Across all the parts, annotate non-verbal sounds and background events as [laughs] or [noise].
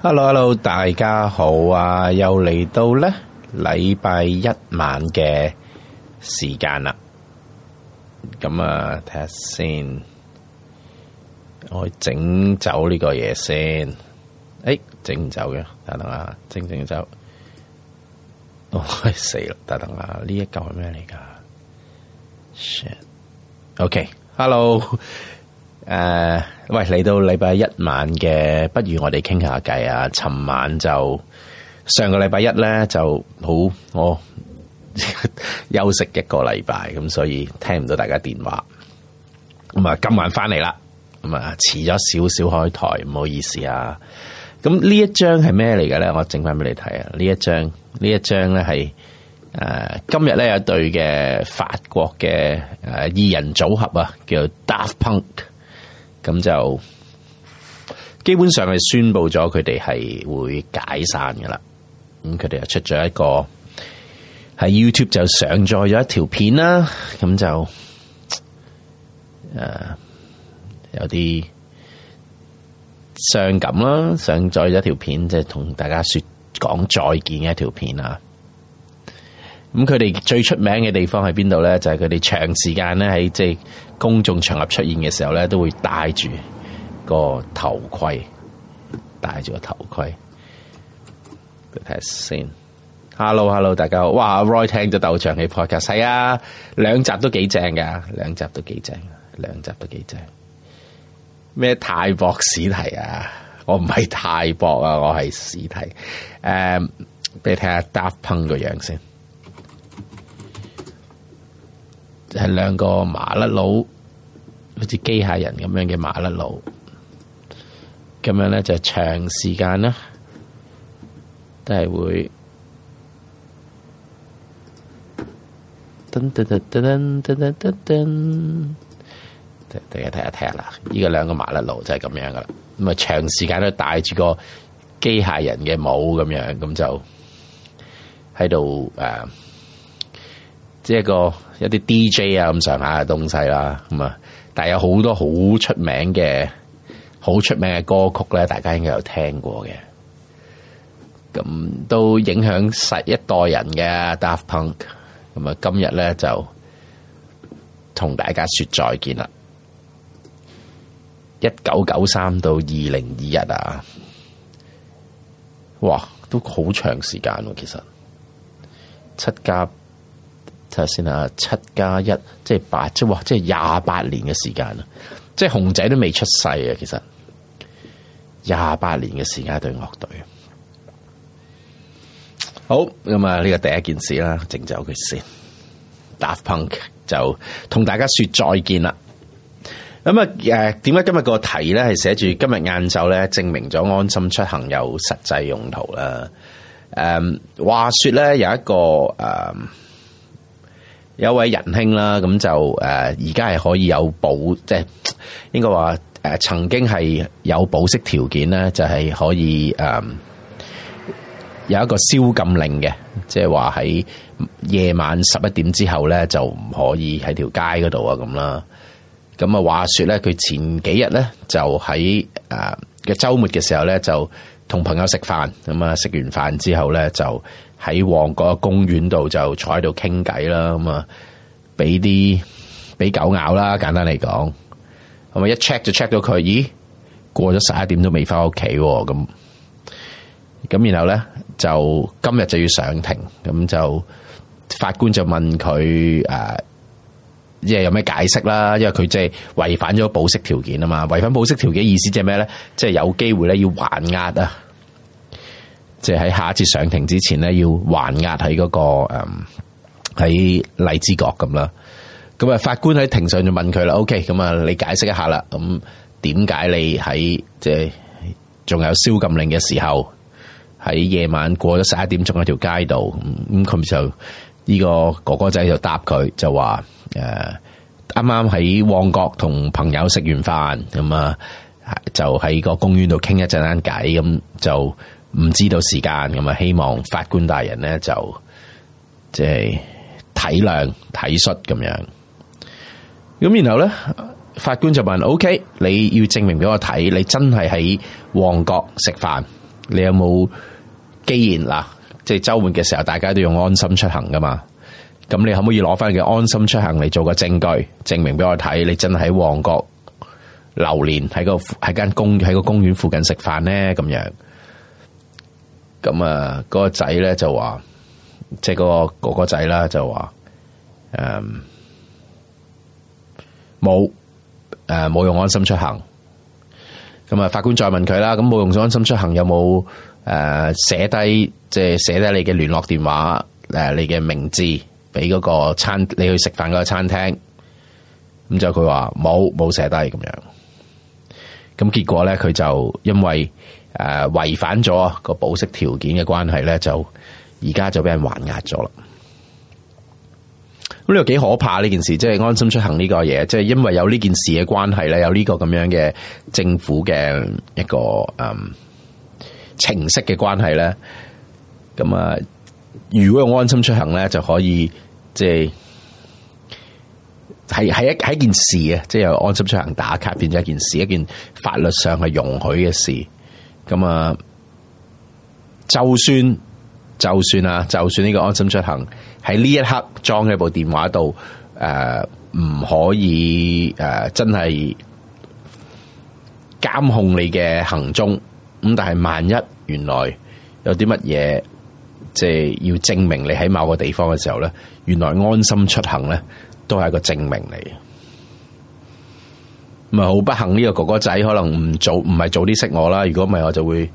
hello hello 大家好啊，又嚟到咧禮拜一晚嘅時間啦，咁啊睇下先，我整走呢個嘢先，誒整唔走嘅，等等啊，整整走，我死啦，等等啊，呢一嚿係咩嚟噶？shit，ok，hello，誒。喂，嚟到禮拜一晚嘅，不如我哋傾下偈啊！尋晚就上個禮拜一咧，就好我、哦、 [laughs] 休息一個禮拜，咁所以聽唔到大家電話。咁啊，今晚翻嚟啦，咁啊，遲咗少少開台，唔好意思啊。咁呢一張係咩嚟嘅咧？我整翻俾你睇啊！這一章這一章是呃、呢一張呢一張咧係誒今日咧有一對嘅法國嘅誒、呃、二人組合啊，叫 Daft Punk。咁就基本上係宣布咗佢哋係會解散噶啦，咁佢哋又出咗一個喺 YouTube 就上載咗一條片啦，咁就誒有啲傷感啦，上載咗條片即係同大家說講再見嘅一條片啊。咁佢哋最出名嘅地方喺邊度咧？就係佢哋長時間咧喺即係。公眾場合出現嘅時候咧，都會戴住個頭盔，戴住個頭盔。你睇下先，Hello Hello，大家好，哇，Roy 聽咗鬥象棋 Podcast 係啊，兩集都幾正噶，兩集都幾正，兩集都幾正。咩泰博史提啊？我唔係泰博啊，我係史提。誒、呃，俾你睇下 Daft Punk 噴個樣先。係兩個麻甩佬，好似機械人咁樣嘅麻甩佬，咁樣咧就長時間啦，都係會噔噔噔噔噔噔噔，大家睇下睇下啦，呢個兩個麻甩佬就係咁樣噶啦，咁啊長時間都戴住個機械人嘅帽咁樣，咁就喺度誒，即係個。一啲 DJ 啊咁上下嘅東西啦，咁啊，但係有好多好出名嘅，好出名嘅歌曲咧，大家應該有聽過嘅，咁都影響實一代人嘅 Daft Punk。咁啊，今日咧就同大家説再見啦！一九九三到二零二一啊，哇，都好長時間喎，其實七加。睇下先啊，七加一即係八，即係即係廿八年嘅時間啦，即係熊仔都未出世啊，其實廿八年嘅時間對樂隊，好咁啊，呢個第一件事啦，靜走佢先 [laughs] ，Daft Punk 就同大家說再見啦。咁啊，誒，點解今日個題咧係寫住今日晏晝咧證明咗安心出行有實際用途啦？誒、啊，話說咧有一個誒。啊有位仁兄啦，咁就誒，而家係可以有保，即係應該話誒，曾經係有保釋條件咧，就係、是、可以誒有一個宵禁令嘅，即係話喺夜晚十一點之後咧，就唔可以喺條街嗰度啊咁啦。咁啊，話說咧，佢前幾日咧就喺誒嘅週末嘅時候咧，就同朋友食飯，咁啊食完飯之後咧就，喺旺角公園度就坐喺度傾偈啦，咁啊，俾啲俾狗咬啦，簡單嚟講，咁啊一 check 就 check 到佢，咦，過咗十一點都未翻屋企喎，咁，咁然後咧就今日就要上庭，咁就法官就問佢誒，即係有咩解釋啦？因為佢即係違反咗保釋條件啊嘛，違反保釋條件意思即係咩咧？即係有機會咧要還押啊。即係喺下一次上庭之前咧，要還押喺嗰個誒喺荔枝角咁啦。咁啊，法官喺庭上就問佢啦，OK，咁啊，OK，你解釋一下啦。咁點解你喺即係仲有宵禁令嘅時候，喺夜晚過咗十一點鐘喺條街度？咁咁時候，呢個哥哥仔就答佢，就話誒，啱啱喺旺角同朋友食完飯，咁啊就喺個公園度傾一陣間偈，咁就。唔知道時間咁啊！希望法官大人咧就即係、就是、體諒體恤咁樣。咁然後咧，法官就問：OK，你要證明俾我睇，你真係喺旺角食飯，你有冇？既然嗱，即係周末嘅時候，大家都用安心出行噶嘛，咁你可唔可以攞翻嘅安心出行嚟做個證據，證明俾我睇，你真係喺旺角流連喺個喺間公喺個公園附近食飯咧咁樣？咁啊，嗰個仔咧就話，即係嗰個哥哥仔啦，就話、係嗰個，誒、嗰、冇、個，誒、嗯、冇用安心出行。咁啊，法官再問佢啦，咁冇用安心出行，有冇誒寫低，即係寫低你嘅聯絡電話，誒你嘅名字，俾嗰個餐，你去食飯嗰個餐廳。咁就佢話冇冇寫低咁樣。咁結果咧，佢就因為。誒，違反咗個保釋條件嘅關係咧，就而家就俾人還押咗啦。咁呢個幾可怕呢件事，即係安心出行呢個嘢，即係因為有呢件事嘅關係咧，有呢個咁樣嘅政府嘅一個嗯程式，嘅關係咧。咁啊，如果安心出行咧，就可以即係係係一係一件事，即係安心出行打卡變咗一件事，一件法律上係容許嘅事。咁啊，嗯，就算就算啊，就算呢個安心出行喺呢一刻裝喺部電話度，誒、呃，唔可以誒、呃，真係監控你嘅行蹤。咁但係萬一原來有啲乜嘢，即係要證明你喺某個地方嘅時候咧，原來安心出行咧都係一個證明嚟嘅。咪好不幸呢個哥哥仔可能唔早唔係早啲識我啦，如果唔係我就會，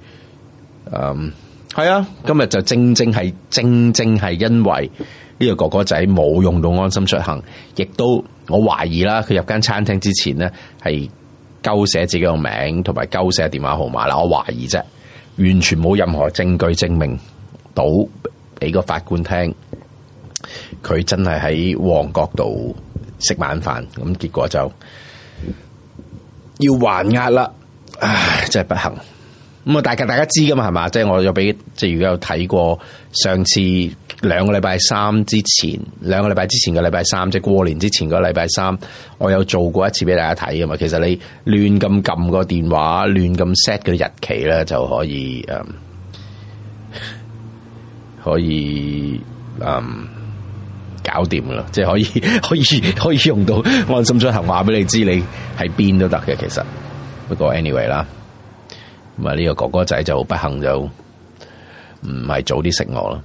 嗯，係啊，今日就正正係正正係因為呢個哥哥仔冇用到安心出行，亦都我懷疑啦，佢入間餐廳之前呢係勾寫自己個名同埋勾寫電話號碼啦，我懷疑啫，完全冇任何證據證明到俾個法官聽，佢真係喺旺角度食晚飯，咁結果就。要還押啦，唉，真係不幸。咁啊，大家大家知噶嘛，係嘛？即係我有俾，即係如果有睇過上次兩個禮拜三之前，兩個禮拜之前嘅禮拜三，即係過年之前嗰禮拜三，我有做過一次俾大家睇噶嘛。其實你亂咁撳個電話，亂咁 set 個日期咧，就可以，嗯，可以，嗯。搞掂啦，即係可以可以可以用到安心出行告訴，話俾你知你喺邊都得嘅。其實不過 anyway 啦，咁啊呢個哥哥仔就不幸就唔係早啲食我啦。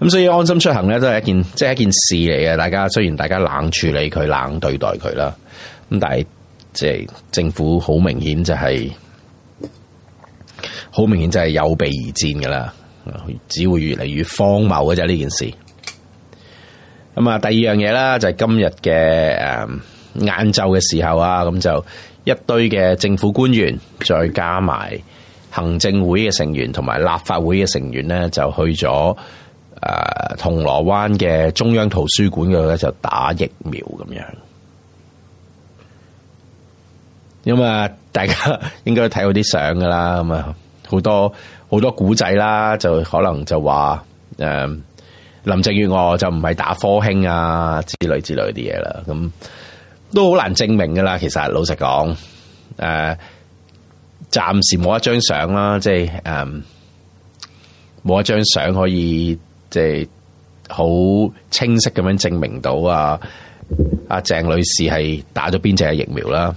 咁所以安心出行咧都係一件即係、就是、一件事嚟嘅。大家雖然大家冷處理佢冷對待佢啦，咁但係即係政府好明顯就係、是、好明顯就係有備而戰噶啦，只會越嚟越荒謬嘅就呢件事。咁啊，第二樣嘢啦，就係、是，今日嘅，誒，晏晝嘅時候啊，咁就一堆嘅政府官員，再加埋行政會嘅成員同埋立法會嘅成員咧，就去咗誒銅鑼灣嘅中央圖書館嘅嗰度，就打疫苗咁樣。咁啊，大家應該睇到啲相噶啦，咁、嗯、啊，好多好多古仔啦，就可能就話誒。嗯林鄭月娥就唔係打科興啊之類之類啲嘢啦，咁都好難證明噶啦。其實老實講，誒，暫時冇一張相啦，即係誒，冇一張相可以即係好清晰咁樣證明到啊，阿鄭女士係打咗邊隻疫苗啦。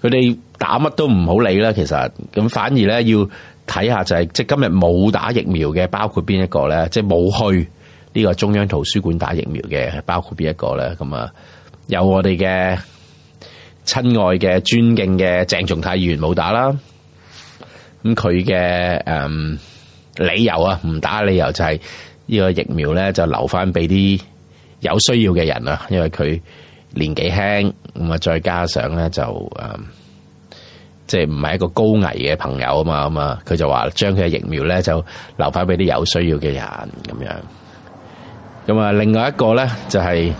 佢哋打乜都唔好理啦，其實咁反而咧要。睇下就係、是、即係今日冇打疫苗嘅，包括邊一個咧？即係冇去呢個中央圖書館打疫苗嘅，包括邊一個咧？咁啊，有我哋嘅親愛嘅尊敬嘅鄭松泰議員冇打啦。咁佢嘅誒理由啊，唔打理由就係呢個疫苗咧就留翻俾啲有需要嘅人啊，因為佢年紀輕，咁啊再加上咧就誒。嗯即係唔係一個高危嘅朋友啊嘛，咁啊，佢就話將佢嘅疫苗咧就留翻俾啲有需要嘅人咁樣。咁啊，另外一個咧就係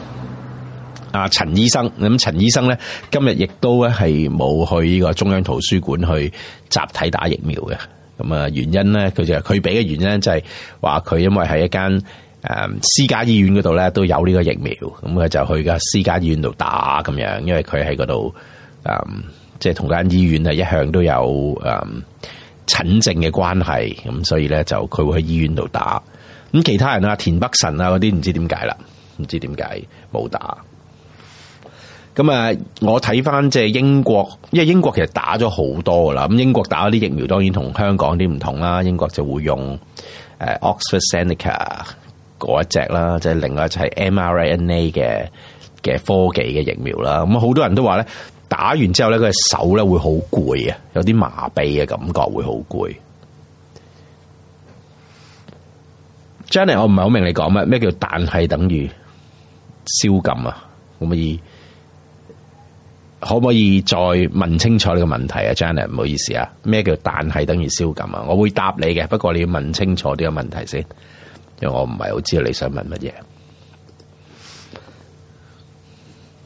阿陳醫生，咁陳醫生咧今日亦都咧係冇去呢個中央圖書館去集體打疫苗嘅。咁啊，原因咧佢就係佢俾嘅原因就係話佢因為喺一間誒私家醫院嗰度咧都有呢個疫苗，咁佢就去個私家醫院度打咁樣，因為佢喺嗰度嗯。即係同間醫院啊，一向都有誒診症嘅關係，咁所以咧就佢會喺醫院度打。咁其他人啊，田北辰啊嗰啲唔知點解啦，唔知點解冇打。咁啊，我睇翻即係英國，因為英國其實打咗好多噶啦。咁英國打啲疫苗當然同香港啲唔同啦。英國就會用誒 Oxford AstraZeneca 嗰一隻啦，即係另外就係 mRNA 嘅嘅科技嘅疫苗啦。咁好多人都話咧。打完之後咧，佢嘅手咧會好攰啊，有啲麻痹嘅感覺會好攰。Janet，我唔係好明你講咩，咩叫但係等於燒禁啊？可唔可以可唔可以，再問清楚呢個問題啊？Janet，唔好意思啊，咩叫但係等於燒禁啊？我會答你嘅，不過你要問清楚呢個問題先，因為我唔係好知道你想問乜嘢。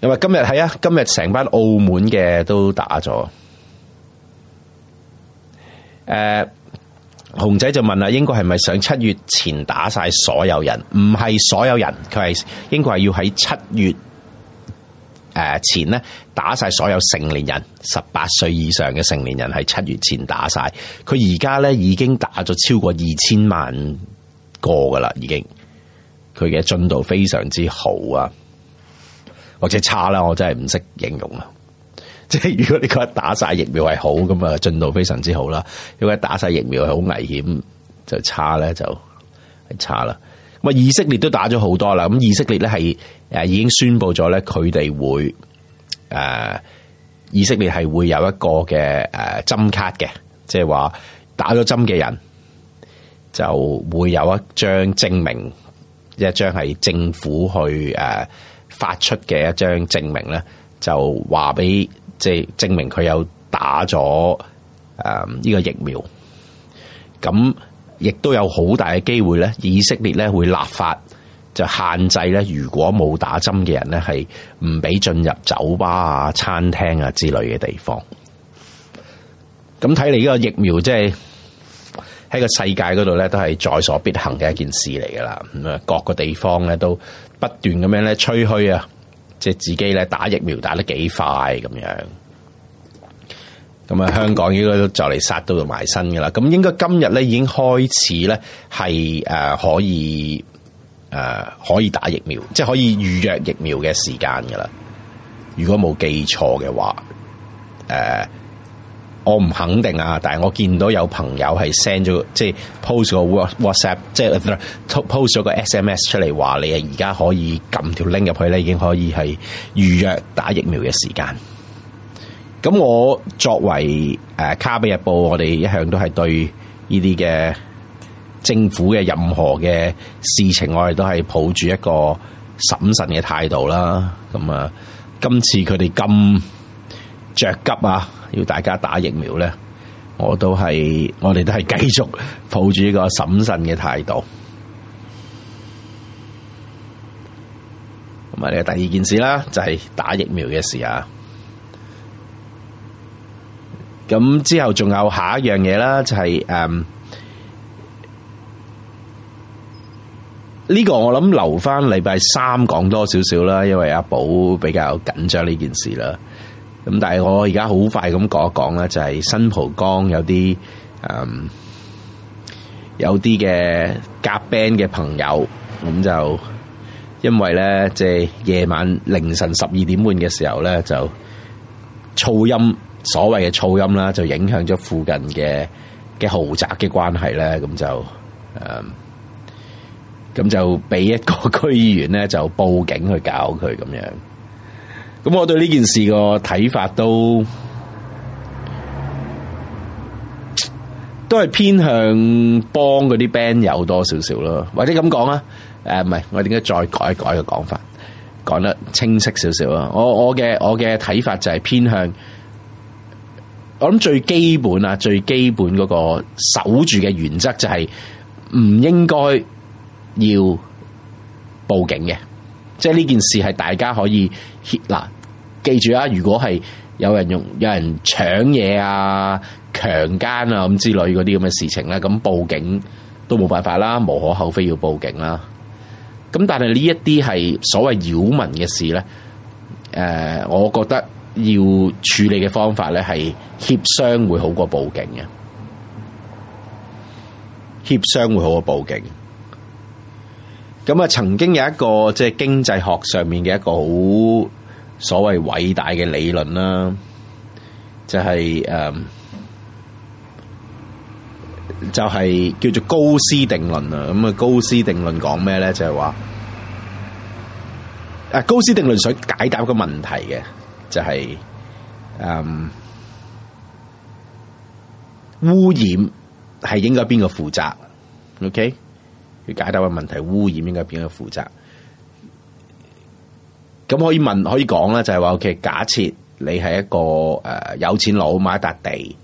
因為今日睇啊，今日成班澳門嘅都打咗，嗯。誒，熊仔就問啦，英國係咪想七月前打晒所有人？唔係所有人，佢係英國係要喺七月誒，呃，前咧打晒所有成年人，十八歲以上嘅成年人係七月前打晒。佢而家咧已經打咗超過二千萬個噶啦，已經佢嘅進度非常之好啊！或者差啦，我真係唔識形容啦。即係如果你覺得打晒疫苗係好咁啊，進度非常之好啦。如果打晒疫苗係好危險，就差咧，就係差啦。咁啊，以色列都打咗好多啦。咁以色列咧係誒已經宣布咗咧，佢哋會誒以色列係會有一個嘅誒針卡嘅，即係話打咗針嘅人就會有一張證明，一張係政府去誒。啊發出嘅一張證明咧，就話俾，即係證明佢有打咗誒呢個疫苗。咁亦都有好大嘅機會咧，以色列咧會立法就限制咧，如果冇打針嘅人咧係唔俾進入酒吧啊、餐廳啊之類嘅地方。咁睇嚟呢個疫苗即係喺個世界嗰度咧，都係在所必行嘅一件事嚟㗎喇。咁啊，各個地方咧都。不斷咁樣咧吹噓啊，即係自己咧打疫苗打得幾快咁樣，咁啊香港應該就嚟殺到要埋身噶啦。咁應該今日咧已經開始咧係誒可以誒可以打疫苗，即係可以預約疫苗嘅時間噶啦。如果冇記錯嘅話，誒、呃。我唔肯定啊，但係我見到有朋友係 send 咗，即、就、係、是、post 個 WhatsApp，即係 post 咗個 SMS 出嚟，話你啊而家可以撳條 link 入去咧，你已經可以係預約打疫苗嘅時間。咁我作為誒、啊《卡比日報》，我哋一向都係對呢啲嘅政府嘅任何嘅事情，我哋都係抱住一個審慎嘅態度啦。咁啊，今次佢哋咁。着急啊！要大家打疫苗呢，我都係我哋都係繼續抱住呢個審慎嘅態度。咁啊，第二件事啦，就係、是、打疫苗嘅事啊。咁之後仲有下一樣嘢啦，就係、是、誒，呢、嗯這個我諗留翻禮拜三講多少少啦，因為阿寶比較緊張呢件事啦。咁但係我而家好快咁講一講咧，就係新蒲崗有啲嗯有啲嘅夾 band 嘅朋友，咁就因為咧即係夜晚凌晨十二點半嘅時候咧，就噪音所謂嘅噪音啦，就影響咗附近嘅嘅豪宅嘅關係咧，咁就嗯咁就俾一個區議員咧就報警去搞佢咁樣。咁我對呢件事個睇法都都係偏向幫嗰啲 band 友多少少咯，或者咁講啊？誒，唔係，我點解再改一改一個講法，講得清晰少少啊？我我嘅我嘅睇法就係偏向，我諗最基本啊，最基本嗰個守住嘅原則就係唔應該要報警嘅，即係呢件事係大家可以協啦記住啊！如果係有人用、有人搶嘢啊、強奸啊咁之類嗰啲咁嘅事情咧，咁報警都冇辦法啦，無可厚非要報警啦。咁但係呢一啲係所謂擾民嘅事咧，誒、呃，我覺得要處理嘅方法咧係協商會好過報警嘅，協商會好過報警。咁啊，曾經有一個即係、就是、經濟學上面嘅一個好。所謂偉大嘅理論啦，就係、是、誒、嗯，就係、是、叫做高斯定論啊。咁啊，高斯定論講咩咧？就係話誒，高斯定論想解答一個問題嘅，就係、是、誒、嗯，污染係應該邊個負責？OK，要解答個問題，污染應該邊個負責？咁可以問可以講啦，就係話，其實假設你係一個誒有錢佬買一笪地，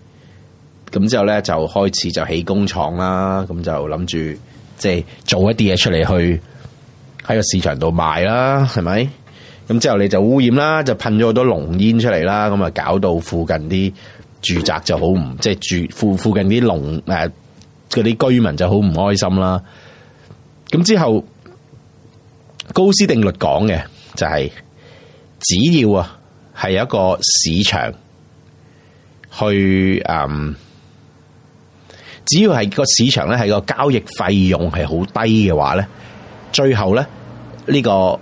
咁之後咧就開始就起工廠啦，咁就諗住即係做一啲嘢出嚟去喺個市場度賣啦，係咪？咁之後你就污染啦，就噴咗好多濃煙出嚟啦，咁啊搞到附近啲住宅就好唔即係住附附近啲農誒嗰啲居民就好唔開心啦。咁之後高斯定律講嘅。就係只要啊，係一個市場去，嗯，只要係個市場咧，係個交易費用係好低嘅話咧，最後咧呢、呢個誒、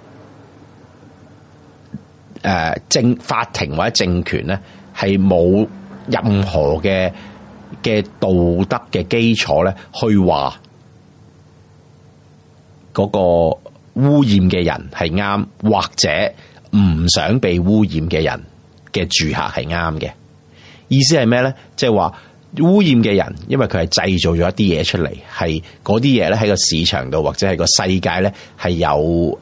呃、政法庭或者政權咧，係冇任何嘅嘅道德嘅基礎咧，去話嗰、嗰個。污染嘅人係啱，或者唔想被污染嘅人嘅住客係啱嘅。意思係咩咧？即係話污染嘅人，因為佢係製造咗一啲嘢出嚟，係嗰啲嘢咧喺個市場度或者係個世界咧係有誒係、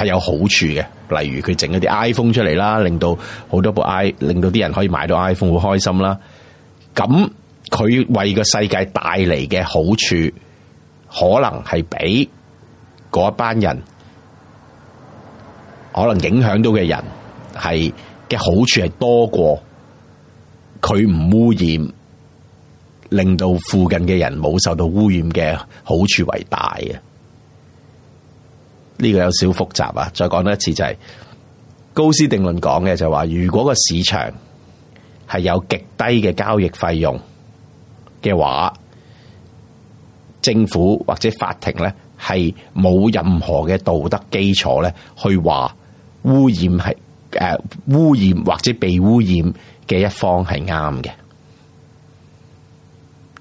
呃、有好處嘅。例如佢整咗啲 iPhone 出嚟啦，令到好多部 i 令到啲人可以買到 iPhone 會開心啦。咁佢為個世界帶嚟嘅好處，可能係俾。嗰一班人可能影響到嘅人係嘅好處係多過佢唔污染，令到附近嘅人冇受到污染嘅好處為大。呢個有少複雜啊！再講多一次就係、是、高斯定論講嘅就話，話，如果個市場係有極低嘅交易費用嘅話，政府或者法庭呢。係冇任何嘅道德基礎咧，去話污染係誒、呃、污染或者被污染嘅一方係啱嘅。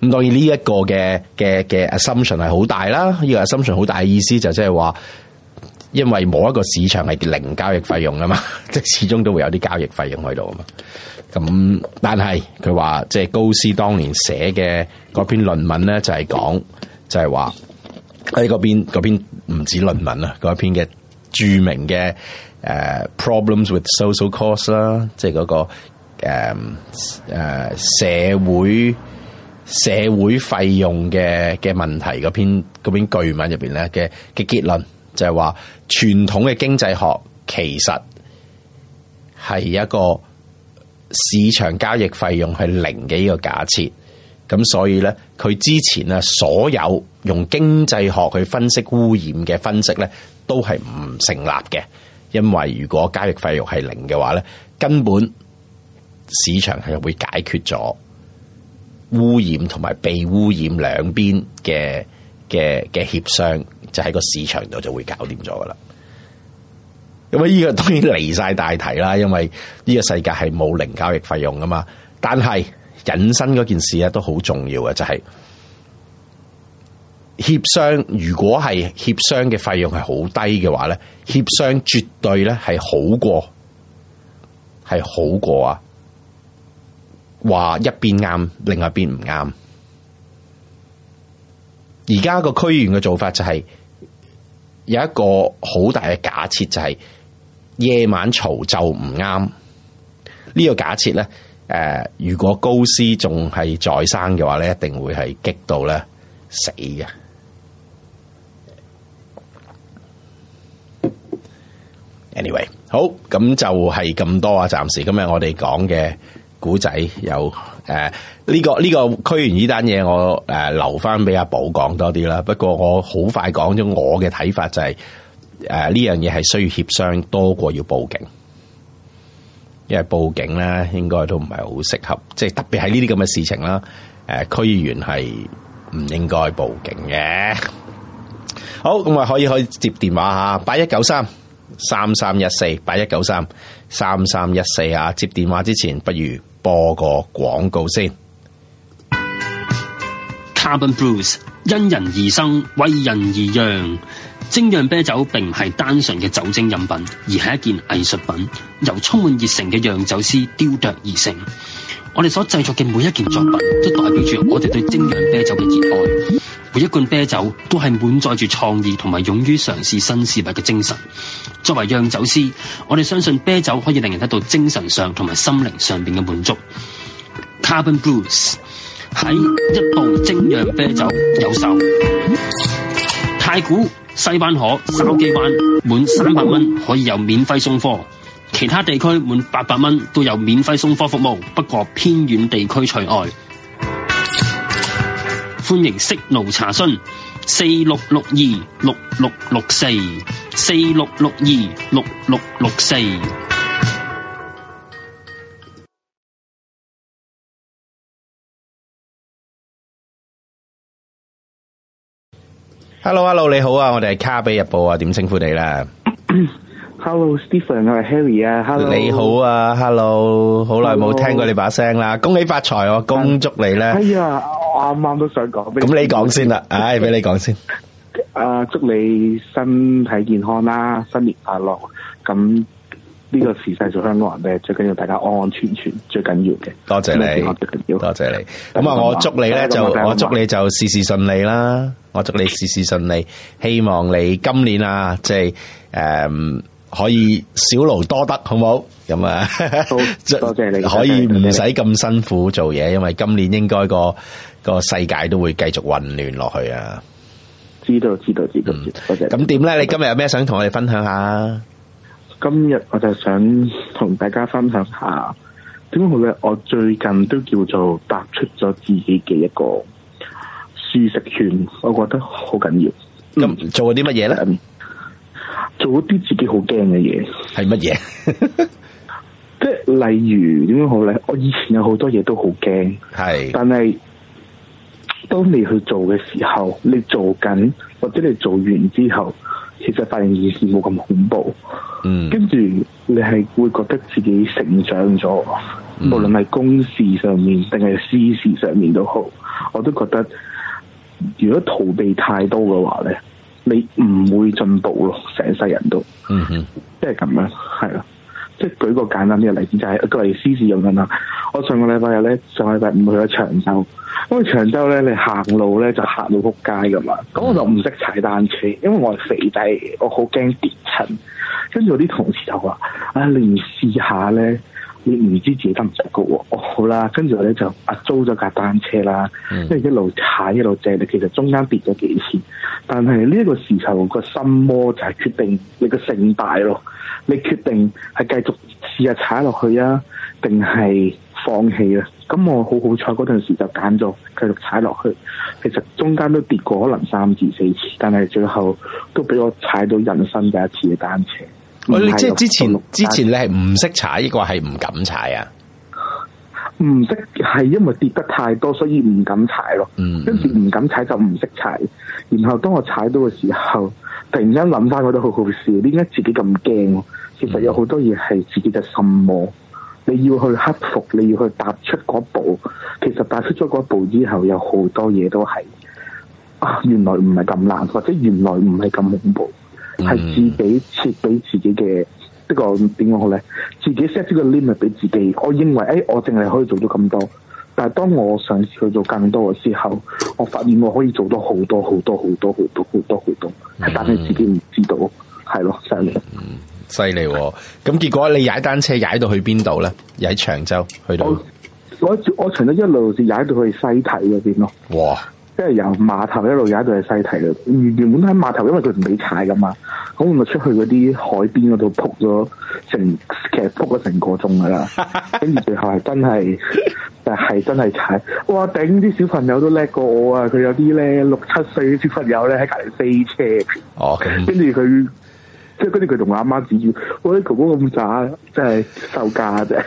咁當然呢一個嘅嘅嘅 assumption 係好大啦，呢、這個 assumption 好大嘅意思就即係話，因為冇一個市場係零交易費用噶嘛，即係始終都會有啲交易費用喺度啊嘛。咁但係佢話即係高斯當年寫嘅嗰篇論文咧，就係、是、講就係、是、話。喺嗰篇嗰篇唔止論文啊，嗰篇嘅著名嘅誒 problems with social costs 啦，即係嗰個誒誒社會社會費用嘅嘅問題，嗰篇嗰篇句文入邊咧，嘅嘅結論就係話傳統嘅經濟學其實係一個市場交易費用係零嘅依個假設。咁所以呢，佢之前啊，所有用經濟學去分析污染嘅分析呢，都係唔成立嘅，因為如果交易費用係零嘅話呢，根本市場係會解決咗污染同埋被污染兩邊嘅嘅嘅協商，就喺個市場度就會搞掂咗噶啦。咁啊，呢個當然離晒大題啦，因為呢個世界係冇零交易費用噶嘛，但係。引申嗰件事咧都好重要嘅，就係、是、協商。如果係協商嘅費用係好低嘅話咧，協商絕對咧係好過，係好過啊！話一邊啱，另外一邊唔啱。而家個區議員嘅做法就係、是、有一個好大嘅假設、就是，就係夜晚嘈就唔啱。呢、這個假設咧。誒、呃，如果高斯仲係在生嘅話咧，一定會係激到咧死嘅。Anyway，好，咁就係咁多啊！暫時今日我哋講嘅古仔有誒呢、呃這個呢、這個驅完呢單嘢，我、呃、誒留翻俾阿寶講多啲啦。不過我好快講咗我嘅睇法就係誒呢樣嘢係需要協商多過要報警。因為報警咧，應該都唔係好適合，即係特別係呢啲咁嘅事情啦。誒，區議員係唔應該報警嘅。好，咁啊可以可以接電話吓，八一九三三三一四，八一九三三三一四啊。14，接電話之前，不如播個廣告先。Carbon Blues 因人而生，為人而讓。精釀啤酒並唔係單純嘅酒精飲品，而係一件藝術品，由充滿熱誠嘅釀酒師雕琢而成。我哋所製作嘅每一件作品，都代表住我哋對精釀啤酒嘅熱愛。每一罐啤酒都係滿載住創意同埋勇於嘗試新事物嘅精神。作為釀酒師，我哋相信啤酒可以令人得到精神上同埋心靈上邊嘅滿足。Carbon Brews 喺一部精釀啤酒有售。太古西班、西灣河、筲箕灣，滿三百蚊可以有免費送貨；其他地區滿八百蚊都有免費送貨服務，不過偏遠地區除外。歡迎識路查詢：四六六二六六六四，四六六二六六六四。Hello，Hello，hello, 你好啊！我哋係卡比日報啊，點稱呼你啦？Hello，Stephen 啊，Henry 啊，Hello，, Stephen, Henry, hello. 你好啊，Hello，好耐冇聽過你把聲啦，恭喜發財哦，我恭祝你咧。哎呀，我啱啱都想講。咁你講先啦，哎 okay，俾你講先。誒，祝你身體健康啦、啊，新年快樂，咁。呢個時勢做香港人咧，最緊要大家安安全全，最緊要嘅。多謝你，多謝你。咁啊，我祝你咧，就我祝你就事事順利啦。我祝你事事順利，希望你今年啊，即係誒，可以少勞多得，好冇？咁啊，多謝你，可以唔使咁辛苦做嘢，因為今年應該個個世界都會繼續混亂落去啊。知道，知道，知道，多謝。咁點咧？你今日有咩想同我哋分享下？今日我就想同大家分享下點樣好咧，我最近都叫做踏出咗自己嘅一個舒適圈，我覺得好緊要。做咗啲乜嘢咧？做咗啲自己好驚嘅嘢，係乜嘢？即 [laughs] 係例如點樣好咧？我以前有好多嘢都好驚，係是，但係當你去做嘅時候，你做緊或者你做完之後。其實發現件事冇咁恐怖，跟住、嗯、你係會覺得自己成長咗，嗯、無論係公事上面定係私事上面都好，我都覺得如果逃避太多嘅話咧，你唔會進步咯，成世人都，嗯哼，即係咁樣，係啦。即舉個簡單啲嘅例子，就係一個例子試用緊啦。我上個禮拜日咧，上禮拜五去咗長洲，因為長洲咧你行路咧就行到仆街㗎嘛。咁我就唔識踩單車，因為我係肥仔，我好驚跌親。跟住我啲同事就話：啊，你唔試下咧？你唔知自己得唔得高喎，好啦，跟住我咧就啊租咗架單車啦，因為、嗯、一路踩一路借，你其實中間跌咗幾次，但係呢個時候個心魔就係決定你個勝敗咯，你決定係繼續試下踩落去啊，定係放棄啊？咁我好好彩嗰陣時就揀咗繼續踩落去，其實中間都跌過可能三至四次，但係最後都俾我踩到人生第一次嘅單車。哦、你即係之前之前，你係唔識踩呢個係唔敢踩啊？唔識係因為跌得太多，所以唔敢踩咯。嗯，跟住唔敢踩就唔識踩。然後當我踩到嘅時候，突然間諗翻，覺得好好笑。點解自己咁驚？其實有好多嘢係自己嘅心魔。你要去克服，你要去踏出嗰步。其實踏出咗嗰步之後，有好多嘢都係啊，原來唔係咁難，或者原來唔係咁恐怖。.係、嗯、自己設俾自己嘅，呢個點講好咧？自己 set 個 limit 俾自己，我認為誒、哎，我淨係可以做咗咁多。但係當我嘗試去做更多嘅時候，我發現我可以做到好多好多好多好多好多好多，多，多，但係自己唔知道，係咯，犀利。嗯，犀利。咁、哦、結果你踩單車踩到去邊度咧？踩長洲去到。我我從咗一路就踩到去西堤嗰邊咯。哇！即係由碼頭一路踩到係西堤，原原本喺碼頭，因為佢唔俾踩噶嘛，咁我出去嗰啲海邊嗰度撲咗成，其實撲咗成個鐘噶啦，跟住最後係真係，但係真係踩，哇頂！啲小朋友都叻過我啊，佢有啲咧六七歲啲小朋友咧喺隔籬飛車，哦 Okay.，跟住佢即係跟住佢同阿媽指要我啲哥哥咁渣，真係收家啫，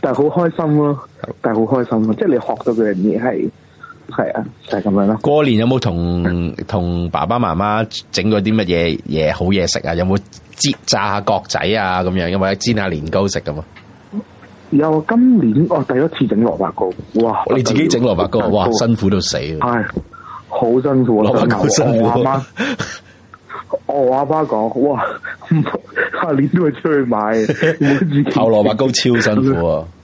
但係好開心咯，但係好開心咯，即係你學到嘅嘢係。係啊，就係、是、咁樣咯。過年有冇同同爸爸媽媽整咗啲乜嘢嘢好嘢食啊？有冇煎炸下角仔啊？咁樣，有冇有煎下年糕食咁啊？有今年我、哦、第一次整蘿蔔糕，哇！你自己整蘿蔔糕，糕哇，辛苦到死啊！係，好辛苦，糕辛苦。我阿媽， [laughs] 我阿爸講，啊，下年都係出去買。刨蘿蔔糕超辛苦啊！ [laughs]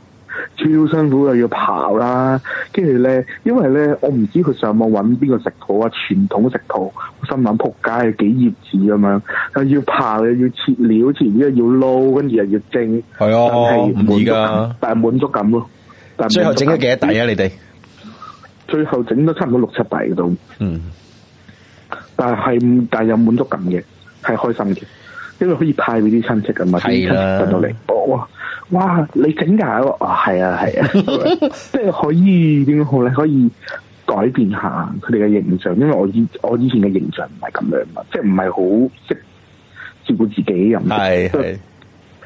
超辛苦又要刨啦，跟住咧，因為咧我唔知佢上網揾邊個食譜啊，傳統食譜，我心諗撲街啊，幾葉子咁樣，係要刨又要切料，切完之後要撈，跟住又要蒸，係啊、哦，唔易噶，但係滿足感咯。最後整咗幾多底啊？你哋最後整咗差唔多六七底度。嗯，但係係但係有滿足感嘅，係開心嘅，因為可以派俾啲親戚啊嘛，的到嚟，哇！哇！你整解、哦、啊？係啊，係啊，即係 [laughs] 可以點樣好咧？可以改變下佢哋嘅形象，因為我以我以前嘅形象唔係咁樣嘛，即係唔係好識照顧自己咁，係係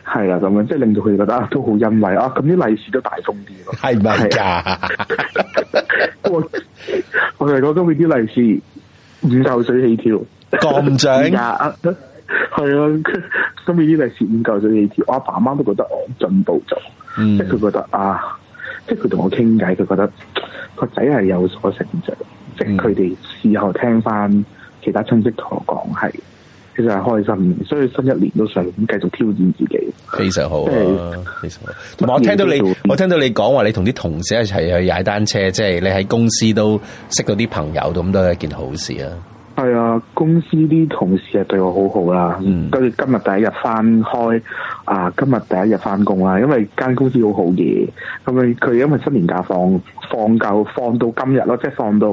係啊，咁樣即係令到佢哋覺得都好欣慰啊，咁啲利是都大封啲咯，係唔係噶？我哋講今次啲利是，五舊水起跳咁正。鋼長 [laughs] 係啊，咁依啲係試唔夠咗嘅嘢，我阿爸阿媽都覺得我進步咗，嗯、即係佢覺得啊，即係佢同我傾偈，佢覺得個仔係有所成長。嗯、即係佢哋事後聽翻其他親戚同我講，係其實係開心。所以新一年都想繼續挑戰自己，非常好啊！即係非常好。我聽到你，我聽到你講話，你同啲同事一齊去踩單車，即係你喺公司都識到啲朋友，咁都係一件好事啊！係啊，公司啲同事啊對我好好啦。跟住、嗯、今日第一日翻開啊，今日第一日翻工啦，因為間公司好好嘢。咁佢因為新年假放放夠，放到今日咯，即係放到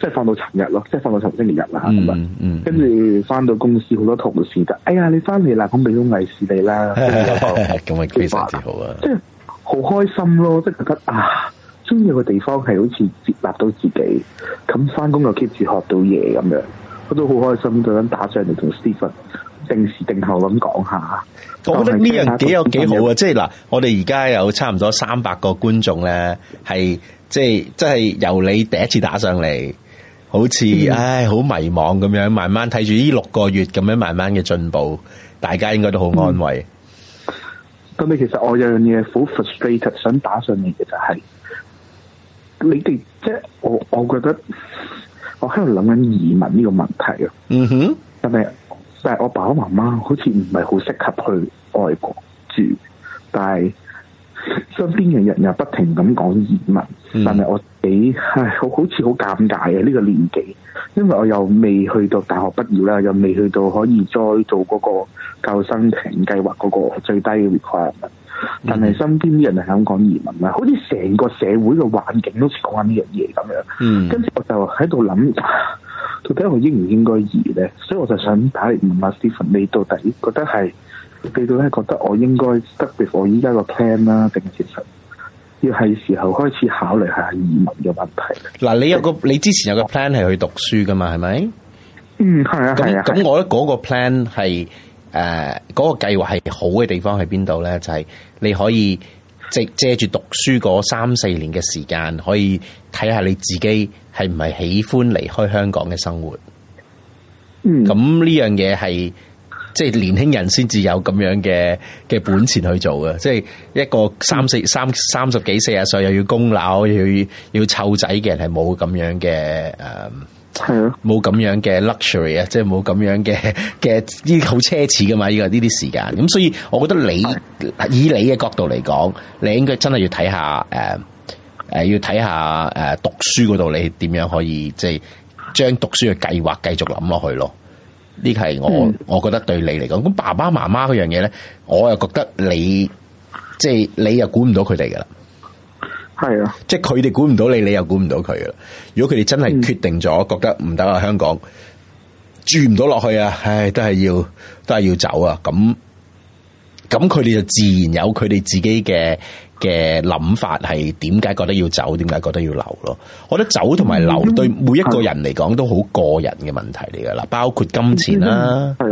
即係放到尋日咯，即係放到除夕嘅日啦。咁跟住翻到公司好多同事，就哎呀你翻嚟啦，咁未央慰視你啦。咁啊， [laughs] 幾 [laughs] 好啊！即係好開心咯，即係覺得啊，中意個地方係好似接納到自己，咁翻工又 keep 住學到嘢咁樣。我都好開心，想打上嚟，同 Stephen 定時定候咁講下。我覺得呢樣幾有幾好啊！即係嗱，我哋而家有差唔多三百個觀眾咧，係即係即係由你第一次打上嚟，好似唉，好迷茫咁樣，慢慢睇住呢六個月咁樣慢慢嘅進步，大家應該都好安慰。咁你、嗯、其實我有樣嘢好 frustrated，想打上嚟嘅就係、是、你哋即係我我覺得。我喺度諗緊移民呢個問題啊、嗯哼，但係但係我爸爸媽媽好似唔係好適合去外國住，但係身邊嘅人又不停咁講移民，嗯、哼但係我幾唉我好好似好尷尬啊。呢、呢個年紀，因為我又未去到大學畢業啦，又未去到可以再做嗰個救生艇計劃嗰個最低嘅 requirement。但係身邊啲人係咁講移民啦，好似成個社會嘅環境都講緊呢樣嘢咁樣。嗯，跟住我就喺度諗，到底我應唔應該移咧？所以我就想打嚟問下、啊、Stephen，你到底覺得係你到底覺得我應該特別我依家個 plan 啦，定其實要係時候開始考慮下移民嘅問題。嗱，你有個你之前有個 plan 係去讀書噶嘛？係咪？嗯，係啊，係啊。咁我覺得嗰個 plan 係誒，嗰、uh, 個計劃係好嘅地方喺邊度呢？就係、是、你可以借借住讀書嗰三四年嘅時間，可以睇下你自己係唔係喜歡離開香港嘅生活嗯這是。嗯、就是，咁呢樣嘢係即係年輕人先至有咁樣嘅嘅本錢去做嘅，即、就、係、是、一個三四三三十幾四十歲又要供樓又要要湊仔嘅人係冇咁樣嘅誒。Uh 係咯，冇咁樣嘅 luxury 啊，即係冇咁樣嘅嘅呢，好奢侈噶嘛，呢個呢啲時間。咁所以我覺得你是的 以你嘅角度嚟講，你應該真係要睇下誒誒、呃呃，要睇下誒、呃、讀書嗰度，你點樣可以即係將讀書嘅計劃繼續諗落去咯？呢個係我、嗯、我覺得對你嚟講，咁爸爸媽媽嗰樣嘢咧，我又覺得你即係你又管唔到佢哋噶啦。係啊，是即係佢哋管唔到你，你又管唔到佢啦。如果佢哋真係決定咗，嗯、覺得唔得喺香港住唔到落去啊，唉，都係要都係要走啊。咁咁佢哋就自然有佢哋自己嘅嘅諗法，係點解覺得要走，點解覺得要留咯？我覺得走同埋留對每一個人嚟講都好個人嘅問題嚟噶啦，的包括金錢啦、啊。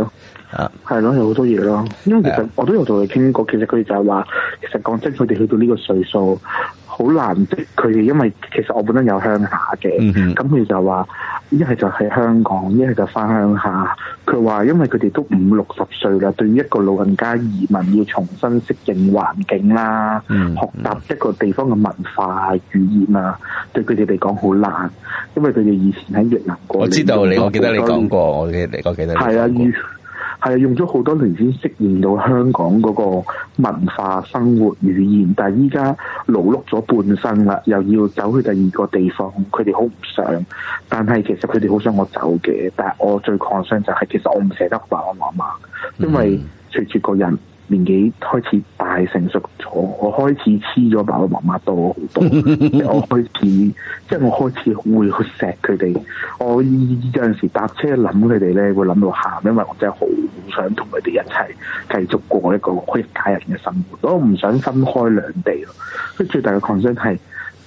啊，係咯，有好多嘢咯。因為其實我都有同佢傾過的其，其實佢哋就係話，其實講真，佢哋去到呢個歲數，好難。即佢哋因為其實我本身有鄉下嘅，咁佢、嗯、哼就話，一係就喺香港，一係就翻鄉下。佢話因為佢哋都五六十歲啦，對一個老人家移民要重新適應環境啦，嗯嗯、學習一個地方嘅文化、語言啊，對佢哋嚟講好難。因為佢哋以前喺越南過年。我知道你過我記得你講過，我記得你講過，我記，我記得係啊。係用咗好多年先適應到香港個文化生活語言，但係依家勞碌咗半生啦，又要走去第二個地方，佢哋好唔想。但係其實佢哋好想我走嘅，但係我最 concern 就係其實我唔捨得爸爸媽媽，因為隨住個人。年紀開始大成熟咗，我開始黐咗爸爸媽媽多好多， [laughs] 我開始即係、就是、我開始會去錫佢哋，我有陣時搭車諗佢哋咧，會諗到喊，因為我真係好想同佢哋一齊繼續過我一個一家人嘅生活，所以我唔想分開兩地。佢最大嘅 concern 係，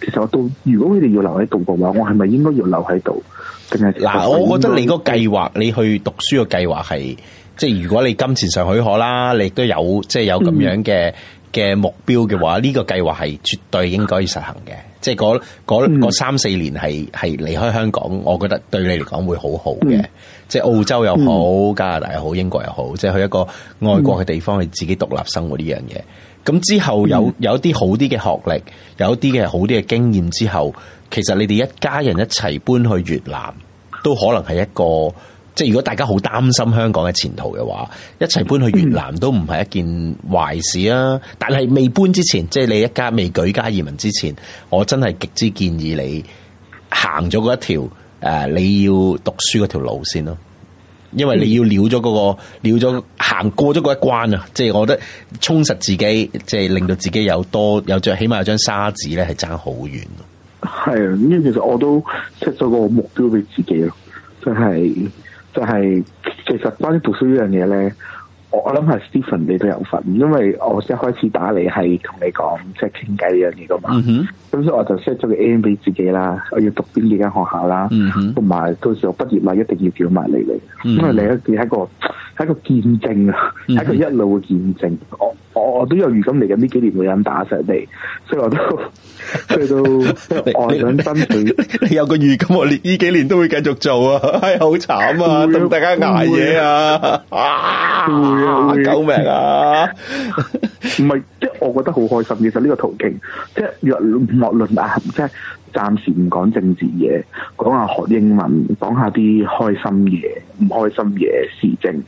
其實我到，如果佢哋要留喺度嘅話，我係咪應該要留喺度？定係嗱？我覺得你個計劃，你去讀書嘅計劃係。即係如果你金錢上許可啦，你都有即係有咁樣嘅嘅、嗯、目標嘅話，呢個計劃係絕對應該要實行嘅。即係嗰嗰嗰三四年係係離開香港，我覺得對你嚟講會好好嘅。嗯、即係澳洲又好，嗯、加拿大又好，英國又好，即係去一個外國嘅地方去、嗯、自己獨立生活呢樣嘢。咁之後有有啲好啲嘅學歷，有啲嘅好啲嘅經驗之後，其實你哋一家人一齊搬去越南，都可能係一個。即係如果大家好擔心香港嘅前途嘅話，一齊搬去越南都唔係一件壞事啊！嗯、但係未搬之前，即係你一家未舉家移民之前，我真係極之建議你行咗嗰一條誒、啊，你要讀書嗰條路先咯。因為你要了咗嗰個，了咗行過咗一關啊！即係我覺得充實自己，即係令到自己有多有張起碼有張沙紙咧，係爭好遠咯。係，因為其實我都 set 咗個目標俾自己咯，即係。就係、是、其實關於讀書呢樣嘢咧，我我諗係 Stephen 你都有份，因為我一開始打你係同你講即係傾偈呢樣嘢嘛。就是咁所以我就 set 咗個 n 俾自己啦，我要讀邊幾間學校啦，同埋、嗯、哼到時我畢業啦，一定要叫埋你嚟，嗯、哼因為你係一個係一個見證啊，係、嗯、哼一個一路嘅見證。我我我都有預感嚟緊呢幾年會人打上嚟，所以我都去到都愛想心你有個預感，我呢幾年都會繼續做啊！唉、哎，好慘啊，同大家挨嘢啊，會啊，救命啊！ [laughs] 唔係，即係、 [laughs] 就是、我覺得好開心。其實呢個途徑，即、就、係、是、若莫論啊，即係暫時唔講政治嘢，講下學英文，講下啲開心嘢，唔開心嘢時政。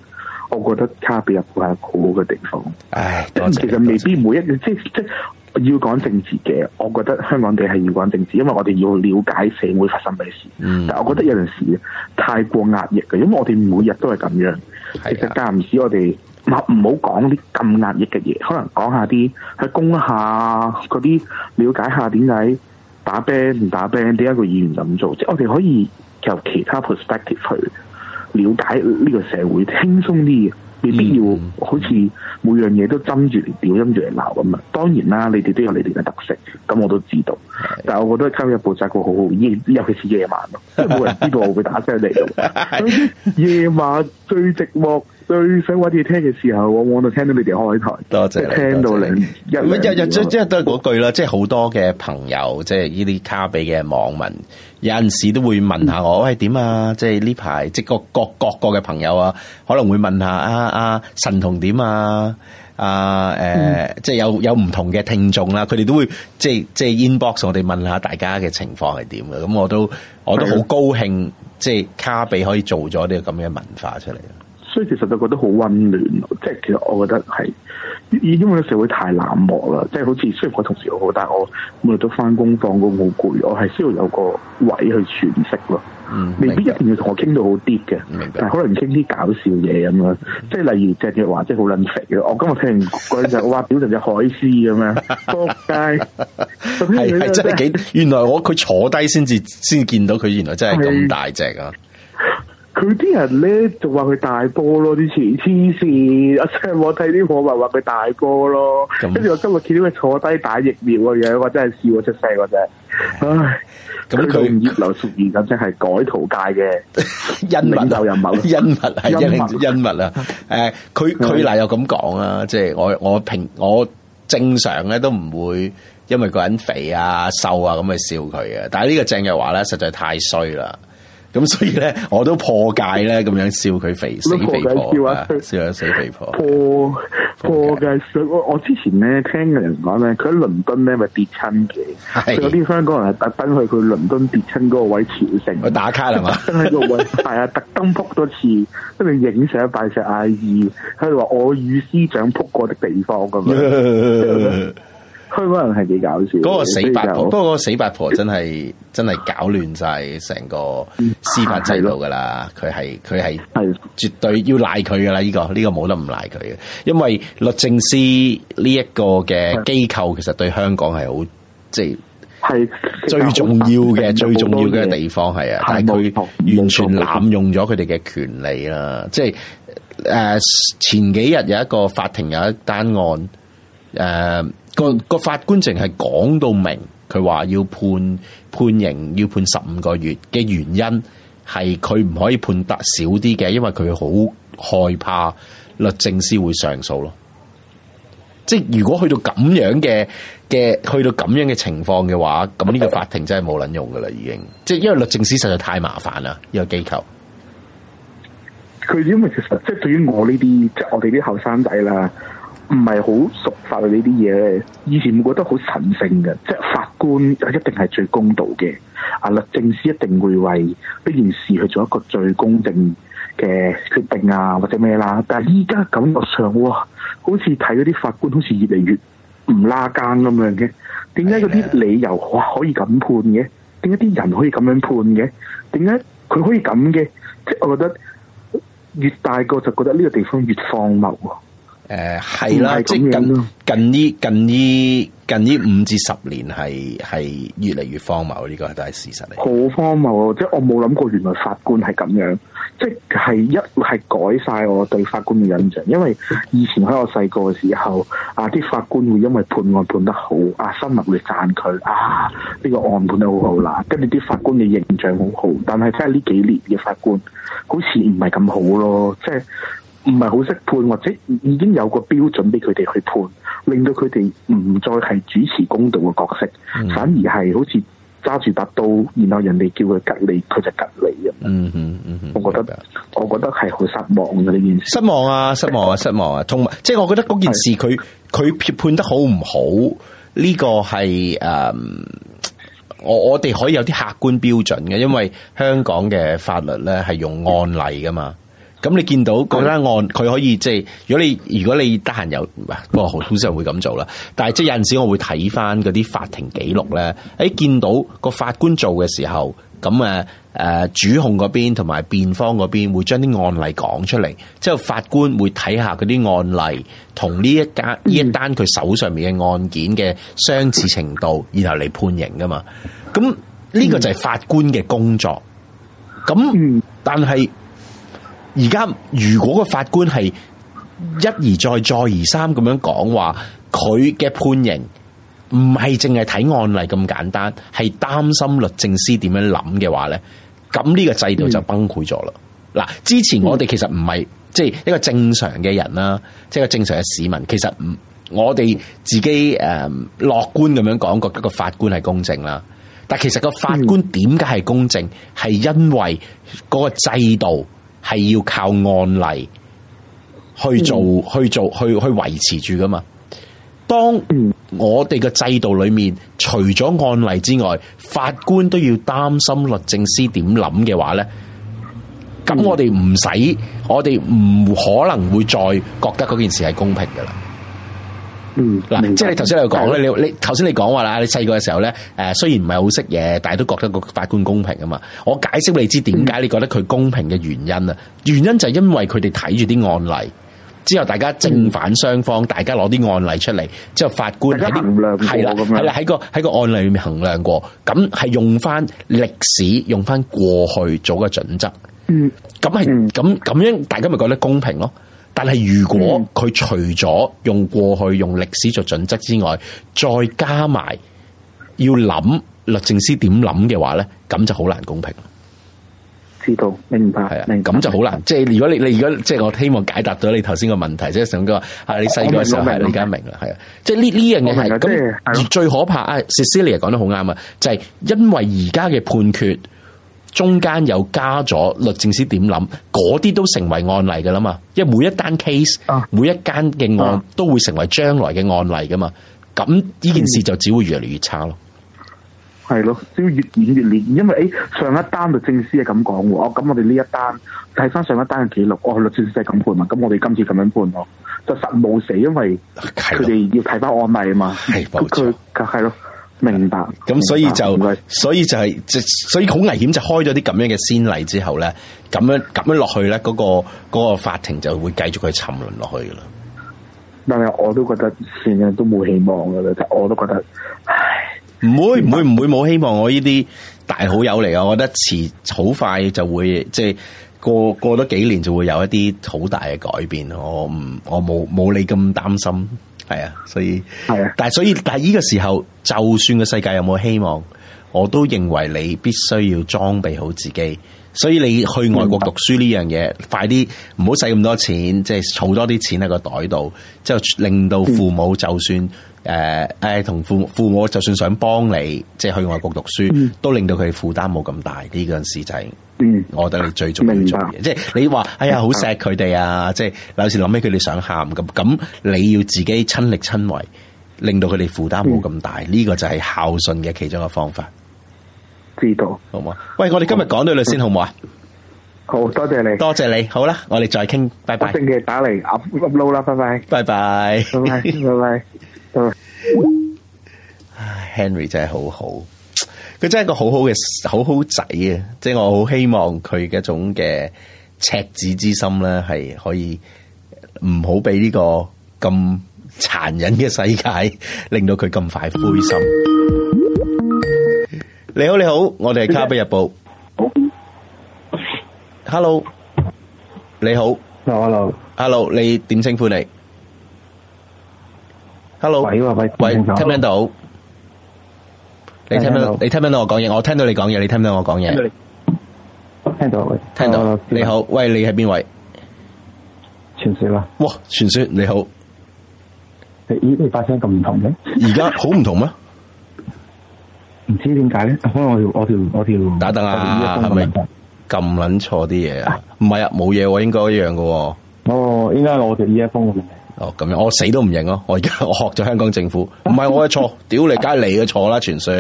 我覺得卡比亞係好好嘅地方。唉，即其實未必每一樣，即係即係要講政治嘅。我覺得香港地係要講政治，因為我哋要了解社會發生咩事。嗯、但係我覺得有陣時太過壓抑嘅，因為我哋每日都係咁樣。是啊、其實間唔時我哋。唔好講啲咁壓抑嘅嘢，可能講下啲去攻下嗰啲，了解下點解打 band 唔打 band。點解個議員咁做，即係我哋可以由其他 perspective 去了解呢個社會，輕鬆啲嘅，未必要、嗯、好似每樣嘢都針住嚟點，針住嚟鬧咁啊！當然啦，你哋都有你哋嘅特色，咁我都知道。的但係我覺得今日播節目好好，夜尤其是夜晚咯，即係冇人知道我會打聲嚟咯。 [laughs] [laughs] 夜晚最寂寞。最想我哋聽嘅時候，我往往就聽到你哋開台。多謝，謝你，聽到你。日日日即係都係嗰句啦，即係好多嘅朋友，即係呢啲卡比嘅網民，有陣時都會問下我，喂、哎、點啊？即係呢排即個各各個嘅朋友啊，可能會問下阿阿、啊啊、神童點啊？阿、啊、誒、呃嗯，即係有有唔同嘅聽眾啦，佢哋都會即係即係 inbox 我哋問下大家嘅情況係點嘅。咁我都我都好高興，的即係卡比可以做咗呢個咁嘅文化出嚟。所以其實就覺得好溫暖咯，即係其實我覺得係，因為個社會太冷漠啦，即係好似雖然我同事好好，但係我每日都翻工、放工好攰，我係需要有個位去詮釋咯，嗯、未必一定要同我傾到好 deep 嘅，但係可能傾啲搞笑嘢咁樣即係例如鄭月華即係好撚肥嘅。今我今日聽完句就哇，表成隻海獅咁樣，仆街 [laughs] 惡，係真係幾， [laughs] 原來我佢坐低先至先見到佢，原來真係咁大隻啊！佢啲人咧，仲話佢大波咯，啲前黐線。阿鄭睇啲我咪話佢大波咯，跟住我今日見到佢坐低打疫苗嘅樣，我真係笑咗出聲，我真唉，咁佢葉劉淑儀，咁即係改圖界嘅恩物就又某，係恩物係恩恩物啊！誒，佢佢嗱又咁講啊，即係我我平我正常咧都唔會因為個人肥啊瘦啊咁去笑佢嘅，但係呢個鄭日華咧實在太衰啦。咁所以咧，我都破戒咧，咁樣笑佢肥死肥婆，笑啊死肥婆！破破戒，我我之前咧聽人講咧，佢喺倫敦咧咪跌親嘅，有啲是香港人係特登去佢倫敦跌親嗰個位朝聖，佢打卡係嘛，喺個位係啊 [laughs] 特登撲多次，跟住影相拜石阿姨，佢哋話我與司長撲過的地方咁樣。 [laughs] [laughs] 佢可能係幾搞笑，嗰個死八婆，不過嗰個死八婆真係真係搞亂晒成個司法制度噶啦，佢係佢係絕對要賴佢噶啦，呢、呢個呢、呢個冇得唔賴佢嘅，因為律政司呢一個嘅機構，其實對香港係好即係最重要嘅的最重要嘅地方係啊，是的但係佢完全濫用咗佢哋嘅權利啦，即係誒、uh, 前幾日有一個法庭有一單案誒。Uh, 個個法官淨係講到明，佢話要判判刑要判十五個月嘅原因係佢唔可以判得少啲嘅，因為佢好害怕律政司會上訴咯。即係如果去到咁樣嘅嘅，去到咁樣嘅情況嘅話，咁、這、呢個法庭真係冇卵用噶啦，已經。即係因為律政司實在太麻煩啦，呢、這個機構。佢因為其實即係對於我呢啲，即係我哋啲後生仔啦。唔係好熟法啊！呢啲嘢以前會覺得好神聖嘅，即係法官一定係最公道嘅。啊律政司一定會為呢件事去做一個最公正嘅決定啊，或者咩啦。但係依家感覺上，哇，好似睇嗰啲法官好似越嚟越唔拉更咁樣嘅。點解嗰啲理由可以咁判嘅？點解啲人可以咁樣判嘅？點解佢可以咁嘅？即係我覺得越大個就覺得呢個地方越荒謬。誒，係啦、呃這個，即近近近呢近呢五至十年係係越嚟越荒謬，呢個都係事實嚟。好荒謬，即係我冇諗過，原來法官係咁樣，即係一係改晒我對法官嘅印象。因為以前喺我細個嘅時候，啊啲法官會因為判案判得好，啊新聞會讚佢啊呢、這個案判得好好啦，跟住啲法官嘅形象好好。但係真係呢幾年嘅法官好似唔係咁好咯，即係。唔係好識判，或者已經有個標準俾佢哋去判，令到佢哋唔再係主持公道嘅角色，嗯、反而係好似揸住把刀，然後人哋叫佢吉你，佢就吉你咁。嗯嗯嗯我覺得，嗯、哼我覺得係好失望嘅呢件事。失望啊！失望啊！失望啊！同埋的，即係我覺得嗰件事佢佢判判得好唔好呢、呢個係誒、um,，我我哋可以有啲客觀標準嘅，因為香港嘅法律咧係用案例噶嘛。嗯咁你見到嗰單案佢、嗯、可以即係，如果你如果你得閒有，不過好少人會咁做啦。但係即係有陣時，我會睇翻嗰啲法庭記錄咧，喺、哎、見到個法官做嘅時候，咁誒、啊、主控嗰邊同埋辯方嗰邊會將啲案例講出嚟，之後法官會睇下嗰啲案例同呢一，嗯、一單呢一單佢手上面嘅案件嘅相似程度，然後嚟判刑噶嘛。咁呢、呢個就係法官嘅工作。咁但係。而家如果個法官係一而再、再而三咁樣講話，佢嘅判刑唔係淨係睇案例咁簡單，係擔心律政司點樣諗嘅話咧，咁呢個制度就崩潰咗啦。嗱，嗯、之前我哋其實唔係即係一個正常嘅人啦，即係個正常嘅市民，其實唔我哋自己誒樂、嗯、觀咁樣講，覺得個法官係公正啦。但其實個法官點解係公正？係因為嗰個制度。係要靠案例去做、嗯、去做、去去維持住噶嘛？當我哋嘅制度裏面除咗案例之外，法官都要擔心律政司點諗嘅話呢？咁我哋唔使，嗯、我哋唔可能會再覺得嗰件事係公平噶啦。嗯，嗱，即係你頭先又講咧，你你你頭先你講話啦，你細個嘅時候咧，誒、呃，雖然唔係好識嘢，但係都覺得個法官公平啊嘛。我解釋你知點解你覺得佢公平嘅原因啊？嗯、原因就係因為佢哋睇住啲案例之後，大家正反雙方，嗯、大家攞啲案例出嚟之後，法官喺衡量，係啦係啦，喺個喺個案例裏面衡量過，咁係用翻歷史，用翻過去做嘅準則。嗯，咁係，咁咁、嗯、樣，大家咪覺得公平咯。但係如果佢除咗用過去用歷史做準則之外，再加埋要諗律政司點諗嘅話咧，咁就好難公平。知道明白係啊，咁白就好難。白即係如果你你如果即係我希望解答咗你頭先個問題，即係上個啊你細個嘅時候係理解明啦，係啊。啊啊即係呢呢樣嘢係咁而最可怕啊！Cecilia 講得好啱啊，就係、是、因為而家嘅判決中間有加咗律政司點諗，嗰啲都成為案例噶啦嘛，因為每一單 case，每一間嘅案都會成為將來嘅案例噶嘛，咁呢件事就只會越嚟越差咯。係咯，只會越演越烈，因為誒上一單律政司係咁講，哦咁我哋呢一單睇翻上一單嘅記錄，哦律政司係咁判嘛，咁我哋今次咁樣判咯，就實冇死，因為佢哋要睇翻案例嘛，係，咁佢咁係咯。明白，咁所以就，謝謝所以就係、是，即所以好危險，就開咗啲咁樣嘅先例之後咧，咁樣咁樣落去咧，嗰、嗰個、嗰個法庭就會繼續去沉淪落去嘅啦。但係我都覺得，算嘞都冇希望噶啦，我都覺得，唉，唔會唔會唔會冇希望。我呢啲大好友嚟啊，我覺得遲好快就會，即係，過過多幾年就會有一啲好大嘅改變。我唔，我冇冇你咁擔心。係啊，所以係啊的，但係所以但係呢個時候，就算個世界有冇希望，我都認為你必須要裝備好自己。所以你去外國讀書呢樣嘢，白快啲唔好使咁多錢，即係儲多啲錢喺個袋度，之後令到父母就算誒誒同父母父母就算想幫你，即係去外國讀書，嗯、都令到佢負擔冇咁大。呢個時就係。我嗯，覺得你最重要做嘅，即係你話，哎呀，好錫佢哋啊！即係有時諗起佢哋想喊咁，咁你要自己親力親為，令到佢哋負擔冇咁大，呢個就係孝順嘅其中一個方法。知道，好唔好？喂，我哋今日講到呢度先，好唔好啊？好多謝你，多謝你，好啦，我哋再傾，拜拜。正嘅，打嚟，握握撈啦，拜拜，拜拜，拜拜，拜拜。Henry 真係好好。佢真係一個好好嘅好好仔啊！即係我好希望佢一種嘅赤子之心咧，係可以唔好俾呢個咁殘忍嘅世界令到佢咁快灰心。你好，你好，我哋係《卡比日報》。Hello，你好。Hello，Hello，你點稱呼你？Hello，喂喂，聽唔聽到？你聽唔到？你聽唔到我講嘢？我聽到你講嘢。你聽唔到我講嘢？聽到，我聽到，喂聽到。我你好，喂，你係邊位？傳說啊！哇，傳說你好。咦？你發聲咁唔同嘅。而家好唔同咩？唔 [laughs] 知點解咧？可能我條我條我條打燈啊？係咪撳捻錯啲嘢啊？唔係啊，冇嘢，應該一樣噶。哦，應該我條 E F 風。哦，咁樣我死都唔認咯！我而家我學咗香港政府，唔係我嘅錯，屌 [laughs] 你，梗係你嘅錯啦！傳說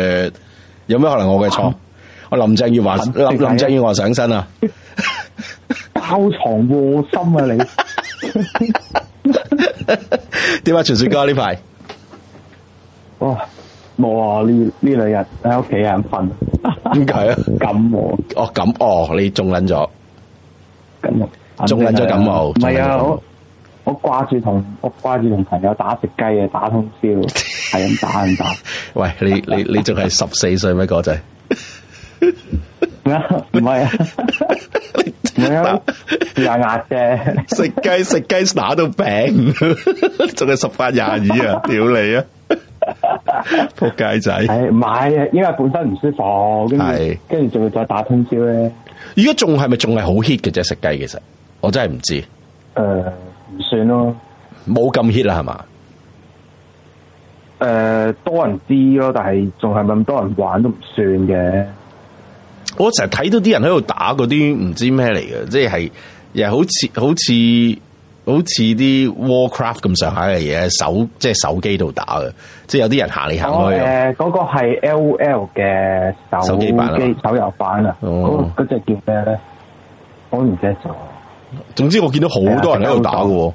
有咩可能我嘅錯？我 [laughs] 林鄭月娥 [laughs] 林林鄭月娥上身 [laughs] 床啊！包藏禍心啊你！點解傳說哥呢排？哇冇啊！呢呢兩日喺屋企喺瞓，點解啊？感冒哦，感冒 [laughs] [laughs] 你中捻咗感冒，中捻咗感冒，唔係 [laughs] 啊！ [laughs] 我掛住同我掛住同朋友打食雞啊，打通宵，係咁打，咁打。喂，你你你仲係十四歲咩？個仔唔係啊，廿廿啫。食雞食雞打到病，仲係十八廿二啊！屌你啊，仆街仔係唔係？因為本身唔舒服，跟住跟住仲再打通宵咧。而家仲係咪仲係好 hit 嘅啫？食雞其實我真係唔知誒。算咯，冇咁 hit 啦，係嘛？誒、呃，多人知咯，但係仲係咪咁多人玩都唔算嘅。我成日睇到啲人喺度打嗰啲唔知咩嚟嘅，即係又係好似好似好似啲 Warcraft 咁上下嘅嘢，手即係手機度打嘅，即係有啲人行嚟行去啊。嗰個係 LOL 嘅手機版，手遊版啊。嗰嗰隻叫咩咧？我唔記得咗。總之我見到好多人喺度打嘅，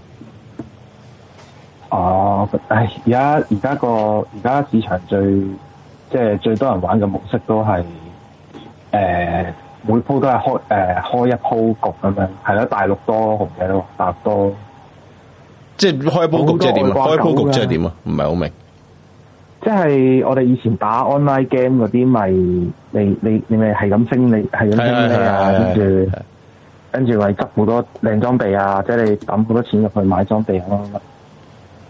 哦、啊，唉，而家而家個而家市場最即係最多人玩嘅模式都係誒、呃、每鋪都係開誒、呃、開一鋪局咁樣，係咯，大陸多控制咯，多，大陸多即係開一鋪局即係點啊？開一鋪局即係點啊？唔係好明，即係我哋以前打 online game 嗰啲咪你你你咪係咁升，你係咁升你啊，跟住。跟住咪執好多靚裝備啊！即係你抌好多錢入去買裝備咯。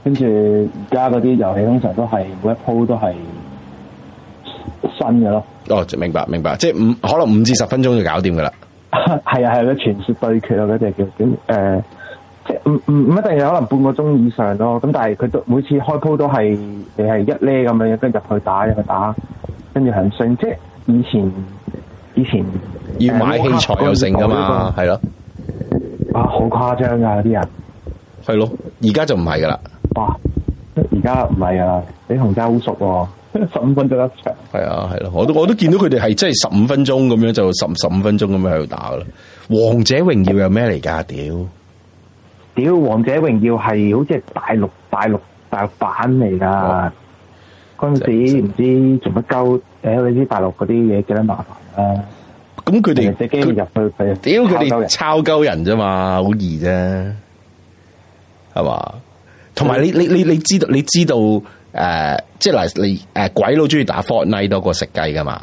跟住而家嗰啲遊戲通常都係每一鋪都係新嘅咯。哦，明白明白，即係唔可能五至十分鐘就搞掂噶啦。係啊係啊，傳說對決啊嗰隻叫點誒、呃，即係唔唔唔一定有可能半個鐘以上咯。咁但係佢都每次開鋪都係你係一咧咁樣，跟住入去打入去打，跟住很順。即係以前。以前要買器材卡又成噶嘛，係咯？誇張啊，好誇張噶啲人，係咯，而家就唔係噶啦。哇，而家唔係啊，你同佢好熟喎。啊，十五分鐘一場。係啊，係咯，我都我都見到佢哋係真係十五分鐘咁樣就十十五分鐘咁樣喺度打啦。王者榮耀有咩嚟噶？屌，屌！王者榮耀係好似係大陸大陸大陸版嚟噶。嗰陣時唔知做乜鳩，誒、哎，你知大陸嗰啲嘢幾多麻煩。咁佢哋屌，佢哋抄鳩人啫嘛，好易啫，係嘛？同埋你你你你知道你知道誒，即係嗱你誒、呃，鬼佬中意打 Fortnite 多過食雞噶嘛，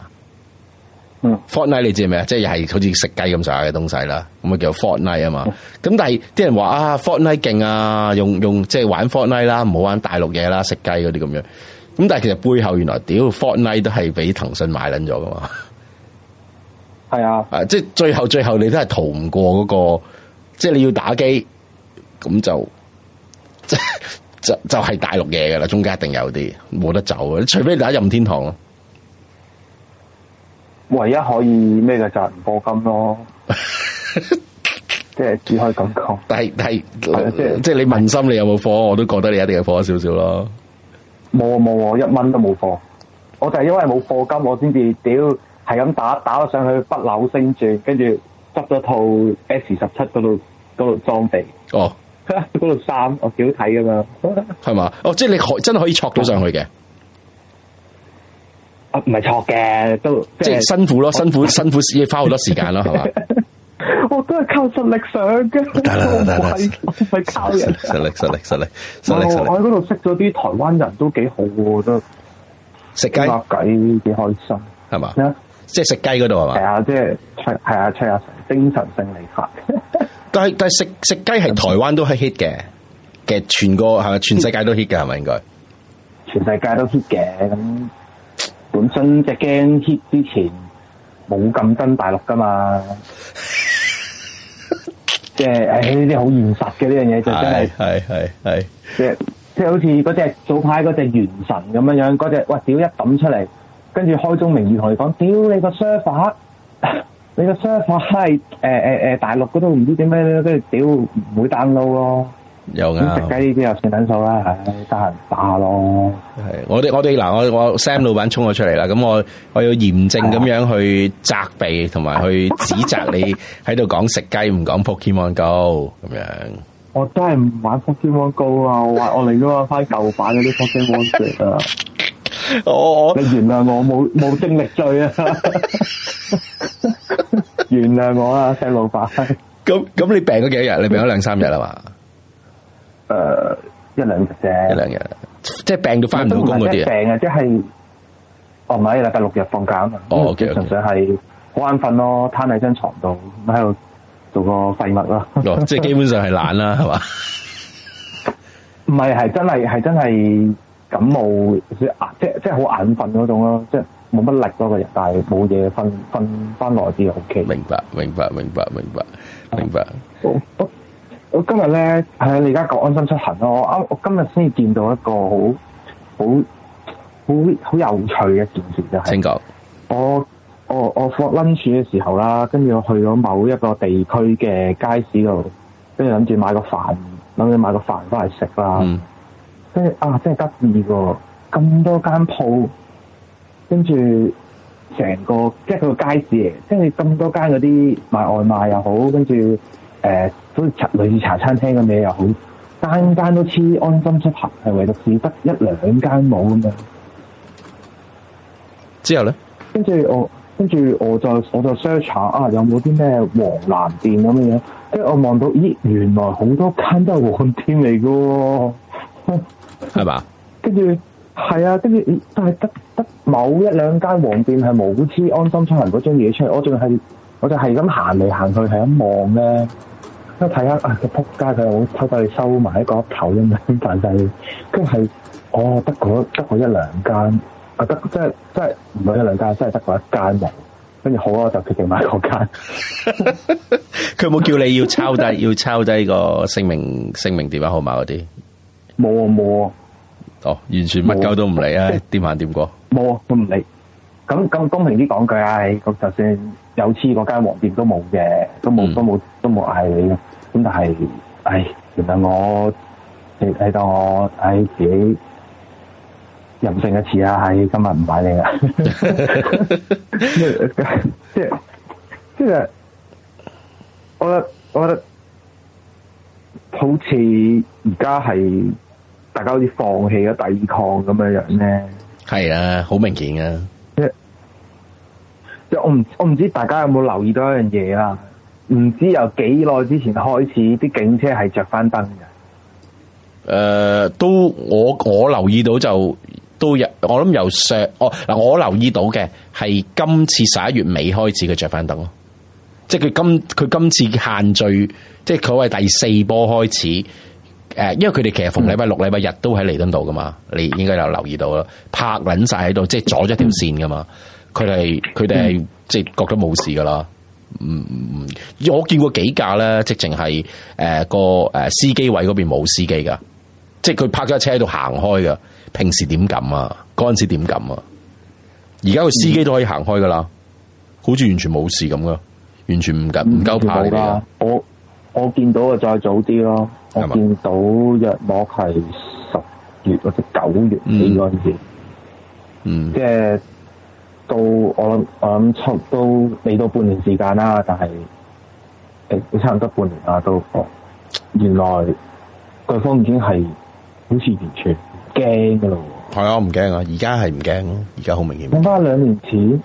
嗯？Fortnite 你知咩？即係又係好似食雞咁上下嘅東西啦，咁啊叫 Fortnite 啊嘛。咁但係啲人話啊，Fortnite 勁啊，用用即係玩 Fortnite 啦，唔好玩大陸嘢啦，食雞嗰啲咁樣。咁但係其實背後原來屌 Fortnite 都係俾騰訊買撚咗噶嘛。係啊，誒，即係最後最後你都係逃唔過嗰、那個，即係你要打機，咁就即係就就係、就是、大陸嘢噶啦，中間一定有啲冇得走啊，除非你打任天堂咯、啊。唯一可以咩嘅就係唔課金咯， [laughs] 即係只可以咁講。但係但係，就是、即係即係你問心，你有冇課？我都覺得你一定係課少少咯。冇啊冇啊，一蚊都冇課。我就係因為冇課金，我先至屌。係咁打，打咗上去不朽星鑽，跟住執咗套 S 十七嗰度嗰度裝備哦，嗰度衫我幾好睇噶嘛，係嘛？哦，即係你真係可以坐到上去嘅，啊，唔係坐嘅都即係辛苦咯，辛苦辛苦要花好多時間咯，係嘛？我都係靠實力上嘅，唔係靠人實力實力實力實力。我喺嗰度識咗啲台灣人都幾好，我覺得食雞傾偈幾開心，係嘛？即係食雞嗰度係嘛？係啊，即、就、係、是，係啊，除啊精神勝利法。 [laughs] 但係但係食食雞係台灣都係 hit 嘅，嘅 [laughs] 全個係咪全世界都 hit 嘅係咪應該？全世界都 hit 嘅，咁，本身隻 game hit 之前冇咁憎大陸噶嘛。即係誒，呢啲好現實嘅呢樣嘢就真係，係係係。即係即係好似嗰隻早排嗰隻原神咁樣樣，嗰、哎、隻哇屌一抌出嚟。跟住開宗明義同你講，屌你個 server，你個 server 係誒誒誒大陸嗰度唔知點咩咧，跟住屌唔會 download 咯。有噶。食雞呢啲又算緊數啦，唉，得閒打下咯。係，我哋我哋嗱，我我 Sam 老闆衝咗出嚟啦，咁我我要嚴正咁樣去責備同埋去指責你喺度講食雞唔講 Pokemon Go 咁樣。我都係唔玩 Pokemon Go 啊，我我嚟咗個翻舊版嗰啲 Pokemon Go 啊。Oh, oh. 你原諒我原諒我冇冇精力追啊！ [laughs] 原諒我啊，細路仔。咁咁你病咗幾日？你病咗兩三，uh, 兩日啦嘛？誒，一兩日啫。一兩日，即係病到返唔到工嗰啲啊？病啊，即係哦，唔係禮拜六日放假嘛？哦、oh, okay , okay， [laughs] oh, 基本上係眼瞓咯，攤喺張床度，喺度做個廢物咯。即係基本上係懶啦，係嘛？唔係，係真係，係真係。感冒，即即好眼瞓嗰種咯，即冇乜力嗰個人，但係冇嘢瞓瞓翻落啲 OK。OK、明白，明白，明白，明白，明白、嗯。我我今日咧，係你而家講安心出行咯。我啱，我今日先至見到一個好好好好有趣嘅一件事就係、是，我我我放 lunch 嘅時候啦，跟住我去咗某一個地區嘅街市度，跟住諗住買個飯，諗住買個飯翻嚟食啦。嗯即係啊！真係得意喎，咁多間鋪，跟住成個即係個街市嚟，即係咁多間嗰啲賣外賣又好，跟住誒都茶類似茶餐廳嘅嘢又好，間間都黐安心出行，係唯獨只得一兩間冇咁樣。之後咧，跟住我跟住我就我就 search 啊，有冇啲咩黃藍店咁嘅樣？跟住我望到咦，原來好多間都係黃店嚟喎。啊係嘛？跟住係啊，跟住但係得得某一兩間黃店係冇知安心出行嗰張嘢出嚟，我仲係我仲係咁行嚟行去，係咁望咧，一睇下啊個、哎、仆街佢好偷偷哋收埋喺個頭咁樣，但係跟住係我得嗰得一兩間，啊得即係即係唔係一兩間，即係得嗰一間黃，跟住好啊，就決定買嗰間。佢有冇叫你要抄低要抄低個姓名姓名電話號碼嗰啲？冇冇、啊啊、哦，完全乜鳩都唔嚟啊！掂行掂過，冇、啊、都唔嚟。咁咁公平啲講句啊，就算有黐嗰間黃店都冇嘅，都冇、嗯、都冇都冇嗌你咁。但係，唉、哎，原來我係係我喺、哎、自己任性嘅詞啊，係今日唔擺你啦。即係即係，我覺得我覺得好似而家係。大家好似放棄咗抵抗咁嘅樣咧，係啊，好明顯啊！即即我唔我唔知大家有冇留意到一樣嘢啊，唔知由幾耐之前開始，啲警車係著翻燈嘅。誒、呃，都我我留意到就都有。我諗由上我嗱，我留意到嘅係今次十一月尾開始佢著翻燈咯。即係佢今佢今次限聚，即係佢係第四波開始。誒，因為佢哋其實逢禮拜六、禮拜日都喺彌敦道噶嘛，你應該有留意到啦，拍撚晒喺度，即係阻咗條線噶嘛。佢哋佢哋係即係覺得冇事噶啦。嗯嗯我見過幾架咧，直情係誒個誒司機位嗰邊冇司機噶，即係佢拍咗車喺度行開噶。平時點敢啊？嗰陣時點敢啊？而家個司機都可以行開噶啦，好似完全冇事咁噶，完全唔唔夠拍嘅。我見到啊，再早啲咯。我見到約莫係十月或者九月幾嗰陣時嗯，嗯，即係到我諗我諗出都未到半年時間啦。但係誒都差唔多半年啦。都原來對方已經係好似完全驚噶啦。係啊、嗯，我唔驚啊，而家係唔驚，而家好明顯。講翻兩年前，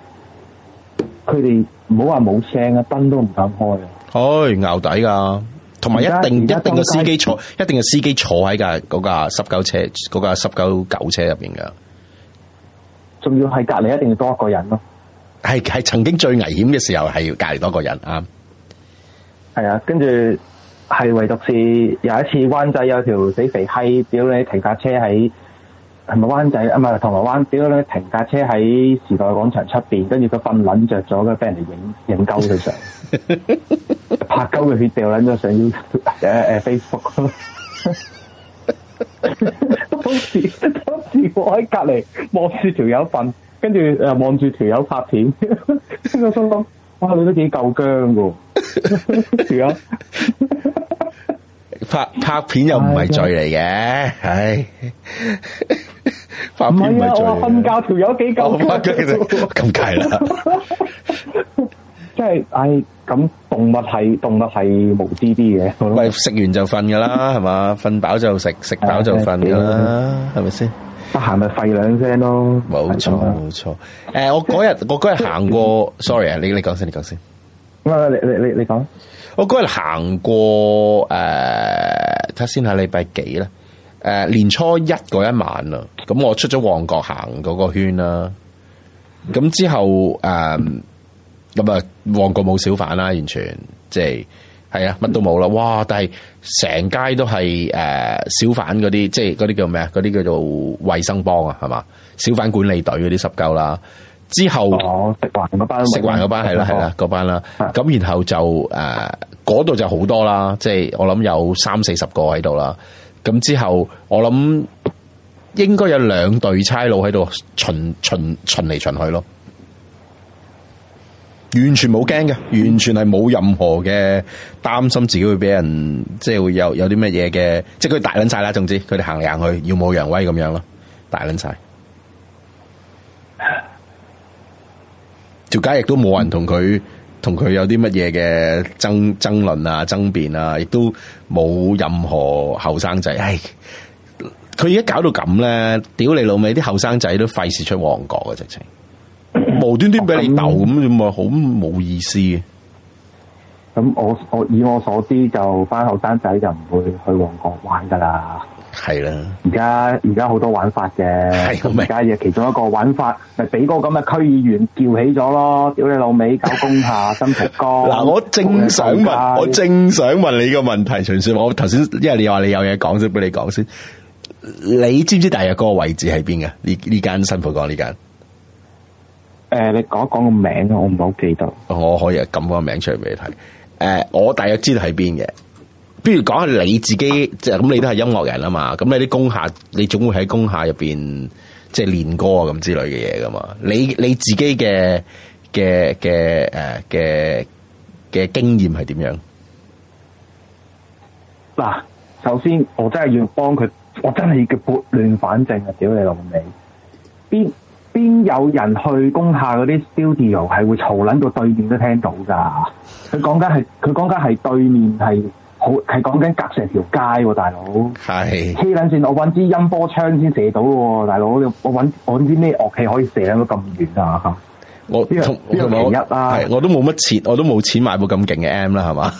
佢哋唔好話冇聲啊，燈都唔敢開啊。去牛、哎、底噶，同埋一定在一定嘅司機坐，在一定嘅司機坐喺架嗰架濕狗車，嗰架濕狗狗車入邊噶，仲要係隔籬一定要多一個人咯。係係曾經最危險嘅時候係要隔籬多個人啊。係啊，跟住係唯獨是有一次灣仔有條死肥閪屌你停架車喺。係咪灣仔啊？唔係銅鑼灣，結呢，咧停架車喺時代廣場出邊，跟住佢瞓撚著咗，嘅俾人嚟影影鳩佢上，拍鳩嘅血掉撚咗上,要誒誒 Facebook。當時當時我喺隔離望住條友瞓，跟住誒望住條友拍片，我心諗：哇，你都幾夠僵㗎？條 [laughs] 友拍拍片又唔係罪嚟嘅。唉、哎呀。哎係我瞓覺，條友幾夠，咁計啦，即係唉咁動物係動物係無知啲嘅，喂食完就瞓噶啦，係嘛？瞓飽就食，食飽就瞓噶啦，係咪先？得閒咪吠兩聲咯，冇錯冇錯。誒，我嗰日我嗰日行過，sorry 啊，你你講先，你講先。喂喂，你你你你講，我嗰日行過誒，睇先係禮拜幾咧？誒，年初一嗰一晚啊。咁我出咗旺角行嗰個圈啦、啊，咁之後誒，咁、嗯、啊旺角冇小販啦、啊，完全即係係啊，乜都冇啦，哇！但係成街都係誒、呃、小販嗰啲，即係嗰啲叫咩啊？嗰啲叫做衛生幫啊，係嘛？小販管理隊嗰啲十夠啦、啊。之後、哦、食環嗰班，班，食環嗰班係啦係啦嗰班啦。咁然後就誒嗰度就好多啦，即、就、係、是、我諗有三四十個喺度啦。咁之後我諗。應該有兩隊差佬喺度巡巡巡嚟巡去咯，完全冇驚嘅，完全係冇任何嘅擔心自己會俾人即係會有有啲乜嘢嘅，即係佢大捻晒啦，總之佢哋行嚟行去耀武揚威咁樣咯，大捻晒。條 [laughs] 街亦都冇人同佢同佢有啲乜嘢嘅爭爭論啊、爭辯啊，亦都冇任何後生仔。佢而家搞到咁咧，屌你老味啲後生仔都費事出旺角嘅，直情無端端俾你鬥咁，咁啊好冇意思嘅。咁我我以我所知，就翻後生仔就唔會去旺角玩噶啦。係啦的，而家而家好多玩法嘅，係咪的？而家嘅其中一個玩法，咪俾個個咁嘅區議員叫起咗咯，屌你老味搞功下新蒲崗。嗱，我正想問，我正想問你個問題，陳少，我頭先因為你話你有嘢講，先俾你講先。你知唔知大約嗰個位置喺邊嘅？呢呢間新蒲崗呢間？誒、呃，你講一講個名，我唔係好記得。我可以撳個名出嚟俾你睇。誒、呃，我大約知道喺邊嘅。不如講下你自己，嗯、即係咁，你都係音樂人啊嘛。咁你啲工廈，你總會喺工廈入邊即係練歌啊咁之類嘅嘢噶嘛。你你自己嘅嘅嘅誒嘅嘅經驗係點樣？嗱，首先我真係要幫佢。我真係要叫撥亂反正啊！屌你老味，邊邊有人去攻下嗰啲 studio 係會嘈捻到對面都聽到噶？佢講緊係佢講緊係對面係好係講緊隔成條街喎、啊，大佬係黐捻線，我揾支音波槍先射到喎、啊，大佬我我揾我啲咩樂器可以射到咁遠啊？我因為零一啦、啊！係我都冇乜錢，我都冇錢買部咁勁嘅 M 啦，係嘛？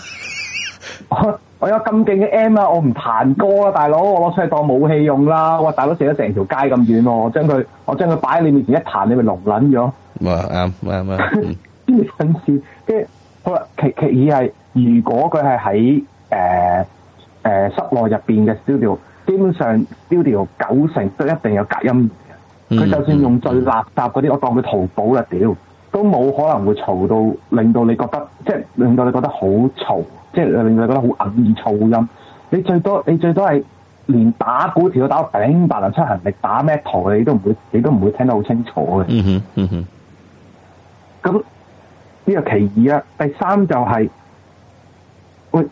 [laughs] 我有咁勁嘅 M 啊！我唔彈歌啊。大佬，我攞出嚟當武器用啦！哇，大佬射咗成條街咁遠喎、啊！我將佢我將佢擺喺你面前一彈，你咪聾撚咗。哇！啱啱啱。跟住，跟住 [laughs] 好啦。其其二係，如果佢係喺誒室內入面嘅 studio，基本上 studio 九成都一定有隔音佢、嗯、就算用最垃圾嗰啲，嗯、我當佢淘寶啦，屌都冇可能會嘈到令到你覺得，即、就、係、是、令到你覺得好嘈。即係令你覺得好硬噪音，你最多你最多係連打鼓票都打個頂白能出行力，打咩台你都唔會，你都唔會聽得好清楚嘅。嗯哼，嗯哼。咁呢、這個其二啦，第三就係、是、喂，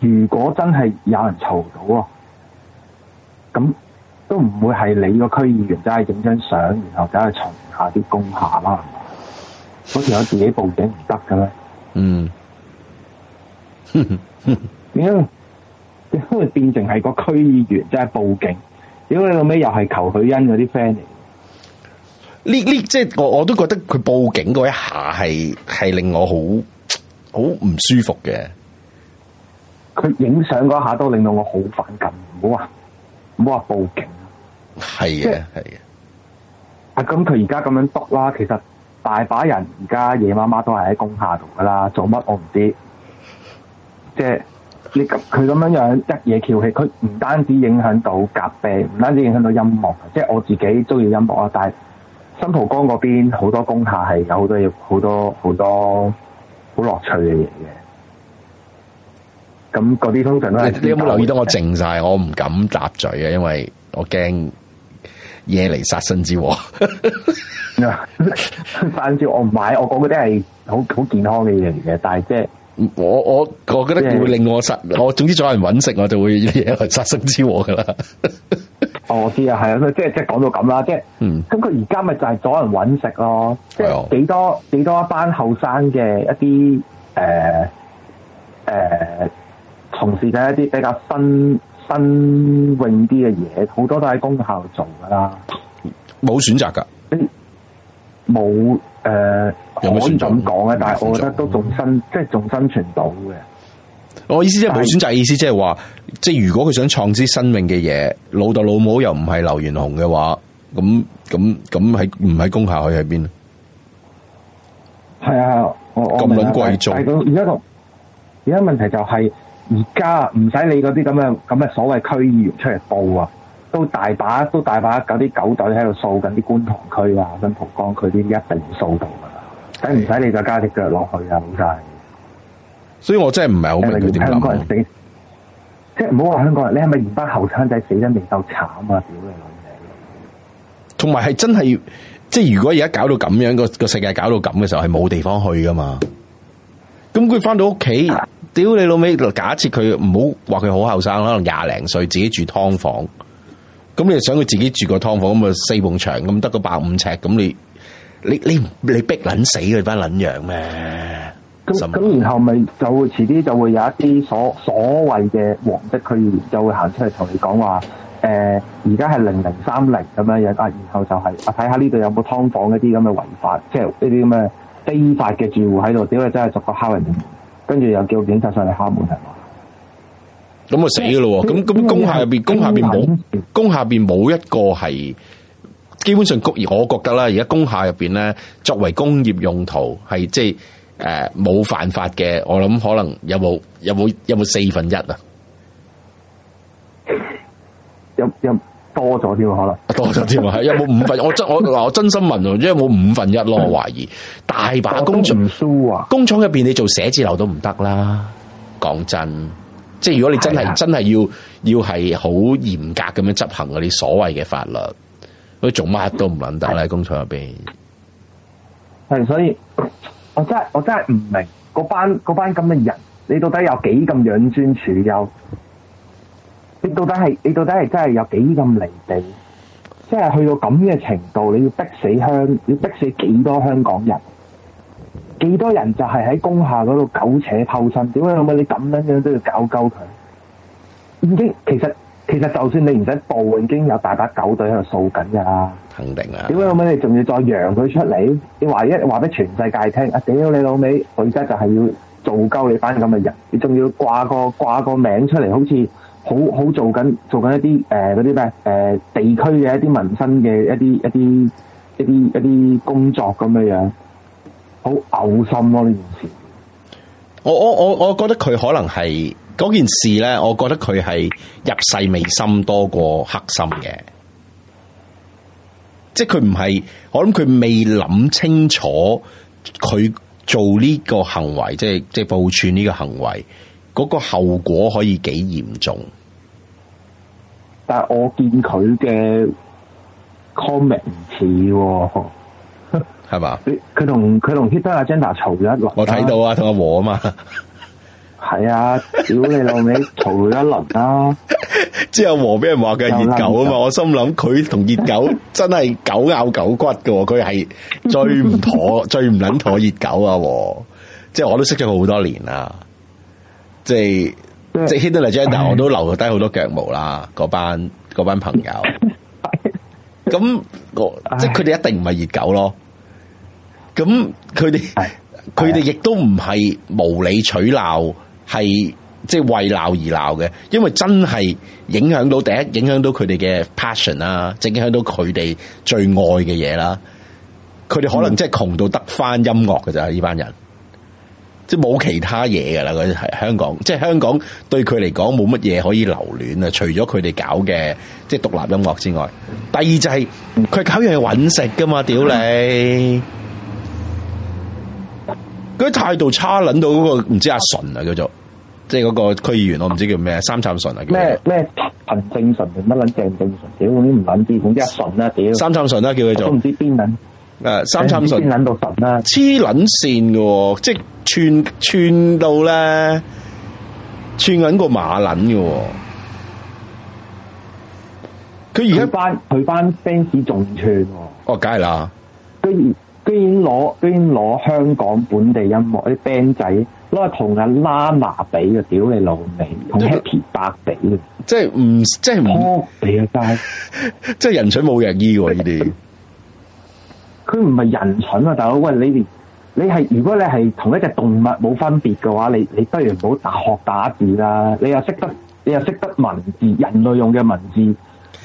如果真係有人嘈到啊，咁都唔會係你個區議員走去影張相，然後走去重下啲工下啦。嗰時我自己報警唔得嘅咩？嗯。哼點解變成係個區議員，即係報警？屌你老尾又係求許欣嗰啲 friend 嚟？呢呢即係我我都覺得佢報警嗰一下係係令我好好唔舒服嘅。佢影相嗰下都令到我好反感，唔好話唔好話報警。係啊係啊。啊咁是，佢而家咁樣篤啦，其實大把人而家夜媽媽都係喺工廈度噶啦，做乜我唔知。即係你咁，佢咁樣樣一嘢翹起，佢唔單止影響到隔籬，唔單止影響到音樂。即係我自己中意音樂啊，但係新蒲崗嗰邊好多工廈係有好多好多好多好樂趣嘅嘢嘅。咁嗰啲通常都係你有冇留意到我？我靜晒？我唔敢答嘴嘅，因為我驚惹嚟殺身之禍。 [laughs] [laughs] 但係我唔買，我講嗰啲係好好健康嘅嘢嚟嘅，但係即係。我我我覺得會令我失，的我總之阻人揾食，我就會嘢嚟殺身之禍噶啦。哦，我知啊，係啊，即係即係講到咁啦，即係，嗯，咁佢而家咪就係阻人揾食咯，嗯、即係幾多、哎、呦幾多一班後生嘅一啲誒誒，從、呃呃、事嘅一啲比較新新穎啲嘅嘢，好多都喺公校做噶啦，冇選擇噶，冇。誒，呃、有冇選擇可以咁講啊，但係我覺得都仲生，嗯、即係仲生存到嘅。我意思即係冇選擇，意思即係話，即係如果佢想創支生命嘅嘢，老豆老母又唔係劉元雄嘅話，咁咁咁喺唔喺工廈佢喺邊？係啊係啊，我我咁捻貴重。而家而家問題就係而家唔使你嗰啲咁樣咁嘅所謂區議員出嚟報啊。都大把，都大把搞啲狗仔喺度掃緊啲觀塘區啊，新蒲崗區啲一定掃到噶啦，使唔使你再加隻腳落去啊，老細？所以我真係唔係好明你點諗？香港人死、啊、即係唔好話香港人，你係咪唔班後生仔死得未夠慘啊？屌你老！同埋係真係，即係如果而家搞到咁樣，個個世界搞到咁嘅時候，係冇地方去噶嘛？咁佢翻到屋企，屌你老味！假設佢唔好話佢好後生，可能廿零歲自己住劏房。咁你又想佢自己住個劏房咁啊，四埲牆，咁得個百五尺，咁你你你你逼撚死佢班撚樣咩？咁咁然後咪就會遲啲就會有一啲所所謂嘅黃色官員就會行出嚟同你講話，誒而家係零零三零咁樣樣啊，然後就係啊睇下呢度有冇劏房一啲咁嘅違法，即係呢啲咁嘅非法嘅住戶，喺度點解真係逐個敲人門，跟住又叫警察上嚟敲門係嘛？咁咪死噶咯？咁咁工廈入邊，工廈入邊冇，工廈入邊冇一個係，基本上工而我覺得啦，而家工廈入邊咧，作為工業用途，係即係誒冇犯法嘅。我諗可能有冇，有冇，有冇四分一啊？有有多咗添，可能多咗添啊？有冇五分？ [laughs] 我真我嗱，我真心問，因為冇五分一咯，啊，我懷疑大把工廠啊！工廠入邊你做寫字樓都唔得啦，講真。即係如果你真係真係要要係好嚴格咁樣執行嗰啲所謂嘅法律，佢做乜都唔撚得啦，工廠入邊。係所以，我真係我真係唔明嗰班嗰班咁嘅人，你到底有幾咁養尊處優？你到底係你到底係真係有幾咁離地？即係去到咁嘅程度，你要逼死香，要逼死幾多香港人？幾多人就係喺工廈嗰度苟且偷生？點解老味你咁樣樣都要搞鳩佢？已經其實其實就算你唔使報，已經有大把狗隊喺度掃緊噶啦。肯定啊！點解老味你仲要再揚佢出嚟？你話一話俾全世界聽啊！屌你老味，我而家就係要做鳩你班咁嘅人，你仲要掛個掛個名出嚟，好似好好做緊做緊一啲誒嗰啲咩誒地區嘅一啲民生嘅一啲一啲一啲一啲工作咁嘅樣。好嘔心咯、啊、呢件事，我我我我覺得佢可能係嗰件事咧，我覺得佢係入世未深多過黑心嘅，即係佢唔係，我諗佢未諗清楚佢做呢個行為，即係即係報串呢個行為，嗰、那個後果可以幾嚴重。但係我見佢嘅 comment 唔似喎、哦。係嘛？佢同佢同希德阿 Jenna 嘈咗一輪、啊。我睇到啊，同阿和啊嘛。係啊，屌你老味嘈咗一輪啦、啊！之後和俾人話佢係熱狗啊嘛，我心諗佢同熱狗真係狗咬狗骨噶，佢係最唔妥、 [laughs] 最唔撚妥熱 [laughs] 狗啊！即係我都識咗佢好多年啦，即係對即係希德阿 Jenna，我都留低好多腳毛啦，嗰 [laughs] 班嗰班朋友。咁 [laughs] 即係佢哋一定唔係熱狗咯。咁佢哋，佢哋亦都唔係無理取鬧，係即係為鬧而鬧嘅，因為真係影響到第一，影響到佢哋嘅 passion 啦，即影響到佢哋最愛嘅嘢啦。佢哋可能即係窮到得翻音樂噶咋？呢班、嗯、人即係冇其他嘢噶啦，啲係香港，即、就、係、是、香港對佢嚟講冇乜嘢可以留戀啊，除咗佢哋搞嘅即係獨立音樂之外，第二就係、是、佢、嗯、搞樣嘢係揾食噶嘛，屌你！嗯佢態度差撚到嗰個唔知阿純啊叫做、嗰個，即係嗰個區議員，我唔知叫咩三參純啊，咩咩陳正純定乜撚鄭正純？屌，啲唔撚啲，咁阿純啦屌！三參純啦叫佢做，都唔知邊撚誒三參純撚到純啊，黐撚線嘅，即係串串到咧，串撚個馬撚㗎喎！佢而家班佢班 fans 仲串喎，哦，梗係啦，居然攞居然攞香港本地音樂啲 band 仔攞嚟同阿 Lana 比嘅，屌你老味，同 Happy 伯比嘅，即係唔、啊、但即係唔好，嘅，但係即係人蠢冇人醫喎呢啲。佢唔係人蠢啊，大佬喂，你你係如果你係同一隻動物冇分別嘅話，你你不如冇大學打字啦。你又識得你又識得文字，人類用嘅文字，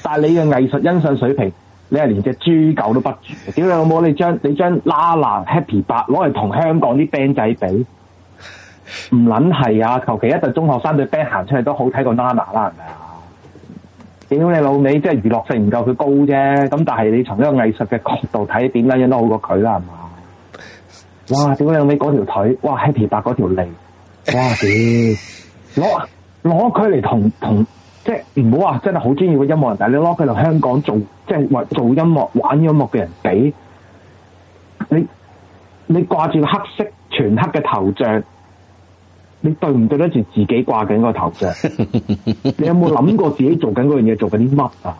但係你嘅藝術欣賞水平。你係連隻豬狗都不如，屌你老母，你將你將娜娜 Happy 八攞嚟同香港啲 band 仔比，唔捻係啊！求其一對中學生對 band 行出嚟都好睇過娜娜啦，係咪啊？屌你老味，即係娛樂性唔夠佢高啫，咁但係你從呢個藝術嘅角度睇，點解樣都好過佢啦，係嘛？哇！屌你老尾嗰條腿，哇！Happy 八嗰條脷，哇屌！攞攞佢嚟同同。即係唔好話真係好鍾意個音樂人，但係你攞佢同香港做即係話做音樂玩音樂嘅人比，你你掛住黑色全黑嘅頭像，你對唔對得住自己掛緊個頭像？你有冇諗過自己做緊嗰樣嘢，做緊啲乜啊？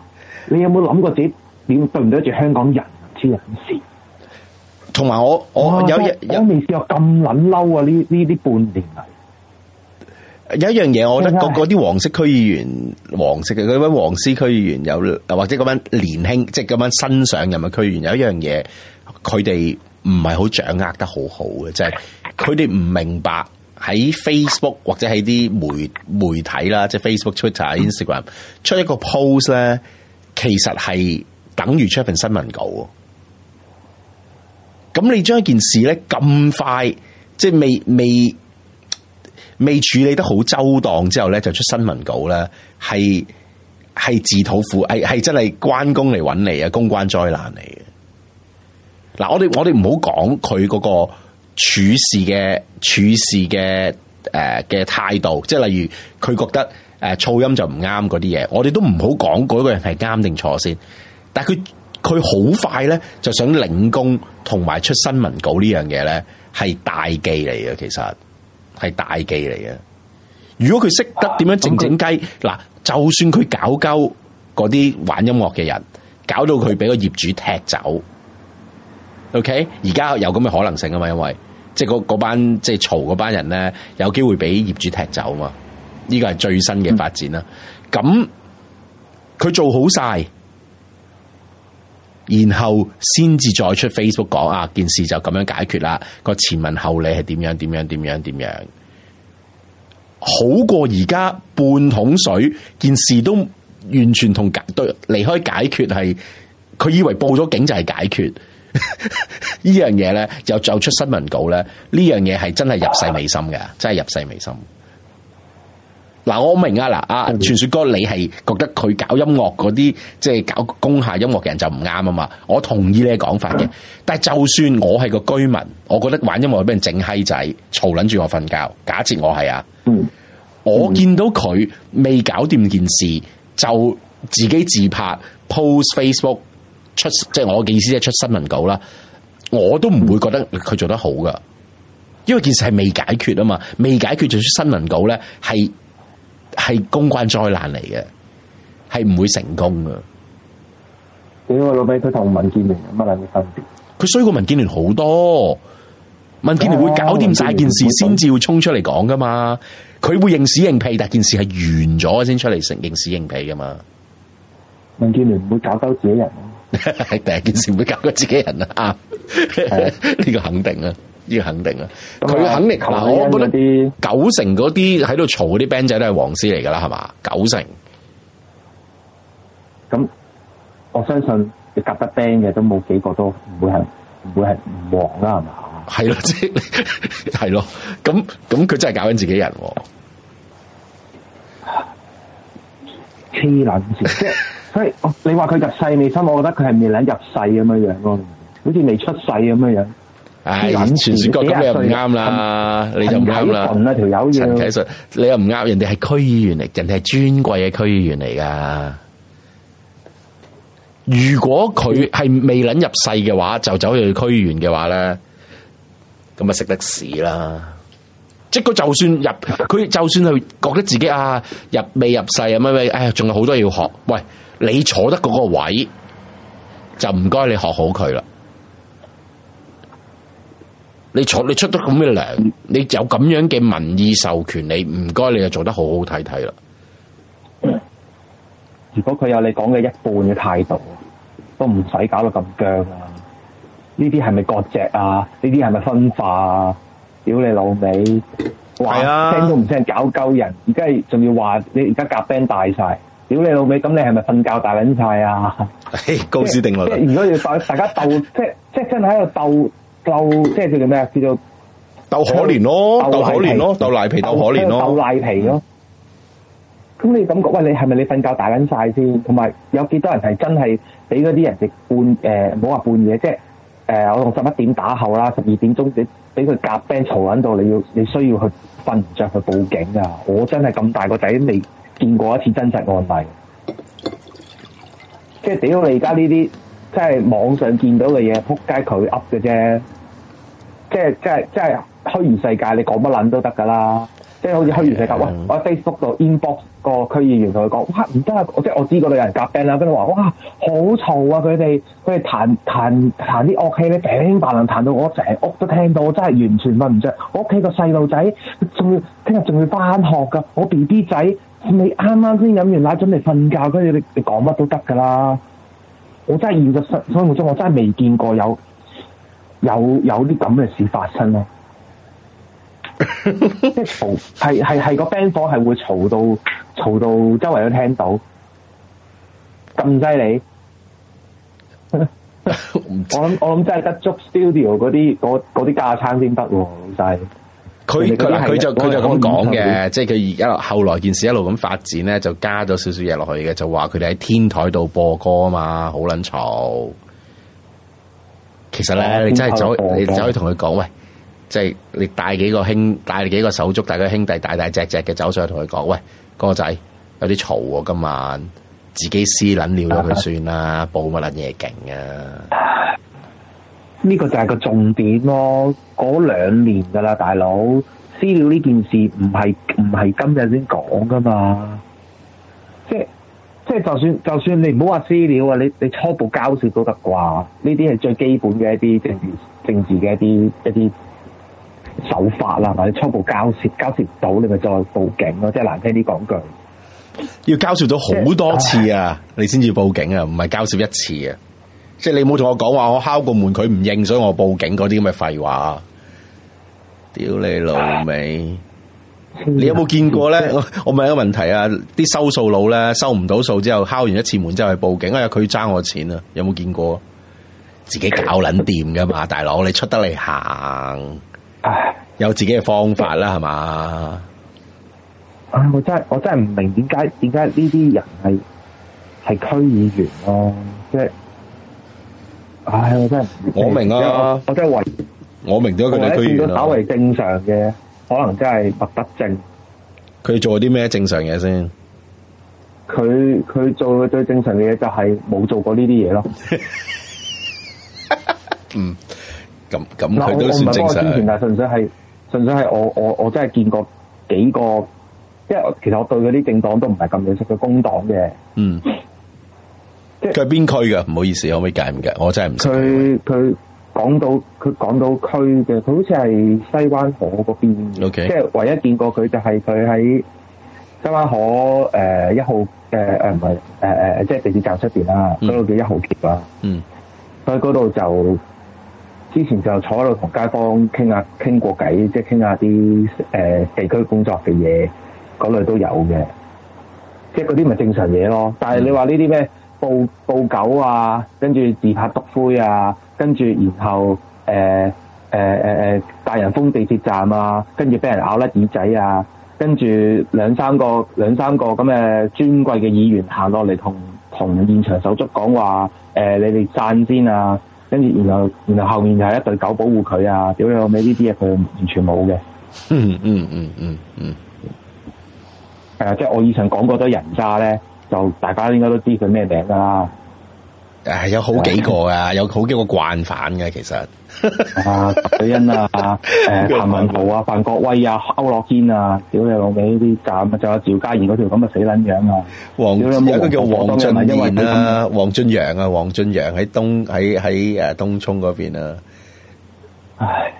你有冇諗過自己點對唔對得住香港人之人事？同埋我我有日未試過咁撚嬲啊！呢，呢啲半年嚟。有一樣嘢，我覺得嗰啲黃色區議員，黃色嘅嗰位黃絲區議員，有或者嗰班年輕，即係嗰班新上任嘅區議員，有一樣嘢，佢哋唔係好掌握得好好嘅，就係佢哋唔明白喺 Facebook 或者喺啲媒媒體啦，即係 Facebook、Twitter、Instagram 出一個 post 咧，其實係等於出一份新聞稿。咁你將一件事咧咁快，即係未未。未未處理得好周到之後咧，就出新聞稿咧，係係自討苦，係係真係關公嚟搵你啊！公關災難嚟嘅。嗱，我哋我哋唔好講佢嗰個處事嘅處事嘅誒嘅態度，即係例如佢覺得誒噪音就唔啱嗰啲嘢，我哋都唔好講嗰個人係啱定錯先。但係佢佢好快咧，就想領功，同埋出新聞稿呢樣嘢咧係大忌嚟嘅，其實。係大忌嚟嘅，如果佢識得點樣靜靜雞，嗱、啊嗯，就算佢搞鳩嗰啲玩音樂嘅人，搞到佢俾個業主踢走，OK，而家有咁嘅可能性啊嘛，因為即係嗰班即係嘈嗰班人咧，有機會俾業主踢走啊嘛，呢、這個係最新嘅發展啦，咁佢、嗯、做好晒。然後先至再出 Facebook 講啊，件事就咁樣解決啦。個前文後理係點樣？點樣？點樣？點樣？好過而家半桶水，件事都完全同解，對離開解決係，佢以為報咗警就係解決 [laughs] 這呢樣嘢呢又走出新聞稿呢。呢樣嘢係真係入世未深嘅，真係入世未深。嗱，我明啊！嗱，啊傳説哥，你係覺得佢搞音樂嗰啲，即係搞公下音樂嘅人就唔啱啊嘛？我同意你嘅講法嘅。但係就算我係個居民，我覺得玩音樂俾人整閪仔，嘈撚住我瞓覺。假設我係啊，嗯嗯、我見到佢未搞掂件事，就自己自拍 post Facebook 出，即係我嘅意思，即係出新聞稿啦。我都唔會覺得佢做得好噶，因為件事係未解決啊嘛，未解決就出新聞稿咧，係。係公關災難嚟嘅，係唔會成功嘅。點我老味佢同民建聯乜捻分別？佢衰過民建聯好多。民建聯會搞掂晒件事，先至會衝出嚟講噶嘛？佢會認屎認屁，但件事係完咗先出嚟，承認屎認屁噶嘛？民建聯唔會搞鳩自己人，係 [laughs] 第一件事唔會搞鳩自己人啦，呢的 [laughs] 個肯定啊。呢個肯定啊，佢是肯定嗱，我本嚟九成嗰啲喺度嘈嗰啲 band 仔都係黃絲嚟噶啦，係嘛？九成，咁我相信夾得 band 嘅都冇幾個都唔會係唔會係黃啦，係嘛？係咯，即係咯，咁咁佢真係搞緊自己人，啊。喎。黐撚線，即係你話佢入世未深，我覺得佢係未捻入世咁樣樣，好似未出世咁樣樣。唉，傳説國咁你又唔啱啦，你就唔啱啦。陳，陳啟順，啊這個，你又唔啱，人哋係區議員嚟，人哋係尊貴嘅區議員嚟噶。如果佢係未諗入世嘅話，就走去區議員嘅話咧，咁咪食得屎啦！即係佢就算入，佢就算係覺得自己啊入未入世啊，咪咪，哎仲有好多嘢要學。喂，你坐得嗰個位，就唔該你學好佢啦。你坐你出得咁嘅糧，你有咁樣嘅民意授權，你唔該，你就做得好好睇睇啦。如果佢有你講嘅一半嘅態度，都唔使搞到咁僵啊。呢啲係咪割席啊？呢啲係咪分化啊？屌你老味，係啊，聽都唔聽，搞鳩人。而家仲要話你而家夾 band 大晒，屌你老味，咁你係咪瞓覺大捻晒啊？ [laughs] 高斯定律是， [laughs] 如果要大大家鬥，， [laughs] 即係即係真係喺度鬥。鬥即係叫做咩啊？叫做鬥可憐咯、哦，鬥可憐咯、哦，鬥賴皮鬥可憐咯，鬥賴皮咯。咁你感覺喂，你係咪你瞓覺打緊曬先？同埋有幾多人係真係俾嗰啲人哋半誒唔好話半夜，即係誒、呃、我同十一點打後啦，十二點鐘俾俾佢夾 band 嘈緊到，你要你需要去瞓唔著去報警啊！我真係咁大個仔都未見過一次真實案例，即係屌你而家呢啲。即係網上見到嘅嘢，撲街佢噏嘅啫，即係即係即係虛擬世界，你講乜撚都得噶啦，即係好似虛擬世界，嗯、哇！我喺 Facebook 度 inbox 個區議員同佢講，哇！唔得啊，即係我知個女人夾 band 啦，跟住話，哇！好嘈啊，佢哋佢哋彈彈彈啲樂器咧，頂白能彈到我成屋都聽到，我真係完全瞓唔着。我屋企個細路仔仲要聽日仲要翻學㗎，我 B B 仔係咪啱啱先飲完奶準備瞓覺，跟住你你講乜都得㗎啦。我真係現實生生活中，我真係未見過有有有啲咁嘅事發生咯。即係嘈係係係個 band 房係會嘈到嘈到周圍都聽到咁犀利。我諗我諗真係得足 studio 嗰啲嗰啲架撐先得喎，老細。佢佢佢就佢就咁講嘅，即係佢而家後來件事一路咁發展咧，就加咗少少嘢落去嘅，就話佢哋喺天台度播歌啊嘛，好撚嘈。其實咧，你真係走，你走去同佢講，喂，即係你帶幾個兄，帶幾個手足，帶個兄弟，大大隻隻嘅走上去同佢講，喂，哥仔有啲嘈喎，今晚自己私撚料咗佢算啦，報乜撚嘢勁啊！呢個就係個重點咯，嗰兩年噶啦，大佬私了呢件事唔係唔係今日先講噶嘛？即即係就算就算你唔好話私了啊，你你初步交涉都得啩？呢啲係最基本嘅一啲政治政治嘅一啲一啲手法啦，或者初步交涉交涉到你咪再報警咯，即係難聽啲講句，要交涉到好多次啊，是你先至報警啊，唔係交涉一次啊。即係你冇同我講話，我敲過門佢唔認，所以我報警嗰啲咁嘅廢話。屌你老味！你有冇見過咧？我我問一個問題啊，啲收數佬咧收唔到數之後，敲完一次門之後去報警，因為佢爭我錢啊！有冇見過？自己搞捻掂噶嘛， [laughs] 大佬你出得嚟行，有自己嘅方法啦，係嘛唉吧？我真我真係唔明點解點解呢啲人係係區議員咯、啊，即係。唉，我真係我明啊！我真係為我明咗佢哋推斷啦。我見稍為正常嘅，可能真係麥得正，佢做啲咩正常嘢先？佢佢做嘅最正常嘅嘢就係冇做過呢啲嘢咯。 [laughs] 嗯，咁咁佢都算正常嘅，我唔係。但係純粹係純粹係我我我真係見過幾個，因為其實我對嗰啲政黨都唔係咁認識，個工黨嘅嗯。佢係邊區嘅？唔好意思，可唔可以解唔解？我真係唔識。佢佢港島，佢港島區嘅，佢好似係西灣河嗰邊。OK，即係唯一見過佢就係佢喺西灣河誒一、呃、號誒誒唔係誒誒，即係地鐵站出邊啦，嗰度叫一號橋啦。嗯，喺嗰度就之前就坐喺度同街坊傾下傾過偈，即係傾下啲誒地區工作嘅嘢，嗰類都有嘅。即係嗰啲咪正常嘢咯。但係你話呢啲咩？嗯抱報狗啊，跟住自拍篤灰啊，跟住然後誒誒誒誒，大、呃呃呃呃、人封地鐵站啊，跟住俾人咬甩耳仔啊，跟住兩三個兩三個咁嘅尊貴嘅議員行落嚟同同現場手足講話，誒、呃、你哋讚先啊，跟住然後然後後面就係一對狗保護佢啊，屌你老味，呢啲嘢佢完全冇嘅，嗯嗯嗯嗯嗯，誒即係我以上講過多人渣咧。就大家應該都知佢咩名噶啦，誒，有好幾個噶，有好幾個慣犯嘅其實，啊，許欣啊，誒、 [laughs] 呃，譚文豪啊， [laughs] 范國威啊，歐樂堅啊，屌你老味呢啲站啊，就阿趙嘉怡嗰條咁嘅死捻樣啊，屌你，有一個叫黃俊賢啊，黃俊陽啊，黃俊陽喺東喺喺誒東涌嗰邊啊，邊啊唉，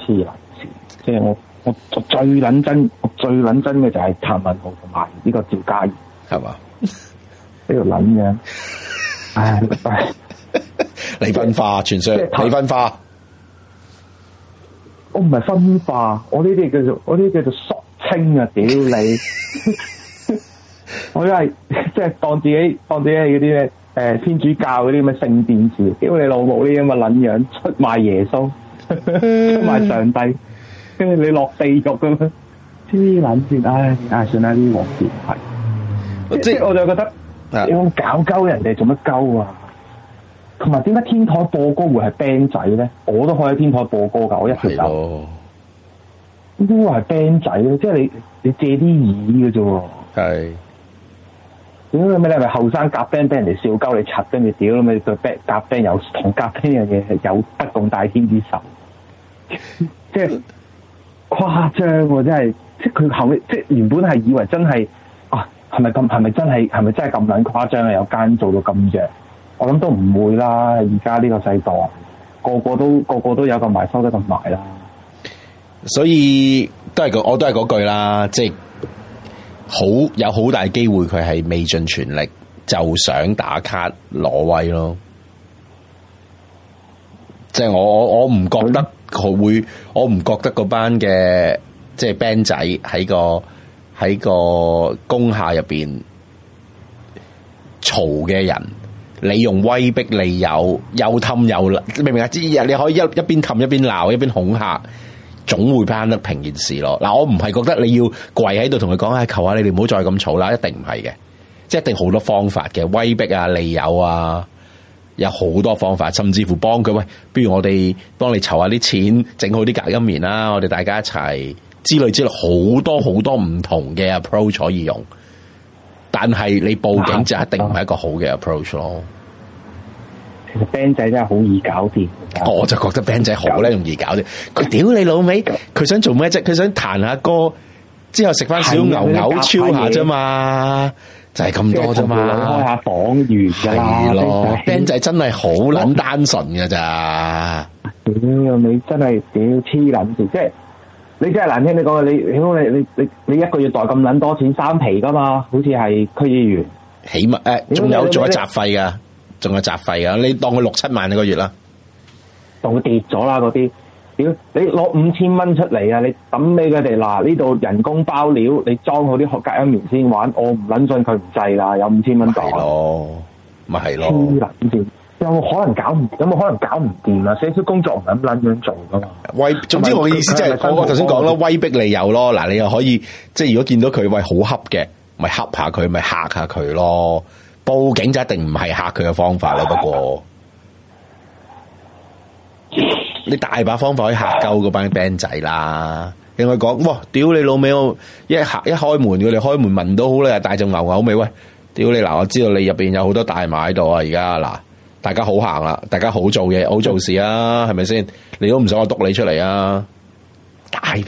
黐線，即係我我最捻真，我最捻真嘅就係譚文豪同埋呢個趙嘉怡。係嘛？呢個卵樣！唉、哎，離分 [laughs] [laughs] 化，傳說離分種化。我唔係分化，我呢啲叫做我呢啲叫做肅清啊！屌你！ [laughs] [laughs] 我都係即係當自己當自己嗰啲咩誒天主教嗰啲咁嘅聖殿時，屌你老母呢啲咁嘅卵樣出賣耶穌，出賣上帝，跟住 [laughs] 你落地獄咁樣，黐卵線！唉、哎、唉、哎，算啦，啲我唔係。即係即我就覺得你咁搞鳩人哋做乜鳩啊？同埋點解天台播歌會係 band 仔咧？我都可以天台播歌噶，我一票有。呢個係 band 仔咯，即係你你借啲耳嘅啫喎。係的。屌你咪你咪後生夾 band 俾人哋笑鳩你柒，跟住屌你咪就 band 夾 band 有同夾 band 呢樣嘢係有不共戴天之仇， [laughs] 即係誇張喎！真係，即係佢後尾，即係原本係以為真係。係咪咁？係咪真係？係咪真係咁卵誇張啊？有間做到咁弱，我諗都唔會啦。而家呢個世道，個個都個個都有個埋，收得咁埋啦。所以都係個，我都係嗰句啦，即係好有好大機會，佢係未盡全力就想打卡攞威咯。即係我我唔覺得佢會，我唔覺得嗰班嘅即係 band 仔喺個。喺個工廈入邊嘈嘅人，你用威逼利誘，又氹又明唔明啊？即係你可以一邊一邊氹一邊鬧，一邊恐嚇，總會扳得平件事咯。嗱，我唔係覺得你要跪喺度同佢講啊，求下你哋唔好再咁嘈啦，一定唔係嘅，即係一定好多方法嘅威逼啊、利誘啊，有好多方法，甚至乎幫佢喂，不如我哋幫你籌下啲錢，整好啲隔音棉啦，我哋大家一齊之類之類好多好多唔同嘅 approach 可以用，但係你報警就一定唔係一個好嘅 approach 咯。其實 band 仔真係好易搞掂，搞我就覺得 band 仔好咧容易搞掂。佢屌定你老味，佢想做咩啫？佢想彈下歌，之後食翻小牛的牛超下啫嘛，就係咁多啫嘛。開下房魚係咯，band 仔真係好捻單純㗎咋？屌你，你真係屌黐捻住，即係。你真係難聽，你講啊！你，你你你你你一個月袋咁撚多錢，三皮㗎嘛，好似係區議員。起碼誒，仲、呃、有做雜有你費㗎，仲有雜費㗎。你當佢六七萬一個月啦。當佢跌咗啦，嗰啲，屌！你攞五千蚊出嚟啊！你抌俾佢哋嗱，呢度人工包料，你裝好啲學隔音棉先玩。我唔撚信佢唔制啦，有五千蚊袋。咪係咯，咪係咯。有冇可能搞唔有冇可能搞唔掂啊，少少工作唔咁捻樣做噶嘛？喂，總之我嘅意思即係我我頭先講啦，威逼利誘咯。嗱，你又可以即係如果見到佢喂好恰嘅，咪恰下佢，咪嚇下佢咯。報警就一定唔係嚇佢嘅方法咯。 [laughs] 不過你大把方法可以嚇鳩嗰班 band 仔啦。應該講，哇！屌你老味我一吓一開門，如果你開門聞到好咧，大陣牛牛味，喂！屌你嗱，我知道你入邊有好多大麻喺度啊！而家嗱。大家好行啦，大家好做嘢，好做事啊，係咪先？你都唔想我督你出嚟啊？大品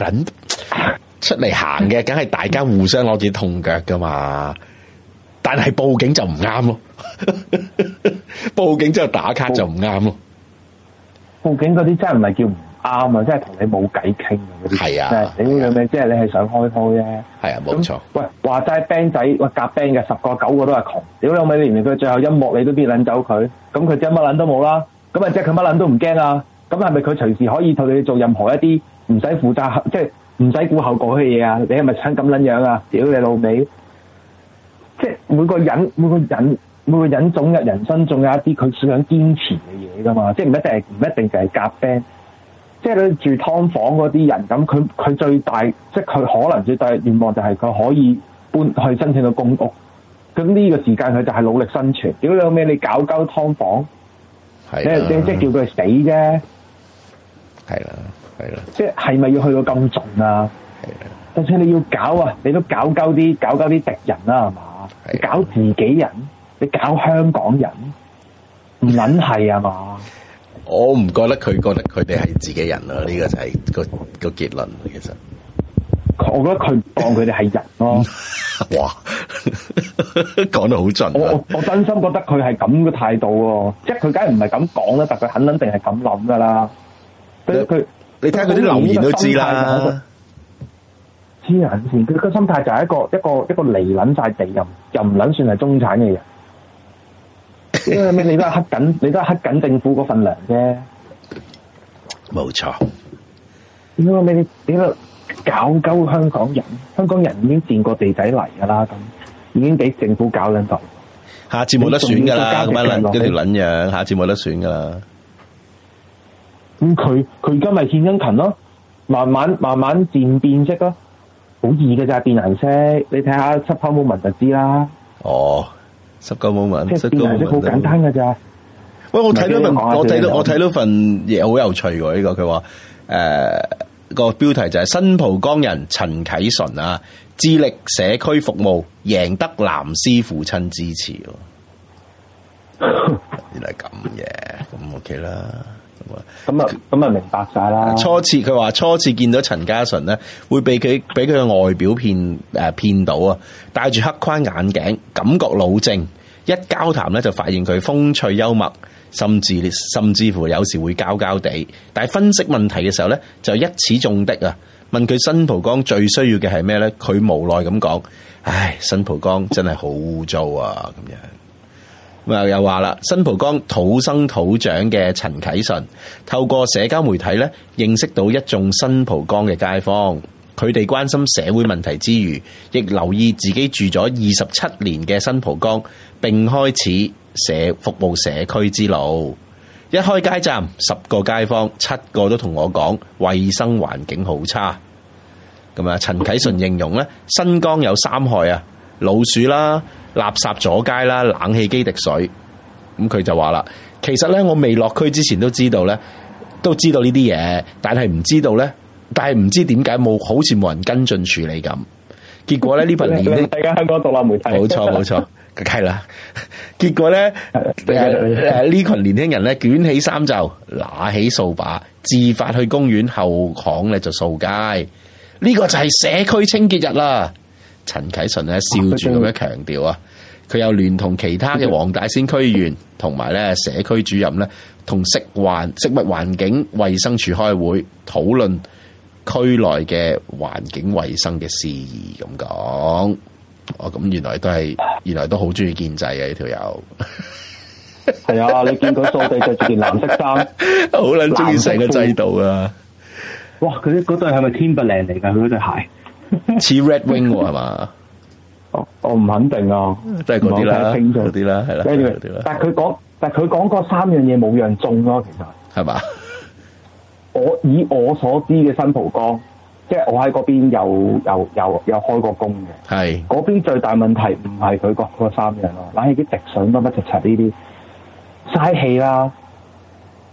出嚟行嘅，梗係大家互相攞住痛腳噶嘛。但係報警就唔啱咯，報警之後打卡就唔啱咯。報警嗰啲真係唔係叫。啱啊！真係同你冇偈傾嗰啲，係啊！你呢兩尾即係你係想開鋪啫，係啊，冇錯。喂，話齋 band 仔，喂夾 band 嘅十個九個都係窮，屌你老尾！你連佢最後音樂，你都必捻走佢，咁佢只乜捻都冇啦，咁啊只佢乜捻都唔驚啊！咁係咪佢隨時可以同你做任何一啲唔使負責，即係唔使顧後果嘅嘢啊？你係咪想咁捻樣啊？屌你老味。即係每個人，每個人，每個人總有人生仲有一啲佢想堅持嘅嘢㗎嘛，即係唔一定，唔一定就係夾 band。即係咧住劏房嗰啲人咁，佢佢最大即係佢可能最大嘅願望就係佢可以搬去申請到公屋。咁呢個時間佢就係努力生存。屌你咩？你搞鳩劏房，啊、你你、啊啊啊、即係叫佢死啫。係啦，係啦，即係係咪要去到咁盡啊？係啊就算你要搞，你搞，搞，搞，搞啊，你都搞鳩啲搞鳩啲敵人啦，係嘛？你搞自己人，你搞香港人，唔撚係啊嘛？我唔覺得佢覺得佢哋係自己人啊。呢、這個就係個個結論。其實我覺得佢當佢哋係人、啊。哇、 [laughs] 啊，講得好盡。我真心覺得佢係咁嘅態度、啊，即係佢梗係唔係咁講啦，但佢肯肯定係咁諗噶啦。佢佢他，你睇佢啲留言都知啦。黐人線，佢個心態就係、是、了一個一個一個離捻晒地人，又唔捻算係中產嘅人。咩？ [laughs] 你都係黑緊錯，你都係黑緊政府嗰份糧啫。冇錯。因為咩？你你搞鳩香港人，香港人已經佔過地仔嚟噶啦，咁已經俾政府搞兩啖。下次冇得選噶啦，咁樣嚟一條撚樣，下次冇得選噶啦。咁佢佢而家咪獻殷勤咯、啊，慢慢慢慢漸變色咯，好易噶咋變顏色？你睇下七拋冇文就知啦。哦。十九冇問，即係變嚟，好簡單嘅咋？喂，我睇到份，我睇到我睇到份嘢好有趣嘅呢，這個，佢話誒個標題就係、是、新蒲崗人陳啟純啊，致力社區服務，贏得藍絲父親支持哦。原來咁嘅，咁 [laughs] OK 啦。咁啊，咁啊、嗯，明白晒啦。嗯嗯、初次佢話初次見到陳嘉純咧，會被佢俾佢嘅外表騙誒騙到啊！戴住黑框眼鏡，感覺老正。一交談咧就發現佢風趣幽默，甚至甚至乎有時會膠膠地。但係分析問題嘅時候咧，就一矢中的啊！問佢新蒲崗最需要嘅係咩咧？佢無奈咁講：唉，新蒲崗真係好污糟啊！咁樣。又又話啦，新蒲崗土生土長嘅陳啟順，透過社交媒體咧，認識到一眾新蒲崗嘅街坊，佢哋關心社會問題之餘，亦留意自己住咗二十七年嘅新蒲崗，並開始社服務社區之路。一開街站，十個街坊，七個都同我講衛生環境好差。咁啊，陳啟順形容咧，新崗有三害啊，老鼠啦。垃圾阻街啦，冷氣機滴水，咁、嗯、佢就話啦，其實咧我未落區之前都知道咧，都知道呢啲嘢，但係唔知道咧，但係唔知點解冇好似冇人跟進處理咁，結果咧呢份、嗯、年輕大家香港獨立媒體，冇錯冇錯，梗係啦， [laughs] 結果咧呢、 [laughs] 呃呃呃、群年輕人咧捲起衫袖，拿起掃把，自發去公園後巷咧就掃街，呢、這個就係社區清潔日啦。陳啟順咧，笑住咁樣強調啊，佢又聯同其他嘅黃大仙區議員同埋咧社區主任咧，同食環食物環境衛生署開會討論區內嘅環境衛生嘅事宜，咁講。哦，咁原來都係，原來都好中意建制嘅呢條友。係啊的， [laughs] 你見到掃地着住件藍色衫，好捻中意成個制度啊！哇，佢啲嗰對係咪 Timberland 嚟噶？佢嗰對鞋。似 Red Wing 喎，係嘛？我我唔肯定啊，即係嗰啲啦，清楚啲啦，係啦。的的但係佢講，好 但係佢講嗰三樣嘢冇樣中咯，其實係嘛、啊？吧我以我所知嘅新蒲崗，即、就、係、是、我喺嗰邊有有有有開過工嘅，係嗰是邊最大問題唔係佢講三樣咯，反而啲植笋乜乜柒柒呢啲嘥氣啦。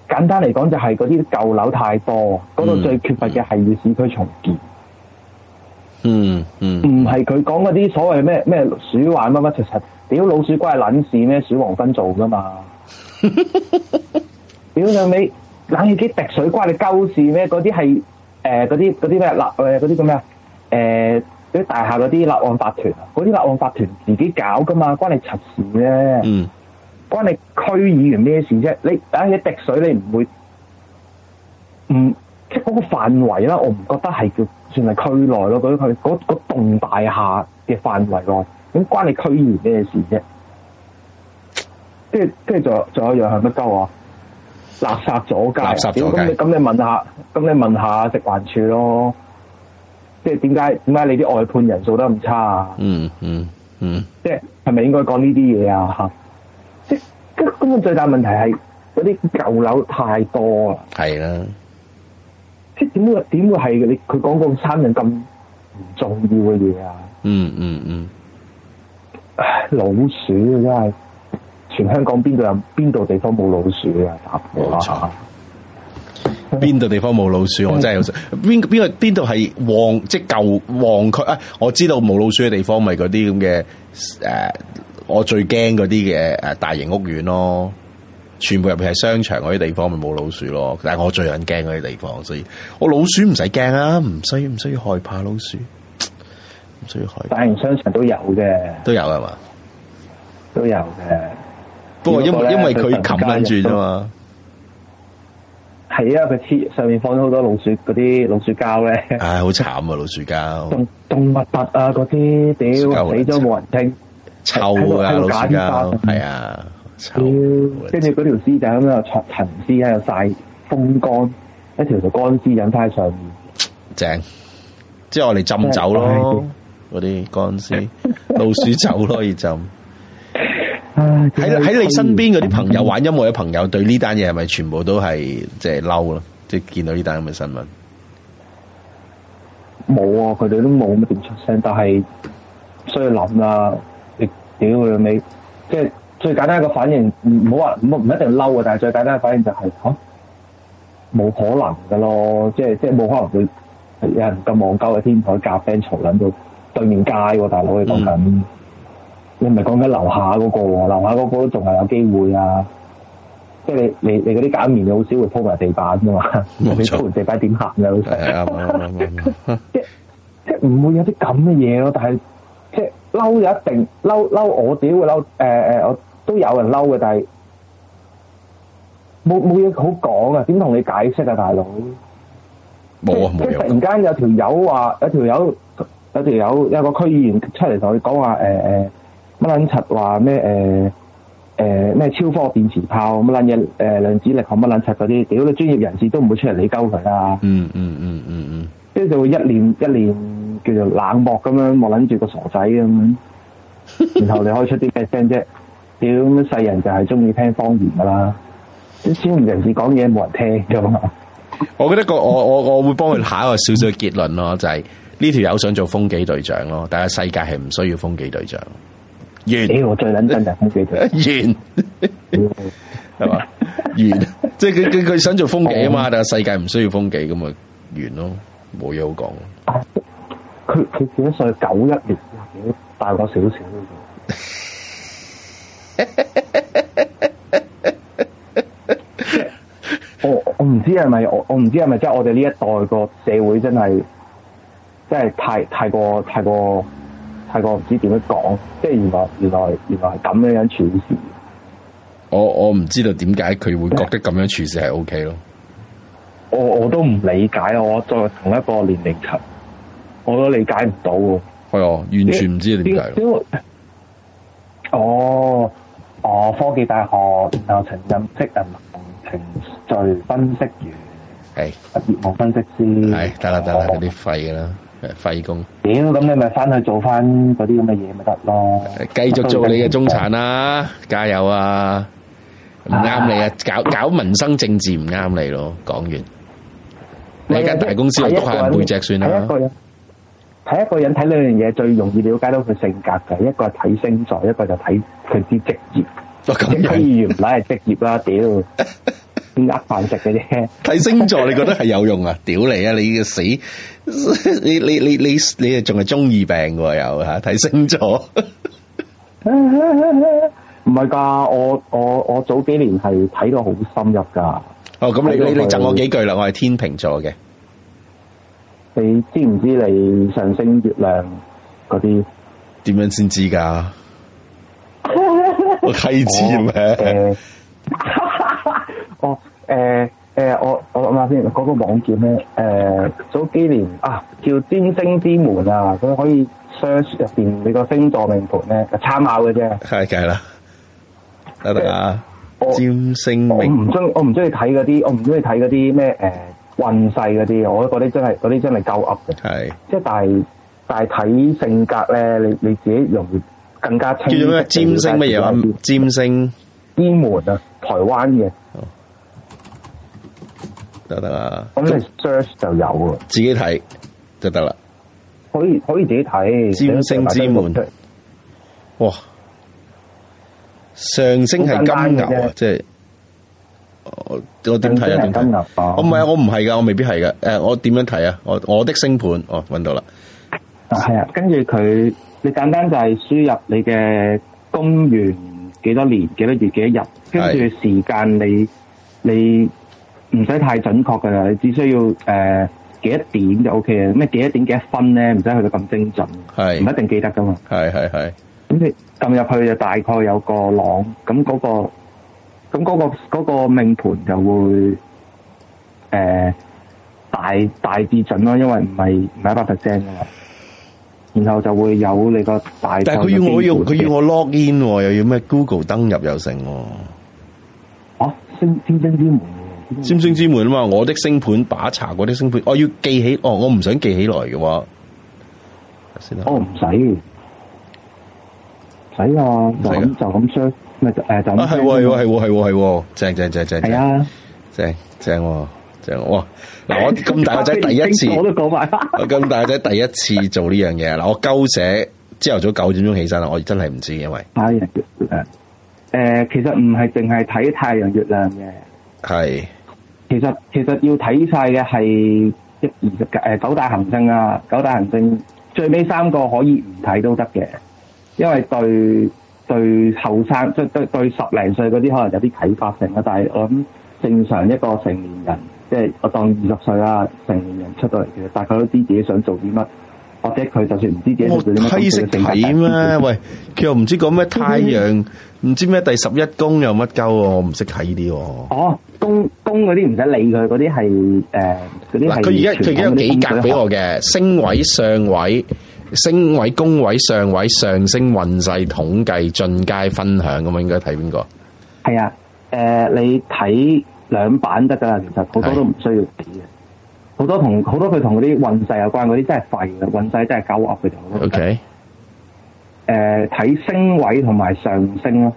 簡單嚟講，就係嗰啲舊樓太多，嗰度最缺乏嘅係要市區重建。嗯嗯嗯，唔係佢講嗰啲所謂咩咩鼠患乜乜柒柒，屌老鼠關你撚事咩？鼠王芬做噶嘛？屌 [laughs] 你，冷氣機滴水關你鳩事咩？嗰啲係誒嗰啲啲咩立誒嗰啲叫咩啊？誒、呃、啲、呃呃、大廈嗰啲立案法團，嗰啲立案法團自己搞噶嘛，關你柒事啫。嗯，關你區議員咩事啫？你冷氣滴水你唔會唔即係嗰個範圍啦，我唔覺得係叫。算係區內咯，嗰啲佢棟大廈嘅範圍內，咁關你區員咩事啫？即係即係仲仲有一樣係乜鳩啊？垃圾阻街，點咁你咁你問一下，咁你問一下食環處咯。即係點解點解你啲外判人數都咁差啊？嗯嗯嗯，即係係咪應該講呢啲嘢啊？即係根本最大問題係嗰啲舊樓太多啦。係啦。即點會點會係嘅？你佢講講餐人咁唔重要嘅嘢啊！嗯嗯嗯，嗯嗯老鼠真係全香港邊度有邊度地方冇老鼠啊？冇錯，邊度、嗯、地方冇老鼠？我真係邊邊個邊度係旺？即舊旺區啊？我知道冇老鼠嘅地方咪嗰啲咁嘅，誒，我最驚嗰啲嘅誒大型屋苑咯。全部入邊係商場嗰啲地方咪冇老鼠咯，但係我最撚驚嗰啲地方，所以我老鼠唔使驚啊，唔需唔需要害怕老鼠，唔需要害。大型商場都有嘅，都有係嘛，都有嘅。不過因為因為佢冚緊住啫嘛。係啊，佢上面放咗好多老鼠嗰啲老鼠膠咧。唉、哎，好慘啊，老鼠膠。動動物物啊，嗰啲屌死都冇人聽，臭的啊老鼠膠，係、嗯、啊。跟住嗰條絲就咁喺度陳陳絲喺度晒風乾，一條條乾絲引晒上面，正，即係我哋浸酒咯，嗰啲乾絲，老鼠酒咯可以浸，係啦，喺在你身邊嗰啲朋友玩音樂嘅朋友，對呢單嘢係咪全部都係即係嬲咯？即係見到呢單咁嘅新聞，冇啊，佢哋都冇乜點出聲，但係所以諗啊，你屌佢，即係。就是最簡單一個反應，唔好話唔唔一定嬲啊，但係最簡單嘅反應就係嚇冇可能噶咯，即係即係冇可能會有人咁戇鳩喺天台夾 band 嘈撚到對面街喎，啊，大佬你講緊，你唔係講緊樓下嗰個喎，樓下嗰個都仲係有機會啊，即係你你你嗰啲假面好少會鋪埋地板㗎嘛，冇錯，你鋪完地板點行㗎？好係啱，即係即係唔會有啲咁嘅嘢咯，但係即係嬲就一定嬲嬲我屌會嬲，誒、呃、誒我。都有人嬲嘅，但係冇冇嘢好講啊！點同你解釋啊，大佬？冇啊，即係、啊、突然間有條友話，有條友有條友有，有個區議員出嚟同佢講話，誒誒乜撚柒話咩誒誒咩超科電磁炮乜撚嘢誒量子力學乜撚柒嗰啲，屌多專業人士都唔會出嚟你鳩佢啊！嗯嗯嗯嗯嗯，即、嗯、係就會一連一連叫做冷漠咁樣望捻住個傻仔咁樣，然後你可以出啲咩聲啫？屌咁！世人就係中意聽方言噶啦，啲專業人士講嘢冇人聽咁嘛。我覺得個我我我會幫佢下一個少少結論咯，就係呢條友想做風紀隊長咯，但係世界係唔需要風紀隊長完、欸。我最認真嘅風紀隊長完係嘛？完， [laughs] 即係佢佢佢想做風紀啊嘛！但係世界唔需要風紀咁啊，完咯，冇嘢好講。佢佢幾多歲？九一年，大過少少。 [laughs] 我我唔知係咪我我唔知係咪即係我哋呢一代個社會真係，即係太太過太過太過唔知點樣講，即係原來原來原來係咁樣樣處事的我。我我唔知道點解佢會覺得咁樣處事係 OK 咯。我我都唔理解，我作為同一個年齡層，我都理解唔到。係啊、 [laughs] 哎，完全唔知點解 [laughs] 哦。哦，科技大學，然後曾任職誒，程序分析員，係是業務分析師，係得啦得啦，嗰啲廢噶啦，廢工。屌、欸，咁你咪翻去做翻嗰啲咁嘅嘢咪得咯，繼續做你嘅中產啦，加油啊！唔啱你啊，搞搞民生政治唔啱你咯、啊。講完，你間大公司都督下你背脊算啦。睇一個人睇兩樣嘢最容易了解到佢性格嘅，一個係睇星座，一個就睇佢啲職業。公務員唔係職業啦，屌， [laughs] 點呃飯食嘅啫？睇星座你覺得係有用啊？屌 [laughs] 你啊！你嘅死，你你你你你仲係中意病喎又吓？睇星座，唔係噶，我我我早幾年係睇到好深入噶。哦，咁你你你贈我幾句啦？我係天秤座嘅。你知唔知你上升月亮嗰啲點樣先知噶 [laughs] 我睇字咩？誒，我誒誒，我我諗下先。嗰個網叫咩？誒、呃，早幾年啊，叫占星之門啊，咁可以 search 入邊你個星座命盤咧，參考嘅啫。太計啦！得得得啊？呃、占星命盤我唔中，我唔中意睇嗰啲，我唔中意睇嗰啲咩誒。呃運勢嗰啲，我覺得嗰啲真係嗰啲真係夠噏嘅，是即係但係但係睇性格咧，你你自己容易更加清。叫麼占星乜嘢啊？占星之門啊，台灣嘅，得得啦。咁你 search 就有啊，自己睇就得啦。可以可以自己睇。占星之門，哇！上升係金牛啊，即係。我、啊啊、我點睇啊？我唔係啊，我唔係噶，我未必係噶。誒，我點樣睇啊？我我的星盤哦，搵到啦。係啊，跟住佢，你簡單，單就係輸入你嘅公元幾多年幾多月幾多日，跟住時間你你唔使太準確噶啦，你只需要誒、呃、幾多點就 O K 啊。咩幾多點幾多分咧？唔使去到咁精準，係唔是一定記得噶嘛。係係係。咁你撳入去就大概有個朗，咁嗰、那個。咁嗰、那個嗰、那個命盤就會誒、呃、大大地準咯，因為唔係唔係一百 percent 喎。然後就會有你個大但係佢要我要佢要我 log in 喎、哦，又要咩 Google 登入又成喎。啊！星星星之門，星之門星之門啊嘛！我的星盤把查嗰啲星盤，我要記起哦，我唔想記起來嘅喎。先啦、哦，哦唔使，使啊，就咁就咁衰。咪就誒就係係係係係正正正正正係啊正正正，哇，嗱我咁大個仔第一次我都講埋我咁大個仔第一次做呢樣嘢。嗱我鳩寫，朝頭早九點鐘起身啦，我真係唔知，因為太陽誒誒其實唔係淨係睇太陽月亮嘅係其實其實要睇晒嘅係一二十誒九大行星啊，九大行星最尾三個可以唔睇都得嘅，因為對對後生，對對對十零歲嗰啲可能有啲啟發性咯，但係我諗正常一個成年人，即係我當二十歲啦，成年人出到嚟嘅，大概都知自己想做啲乜，或者佢就算唔知自己想做啲乜嘅。批成點咩？喂，佢又唔知講咩太陽，唔知咩第十一宮有乜鳩喎？我唔識睇呢啲喎。哦，宮宮嗰啲唔使理佢，嗰啲係誒嗰啲係。嗱，佢而家佢而家幾格俾我嘅升位、上位。升位、宮位、上位、上升運勢統計、進階分享咁啊，應該睇邊個？係啊，誒，你睇兩版得噶啦，其實好多都唔需要睇嘅，好多同好多佢同嗰啲運勢有關嗰啲真係廢啦，運勢真係狗噏嘅就。O K，誒，睇升位同埋上升咯，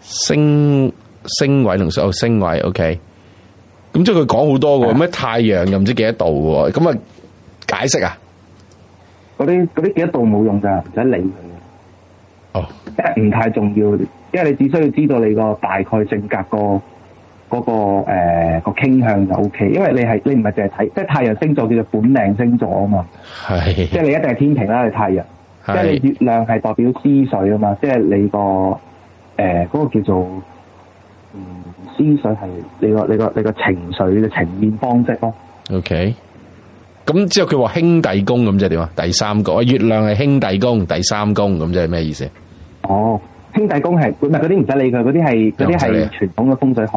升升位同上升位，O K。咁即係佢講好多嘅咩太陽又唔知幾多度嘅，咁啊解釋啊？嗰啲嗰啲幾多度冇用㗎，唔使理佢。哦，唔太重要，因為你只需要知道你個大概性格個、那個嗰個誒個傾向就 O K。因為你係你唔係淨係睇，即係太陽星座叫做本命星座啊嘛。係是。即係你一定係天平啦，你太陽。係是。即係你月亮係代表思緒啊嘛，即係你個誒、呃那個叫做嗯思緒係你個你個你個情緒嘅呈現方式咯。O K。咁之後佢話兄弟宮咁即係點啊？第三宮啊，月亮係兄弟宮，第三宮咁即係咩意思？哦，兄弟宮係唔係嗰啲唔使理佢，嗰啲係嗰啲係傳統嘅風水學，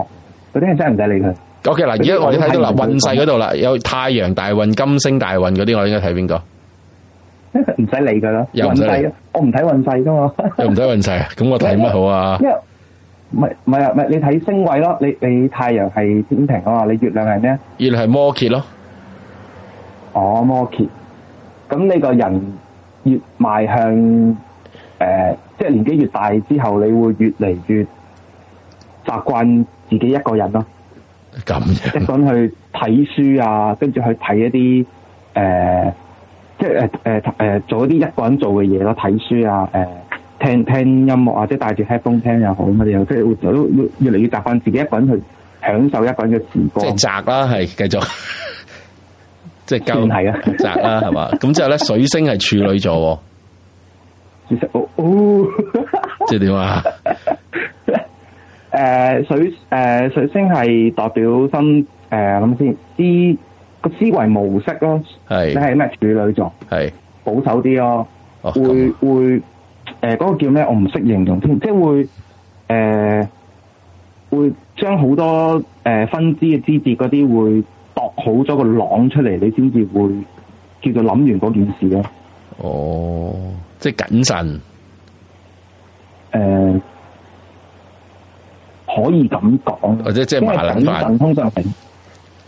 嗰啲係真係唔使理佢。OK 嗱，而家我哋睇到啦，運勢嗰度啦，有太陽大運、金星大運嗰啲，我應該睇邊個？唔使理佢啦，運勢我唔睇運勢噶嘛，又唔睇運勢，咁我睇乜好啊？因為唔係唔係唔係，你睇星位咯，你你太陽係天平啊嘛，你月亮係咩？月亮係摩羯咯。哦，摩羯，咁你個人越邁向誒、呃，即係年紀越大之後，你會越嚟越習慣自己一個人咯。咁樣，一個人去睇書啊，跟住去睇一啲誒、呃，即係誒誒誒，做一啲一個人做嘅嘢咯，睇書啊，誒、呃，聽聽音樂啊，即係戴住 headphone 聽又好乜嘢又好，即係會都越嚟越習慣自己一個人去享受一個人嘅時光。即係宅啦，係繼續。 [laughs] 即係交唔係啊？複雜啦，係嘛？咁之後咧，水星係處、哦哦哦啊呃呃呃哦、處女座。其實哦，哦呃那個、即係點啊？誒，水誒，水星係代表身誒，先思個思維模式咯。係你係咩處女座？係保守啲咯，會會誒，嗰個叫咩？我唔識形容添，即係會誒，會將好多誒分支嘅支節嗰啲會。度好咗個朗出嚟，你先至會叫做諗完嗰件事咯。哦，即係謹慎。誒、呃，可以咁講，或者、哦、即係買下飯。因為謹慎通常係，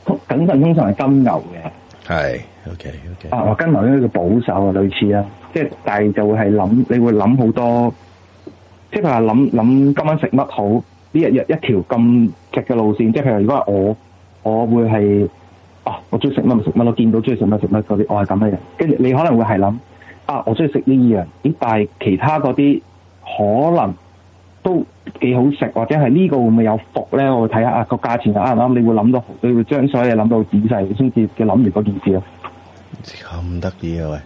謹慎通常係金牛嘅。係，OK OK。啊，我金牛應該叫保守啊，類似啊。即係但係就會係諗，你會諗好多，即係話諗諗今晚食乜好，呢一日一條咁直嘅路線，即係譬如如果係我。我會係，哦、啊，我中意食乜咪食乜，我見到中意食乜食乜嗰啲，我係咁嘅人。跟住你可能會係諗，啊，我中意食呢樣，咦？但係其他嗰啲可能都幾好食，或者係呢個會唔會有伏咧？我會睇下啊，個價錢啱唔啱，你會諗到，你會將所有嘢諗到仔細先至嘅諗住嗰件事咯。咁得意啊喂！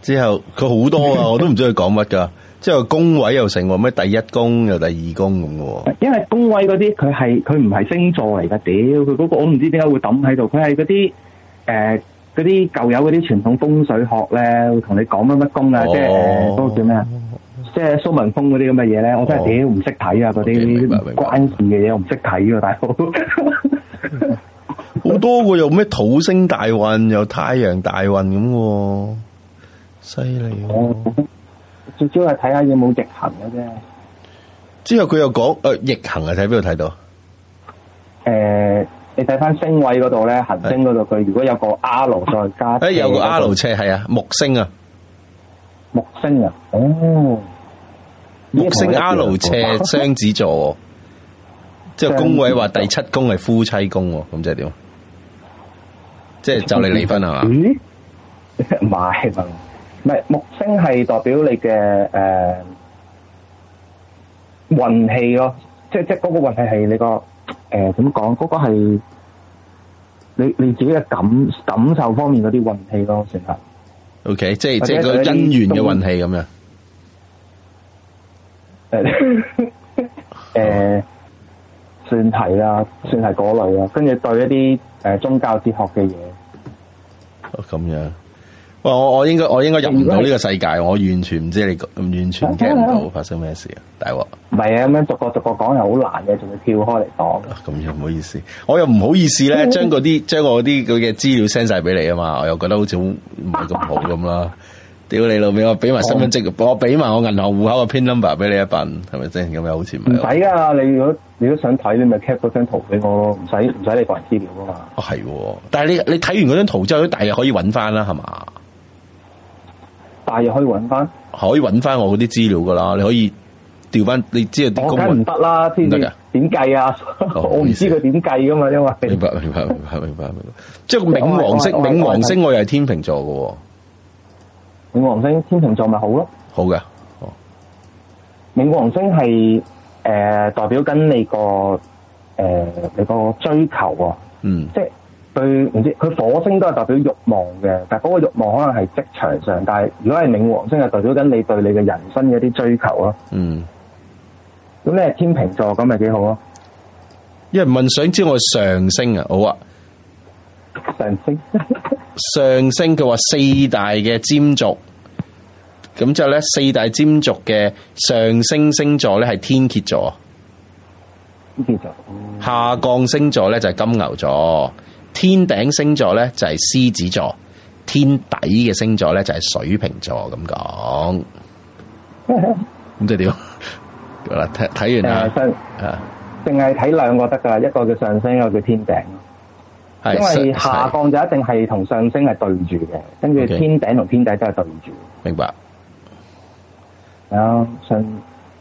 之後佢好多啊，我都唔知佢講乜㗎。 [laughs] 即係宮位又成為，咩第一宮又第二宮咁喎。因為宮位嗰啲佢係佢唔係星座嚟噶，屌佢嗰個我唔知點解會抌喺度。佢係嗰啲誒嗰啲舊有嗰啲傳統風水學咧，會同你講乜乜宮啊，即係嗰個叫咩啊？即係蘇文峰嗰啲咁嘅嘢咧，我真係屌唔識睇啊！嗰啲關線嘅嘢我唔識睇，大佬好多會有咩土星大運有太陽大運咁，犀利，哦。最主要係睇下有冇逆行嘅啫。之後佢又講，誒、呃，逆行啊，睇邊度睇到？呃、你睇翻星位嗰度咧，行星嗰度佢如果有個 R 路再加。誒、呃，有個 R 路斜，係啊，木星啊。木星啊，哦，木星 R 路斜，雙子座。即係宮位話第七宮係夫妻宮喎，咁即係點？即係就你離婚係嘛？嗯，唔係木星係代表你嘅，誒運氣咯，即即嗰個運氣係你、呃那個誒點講，嗰個係你你自己嘅感感受方面嗰啲運氣咯，算係。O、okay, K，即即嗰啲姻緣嘅運氣咁樣。誒、呃， [laughs] 算係啦，算係嗰類啦，跟住對一啲誒宗教哲學嘅嘢。哦，咁樣。我我應該我應該入唔到呢個世界，是我完全唔知你，咁，完全驚唔到發生咩事啊！大鑊！唔係啊，咁樣逐個逐個講又好難嘅，仲要跳開嚟講。咁、啊、樣唔好意思，我又唔好意思咧，將嗰啲將我啲佢嘅資料 send 晒俾你啊嘛，我又覺得好似唔係咁好咁啦。 [laughs] 屌你老味，我俾埋身份證，好我俾埋我銀行戶口嘅 pin number 俾你一份，係咪先？咁又好似唔使啊！你如果你都想睇，你咪 capture 張圖俾我咯，唔使唔使你個人資料啊嘛。哦係、啊，但係你你睇完嗰張圖之後，大約可以搵翻啦，係嘛？大嘢可以揾翻，可以揾翻我嗰啲資料噶啦，你可以調翻你知啊啲。我梗唔得啦，知唔知點計啊？Oh, [laughs] 我唔知佢點計噶嘛，因為明白明白明白明白，即係冥王星，冥王星我又係天秤座噶、哦。冥王星天秤座咪好咯？好嘅，哦，冥王星係誒、呃、代表緊你個誒、呃、你個追求啊。嗯。對。對，唔知佢火星都係代表欲望嘅，但係嗰個欲望可能係職場上，但係如果係冥王星係代表緊你對你嘅人生嘅一啲追求咯。嗯，咁咧天秤座咁咪幾好咯，因為問想知道我是上升啊，好啊，上升星 [laughs] 上升佢話四大嘅尖族，咁之後咧四大尖族嘅上升星，星座咧係天蠍座，天蠍座，下降星座咧就係、是、金牛座。天頂星座咧就係獅子座，天底嘅星座咧就係水瓶座，咁講。咁 [laughs] 就點？嗱， [laughs] 睇睇完啦，上啊，淨係睇兩個得噶，一個叫上升，一個叫天頂。係是，因為下降就一定係同上升係對住嘅，跟住天頂同天底都係對住。明白。啊，上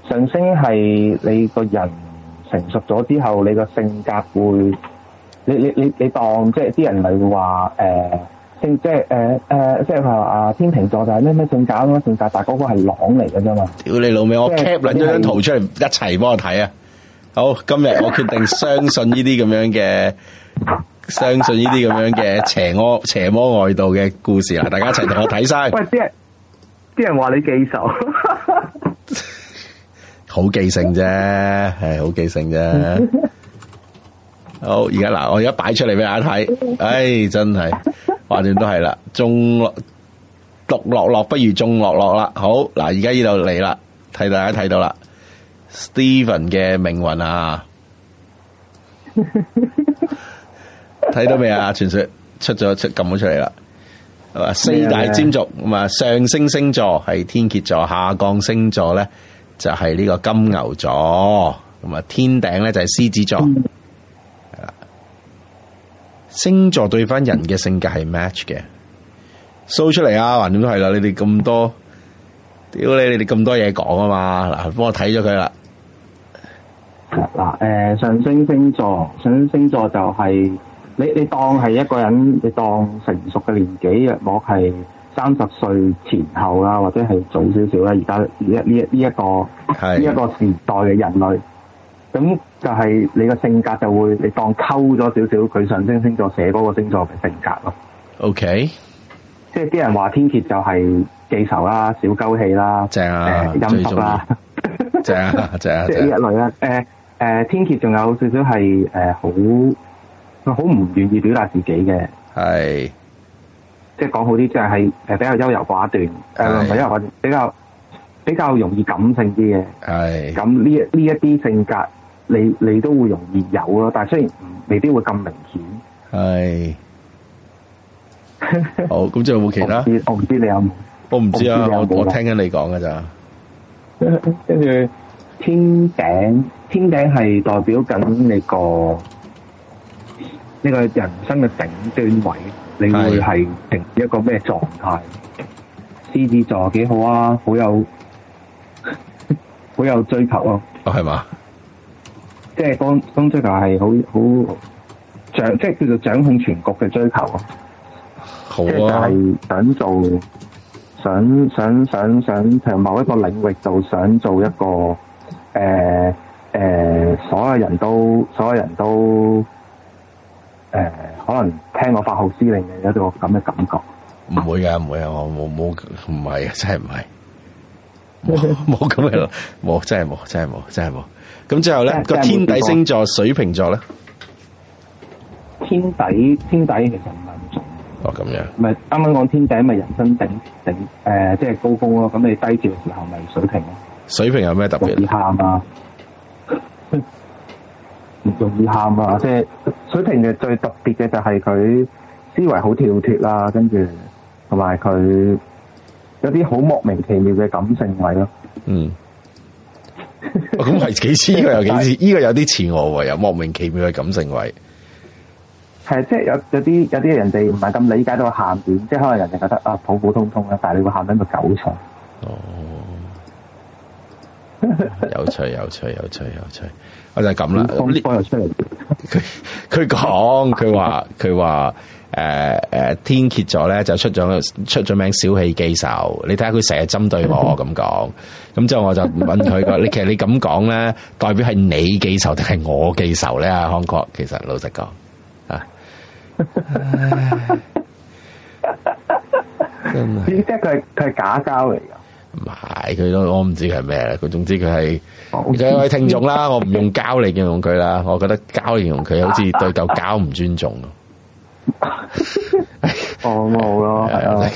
上升係你個人成熟咗之後，你個性格會。你你你你當即係啲人咪話話即係誒、呃、即係啊、呃、天秤座就係咩咩性格咁樣正大大嗰個係狼嚟㗎嘛！屌你老味，是我 cap 兩是張圖出嚟一齊幫我睇啊！好，今日我決定相信呢啲咁樣嘅 [laughs] 相信呢啲咁樣嘅邪魔 [laughs] 邪魔外道嘅故事啦！大家一齊同我睇晒！喂，啲人啲人話你 [laughs] 記仇，好記性啫，係好記性啫。好，而家嗱，我而家擺出嚟俾大家睇，唉，真係，反正都係啦，眾樂獨樂樂不如眾樂樂啦。好，嗱，而家呢度嚟啦，睇大家睇到啦，Stephen 嘅命運啊，睇 [laughs] 到未啊？傳說出咗出撳咗出嚟啦，係嘛四大尖族，咁啊麼上升星，星座係天蠍座，下降星座咧就係呢個金牛座，咁啊天頂咧就係獅子座。 [laughs] 星座對返人嘅性格係 match 嘅，show 出嚟啊，橫掂都係啦，你哋咁多，屌你，你哋咁多嘢講啊嘛，嗱，幫我睇咗佢啦。嗱，誒，上升星座，上升星座就係、是、你你當係一個人，你當成熟嘅年紀，我係三十歲前後啦，或者係早少少啦，而家呢呢呢一個呢一個時代嘅人類。咁就係你個性格就會，你當溝咗少少，佢上升星座寫嗰個星座嘅性格咯。O Okay . K，即係啲人話天蠍就係記仇啦，少鳩氣啦，正啊，陰濕、呃、正啊，正啊，正啊 [laughs] 即係呢一類啦。誒、呃、誒、呃，天蠍仲有少少係誒好，好唔願意表達自己嘅。係是，即係講好啲，即係係誒比較優柔寡斷，誒因為比較比較容易感性啲嘅。係是，咁呢呢一啲性格。你你都會容易有咯，但係雖然未必會咁明顯。係唉。好，咁之有冇其他？我唔知你有，我唔知啊，我聽聽緊你講噶咋。跟住天頂，天頂係代表緊你個呢個人生嘅頂端位，你會係定一個咩狀態？獅子座幾好啊，好有好有追求啊。哦，係嘛？即係幫幫追求係好好掌，即係、就是、叫做掌控全局嘅追求啊，好啊！即係係想做想想想想，譬如某一個領域度想做一個誒誒、呃呃，所有人都所有人都誒、呃，可能聽我發號施令嘅一啲咁嘅感覺。唔會啊，唔會啊！我冇冇，唔係、啊，真係唔係，冇冇咁嘅冇真係冇，真係冇，真係冇。咁之後咧，個天底星座水瓶座咧，天底天底其實唔係咁重。哦，咁樣。唔係啱啱講天底咪人生頂頂誒，即、呃、係、即係、高高咯。咁你低潮嘅時候咪水瓶咯。水瓶有咩特別？容易喊啊！唔容易喊啊！即係水瓶嘅最特別嘅就係佢思維好跳脫啦，跟住同埋佢有啲好莫名其妙嘅感性位咯。嗯。咁係、哦、幾似，呢、這個？有幾似，呢是個有？有啲似我喎，又莫名其妙嘅感性位。係即係有有啲有啲人哋唔係咁理解到喊點，即係可能人哋覺得啊普普通通啊，但係你會喊到一個狗腸。哦，有趣有趣有趣有趣，我就係咁啦。佢佢講，佢話佢話。誒誒、呃呃，天蠍座咧，就出咗出咗名小氣記仇。你睇下佢成日針對我咁講，咁 [laughs] 之後我就問佢你其實你咁講咧，代表係你記仇定係我記仇咧？啊，康哥 [laughs] 是，其實老實講啊，真係即係佢係佢係假膠嚟㗎？唔係佢都我唔知佢係咩啦。佢總之佢係，而且 [laughs] 我聽眾啦，我唔用膠嚟形容佢啦，我覺得膠形容佢好似對嚿膠唔尊重。 [laughs] 哦，冇咯，係 [laughs] 啊，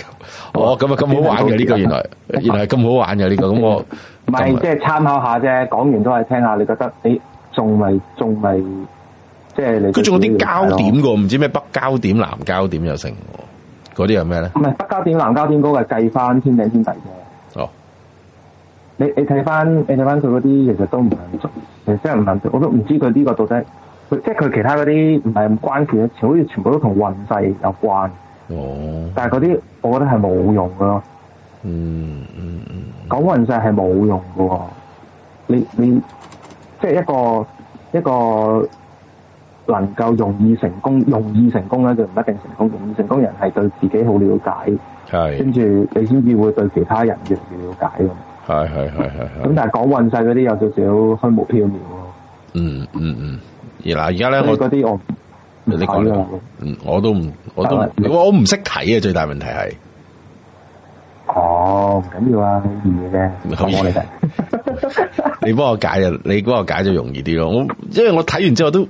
哦，咁啊，咁好玩嘅呢個原來，啊、 [laughs] 原來係咁好玩嘅呢、這個，咁我唔係，即係參考下啫。講完都係聽下，你覺得你？誒，仲、就、咪、是，仲咪，即係你佢仲有啲交點嘅，唔知咩北交點、南交點又成，嗰啲又咩咧？唔係北交點、南交點嗰個計翻天頂天底嘅。哦，你你睇翻你睇翻佢嗰啲，其實都唔難，其實真係唔難，我都唔知佢呢個到底。即係佢其他嗰啲唔係咁關鍵，好似全部都同運勢有關。哦，但係嗰啲我覺得係冇用㗎。咯、嗯。嗯嗯嗯，講運勢係冇用㗎喎。你你即係、就係、一個一個能夠容易成功、容易成功咧，就唔一定成功。容易成功人係對自己好了解，係跟住你先至會對其他人越嚟越了解咯。係係係係。咁但係講運勢嗰啲有少少虛無縹緲咯。嗯嗯嗯。而嗱，而家咧我嗰啲我你講啦，嗯，我都唔我都我唔識睇啊，最大問題係哦，唔緊要啊，啲嘢嘅，好我嚟你幫我解啊， [laughs] 你幫我解就容易啲咯。我因為我睇完之後都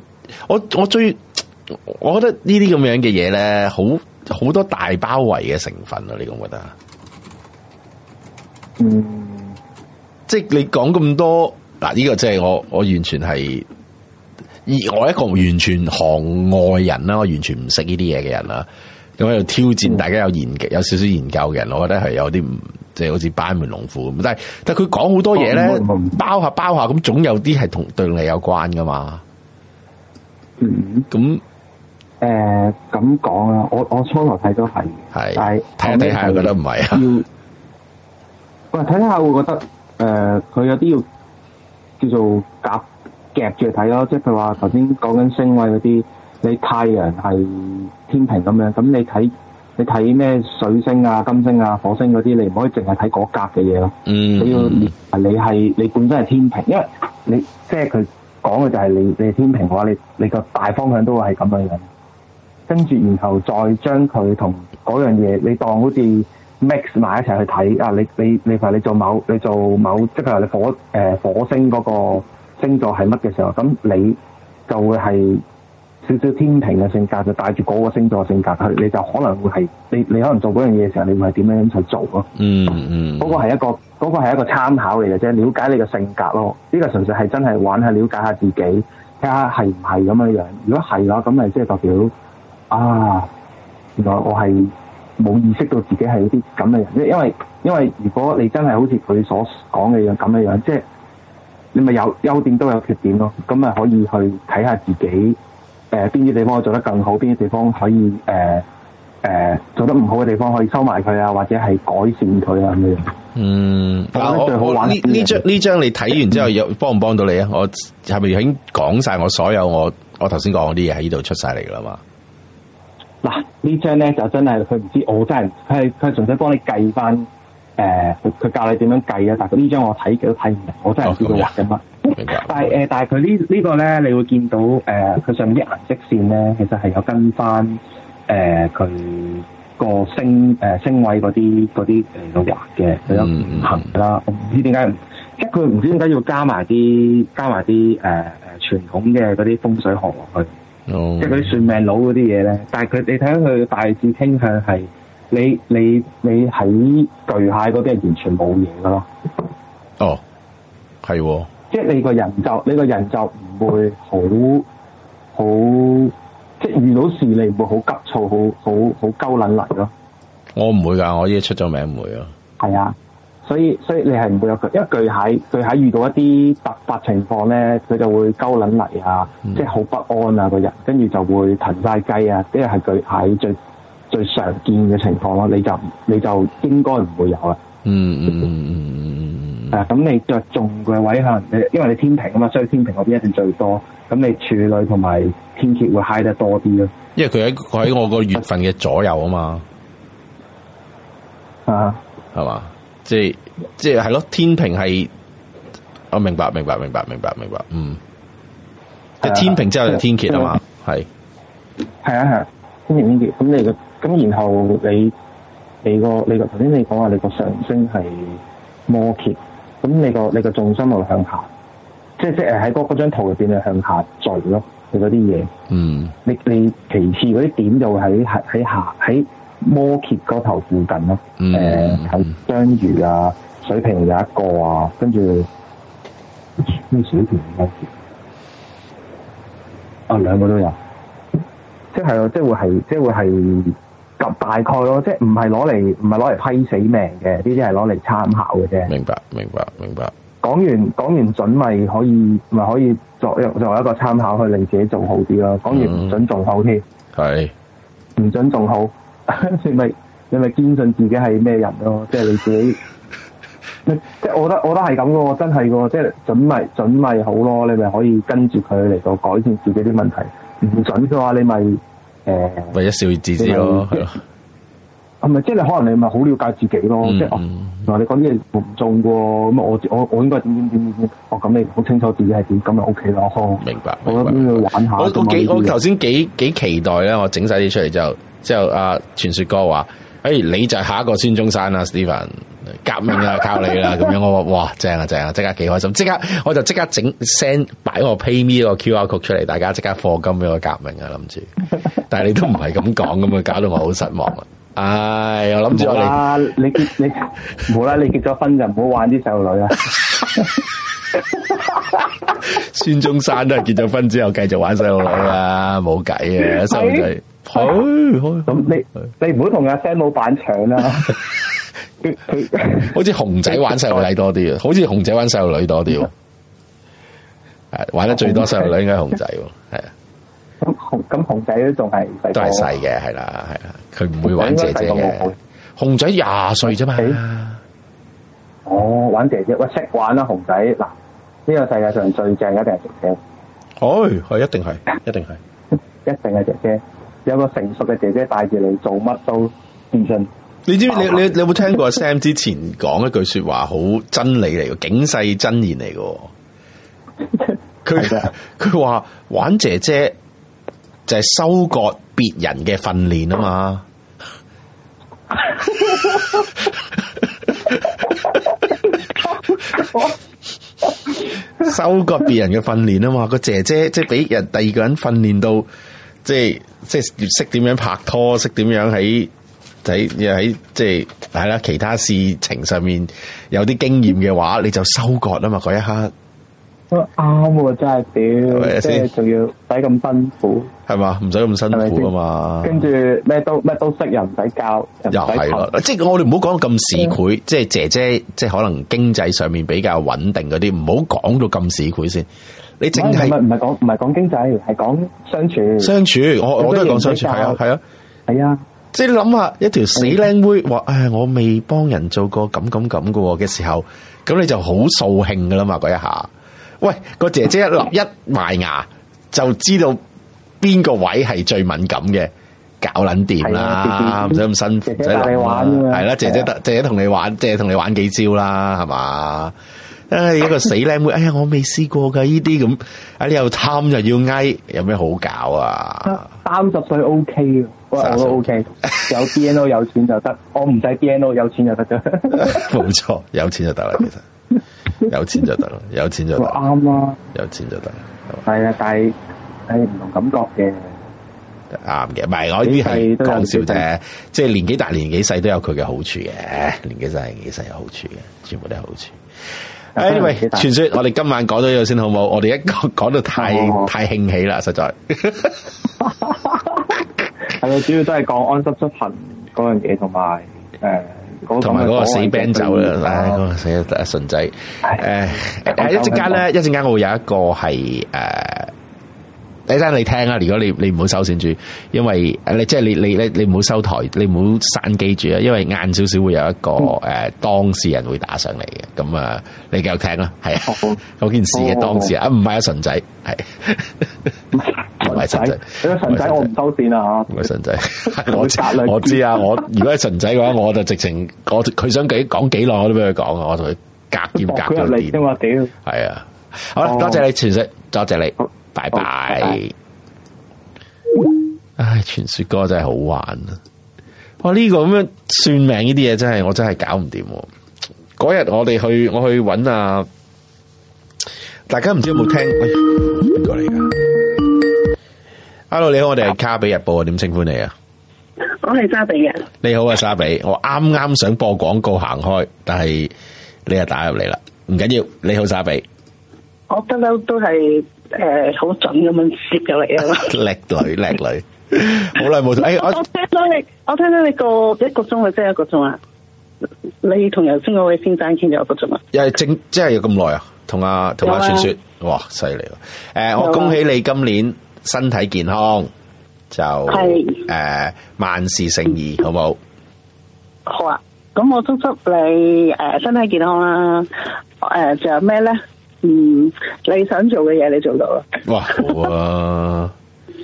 我我最，我覺得這這呢啲咁樣嘅嘢咧，好好多大包圍嘅成分啊！你咁覺得？嗯，即係你講咁多嗱，呢、呢個即係我我完全係。而我一個完全行外人啦，我完全唔識呢啲嘢嘅人啦，咁喺度挑戰大家有研究、有少少研究嘅人，我覺得係有啲唔即係好似班門弄斧咁。但係但係佢講好多嘢咧，嗯嗯，包下包下咁，總有啲係同對你有關㗎嘛。咁誒，嗯，咁講啊，我我初頭睇都係係，是但係睇下睇下我覺得唔係啊。喂，呃，睇睇下會覺得誒，佢，呃，有啲要叫做夾。夾住睇咯，即係佢話頭先講緊星位嗰啲，你太陽係天平咁樣，咁你睇你睇咩水星啊、金星啊、火星嗰啲，你唔可以淨係睇嗰格嘅嘢咯。嗯，你要你係你本身係天平，因為你即係佢講嘅就係、是、你你係天平嘅話，你你個大方向都會係咁樣樣。跟住然後再將佢同嗰樣嘢，你當好似 mix 埋一齊去睇啊！你你你譬如你做某，你做某，即、就、係、是、你火誒、呃、火星嗰、那個。星座係乜嘅時候，咁你就會係少少天平嘅性格，就帶住嗰個星座的性格，去。你就可能會係你你可能做嗰樣嘢嘅時候，你會係點樣樣去做咯。嗯嗯、mm，嗰、hmm. 個係一個嗰、嗰個係一個參考嚟嘅啫，了解你嘅性格咯。呢、呢個純粹係真係玩下了解下自己，睇下係唔係咁樣樣。如果係嘅話，咁咪即係代表啊，原來我係冇意識到自己係嗰啲咁嘅人，因為因為因為如果你真係好似佢所講嘅樣咁嘅樣，即係。你咪有優點都有缺點咯，咁咪可以去睇下自己，誒邊啲地方做得更好，邊啲地方可以誒誒、呃呃、做得唔好嘅地方可以收埋佢啊，或者係改善佢啊咁樣。嗯，我最好玩、啊，我呢呢張呢張你睇完之後有 [laughs] 幫唔幫到你啊？我係咪已經講晒我所有我我頭先講嗰啲嘢喺呢度出晒嚟噶啦嘛？嗱呢張咧就真係佢唔知我真係佢係佢係純粹幫你計翻。誒佢、呃、教你點樣計啊，但係嗰呢張我睇嘅都睇唔明，我真係唔知佢畫緊乜。哦、但係誒，白呃、但係佢、這個、呢呢個咧，你會見到誒佢、呃、上面啲顏色線咧，其實係有跟翻誒佢個星誒星位嗰啲嗰啲誒嘅畫嘅，佢都唔行啦。嗯嗯、我唔知點解，即係佢唔知點解要加埋啲加埋啲誒誒傳統嘅嗰啲風水學落去，嗯、即係佢啲算命佬嗰啲嘢咧。但係佢你睇下佢大致傾向係。你你你喺巨蟹嗰邊係完全冇嘢噶咯。哦，係、哦。即係你個人就你個人就唔會好好即係遇到事你唔會好急躁，好好好鳩撚嚟咯。我唔會㗎，我依家出咗名唔會咯。係啊，所以所以你係唔會有佢，因為巨蟹巨蟹遇到一啲突發情況咧，佢就會鳩撚嚟啊，即係好不安啊個人，跟住就會騰晒雞啊，即係巨蟹最。最常見嘅情況啦，你就你就應該唔會有啦、嗯。嗯嗯嗯嗯嗯嗯嗯。誒、啊，咁你着重嘅位嚇，可能你因為你天平啊嘛，所以天平嗰邊一定最多。咁你處女同埋天蠍會 high 得多啲咯。因為佢喺佢喺我個月份嘅左右啊嘛。啊，係嘛？即係即係係咯，天平係。我明白，明白，明白，明白，明白。嗯。即天平之後係天蠍啊嘛，係是。係啊係。天平、天蠍。咁你嘅。咁然後你你個你個頭先你講話你個上升係摩羯，咁你個你個重心會向下，即係即係喺嗰張圖入邊你向下墜咯，嗰啲嘢。嗯。你你其次嗰啲點就會喺喺喺下喺摩羯嗰頭附近咯。嗯。誒、呃，嗯、雙魚啊，水瓶有一個啊，跟住，咩水瓶有，啊兩個都有，即係咯，即係會係，即係會係。咁大概咯，哦，即係唔係攞嚟唔係攞嚟批死命嘅，呢啲係攞嚟參考嘅啫。明白，明白，明白。講完講完準咪可以咪可以作用作為一個參考，去令自己做好啲咯。講完唔準仲好添，係唔準仲好，你咪你咪堅信自己係咩人咯？即係你自己， [laughs] 即係我覺得我覺得係咁噶，真係噶，即係準咪準咪好咯。你咪可以跟住佢嚟到改善自己啲問題。唔準嘅話，你咪。誒，為、嗯、一笑而置之咯，係咯，係咪？即係你可能你咪好了解自己咯，嗯、即係哦。嗱，你講啲嘢唔中喎，咁我我我應該點點點點點？咁你好清楚自己係點，咁咪 OK 啦。我明白，明白，我諗都要玩下。我我，我幾我頭先幾幾期待咧，我整晒啲出嚟之後之後阿、啊、傳說哥話。哎，hey，你就係下一個孫中山啦，Stephen，革命啊，靠你啦，咁樣我話哇，正啊正啊，即刻幾開心，即刻我就即刻整 send 擺個 pay me 個 QR Code，出嚟，大家即刻課金俾我革命啊，諗住，但係你都唔係咁講㗎嘛，搞到我好失望啊！唉、哎，我諗住我哋、啊，你結你，啦， [laughs] 你結咗婚就唔好玩啲細路女啊！孫 [laughs] 中山都係結咗婚之後繼續玩細路女啊，冇計啊，細路仔好，好，咁你你唔好同阿 Sam 老闆搶啦。佢佢，好似熊仔玩細路仔多啲啊，好似熊仔玩細路女多啲。係玩得最多細路女應該係熊仔喎，係啊。咁熊咁、嗯、熊仔都仲係都係細嘅，係啦，係啦，佢唔會玩姐姐嘅。熊仔廿歲啫嘛。我、哦、玩姐姐，喂，識玩啦。熊仔，嗱，呢、這個世界上最正一定係姐姐。係係、哦，一定係，一定係， [laughs] 一定係姐姐。有一個成熟嘅姐姐帶住你做乜都唔信你，你知不。你知唔知？你你你有冇聽過 Sam 之前講一句說話好真理嚟嘅警世真言嚟嘅？佢佢話，玩姐姐就係收割別人嘅訓練啊嘛！收割別人嘅訓練啊嘛！個姐姐即係俾人第二個人訓練到。即係即係識點樣拍拖，識點樣喺喺喺即係係啦，其他事情上面有啲經驗嘅話，你就收割啊嘛！嗰一刻都啱喎，真係屌，仲要使咁辛苦，係嘛？唔使咁辛苦啊嘛！跟住咩都咩都識，又唔使教，又唔使即係我哋唔好講咁市儈，即係、嗯、姐姐，即係可能經濟上面比較穩定嗰啲，唔好講到咁市儈先。你淨係唔係講唔係講經濟，係講相處。相處，我我都係講相處，係啊係啊。係啊，即係你諗下一條死靚妹話：誒，我未幫人做過咁咁咁嘅嘅時候，咁你就好掃興噶啦嘛！嗰一下，喂，個姐姐一立一埋牙，就知道邊個位係最敏感嘅，搞撚掂啦，唔使咁辛苦，唔使諗啦。係啦，姐姐得姐姐同你玩，即係同你玩幾招啦，係嘛？誒，哎、一個死靚妹，妹，哎呀，我未試過噶呢啲咁，啊、哎，你又貪又要翳，有咩好搞啊？三十歲 OK，我都 OK， [laughs] 有 BNO 有錢就得，我唔使 BNO 有錢就得，冇錯，有錢就得啦，其實有錢就得啦，有錢就得啱啦，有錢就得。係啊，有就但係誒唔同感覺嘅，啱嘅，唔係我呢啲係講笑啫，即係年紀大年紀細都有佢嘅、就是、好處嘅，年紀細年紀細有好處嘅，全部都係好處。誒，喂！傳說我哋今晚講到呢度先好唔好？我哋一講講到太太興起啦，實在。係主要都係講安心出行嗰樣嘢，同埋誒，同埋嗰個死冰酒啦，唉，嗰個死阿純仔。係誒，一陣間咧，一陣間我會有一個係誒。李生，你聽啊！如果你你唔好收線住，因為你即係你你你你唔好收台，你唔好散機住啊！因為晏少少會有一個誒當事人會打上嚟嘅，咁啊你繼續聽啦，係啊，嗰件事嘅當事人啊，唔係啊，純仔，係唔係純仔？純仔我唔收線啊。唔係純仔，我知啊！我如果係純仔嘅話，我就直情佢想幾講幾耐我都俾佢講啊！我同佢夾住夾住係啊！好啦，多謝你，傳說，多謝你。拜拜！唉，傳、oh, 哎、說歌真係好玩啊！哇，呢、這個咁樣算命呢啲嘢真係我真係搞唔掂、啊。嗰日我哋去我去揾阿、啊、大家唔知有冇聽？邊個嚟噶？Hello，你好，我哋係卡比日報啊！點稱 Hello. 呼你啊？我係莎比啊！你好啊，莎比，我啱啱想播廣告行開，但係你又打入嚟啦，唔緊要，你好莎比。我不嬲都係。誒，好、呃、準咁樣攝咗嚟啊！叻 [laughs] 女，叻女，好耐冇同。我我聽到你，我聽到你個一個鐘啊，即係一個鐘啊！你同頭先嗰位先生傾咗一個鐘啊？又係正，即係要咁耐啊！同阿同阿傳說，哇、啊，犀利！誒、啊呃，我恭喜你今年身體健康，就係誒是、呃、萬事勝意，好冇？好啊！咁我祝，祝你誒身體健康啦、啊，誒、呃，仲有咩咧？嗯，你想做嘅嘢你做到啦。哇，好係、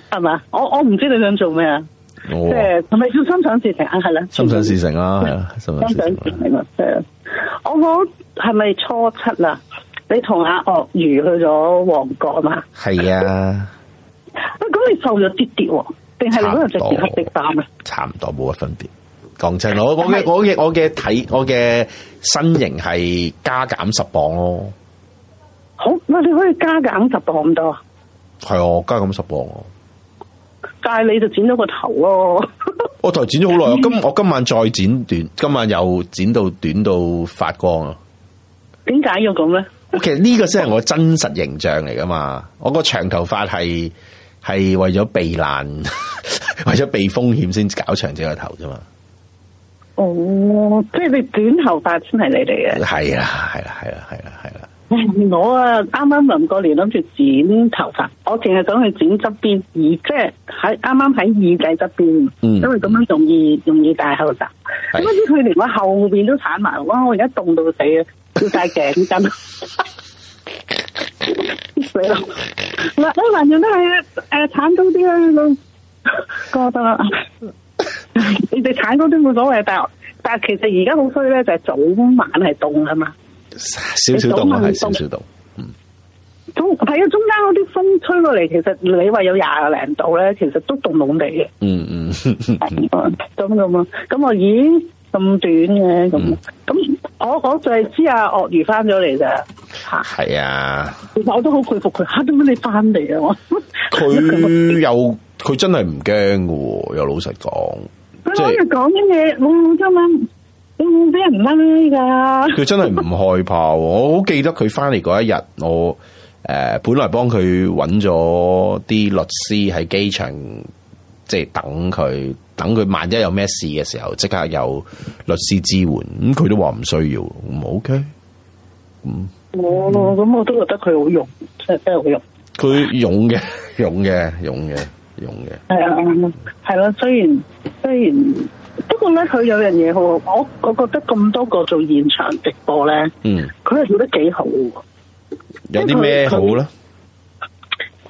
啊、嘛？ [laughs] 我我唔知你想做咩啊，即係係咪要心想事成啊？係啦、就是，心想事成啦、啊啊，心想事成啊！我我係咪初七啊？你同阿鱷魚去咗旺角啊嘛？係啊。咁你瘦咗啲啲喎，定係嗰日直接黑色衫啊？差唔多冇乜分別。講真，我嘅是我嘅我嘅我嘅體我嘅身形係加減十磅咯。好，你可以加減十磅咁多啊？係啊，加減十磅。但係你就剪咗個頭咯，哦。 [laughs] 我頭剪咗好耐，我今我今晚再剪短，今晚又剪到短到發光啊！點解要咁咧？ [laughs] 其實呢個先係我真實形象嚟噶嘛，我個長頭髮係係為咗避難， [laughs] 為咗避風險先搞長咗個頭啫嘛。哦，即係你短頭髮先係你嚟嘅。係啦，啊，係啦，啊，係啦，啊，係係啦。我啊，啱啱臨過年諗住剪頭髮，我淨係想去剪側邊，而即係喺啱啱喺耳仔側邊，因為咁樣容易容易戴、嗯、口罩。點知佢連我後邊都鏟埋，哇！我而家凍到死啊，要戴頸巾，死咯！嗱，你盡量都係誒鏟高啲啦，咁覺得你哋鏟高啲冇所謂，但但係其實而家好衰咧，就係早晚係凍啊嘛。少少凍啦，係少少凍。嗯、中係啊，中間嗰啲風吹過嚟，其實你話有廿零度咧，其實都凍到地嘅。嗯的嗯，咁咁啊，咁我咦咁短嘅咁，咁我我就係知阿鱷魚翻咗嚟咋。吓，係啊。其實我都好佩服佢，點解你翻嚟啊？我佢又佢真係唔驚嘅，有老實講。佢日講緊嘢，我我真係。畀人掹呢噶？佢 [laughs] 真係唔害怕，我好記得佢翻嚟嗰一日，我誒、呃、本來幫佢揾咗啲律師喺機場，即係等佢，等佢萬一有咩事嘅時候，即刻有律師支援。咁、嗯、佢都話唔需要，唔 OK、嗯。我咯、哦，咁我都覺得佢好勇，真係真係好勇。佢勇嘅，勇嘅，勇嘅，勇嘅。係啊，係咯、啊，雖然雖然。不過咧，佢有樣嘢好，我我覺得咁多個做現場直播咧，嗯，佢係做得幾好。有啲咩好咧？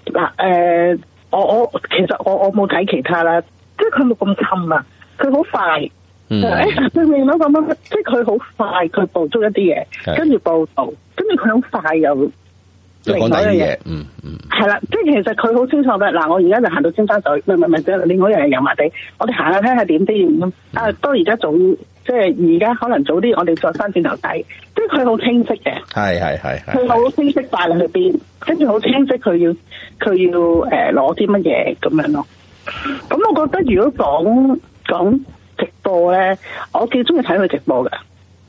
嗱，誒、呃，我我其實我我冇睇其他啦，即係佢冇咁沉啊，佢好快，嗯，說嗯哎呀，對面嗰個即係佢好快，佢捕捉一啲嘢，跟住是的 報道，跟住佢好快又。另嘢，嗯，嗯嗯，係啦，即 [noise] 係其實佢好清楚嘅。嗱，我而家就行到尖沙咀，唔係唔係，即係另外一樣油麻地，我哋行下睇下點啲。咁。啊，都而家早，即係而家可能早啲，我哋再翻轉頭底。即係佢好清晰嘅，係係係，佢好清晰帶你去邊，跟住好清晰佢要佢要誒攞啲乜嘢咁樣咯。咁我覺得如果講講直播咧，我幾中意睇佢直播嘅，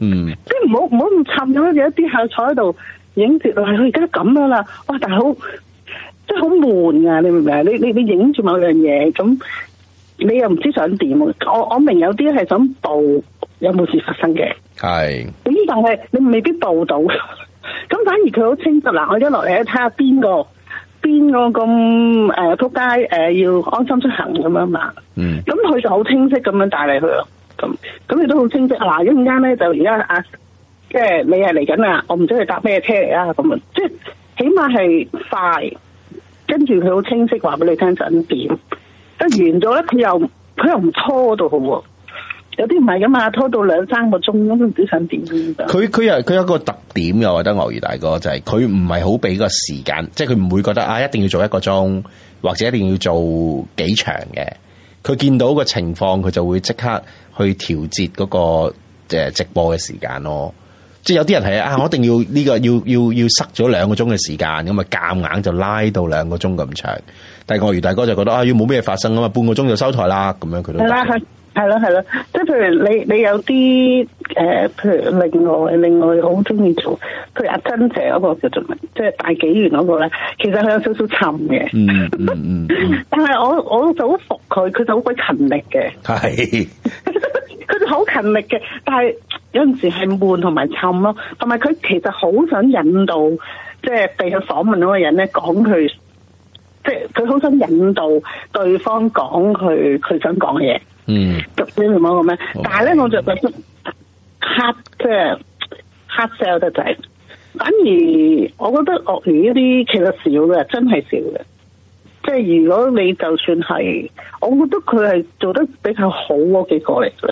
嗯，即係唔好唔好咁沉咁樣有一啲喺坐喺度。影住啦！佢而家都咁樣啦，哇！但係好，真係好悶啊！你明唔明啊？你你你影住某樣嘢，咁你又唔知想點？我我明有啲係想報有冇事發生嘅，係咁但係你未必報到。咁反而佢好清晰啦！我一落嚟，我睇下邊個邊個咁誒仆街誒，要安心出行咁樣嘛。嗯，咁佢就好清晰咁樣帶嚟佢咯。咁咁你都好清晰。嗱，一陣間咧就而家啊。即係你係嚟緊啊！我唔知佢搭咩車嚟呀。咁啊，即係起碼係快，跟住佢好清晰話俾你聽想點。得完咗咧，佢又佢又唔拖到好，有啲唔係噶嘛，拖到兩三個鐘都唔知想點。佢佢又佢有，有個特點嘅，我覺得牛魚大哥就係佢唔係好俾個時間，即係佢唔會覺得啊一定要做一個鐘，或者一定要做幾長嘅。佢見到個情況，佢就會即刻去調節嗰個直播嘅時間咯。即係有啲人係啊，我一定要呢個要要要塞咗兩個鐘嘅時間，咁啊夾硬就拉到兩個鐘咁長。但係我余大哥就覺得啊，要冇咩嘢發生啊嘛，半個鐘就收台啦，咁樣佢都係啦，係咯係咯，即係譬如你你有啲誒，譬如另外另外好中意做，譬如阿珍姐嗰個叫做即係大紀元嗰個咧，其實佢有少少沉嘅，嗯嗯嗯，但係我我就好服佢，佢就好鬼勤力嘅，係。佢哋好勤力嘅，但係有陣時係悶同埋沉咯，同埋佢其實好想引導，即係被佢訪問嗰個人咧講佢，即係佢好想引導對方講佢佢想講嘅嘢。嗯，咁樣咁樣。但係咧，哦、我就覺得 hard sell 得滯，反而我覺得鱷魚呢啲其實少嘅，真係少嘅。即係如果你就算係，我覺得佢係做得比較好嗰幾個嚟嘅。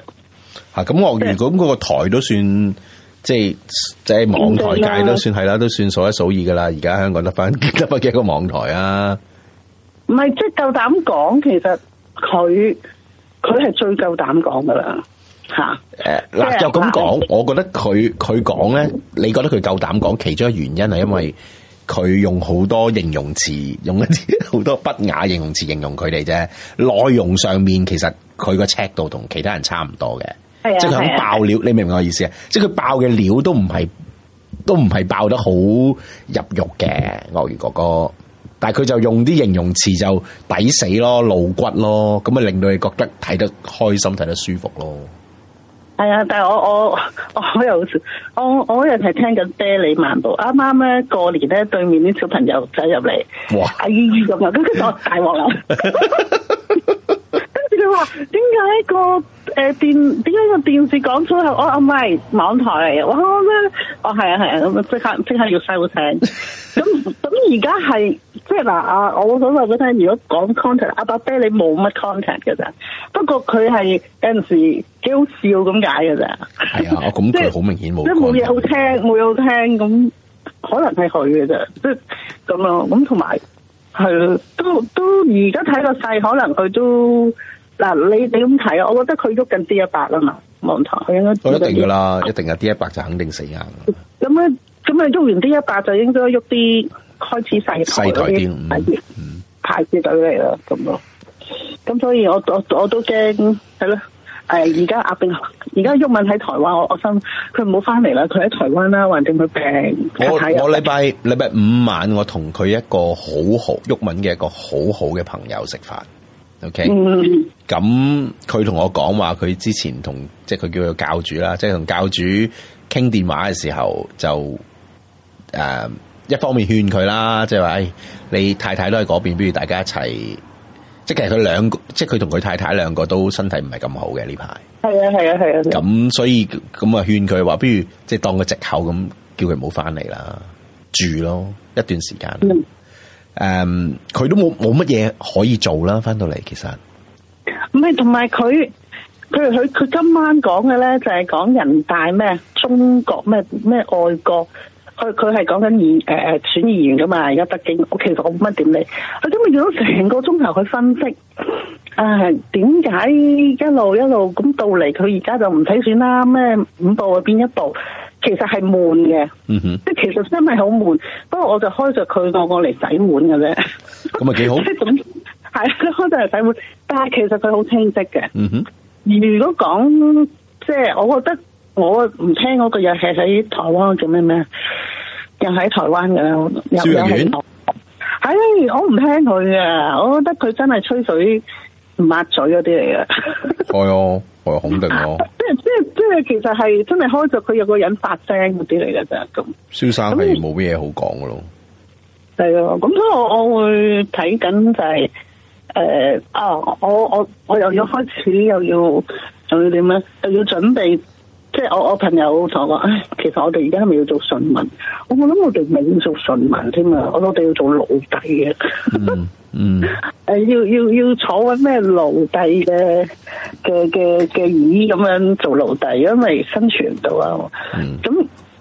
吓，咁我如果嗰個台都算即係即係網台界都算係啦，都算數一數二噶啦。而家香港得翻幾多啊幾個網台啊？唔係即係夠膽講，其實佢佢係最夠膽講噶啦吓。誒、呃，就咁講，我覺得佢佢講咧，嗯、你覺得佢夠膽講？其中一原因係因為佢用好多形容詞，嗯、用一啲好多不雅形容詞形容佢哋啫。內容上面其實佢個尺度同其他人差唔多嘅。是啊是啊，即係佢肯爆料，啊啊，你明唔明我意思啊？即係佢爆嘅料都唔係，都唔係爆得好入肉嘅鱷魚哥哥，但係佢就用啲形容詞就抵死咯，露骨咯，咁啊令到你覺得睇得開心，睇得舒服咯。係啊，但係我我我又好似，我我嗰日係聽緊爹你漫步，啱啱咧過年咧對面啲小朋友走入嚟，哇！阿姨用我跟住講大鑊啦。 [laughs] [laughs] 佢話點解個誒、呃、電點解個電視講出係我啊，唔係網台嚟嘅？哇！咩？哦係啊係啊，即刻即刻要細個聽。咁咁而家係即係嗱啊，我想話畀你聽，如果講 content 阿爸爹，你冇乜 content 嘅咋。不過佢係有陣時幾好笑咁解嘅啫。係 [laughs] 啊，咁即好明顯冇。即冇嘢好聽，冇嘢好聽咁，聽可能係佢嘅啫。即、就、咁、是、啊咁，同埋係咯，都都而家睇個細，可能佢都。嗱，你你咁睇啊？我覺得佢喐緊 D100 啊嘛，網台佢應該一定噶啦，一定啊！D100 就肯定死硬。咁樣，咁啊，喐完 D100 就應該喐啲開始細台啲，細啲，排字隊嚟啦咁咯。咁、嗯、所以我，我我我都驚係咯。誒，而家阿炳，而家鬱敏喺台灣，我我心佢唔好翻嚟啦。佢喺台灣啦，還定佢病？我我禮拜禮拜五晚，我同佢一個好好鬱敏嘅一個好好嘅朋友食飯。OK，咁佢同我講話，佢之前同即係佢叫佢教主啦，即係同教主傾電話嘅時候就誒，uh, 一方面勸佢啦，即係話你太太都喺嗰邊，不如大家一齊，即係其實佢兩個，即係佢同佢太太兩個都身體唔係咁好嘅呢排。係啊，係啊、mm，係、hmm. 啊。咁所以咁啊，勸佢話，不如即係、就是、當個借口咁，叫佢唔好翻嚟啦，住咯一段時間。Mm hmm. 誒，佢、嗯、都冇冇乜嘢可以做啦，翻到嚟其實。唔係，同埋佢，佢佢佢今晚講嘅咧，就係講人大咩，中國咩咩外國，佢佢係講緊議誒誒選議員噶嘛，而家北京，我其實我冇乜點理。佢今日見到成個鐘頭去分析，啊、呃，點解一路一路咁到嚟，佢而家就唔睇選啦？咩五步去邊一步？其實係悶嘅，即係、嗯、哼其實真係好悶。不過我就開著佢個個嚟洗碗嘅啫，咁啊幾好。即係總係開就係洗碗，但係其實佢好清晰嘅。嗯哼，而如果講即係，我覺得我唔聽嗰個又係喺台灣做咩咩，又喺台灣嘅啦。有冇，係我唔聽佢嘅，我覺得佢真係吹水。抹嘴嗰啲嚟嘅，係哦 [laughs] 、就是，係、就、哦、是，我又肯定咯。即係即係即係，其實係真係開咗佢有個人發聲嗰啲嚟嘅咋咁。蕭生係冇咩嘢好講噶咯。係啊，咁所以我我會睇緊就係、是、誒、呃、啊，我我我又要開始，又要又要點咧，又要準備。即係我我朋友同我話，唉、哎，其實我哋而家係咪要做順民？我冇諗我哋唔係要做順民添啊！我諗我哋要做奴隸嘅，嗯 [laughs] 誒，要要要坐搵咩奴隸嘅嘅嘅嘅椅咁樣做奴隸，因為生存唔到啊！咁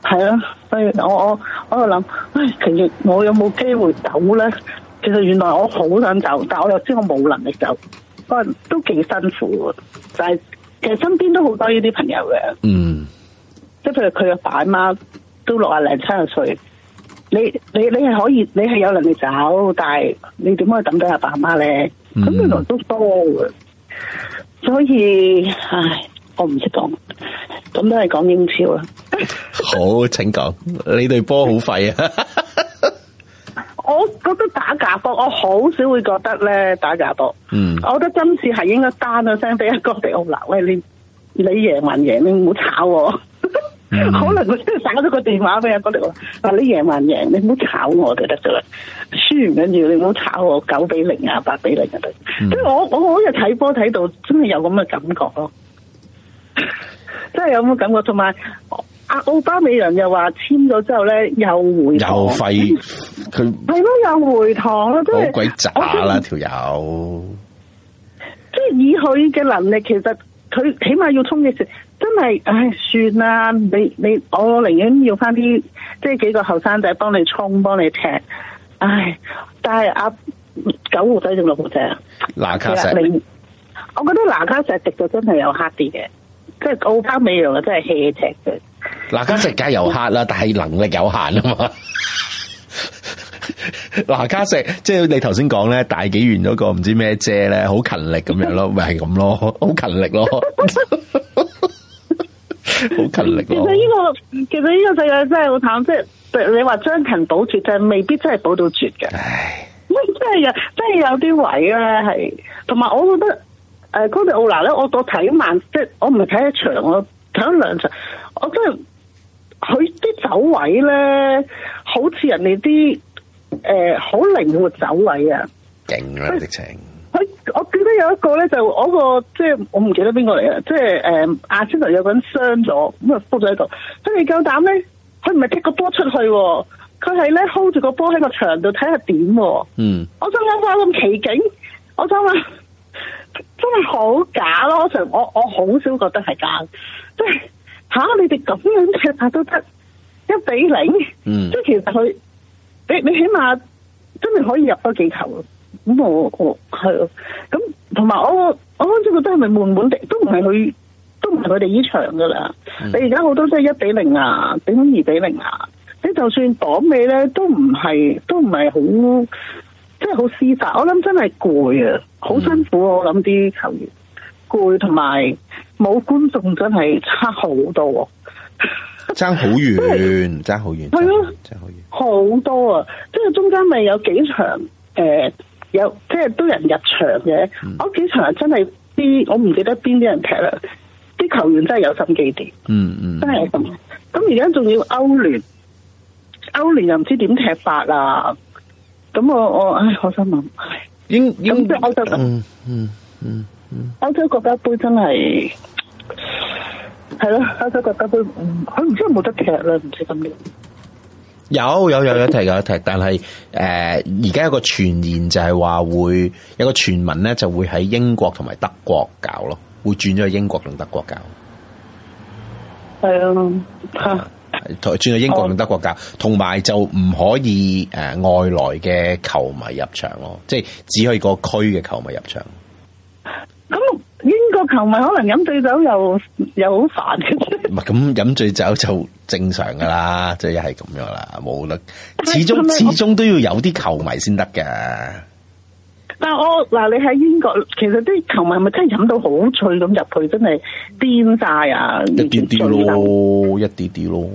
係、嗯、啊，所以我我我喺度諗，唉、哎，其實我有冇機會走咧？其實原來我好想走，但係我又知我冇能力走，不過都幾辛苦啊！但係。其實身邊都好多呢啲朋友嘅，即係、嗯、譬如佢阿爸阿媽都六廿零七十歲，你你你係可以，你係有能力走，但係你點可以等到阿爸阿媽咧？咁原來都多嘅，所以唉，我唔識講，咁都係講英超啊。好，請講， [laughs] 你對波好廢啊！我覺得打假波，我好少會覺得咧打假波。嗯，我覺得今次係應該單咗聲俾阿哥迪奧拿，喂你你贏還贏，你唔好炒我。 [laughs] 嗯嗯可能我真係打咗個電話俾阿哥迪奧，話你贏還贏，你唔好炒我就得嘅啦。輸唔緊要，你唔好炒我，九比零啊，八比零就得。即係我我日睇波睇到真係有咁嘅感覺咯， [laughs] 真係有咁嘅感覺同埋？阿奧巴美揚又話簽咗之後咧，又回又廢，佢係咯，又回堂咯，都好鬼渣啦條友，即係以佢嘅能力，其實佢起碼要衝嘅時真係唉算啦，你你我寧願要翻啲即係幾個後生仔幫你衝幫你踢，唉！但係阿、啊、九號仔定六號仔？嗱卡石你，我覺得嗱卡石跌咗真係有黑啲嘅，即係奧巴美揚真係 hea 踢嘅。嗱、啊，加石梗係遊客啦，但係能力有限啊嘛。嗱、啊，嘉石即係你頭先講咧，大紀元嗰個唔知咩姐咧，好勤力咁、就是、樣咯，咪係咁咯，好勤力咯，好 [laughs] [laughs] 勤力。其實呢、這個，其實呢個世界真係好慘，即係你話將勤補拙，就係、是就是、未必真係補到絕嘅。咁唉真係有，真係有啲位咧係。同埋我覺得，誒、呃，嗰啲奧拿咧，我慢我睇萬，即係我唔係睇一場，我睇咗兩場。我真係佢啲走位咧，好似人哋啲誒好靈活走位啊！勁啊害！非常佢，我記得有一個咧，就、那個就是、我個即係我唔記得邊個嚟啊，即係誒，阿先頭有個人傷咗，咁啊撲咗喺度。佢哋夠膽咧，佢唔係踢個波出去，佢係咧 hold 住個波喺個牆度睇下點。嗯，我想諗翻咁奇景，我想講真係好假咯。成我我好少覺得係假，即係。吓、啊、你哋咁樣踢下都得一比零，嗯，即係其實佢，你你起碼真係可以入多幾球咯。咁我我係咯，咁同埋我我開始覺得係咪悶悶地都唔係佢都唔係佢哋呢場噶啦。你而家好多都係一比零啊，頂到二比零啊。你就算擋尾咧，都唔係都唔係好即係好廝殺。我諗真係攰啊，好辛苦啊，嗯、我諗啲球員攰同埋。冇觀眾真係差好多，爭好遠，爭好遠，係好遠，好多啊！即係中間咪有幾場誒，有即係都人入場嘅，我幾場真係啲，我唔記得邊啲人踢啦，啲球員真係有心機啲，嗯嗯，真係咁。咁而家仲要歐聯，歐聯又唔知點踢法啦。咁我我唉，我想問，英英都歐洲，嗯嗯嗯。歐洲國家盃真係，係咯，歐洲國家盃，佢唔知有冇得踢啦，唔知今年有有有有踢有得踢，但係誒而家有個傳言就係話會有個傳聞咧，就會喺英國同埋德國搞咯，會轉咗去英國同德國搞。係啊，吓，轉去英國同德國搞，同埋、啊啊、就唔可以誒外來嘅球迷入場咯，即係只可以個區嘅球迷入場。咁英國球迷可能飲醉酒又又好煩嘅。唔係咁飲醉酒就正常噶啦，即係係咁樣啦，冇啦。始終始終都要有啲球迷先得㗎。但係我嗱，你喺英國，其實啲球迷係咪真係飲到好醉咁入去，真係癲晒啊？一啲啲咯，一啲啲咯，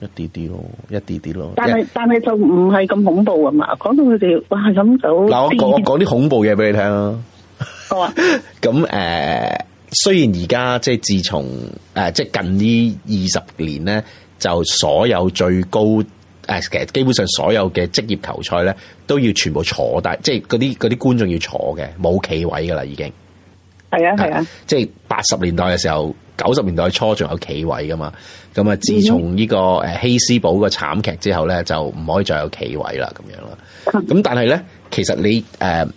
一啲啲咯，一啲啲咯。但係但係就唔係咁恐怖啊嘛。講到佢哋哇，飲酒嗱，我講講啲恐怖嘢俾你聽啊。咁誒、 [laughs] 嗯，雖然而家即係自從誒，即係近呢二十年咧，就所有最高誒，基本上所有嘅職業球賽咧，都要全部坐低，即係嗰啲嗰啲觀眾要坐嘅，冇企位噶啦，已經係啊係啊，即係八十年代嘅時候，九十年代初仲有企位噶嘛，咁啊，自從呢個誒希斯堡個慘劇之後咧，就唔可以再有企位啦，咁樣啦。咁但係咧，其實你誒。嗯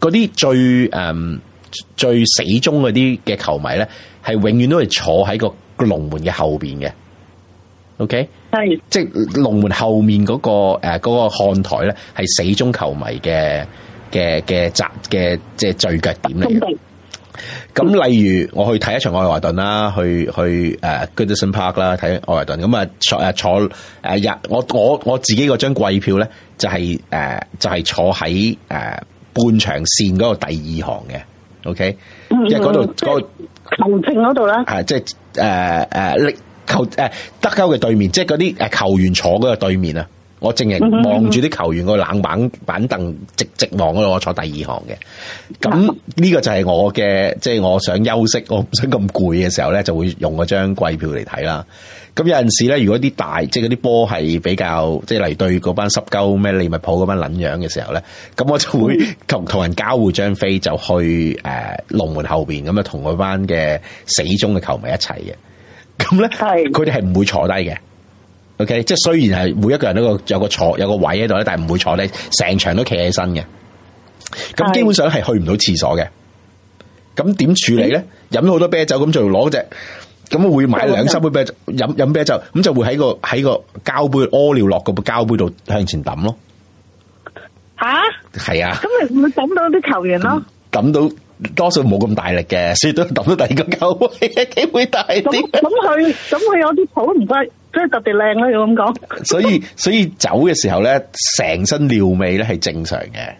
嗰啲最誒最死忠嗰啲嘅球迷咧，係永遠都係坐喺個龍門嘅後邊嘅，OK，係是即係龍門後面嗰、嗰個誒、嗰個看台咧，係死忠球迷嘅嘅嘅集嘅即係聚腳點嚟嘅。咁、嗯、例如我去睇一場愛華頓啦，去去誒 Goodison Park 啦，睇愛華頓咁啊坐誒坐誒日我我我自己嗰張貴票咧，就係，就係誒就係坐喺誒。半場線嗰個第二行嘅，OK、嗯、即係嗰度嗰個球證嗰度啦，即係誒誒力球誒、呃、德溝嘅對面，即係嗰啲誒球員坐嗰個對面啊，我淨係望住啲球員個冷板板凳，直直望嗰度，我坐第二行嘅。咁呢個就係我嘅，即係我想休息，我唔想咁攰嘅時候咧，就會用嗰張貴票嚟睇啦。咁有陣時咧，如果啲大即係嗰啲波係比較即係例如對嗰班濕鳩咩利物浦嗰班捻樣嘅時候咧，咁我就會同同人交換張飛就去誒龍門後邊咁啊，同佢班嘅死忠嘅球迷一齊嘅。咁咧，係佢哋係唔會坐低嘅。OK，即係雖然係每一個人都個有個坐有個位喺度咧，但係唔會坐低，成場都企起身嘅。咁基本上係去唔到廁所嘅。咁點處理咧？飲咗好多啤酒咁就要攞隻。咁會買兩三杯啤酒，飲飲啤酒就咁就會喺個喺個膠杯屙尿落嗰個膠杯度向前抌咯。吓，係啊。咁咪抌到啲球員咯。抌到多數冇咁大力嘅，所以都抌到第二個膠杯機會大啲。咁咁佢咁佢有啲好唔得，即係特別靚咧要咁講。所以所以走嘅時候咧，成身尿味咧係正常嘅。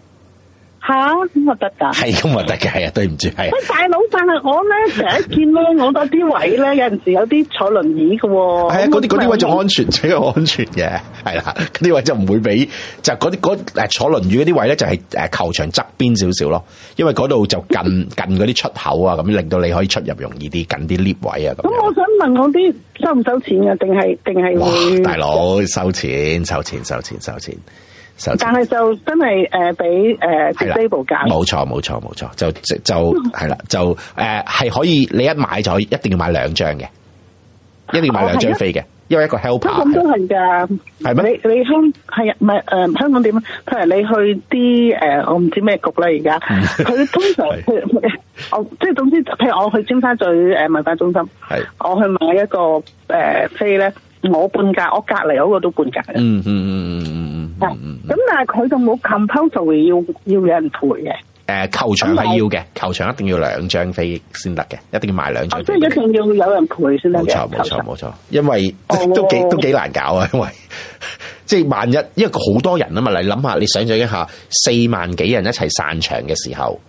吓，咁核突噶？係咁核突噶。係啊，對唔住。係喂，大佬，但係我咧成日見到咧 [laughs] 我多啲位咧有陣時有啲坐輪椅嘅喎，係啊，嗰啲啲位仲安全最 [laughs] 安全嘅，係啦，呢、那個、位就唔會俾就嗰啲誒坐輪椅嗰啲位咧就係誒球場側邊少少咯，因為嗰度就近、嗯、近嗰啲出口啊咁，令到你可以出入容易啲，近啲 lift 位啊咁。咁我想問我啲收唔收錢啊？定係定係？大佬收錢收錢收錢收錢。收錢收錢收錢收錢但係就真係誒，俾誒 table 價，冇錯冇錯冇錯，就就係啦，就誒係可以，你一買就一定要買兩張嘅，一定要買兩張飛嘅，因為一個 helper 咁都係噶，係咩？你你香係啊？唔係誒，香港點？譬如你去啲誒，我唔知咩局啦，而家佢通常去我即係總之，譬如我去尖沙咀誒文化中心，係我去買一個誒飛咧，我半價，我隔籬嗰個都半價嘅。嗯嗯嗯嗯嗯。咁、嗯嗯嗯、但係佢就冇 compulsory 要要有人陪嘅。誒、呃，球場係要嘅，為球場一定要兩張飛先得嘅，一定要買兩張。即係、哦、一定要有人陪先得冇錯冇錯冇錯，因為、哦、都，都幾都幾難搞啊！因為即係、就是、萬一，因為好多人啊嘛，你諗下，你想象一下，四萬幾人一齊散場嘅時候，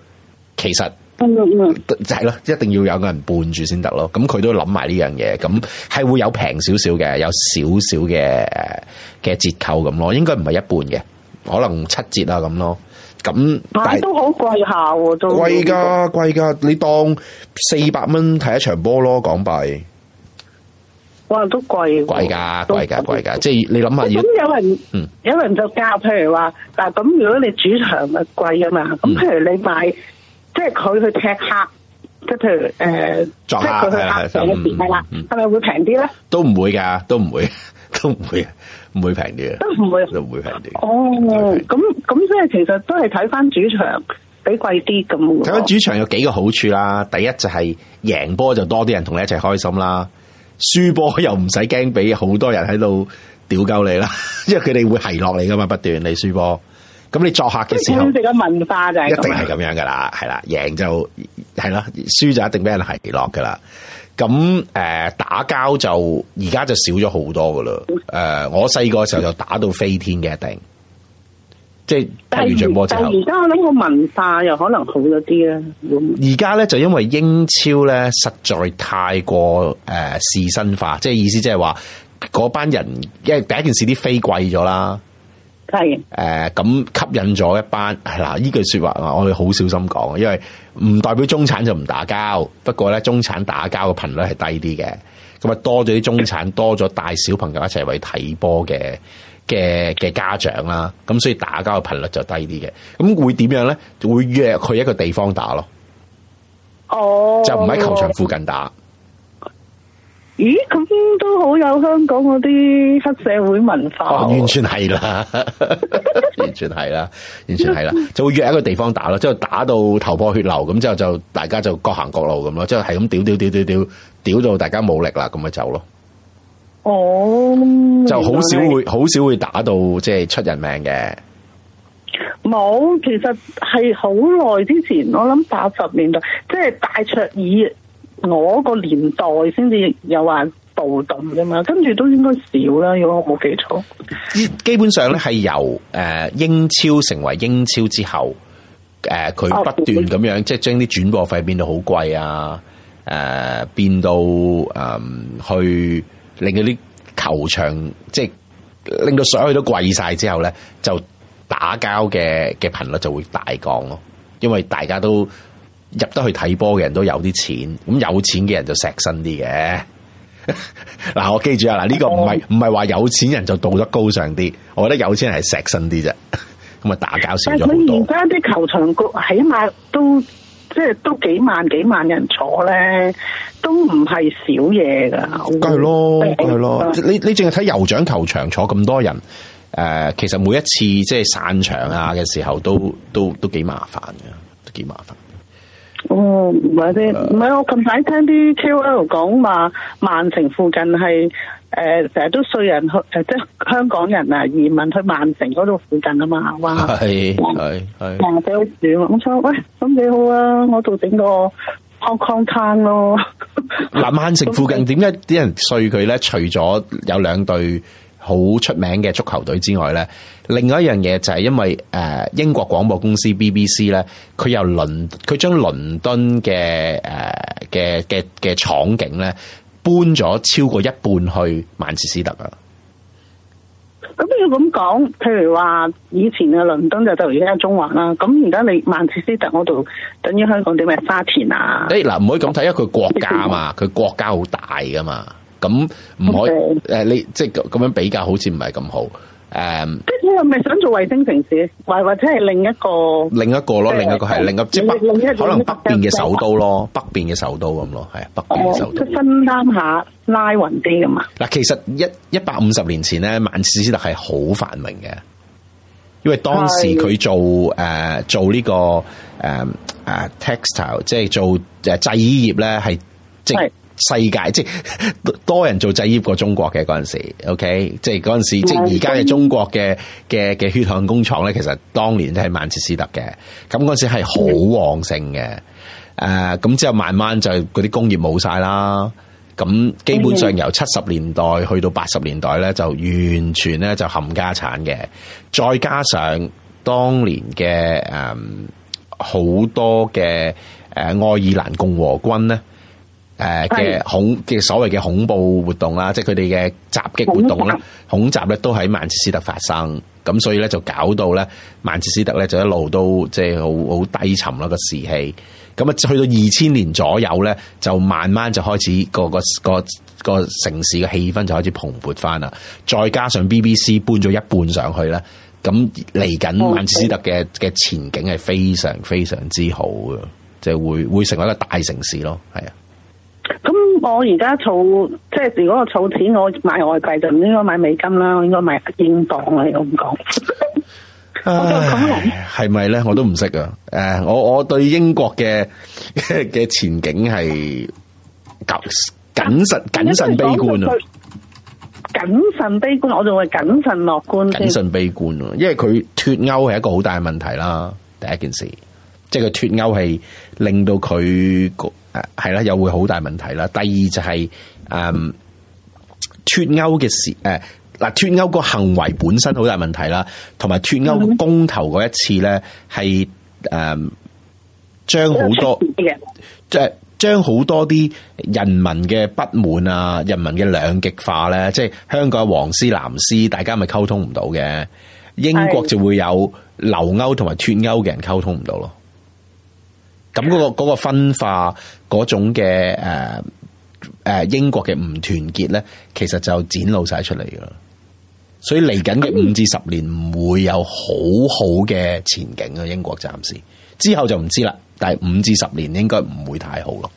其實。嗯嗯，就係咯，一定要有個人伴住先得咯。咁佢都諗埋呢樣嘢，咁係會有平少少嘅，有少少嘅嘅折扣咁咯。應該唔係一半嘅，可能七折啊咁咯。咁但係都好貴下，都貴㗎貴㗎。你當四百蚊睇一場波咯港幣。哇，都貴貴㗎貴㗎貴㗎。即係你諗下要咁有人嗯，有人就教，譬如話嗱咁，如果你主場咪貴啊嘛。咁譬如你買。即係佢去踢客，呃、客即係譬如誒，即係佢去客場係啦，係、嗯、咪會平啲咧？都唔會噶，都唔會，都唔會，唔會平啲。都唔會，都唔會平啲。哦，咁咁即係其實都係睇翻主場比貴啲咁。睇翻主場有幾個好處啦，第一就係贏波就多啲人同你一齊開心啦，輸波又唔使驚俾好多人喺度屌鳩你啦，因為佢哋會係落你噶嘛，不斷你輸波。咁你作客嘅時候，食嘅文化就一定係咁樣噶啦，係啦，贏就係啦，輸就一定俾人係落噶啦。咁誒、呃，打交就而家就少咗好多噶啦。誒、呃，我細個嘅時候就打到飛天嘅，一定。即係踢完場波之後，而家我諗個文化又可能好咗啲啦。而家咧，就因為英超咧實在太過誒、呃、視身化，即係意思即係話嗰班人，因為第一件事啲飛貴咗啦。係誒，咁、嗯、吸引咗一班係嗱，呢句說話我哋好小心講，因為唔代表中產就唔打交。不過咧，中產打交嘅頻率係低啲嘅。咁啊，多咗啲中產，多咗帶小朋友一齊去睇波嘅嘅嘅家長啦。咁所以打交嘅頻率就低啲嘅。咁會點樣咧？會約佢一個地方打咯。哦，就唔喺球場附近打。咦，咁都好有香港嗰啲黑社會文化啊，哦，完全係啦， [laughs] 啦，完全係啦，完全係啦，就會約一個地方打咯，之後打到頭破血流，咁之後就大家就各行各路咁咯，即係係咁屌屌屌屌屌屌到大家冇力就啦，咁咪走咯。哦，就好少會好少會打到即係出人命嘅。冇，其實係好耐之前，我諗八十年代，即、就、係、係、大卓爾。我個年代先至有話暴動啫嘛，跟住都應該少啦，如果我冇記錯。基本上咧，係由誒，英超成為英超之後，誒佢不斷咁樣即係將啲轉播費變到好貴啊，誒變到誒去令嗰啲球場即係令到所有嘢都貴晒之後咧，就打交嘅嘅頻率就會大降咯，因為大家都。入得去睇波嘅人都有啲錢，咁有錢嘅人就錫身啲嘅。嗱， [laughs] 我記住啊，嗱、這、呢個唔係唔係話有錢人就道德高尚啲，我覺得有錢人係錫身啲啫。咁 [laughs] 啊，打交少咗好多。但係佢而家啲球場局起碼都，起碼都即係都幾萬幾萬人坐咧，都唔係少嘢噶。梗係咯，係咯，你你淨係睇酋長球場坐咁多人，誒、呃，其實每一次即係散場啊嘅時候都，都都都幾麻煩嘅，都幾麻煩。哦，唔係啲，唔係我近排聽啲 QL 講話，曼城附近係誒成日都衰人去，誒即係香港人啊移民去曼城嗰度附近啊嘛，話係係，我睇好住，我心喂咁你好啊！我做整個 Hong Kong Town 咯。嗱，曼城附近點解啲人衰佢咧？除咗有兩隊好出名嘅足球隊之外咧？另外一樣嘢就係因為誒英國廣播公司 BBC 咧，佢由倫佢將倫敦嘅誒嘅嘅嘅廠景咧搬咗超過一半去曼徹斯特啊！咁你要咁講，譬如話以前嘅倫敦就就而家喺中環啦，咁而家你曼徹斯特嗰度等於香港點咩沙田啊？誒嗱，唔可以咁睇，因為佢國家啊嘛，佢國家好大噶嘛，咁唔可以誒？你即係咁樣比較，好似唔係咁好。誒，即係你係咪想做衛星城市，或或者係另一個？另一個咯，另一個係另一個即係可能北邊嘅首都咯，北邊嘅首都咁咯，係北邊嘅首都。分擔下，拉匀啲㗎嘛。嗱，其實一一百五十年前咧，曼徹斯特係好繁榮嘅，因為當時佢做誒做呢個誒誒 textile，即係做誒製衣業咧係即。世界即多多人做製衣過中國嘅嗰陣時，OK，即係嗰陣時，即係而家嘅中國嘅嘅嘅血汗工廠咧，其實當年都係曼徹斯特嘅，咁嗰陣時係好旺盛嘅，誒、嗯，咁、啊、之後慢慢就嗰啲工業冇晒啦，咁基本上由七十年代去到八十年代咧，就完全咧就冚家產嘅，再加上當年嘅誒好多嘅誒愛爾蘭共和軍咧。誒嘅恐嘅所謂嘅恐怖活動啦，即係佢哋嘅襲擊活動啦，恐襲怖咧都喺曼徹斯，斯特發生，咁所以咧就搞到咧曼徹斯，斯特咧就一路都即係好好低沉啦個士氣，咁啊去到二千年左右咧就慢慢就開始、嗰個、嗰個、嗰個、嗰個城市嘅氣氛就開始蓬勃翻啦，再加上 BBC 搬咗一半上去咧，咁嚟緊曼徹斯，斯特嘅嘅、嗯、前景係非常非常之好嘅，即係會會成為一個大城市咯，係啊。咁我而家儲，即係如果我儲錢，我買外幣就唔應該買美金啦，我應該買英鎊啊，你咁講。都咁係咪咧？我都唔識啊。誒， [laughs] 我我對英國嘅嘅前景係謹謹慎謹慎悲觀啊。謹慎悲觀，我就會謹慎樂觀。謹慎悲觀，因為佢脫歐係一個好大嘅問題啦，第一件事，即係佢脫歐係令到佢誒，係啦，又會好大問題啦。第二就係誒脫歐嘅事，誒嗱脫歐個行為本身好大問題啦，同埋脫歐公投嗰一次咧係誒將好多即係將好多啲人民嘅不滿啊，人民嘅兩極化咧，即係香港嘅黃絲藍絲，大家咪溝通唔到嘅。英國就會有留歐同埋脫歐嘅人溝通唔到咯。咁嗰個嗰個分化嗰種嘅誒誒英國嘅唔團結咧，其實就展露晒出嚟咯。所以嚟緊嘅五至十年唔會有好好嘅前景啊！英國暫時之後就唔知啦，但係五至十年應該唔會太好咯。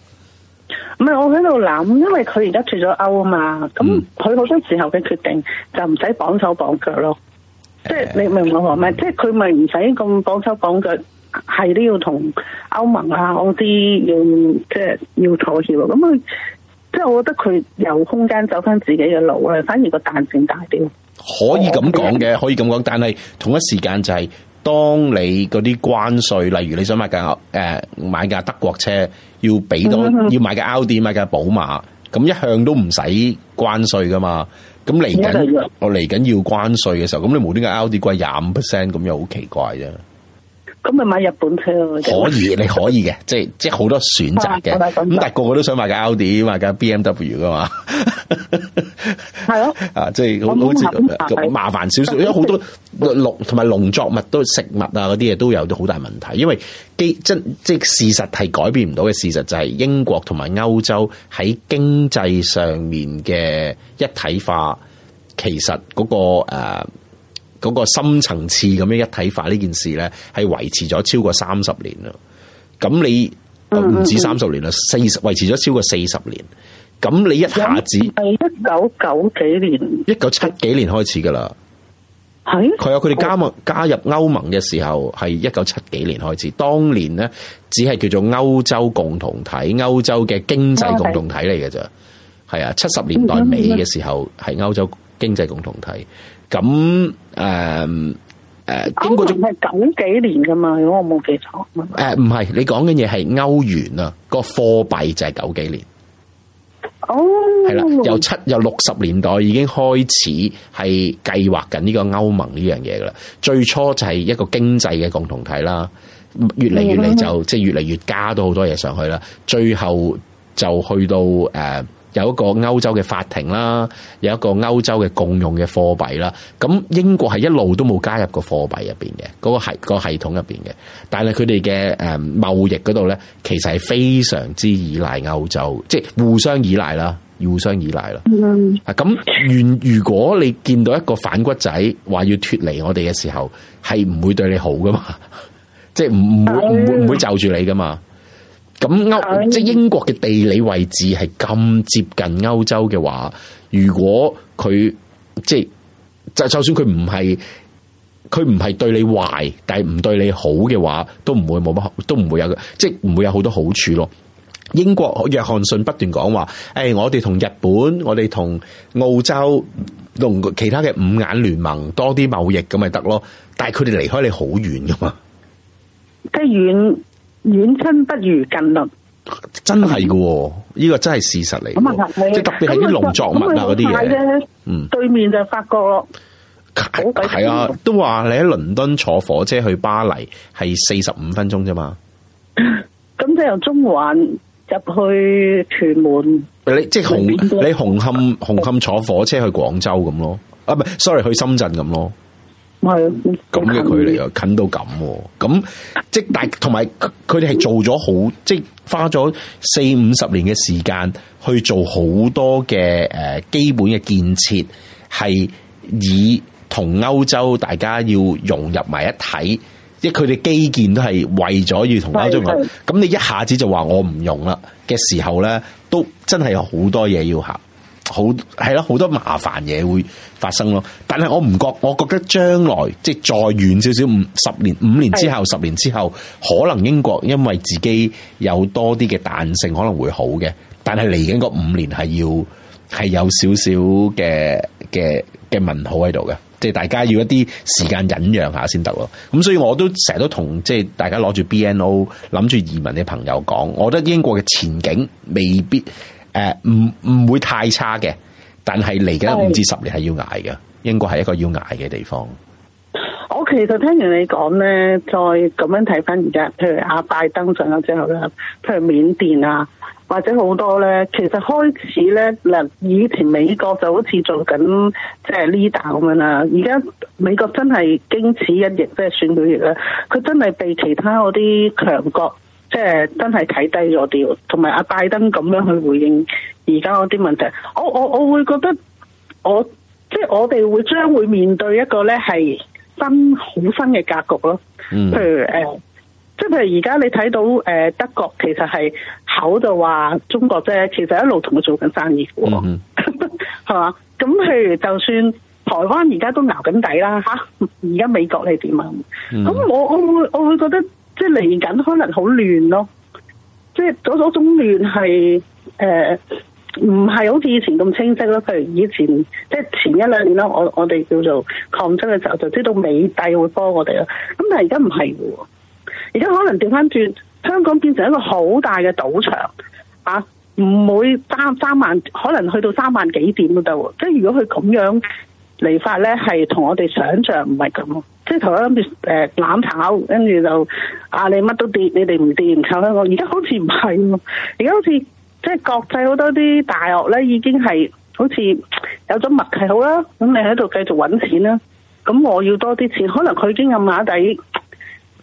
唔係我喺度諗，因為佢而家脫咗歐啊嘛，咁佢好多時候嘅決定就唔使綁手綁腳咯。嗯、即係你明唔明？我唔係即係佢咪唔使咁綁手綁腳？係都要同歐盟啊，嗰啲要即係要妥協咯。咁佢即係我覺得佢有空間走翻自己嘅路啊，反而個彈性大啲。可以咁講嘅，可以咁講。但係同一時間就係、是、當你嗰啲關稅，例如你想買架誒、呃、買架德國車，要俾到、嗯嗯、要買架奧迪買架寶馬，咁一向都唔使關稅噶嘛。咁嚟緊我嚟緊要關稅嘅時候，咁你無端端奧迪貴廿五 percent，咁又好奇怪啫。咁咪買日本車？可以， [laughs] 你可以嘅，即係即係好多選擇嘅。咁但係個個都想買架 Audi，買架 B M W 噶嘛？係咯的。啊， [laughs] 即係好，好似麻煩少少，就是，因為好多農同埋農作物都食物啊嗰啲嘢，都有好大問題，因為基真即係事實係改變唔到嘅，事實就係英國同埋歐洲喺經濟上面嘅一體化，其實嗰，那個誒。呃嗰個深層次咁樣一體化呢件事呢，係維持咗超過三十年啦。咁你唔止三十年啦，四維持咗超過四十年。咁你一下子係一九九幾年，一九七幾年開始噶啦。係佢啊，佢哋加入加入歐盟嘅時候係一九七幾年開始。當年呢，只係叫做歐洲共同體、歐洲嘅經濟共同體嚟嘅咋。係啊，七十年代尾嘅時候係歐洲經濟共同體。咁誒誒，歐盟係九幾年噶嘛？如果我冇記錯，誒，唔係，你講嘅嘢係歐元啊，個貨幣就係九幾年。哦元，係啦，由七由六十年代已經開始係計劃緊呢個歐盟呢樣嘢噶啦，最初就係一個經濟嘅共同體啦，越嚟越嚟就即係的越嚟越加多好多嘢上去啦，最後就去到誒。呃有一個歐洲嘅法庭啦，有一個歐洲嘅共用嘅貨幣啦，咁英國係一路都冇加入個貨幣入面嘅，嗰、嗰個系統入面嘅。但係佢哋嘅貿易嗰度咧，其實係非常之依賴歐洲，即係互相依賴啦，互相依賴啦。咁如、mm. 如果你見到一個反骨仔話要脫離我哋嘅時候，係唔會對你好噶嘛？即係唔唔會唔、mm. 唔會，唔會，唔會就住你噶嘛？咁歐即係英國嘅地理位置係咁接近歐洲嘅話，如果佢即係就就算佢唔係佢唔係對你壞，但係唔對你好嘅話，都唔會冇乜，都唔會有，即係唔會有好多好處咯。英國約翰遜不斷講話，誒、欸，我哋同日本，我哋同澳洲同其他嘅五眼聯盟多啲貿易咁咪得咯。但係佢哋離開你好遠噶嘛，即係遠。遠親不如近鄰，真係嘅，呢個真係事實嚟。咁啊，即係特別係啲農作物啊，嗰啲嘢。嗯，對面就法國，係啊，都話你喺倫敦坐火車去巴黎係四十五分鐘啫嘛。咁即由中環入去屯門，你即係紅你紅磡紅磡坐火車去廣州咁咯？啊，唔係，sorry，去深圳咁咯。係咁嘅距離啊，近到咁咁，即係大同埋佢哋係做咗好，即係花咗四五十年嘅時間去做好多嘅，誒基本嘅建設，係以同歐洲大家要融入埋一體，即係佢哋基建都係為咗要同歐洲咁，你一下子就話我唔用啦嘅時候咧，都真係有好多嘢要行。好係咯，好多麻煩嘢會發生咯。但係我唔覺，我覺得將來即係再遠少少，五十年、五年之後，是的 十年之後，可能英國因為自己有多啲嘅彈性，可能會好嘅。但係嚟緊個五年係要係有少少嘅嘅嘅問號喺度嘅，即係大家要一啲時間忍讓下先得咯。咁所以我都成日都同即係大家攞住 BNO 諗住移民嘅朋友講，我覺得英國嘅前景未必。誒，唔唔、呃、唔會太差嘅，但係嚟緊五至十年係要挨嘅，應該係一個要挨嘅地方。我其實聽完你講咧，再咁樣睇翻而家，譬如阿拜登上咗之後咧，譬如緬甸啊，或者好多咧，其實開始咧嗱，以前美國就好似做緊即係 leader 咁樣啦，而家美國真係經此一役，即係選舉役啦，佢真係被其他嗰啲強國。即係真係睇低咗啲，同埋阿拜登咁樣去回應而家嗰啲問題，我我我會覺得我即係我哋會將會面對一個咧係新好新嘅格局咯。譬如誒，即係、嗯呃、譬如而家你睇到誒、呃、德國其實係口就話中國啫，其實一路同佢做緊生意嘅喎，係嘛、嗯？ [laughs] 咁譬如就算台灣而家都咬緊底啦，嚇！而家美國你點啊？咁、嗯、我我會我會覺得。即係嚟緊，可能好亂咯。即係嗰種種亂係誒，呃，唔係好似以前咁清晰咯。譬如以前即係前一兩年啦，我我哋叫做抗爭嘅時候，就知道美帝會幫我哋咯。咁但係而家唔係嘅，而家可能調翻轉，香港變成一個好大嘅賭場啊，唔會三三萬，可能去到三萬幾點都得。即係如果佢咁樣嚟法咧，係同我哋想象唔係咁啊。即係頭一諗住誒攬炒，跟住就啊你乜都跌，你哋唔跌唔炒香港。而家好似唔係喎，而家好似即係國際好多啲大鱷咧，已經係好似有咗默契好，好啦，咁你喺度繼續搵錢啦。咁我要多啲錢，可能佢已經暗下底，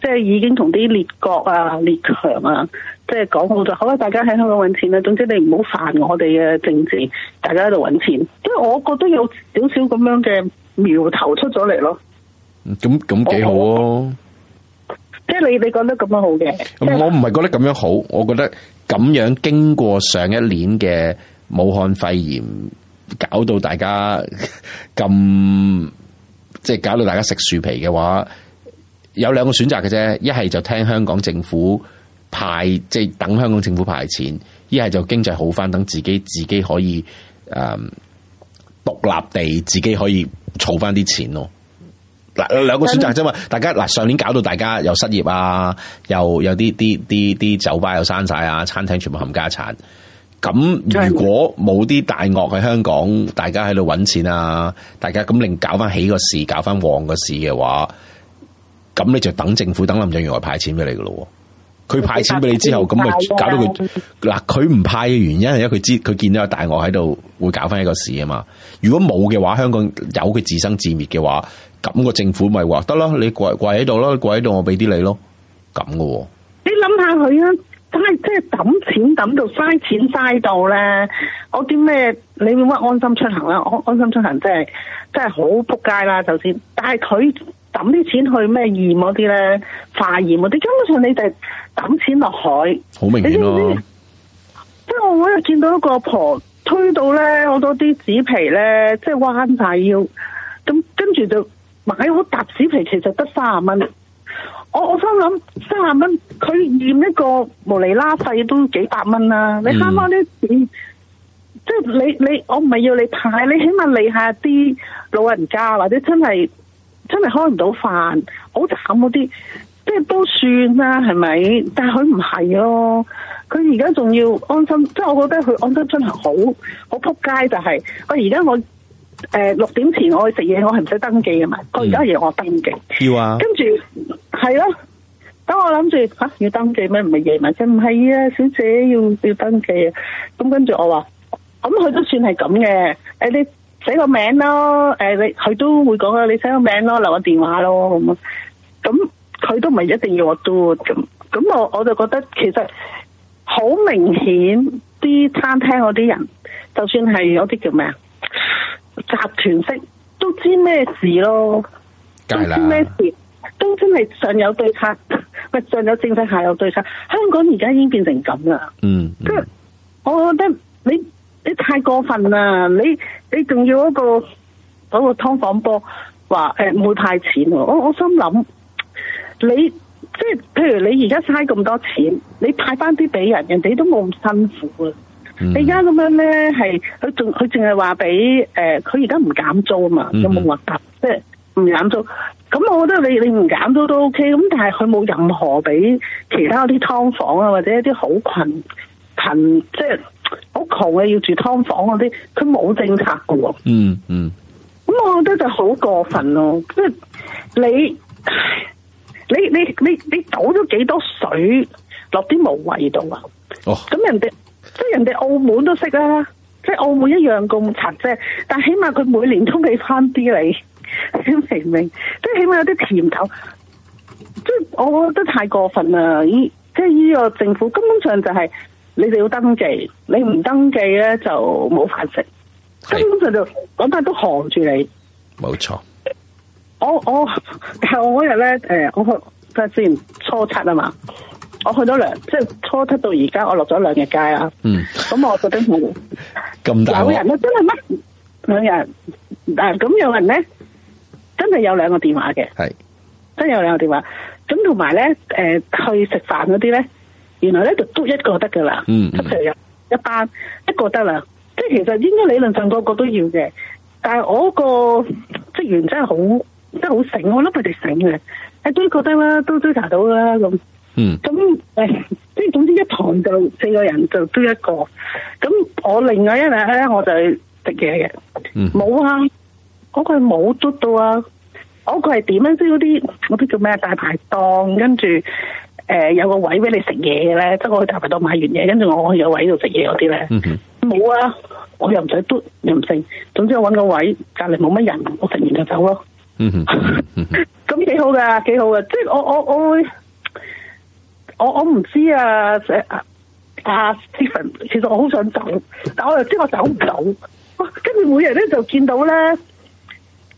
即係已經同啲列國列強啊，列強啊，即係講好咗，好啦，大家喺香港搵錢啦。總之你唔好煩我哋嘅政治，大家喺度搵錢。即係我覺得有少少咁樣嘅苗頭出咗嚟咯。咁咁幾好啊？即係你你覺得咁樣好嘅？我唔係覺得咁樣好，我覺得咁樣經過上一年嘅武漢肺炎，搞到大家咁，即係搞到大家食樹皮嘅話，有兩個選擇嘅啫。一係就聽香港政府派，即係等香港政府派錢；一係就經濟好翻，等自己自己可以誒獨立地自己可以儲翻啲錢咯。嗱，兩個選擇啫嘛，大家嗱上年搞到大家又失業啊，又有啲啲啲啲酒吧又閂晒啊，餐廳全部冚家鏟。咁如果冇啲大鱷喺香港，大家喺度搵錢啊，大家咁令搞翻起個市，搞翻旺個市嘅話，咁你就等政府等林鄭月娥派錢俾你噶咯。佢派錢俾你之後，咁咪搞到佢嗱，佢唔派嘅原因係因為佢知佢見到有大鱷喺度會搞翻一個市啊嘛。如果冇嘅話，香港由佢自生自滅嘅話。咁個政府咪話得咯，你跪跪喺度咯，跪喺度我俾啲、哦啊、你咯，咁喎，你諗下佢啊，但係即係抌錢抌到嘥錢嘥到咧，我啲咩你會乜安心出行啦？安心出行即係即係好仆街啦，就算。但係佢抌啲錢去咩驗嗰啲咧，化驗嗰啲，根本上你哋就抌錢落海，好明顯咯、啊。即係、啊、我又見到一個婆婆推到咧，好多啲紙皮咧，即係彎晒腰，咁跟住就。買好搭紙皮，其實得卅蚊。我我心諗卅蚊，佢驗一個無厘拉費都幾百蚊啦、啊。你慳翻啲錢，嗯、即係你你我唔係要你派，你起碼理下啲老人家或者真係真係開唔到飯，好慘嗰啲，即係都算啦，係咪？但係佢唔係咯，佢而家仲要安心，即係我覺得佢安心真係好好扑街，就係、是、我而家我。誒，六、呃、點前我去食嘢，我係唔使登記㗎嘛？佢而家要我登記。嗯、要啊。跟住係咯，咁、啊、我諗住吓要登記咩？唔係夜晚，即唔係啊，小姐要要登記啊。咁跟住我話，咁佢都算係咁嘅。誒、呃，你寫個名咯。誒、呃，你佢都會講啊，你寫個名咯，留個電話咯，咁啊。咁佢都唔係一定要我 do 咁。咁我我就覺得其實好明顯，啲餐廳嗰啲人，就算係有啲叫咩啊？集團式都知咩事咯，都知咩事，梗係啦咩事，都真係上有對策，唔係上有政策下有對策。香港而家已經變成咁啦，嗯，嗯，即係我覺得你你太過分啦，你你仲要一個嗰個劏房波話誒唔會派錢，我我心諗，你即係譬如你而家嘥咁多錢，你派翻啲俾人，人哋都冇咁辛苦啊！你而家咁樣咧，係佢仲佢淨係話俾，誒，佢而家唔減租啊嘛，有冇話減？即係唔減租。咁我覺得你你唔減租都 OK，咁但係佢冇任何俾其他啲劏房啊，或者一啲好貧貧即係好窮嘅要住劏房嗰、啊、啲，佢冇政策嘅喎、嗯。嗯嗯。咁我覺得就好過分咯、啊，即、就、係、是、你你你你你，你倒咗幾多水落啲無謂度啊？哦。咁人哋。即係人哋澳門都識啦，即係澳門一樣咁殘啫。但係起碼佢每年通氣翻啲你，明唔明？即係起碼有啲甜頭。即係我覺得太過分啦！即係呢個政府根本上就係、是、你哋要登記，你唔登記咧就冇飯食。是 根本上就嗰、是、得都寒住你。冇錯沒錯。我我但係我嗰日咧，誒，我嗰陣先初七啊嘛。我去咗兩，即係初七到而家，我落咗兩日街啦。嗯，咁我覺得冇咁大有人啊，真係乜兩日但咁有人咧，真係有兩個電話嘅，係是真有兩個電話。咁同埋咧，誒、呃，去食飯嗰啲咧，原來咧就都，都一個得噶啦。嗯，嗯，譬如有一班一個得啦。即係其實應該理論上個個都要嘅，但係我個職員真係好，即係好醒。我諗佢哋醒嘅，哎、都一都覺得啦，都追查到啦咁。嗯，咁誒，即係總之一堂就四個人就都一個，咁我另外一嚟咧，我就食嘢嘅，冇、嗯、啊，嗰、嗰個係冇嘟到啊，我、嗰個係點啊？即係嗰啲啲叫咩大排檔，跟住誒，有個位俾你食嘢嘅咧，即係我去大排檔買完嘢，跟住我去位、嗯嗯、有位度食嘢嗰啲咧，冇啊，我又唔使嘟，又唔食。總之我搵個位隔籬冇乜人，我食完就走咯、啊。咁幾、嗯嗯嗯、 [laughs] 好噶，幾好噶，即係我我我會。我我唔知啊，阿阿、啊啊、Stephen，其實我好想走，但我又知我走唔到。跟、啊、住每日咧就見到咧，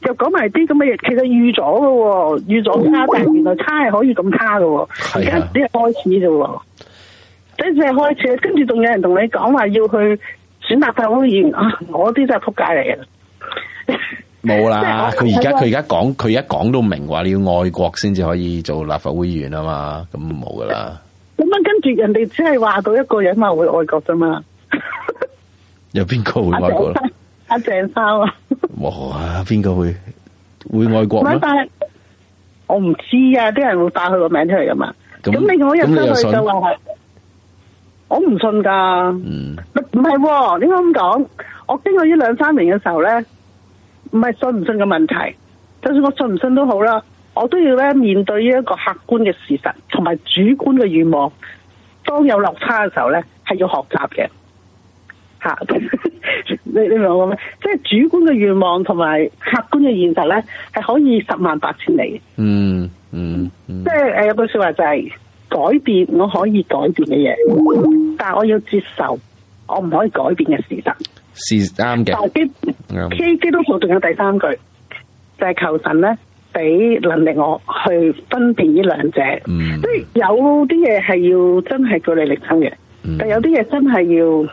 就講埋啲咁嘅嘢，其實預咗噶，預咗差，但係原來差係可以咁差噶，係啊，只係開始啫喎，真正的開始，跟住仲有人同你講話要去選特首議員啊，我啲真係撲街嚟嘅。 [laughs] 冇啦！佢而家佢而家講佢而家講到明話話，你要愛國先至可以做立法會議員啊嘛，咁冇噶啦。咁樣跟住人哋只係話到一個人嘛會愛國啫嘛。有邊個會愛國阿？阿鄭生啊！ [laughs] 哇！邊個會會愛國咧？我唔知啊，啲人會帶佢個名出嚟噶嘛。咁那你，那你我入身去就話我唔信噶。嗯，唔係、啊，點解咁講。我經過呢兩三年嘅時候咧。唔係信唔信嘅問題，就算我信唔信都好啦，我都要咧面對呢一個客觀嘅事實同埋主觀嘅願望，當有落差嘅時候咧，係要學習嘅。吓， [laughs] 你你明我講咩？即係主觀嘅願望同埋客觀嘅現實咧，係可以十萬八千里。嗯嗯，嗯嗯即係誒有句說話就係、是、改變我可以改變嘅嘢，但係我要接受我唔可以改變嘅事實。是啱嘅。基基督徒仲有第三句，就係、是、求神咧，俾能力我去分辨呢兩者。即係、嗯、有啲嘢係要真係據理力撐嘅，嗯、但有啲嘢真係要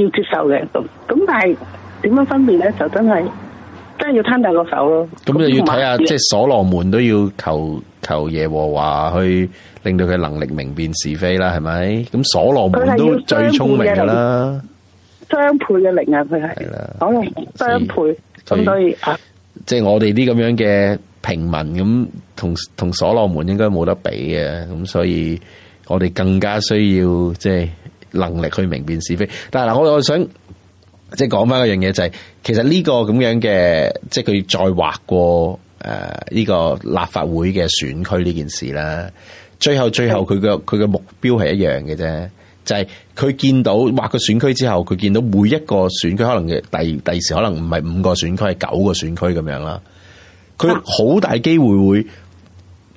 要接受嘅。咁咁，但係點樣分辨咧？就真係真係要攤大個手咯。咁、嗯、就要睇下，即係所羅門都要求求耶和華去令到佢能力明辨是非啦，係咪？咁所羅門都最聰明噶啦。相配嘅力量佢係可能相配，相當於啊，即係我哋啲咁樣嘅平民咁，同同所羅門應該冇得比嘅，咁所以我哋更加需要即係能力去明辨是非。但係嗱，我又想即係講翻一樣嘢就係、是，其實呢個咁樣嘅，即係佢再劃過誒呢、呃這個立法會嘅選區呢件事啦，最後最後佢嘅佢嘅目標係一樣嘅啫。就係佢見到劃個選區之後，佢見到每一個選區可能嘅第第時可能唔係五個選區係九個選區咁樣啦。佢好大機會會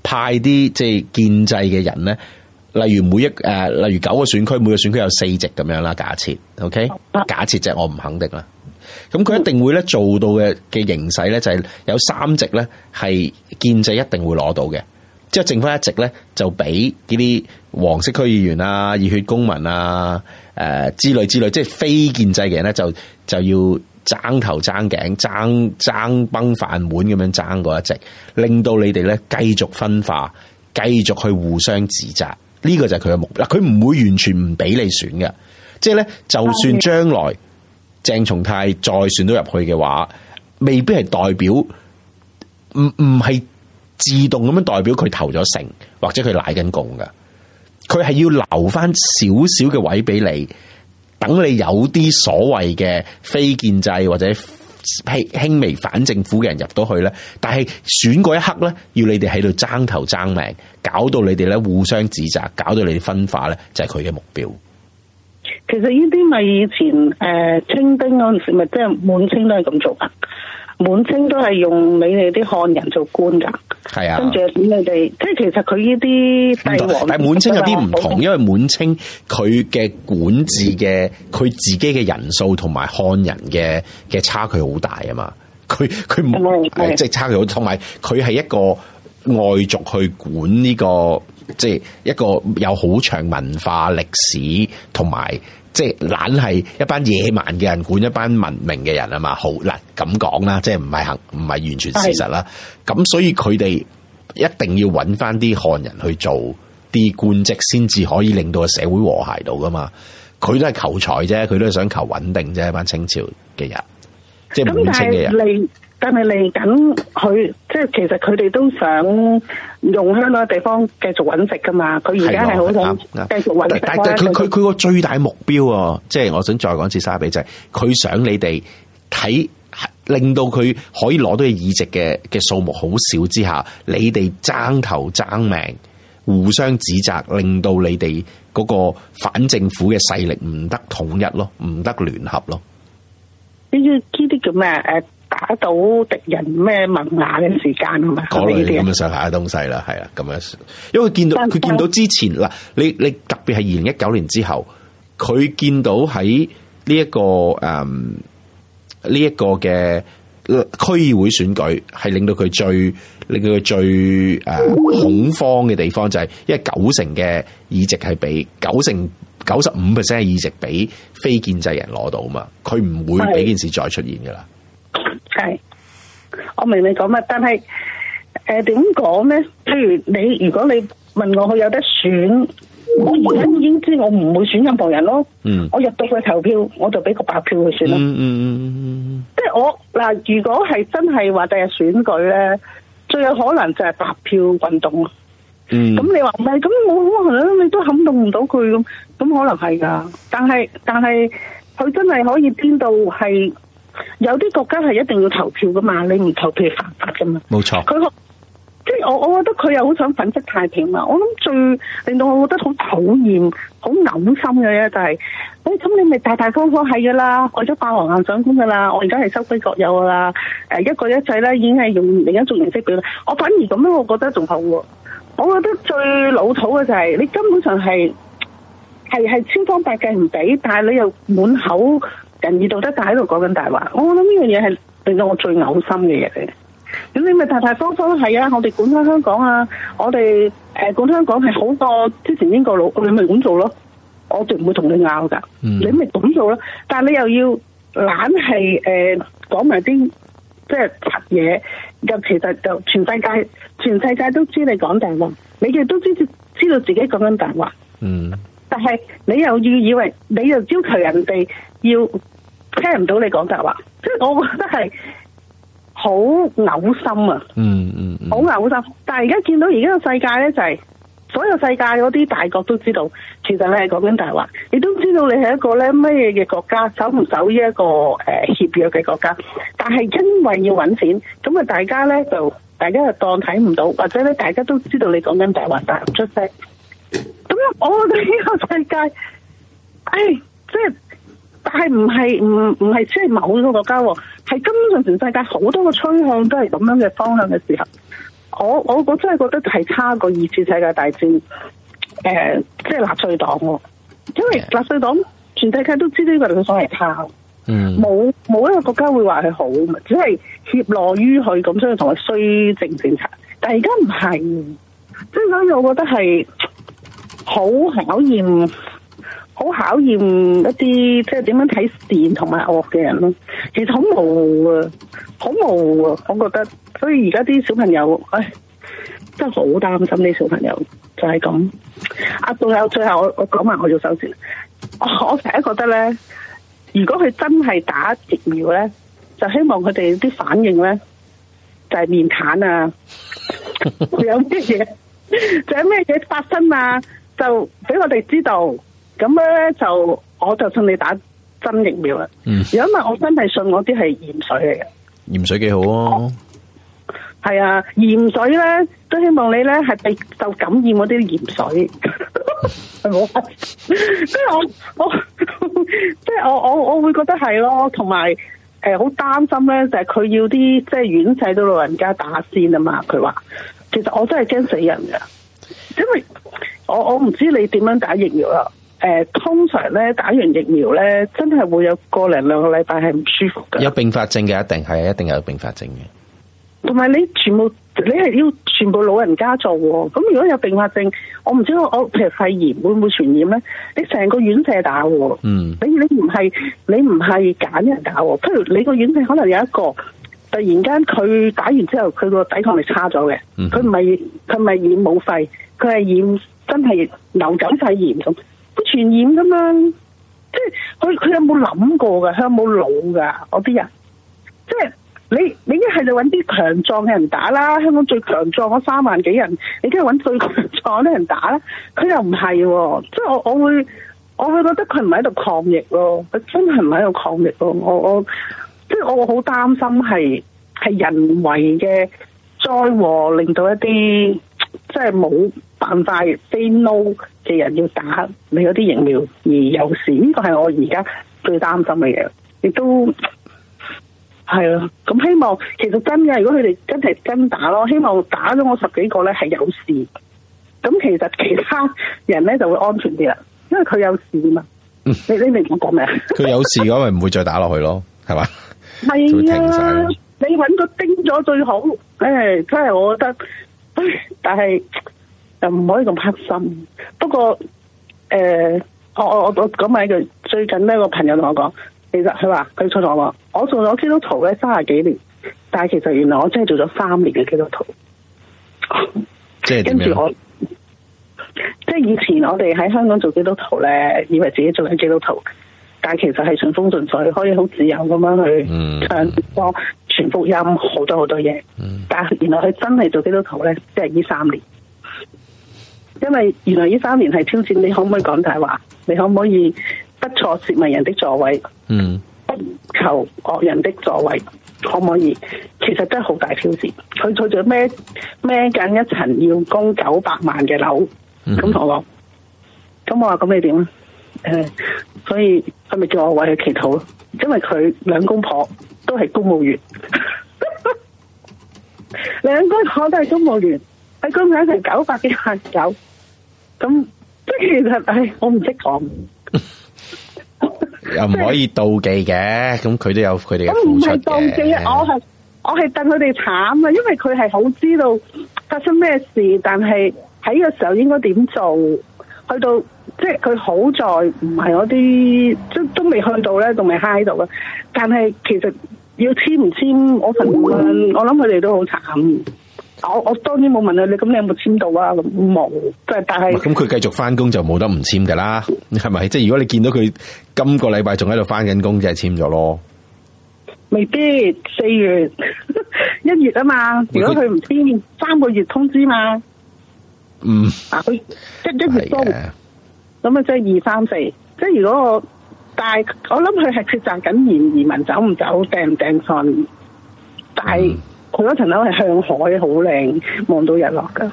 派啲即係建制嘅人咧，例如每一誒，例如九個選區每個選區有四席咁樣啦。假設，OK，假設就係我唔肯定啦。咁佢一定會咧做到嘅嘅形勢咧，就係有三席咧係建制一定會攞到嘅。即係剩翻一席咧，就俾呢啲黃色區議員啊、熱血公民啊、誒之類之類，即係非建制嘅人咧，就就要爭頭爭頸、爭爭崩飯碗咁樣爭嗰一席，令到你哋咧繼續分化、繼續去互相指責。呢、這個就係佢嘅目標。佢唔會完全唔俾你選嘅，即係咧就算將來鄭松泰再選到入去嘅話，未必係代表唔唔係。自動咁樣代表佢投咗成，或者佢奶緊共噶，佢係要留翻少少嘅位俾你，等你有啲所謂嘅非建制或者輕微反政府嘅人入到去咧。但係選嗰一刻咧，要你哋喺度爭頭爭命，搞到你哋咧互相指責，搞到你哋分化咧，就係佢嘅目標。其實呢啲咪以前誒清兵嗰陣時，咪即係滿清都係咁做啊！滿清都係用你哋啲漢人做官㗎，係啊，跟住你哋，即係其實佢呢啲帝皇，但係滿清有啲唔同，因為滿清佢嘅管治嘅佢自己嘅人數同埋漢人嘅嘅差距好大啊嘛，佢佢唔係，即係差距好大，同埋佢係一個外族去管呢個，即係一個有好長文化歷史同埋。即係懶係一班野蠻嘅人管一班文明嘅人啊嘛，好嗱咁講啦，即係唔係行唔係完全事實啦。咁是的 所以佢哋一定要搵翻啲漢人去做啲官職，先至可以令到個社會和諧到㗎嘛。佢都係求財啫，佢都係想求穩定啫。一班清朝嘅人，即係滿清嘅人。但係嚟緊佢，即係其實佢哋都想用香港嘅地方繼續揾食噶嘛。佢而家係好想繼續揾食。但係佢佢佢個最大目標啊，即係我想再講次沙比仔，就係佢想你哋睇，令到佢可以攞到議席嘅嘅數目好少之下，你哋爭頭爭命，互相指責，令到你哋嗰個反政府嘅勢力唔得統一咯，唔得聯合咯。呢啲呢啲叫咩？誒？打到敵人咩盲眼嘅時間啊嘛，講你咁上下嘅東西啦，係啦，咁樣，因為見到佢見到之前嗱，你你特別係二零一九年之後，佢見到喺呢一個呢一個嘅區議會選舉係令到佢最令到佢最、啊、恐慌嘅地方，就係因為九成嘅議席係俾九成九十五 percent 嘅議席俾非建制人攞到嘛，佢唔會俾件事再出現噶啦。係，我明你講乜，但係誒點講咧？譬如你如果你問我佢有得選，我而家已經知我唔會選任何人咯。嗯，我入到去投票，我就俾個白票佢選啦，嗯，嗯嗯嗯嗯即係我嗱、呃，如果係真係話第日選舉咧，最有可能就係白票運動咯。嗯，咁你話唔係咁我可能，你都撼動唔到佢咁，咁可能係噶。但係但係，佢真係可以邊到係？有啲國家係一定要投票噶嘛，你唔投票犯法噶嘛，冇錯。佢即係我，我覺得佢又好想粉飾太平嘛。我諗最令到我覺得好討厭、好嘔心嘅咧、就係，就、哎、係，喂，咁你咪大大方方係噶啦，我咗霸王硬上弓噶啦，我而家係收歸國有噶啦，誒，一個一制咧，已經係用另一種形式表達我。我反而咁樣，我覺得仲好。我覺得最老土嘅就係，你根本上係係係千方百計唔俾，但係你又滿口。仁義道德，但喺度講緊大話。我諗呢樣嘢係令到我最嘔心嘅嘢。咁你咪大大方方係啊！我哋管翻香港啊！我哋誒管香港係好過之前英國佬，你咪咁做咯。我哋唔會同你拗噶。嗯、你咪咁做咯。但你又要懶係誒講埋啲即係嘢。咁其實就全世界全世界都知道你講大話，你哋都知知道自己講緊大話。嗯。但係你又要以為你又要求人哋要。聽唔到你講大話，即係我覺得係好嘔心啊！嗯嗯，好、嗯、嘔、嗯、心。但係而家見到而家個世界咧、就是，就係所有世界嗰啲大國都知道，其實你係講緊大話，你都知道你係一個咧咩嘢嘅國家，守唔守呢一個誒協約嘅國家？但係因為要搵錢，咁啊大家咧就大家就當睇唔到，或者咧大家都知道你講緊大話，但係唔出聲。咁我覺得呢個世界，誒，即係。但係唔係唔唔係即係某一個國家，係根本上全世界好多個趨向都係咁樣嘅方向嘅時候，我我我真係覺得係差過二次世界大戰，誒，即係納粹黨，因為納粹黨全世界都知道呢個納粹黨係差，嗯，冇冇一個國家會話係好，只係怯懦於佢咁，所以同佢衰政政策。但係而家唔係，即係所以我覺得係好考驗。好考驗一啲即係點樣睇善同埋惡嘅人咯，其實好模糊啊，好模糊啊，我覺得。所以而家啲小朋友，唉，真係好擔心啲小朋友，就係、是、咁。啊，仲有最後我，我完我講埋我要收線。我成日覺得咧，如果佢真係打疫苗咧，就希望佢哋啲反應咧，就係、是、面癱啊，仲 [laughs] [laughs] 有咩嘢？仲有咩嘢發生啊？就俾我哋知道。咁咧就我就信你打真疫苗啦。如果唔係，嗯，我真係信我啲係鹽水嚟嘅，鹽水幾好啊。係啊，鹽水咧都希望你咧係被受感染鹽 [laughs] [laughs] [laughs] 就我啲鹽水係冇。跟住我 [laughs] 我即係我我我會覺得係咯，同埋誒好擔心咧，就係、是、佢要啲即係院舍到老人家打先啊嘛。佢話其實我真係驚死人㗎，因為我我唔知你點樣打疫苗啦誒，通常咧打完疫苗咧，真係會有個零兩個禮拜係唔舒服嘅，有併發症嘅，一定係一定有併發症嘅。同埋你全部你係要全部老人家做，咁如果有併發症，我唔知道我譬如肺炎會唔會傳染咧？你成個院舍打喎，嗯，你你唔係你唔係揀人打喎，譬如你個院舍可能有一個突然間佢打完之後佢個抵抗力差咗嘅，佢唔係佢唔係染冇肺，佢係染真係流感肺炎咁。傳染噶嘛？即係佢佢有冇諗過噶？佢有冇腦噶？嗰啲人，即係你你是找一係就揾啲強壯嘅人打啦，香港最強壯嗰三萬幾人，你梗係揾最強壯啲人打啦。佢又唔係，即係我我會我會覺得佢唔係喺度抗疫咯，佢真係唔係喺度抗疫咯。我我即係我會好擔心係係人為嘅災禍令到一啲即係冇。辦法 say no 嘅人要打你嗰啲疫苗，而有事呢個係我而家最擔心嘅嘢。亦都係啊，咁希望其實真嘅，如果佢哋真係真打咯，希望打咗我十幾個咧係有事。咁其實其他人咧就會安全啲啦，因為佢有事嘛。嗯、你你明唔明我講咩？佢有事嘅咪唔會再打落去咯，係嘛？係啊，了你揾個叮咗最好。誒、哎，真係我覺得，但係。就唔可以咁黑心。不過，誒、呃，我我我我講埋一句，最近呢個朋友同我講，其實佢話佢同我話，我做咗基督徒咧三十幾年，但係其實原來我真係做咗三年嘅基督徒。即係點啊？跟住我，即係以前我哋喺香港做基督徒咧，以為自己做緊基督徒，但係其實係順風順水，可以好自由咁樣去唱歌、傳福音好多好多嘢。嗯、但係原來佢真係做基督徒咧，即係呢三年。因為原來呢三年係挑戰，你可唔可以講大話？你可唔可以不坐褻慢人的座位？嗯，不求惡人的座位，可唔可以？其實真係好大挑戰。佢仲孭孭緊一層要供九百萬嘅樓。咁同、嗯、我講，咁我話咁你點啊？誒、呃，所以佢咪叫我為佢祈禱咯？因為佢兩公婆都係公務員，兩公婆都係公務員，佢供樓層九百幾萬九。咁即係其實，唉，我唔識講， [laughs] 又唔可以妒忌嘅。咁佢都有佢哋嘅付出嘅。唔係妒忌，我係我係戥佢哋慘啊，因為佢係好知道發生咩事，但係喺個時候應該點做，去到即係佢好在唔係嗰啲，即都未去到咧，仲未喺度啦。但係其實要簽唔簽，哦、我份我諗佢哋都好慘。我我當然冇問佢，你咁你有冇簽到啊？冇，即係但係咁佢繼續翻工就冇得唔簽噶啦，係咪？即係如果你見到佢今個禮拜仲喺度翻緊工，就係簽咗咯。未必四月一月啊嘛？如果佢唔簽必三個月通知嘛？嗯，啊佢一一月都，咁啊是的 即係二三四。即係如果我，但係我諗佢係抉擇緊，移移民走唔走，訂唔訂信。但係。嗯.佢嗰層樓係向海很，好靚，望到日落㗎。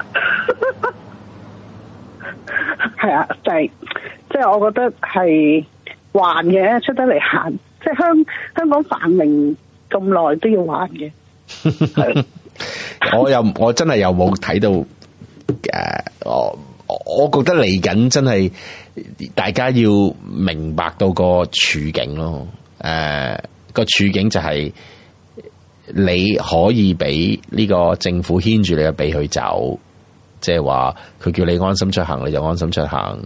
係 [laughs] 啊，就係、是，即、就、係、是、我覺得係玩嘅，出得嚟行，即係香香港繁榮咁耐都要玩嘅 [laughs] [laughs] 我又我真係又冇睇到，誒、 [laughs] uh,，我我覺得嚟緊真係大家要明白到個處境咯。誒，個處境就係、是。你可以俾呢個政府牽住你嘅鼻去走，即係話佢叫你安心出行，你就安心出行；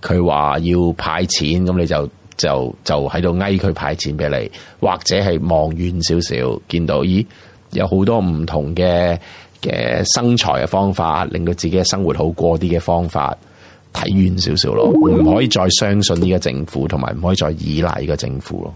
佢話要派錢，咁你就就就喺度哀佢派錢俾你，或者係望遠少少，見到咦有好多唔同嘅嘅生財嘅方法，令到自己嘅生活好過啲嘅方法，睇遠少少咯，唔可以再相信呢個政府，同埋唔可以再依賴呢個政府咯。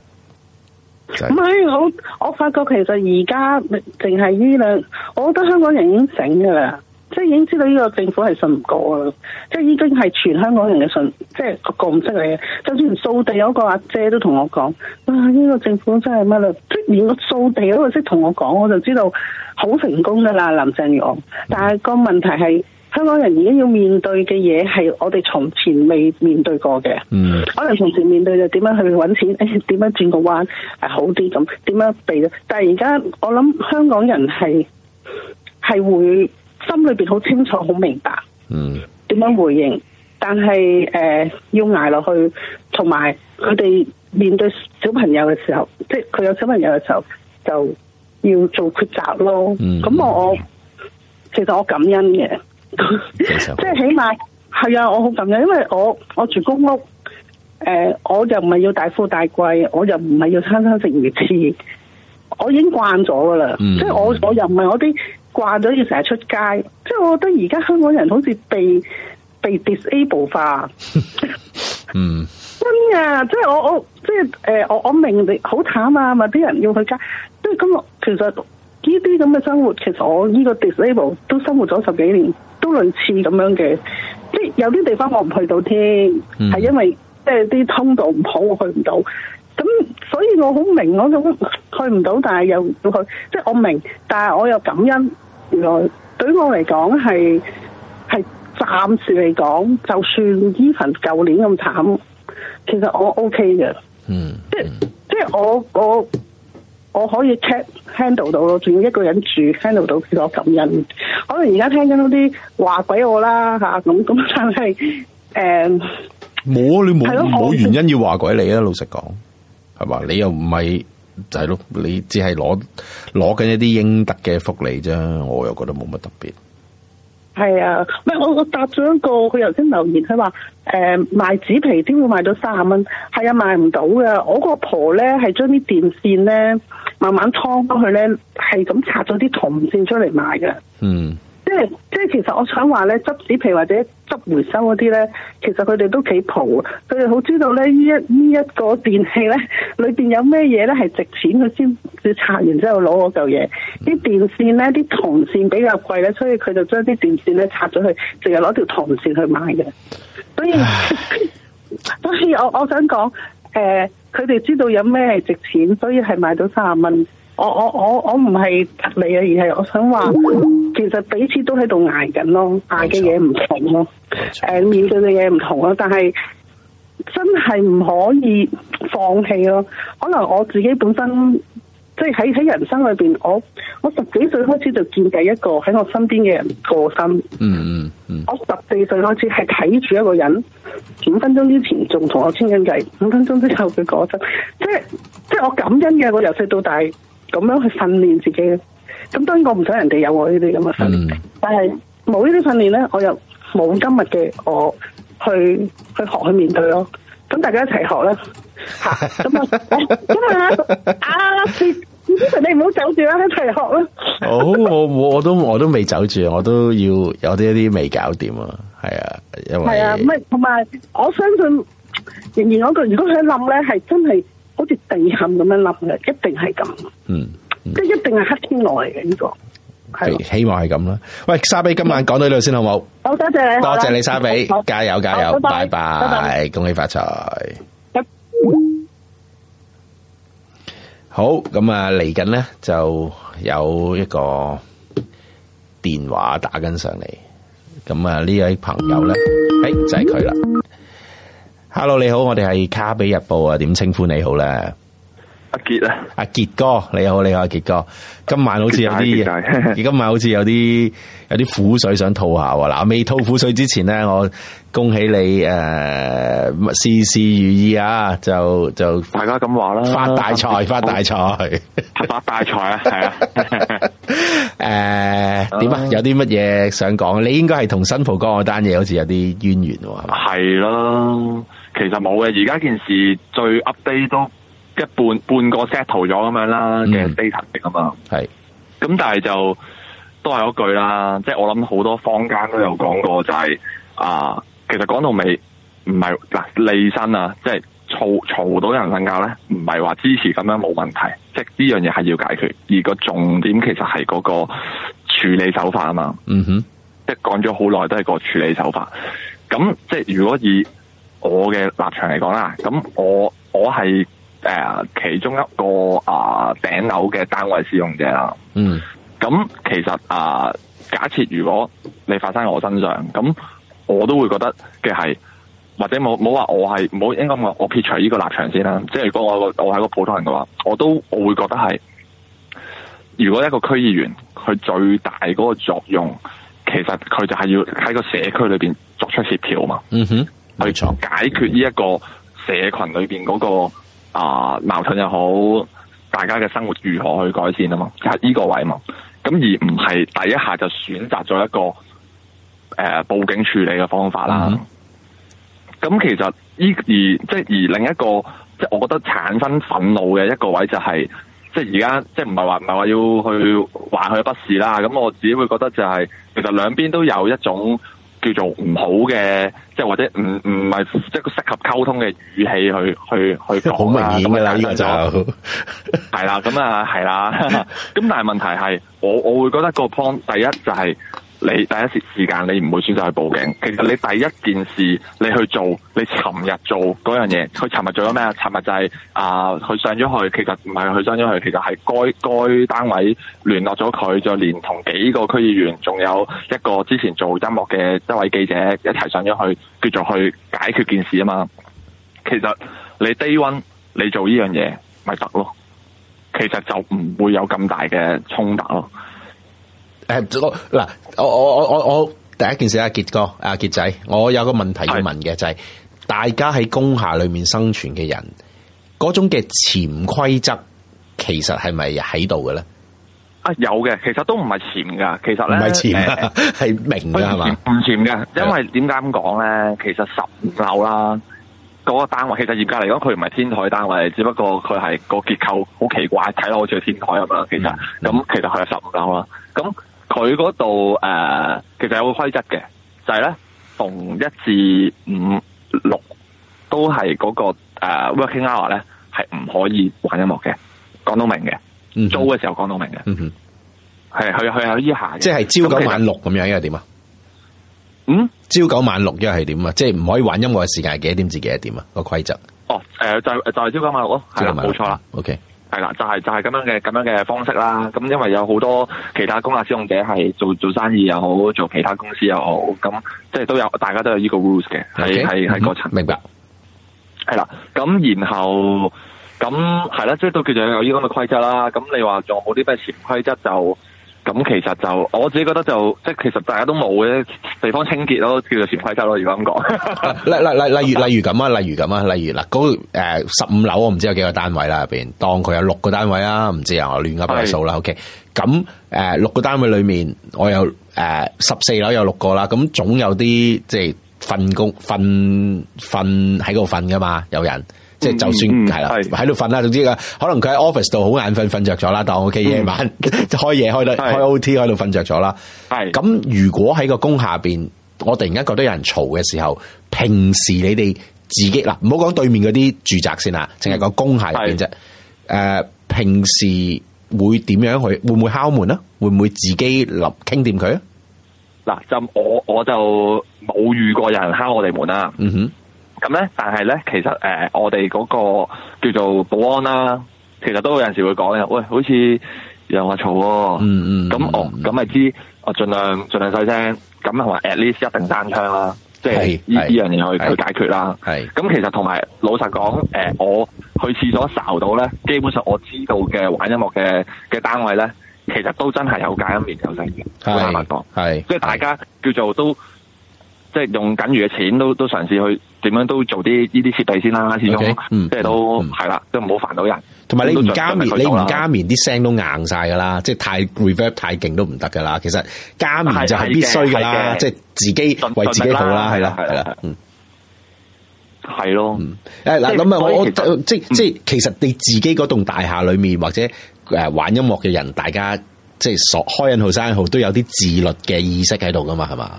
唔係 [noise] 我，我發覺其實而家淨係呢兩，我覺得香港人已經醒噶啦，即係已經知道呢個政府係信唔過噶啦，即係已經係全香港人嘅信，即係共識嚟嘅。就算掃地有個個阿姐都同我講，哇、啊！呢、這個政府真係乜啦，即係連個掃地嗰個識同我講，我就知道好成功噶啦，林鄭月娥。但係個問題係。香港人而家要面對嘅嘢係我哋從前未面對過嘅，嗯，可能從前面對就點樣去搵錢，誒、哎，點樣轉個彎係好啲咁，點樣避？但係而家我諗香港人係係會心裏邊好清楚、好明白，嗯，點樣回應？嗯、但係誒、呃、要捱落去，同埋佢哋面對小朋友嘅時候，即係佢有小朋友嘅時候，就要做抉擇咯。嗯，咁我、嗯、我其實我感恩嘅。即係 [laughs] 起碼係啊！我好咁嘅，因為我我住公屋，誒、呃，我就唔係要大富大貴，我就唔係要餐餐食魚翅，我已經慣咗噶啦。嗯、即係我我又唔係我啲慣咗要成日出街。即係我覺得而家香港人好似被被 disable 化，嗯， [laughs] 真㗎、呃、啊！即係我我即係誒，我我明你好慘啊！咪啲人要去街，即係咁其實呢啲咁嘅生活，其實我呢個 disable 都生活咗十幾年。類似咁樣嘅，即係有啲地方我唔去到添，係、嗯、因為即係啲通道唔好，我去唔到。咁所以我好明嗰種去唔到，但係又要去，即係我明，但係我又感恩。原來對於我嚟講，係係暫時嚟講，就算依份舊年咁慘，其實我 O K 嘅。嗯，即係即係我我。我我可以 handle 到咯，仲要一個人住 handle 到，幾多感恩。可能而家聽緊啲話鬼我啦？吓，咁咁但係誒，冇啊，嗯、冇你冇冇我原因要話鬼你啊，老實講，係嘛？你又唔係就係、係、咯，你只係攞攞緊一啲應得嘅福利啫，我又覺得冇乜特別。係啊，唔係我我答咗一個，佢頭先留言，佢話誒，賣紙皮先會賣到卅蚊，係啊，賣唔到噶，我個婆咧係將啲電線咧慢慢拖翻去咧，係咁拆咗啲銅線出嚟賣噶。嗯。即係即係，其實我想話咧，執紙皮或者執回收嗰啲咧，其實佢哋都幾蒲，佢哋好知道咧，呢一呢一個電器咧，裏邊有咩嘢咧係值錢，佢先要拆完之後攞嗰嚿嘢。啲電線咧，啲銅線比較貴咧，所以佢就將啲電線咧拆咗去，淨係攞條銅線去買嘅。所以， [laughs] 所以我我想講，誒、呃，佢哋知道有咩係值錢，所以係買到三十蚊。我我我我唔係你啊，而係我想話，其實彼此都喺度捱緊咯，捱嘅嘢唔同咯，誒錯面對嘅嘢唔同咯，但係真係唔可以放棄咯。可能我自己本身即係喺喺人生裏邊，我我十幾歲開始就見第一個喺我身邊嘅人過身，嗯嗯我十四歲開始係睇住一個人，五分鐘之前仲同我傾緊偈，五分鐘之後佢過身，即係即係我感恩嘅，我由細到大。咁樣去訓練自己，咁當然我唔想人哋有我呢啲咁嘅訓練，但係冇呢啲訓練咧，我又冇今日嘅我去去學去面對咯。咁大家一齊學啦，吓，咁啊咁啊阿杰，你唔好走住啦，一齊學啦。好，我我我都我都未走住，我都要有啲一啲未搞掂啊，係啊，因為係啊，咁同埋我相信，仍然我個如果喺諗咧，係真係。好似地陷咁樣冧嘅，一定係咁。嗯，即係一定係黑天鵝嚟嘅呢個，係希望係咁啦。喂，莎比今晚講到呢度先好冇？好，多謝你，多謝你，莎比，加油加油，拜拜，拜拜，恭喜發財。好，咁啊，嚟緊咧就有一個電話打緊上嚟，咁啊呢位朋友咧，誒，就係佢啦。Hello，你好，我哋係卡比日報啊，點稱呼你好咧？阿杰啊，阿杰哥你好，你好，阿杰哥，今晚好似有啲，而 [laughs] 今晚好似有啲有啲苦水想吐下喎。嗱，未吐苦水之前咧，我。恭喜你誒、呃，事事如意啊！就就大家咁話啦，發大財，發大財，發大財啊！係啊，誒，點啊？有啲乜嘢想講？你應該係同新蒲崗嗰單嘢好似有啲淵源喎。係咯，其實冇嘅。而家件事最 update 都一半半個 settle 咗咁樣啦嘅 data 嚟噶嘛。係、嗯，咁但係就都係嗰句啦。即係我諗好多坊間都有講過，就係、是、啊。其實講到尾唔係嗱利身啊，即係嘈嘈到人瞓覺咧，唔係話支持咁樣冇問題，即係呢樣嘢係要解決。而個重點其實係嗰個處理手法啊嘛，嗯哼，即係講咗好耐都係個處理手法。咁即係如果以我嘅立場嚟講啦，咁我我係誒、呃、其中一個啊頂樓嘅單位使用者啦，嗯哼，咁其實啊、呃、假設如果你發生喺我身上咁。我都會覺得嘅係或者冇冇話我係唔好，應該我我撇除呢個立場先啦。即係如果我我係個普通人嘅話，我都我會覺得係如果一個區議員，佢最大嗰個作用，其實佢就係要喺個社區裏邊作出協調啊嘛。嗯哼，去解決呢一個社群裏邊嗰、那個、嗯、哼啊矛盾又好，大家嘅生活如何去改善啊嘛，就係、是、呢個位嘛。咁而唔係第一下就選擇咗一個。誒、呃，報警處理嘅方法啦，咁、嗯、其實依而即係而另一個即係我覺得產生憤怒嘅一個位就係、是，即係而家即係唔係話唔係話要去話佢不是啦，咁我自己會覺得就係、是，其實兩邊都有一種叫做唔好嘅，即係或者唔唔係即係適合溝通嘅語氣去去去講啦。咁啊呢個就係 [laughs] 啦，咁啊係啦，咁 [laughs] 但係問題係，我我會覺得個 point 第一就係、是。你第一時時間你唔會選擇去報警，其實你第一件事你去做，你尋日做嗰樣嘢，佢尋日做咗咩啊？尋日就係、是、啊，佢、呃、上咗去，其實唔係佢上咗去，其實係該該單位聯絡咗佢，再連同幾個區議員，仲有一個之前做音樂嘅一位記者一齊上咗去，叫做去解決件事啊嘛。其實你 day one，你做呢樣嘢咪得咯，其實就唔會有咁大嘅衝突咯。誒，我嗱，我我我我我第一件事阿傑哥，阿、啊、傑仔，我有個問題要問嘅是就係，大家喺工廈裏面生存嘅人，嗰種嘅潛規則，其實係咪喺度嘅咧？啊，有嘅，其實都唔係潛噶，其實咧唔係潛，係明噶嘛，唔潛噶，因為點解咁講咧？其實十五樓啦，嗰、那個單位，其實嚴格嚟講，佢唔係天台單位，只不過佢係個結構好奇怪，睇落好似係天台咁啊。其實，咁、嗯、其實係十五樓啦，咁。佢嗰度誒，其實有個規則嘅，就係咧逢一至五六都係嗰、那個誒、呃、working hour 咧，係唔可以玩音樂嘅，講到明嘅，租嘅、嗯、哼時候講到明嘅，係、嗯、哼去去，去下依下，即係朝九晚六咁實樣，樣，因為、嗯就是、點，點啊？嗯、那個，哦呃就是就是、朝九晚六，因為係點啊？即係唔可以玩音樂嘅時間係幾多點至幾多點啊？個規則？哦，誒，就就係朝九晚六咯，係啦，冇錯啦，OK。係啦，就係就係咁樣嘅咁樣嘅方式啦。咁因為有好多其他公立使用者係做做生意又好，做其他公司又好，咁即係都有，大家都有呢個 rules 嘅，係係係嗰層。明白。係啦，咁然後咁係啦，即係都叫做有呢咁嘅規則啦。咁你話仲有啲咩潛規則就？咁其實就我自己覺得就即係其實大家都冇嘅地方清潔咯，潔都叫做潛規則咯。如果咁講，例例如例如咁啊，例如咁啊， [laughs] 例如嗱嗰誒十五樓，我唔知有幾個單位啦，入邊當佢有六個單位啦，唔知啊，我亂噏個數啦。是 OK，咁誒六個單位裏面，我有誒十四樓有六個啦，咁總有啲即係瞓工瞓瞓喺度瞓噶嘛，有人。即係就算係啦，喺度瞓啦，總之啊，可能佢喺 office 度好眼瞓，瞓着咗啦，當我 k 夜晚，嗯、 [laughs] 開夜開得開 OT，喺度瞓着咗啦。係咁，是如果喺個工廈邊，我突然間覺得有人嘈嘅時候，平時你哋自己嗱，唔好講對面嗰啲住宅先啦，淨係個工廈邊啫。誒是，平時會點樣去？會唔會敲門啊？會唔會自己諗傾掂佢啊？嗱，就我我就冇遇過有人敲我哋門啦。嗯哼。咁咧，但係咧，其實誒、呃，我哋嗰個叫做保安啦、啊，其實都有陣時會講嘅。喂，好似又話話嘈，嗯嗯，咁我咁咪知，我盡量盡量細聲。咁同埋 at least 一定單槍啦，嗯、即係依啲樣嘢去是去解決啦、啊。係咁，其實同埋老實講，誒、呃，我去廁所睄到咧，基本上我知道嘅玩音樂嘅嘅單位咧，其實都真係有隔音棉有，有真嘅。坦白講，係係，即係大家叫做都，是即係用緊餘嘅錢都都嘗試去。點樣都做啲呢啲設計先啦，始終即係都係啦，都唔好煩到人。同埋你唔加棉，你唔加棉啲聲都硬晒噶啦，即係太 reverb 太勁都唔得噶啦。其實加棉就係必須噶啦，即係自己為自己好啦，係啦，係啦，係係咯。誒，嗱咁啊，我即即係其實你自己嗰棟大廈裏面或者誒玩音樂嘅人，大家即係所開音好、收音好都有啲自律嘅意識喺度噶嘛，係嘛？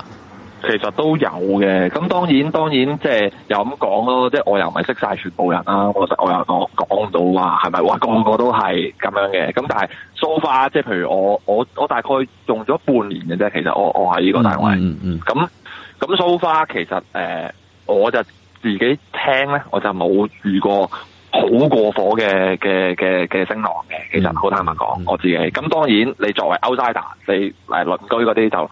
其實都有嘅，咁當然當然即係又咁講咯，即係我又唔係識晒全部人啦，我實我又講講唔到話係咪話個個都係咁樣嘅，咁但係 so far 即係譬如我我我大概用咗半年嘅啫，其實我我喺呢個單位，咁咁 so far 其實誒、呃、我就自己聽咧，我就冇遇過好過火嘅嘅嘅嘅聲浪嘅，其實好、嗯、坦白講，嗯、我自己。咁當然你作為 outsider 你嚟，鄰居嗰啲就。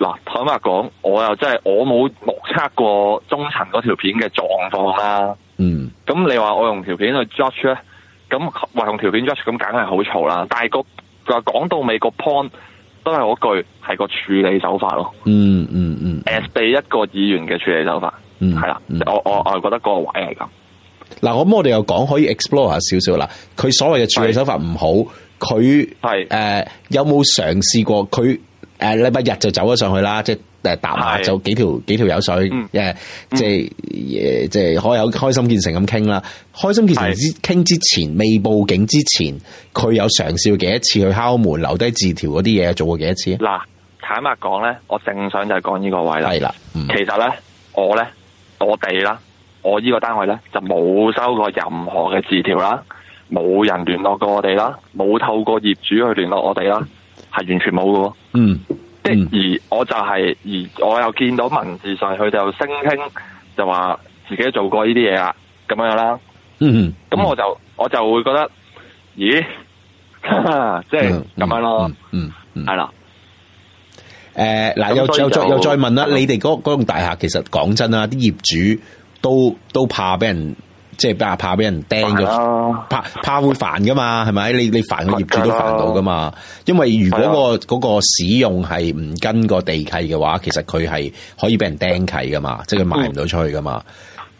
嗱，坦白講，我又真係我冇目測過中層嗰條片嘅狀況啦。嗯。咁你話我用條片去 judge 咧，咁話用條片 judge 咁梗係好嘈啦。但係講，那個、到尾個 point 都係嗰句係個處理手法咯。嗯。嗯嗯嗯。as 第一個議員嘅處理手法。嗯，係、嗯、啦。我我我覺得個位係咁。嗱、嗯，嗯嗯嗯嗯、我我哋又講可以 explore 下少少啦。佢所謂嘅處理手法唔好，佢係誒有冇嘗試過佢？誒，禮拜、uh, 日就走咗上去啦，即係誒，搭、呃、下的就幾條幾條友水，誒、嗯，uh, 即係誒，嗯 uh, 即係開有開心見誠咁傾啦。開心見誠之傾之前，未報警之前，佢有嘗試過幾多次去敲門、留低字條嗰啲嘢，做過幾多次？嗱，坦白講咧，我正想就係講呢個位啦。係啦，嗯、其實咧，我咧，我哋啦，我呢我我個單位咧，就冇收過任何嘅字條啦，冇人聯絡過我哋啦，冇透過業主去聯絡我哋啦，係完全冇嘅。嗯，即、嗯、而我就係、是、而我又見到文字上佢就聲稱就話自己做過呢啲嘢啊，咁樣啦、嗯，嗯，咁我就我就會覺得，咦，即係咁樣咯、嗯，嗯，係、嗯、啦，誒、嗯，嗱了，又又、嗯嗯嗯、再又再，再問啦，嗯、你哋嗰嗰棟大廈其實講真啦，啲業主都都怕俾人。即係怕怕俾人釘咗，怕怕會煩噶嘛，係咪？你你煩個業主都煩到噶嘛？因為如果、嗰個、嗰個使用係唔跟個地契嘅話，其實佢係可以俾人釘契噶嘛，即係佢賣唔到出去噶嘛。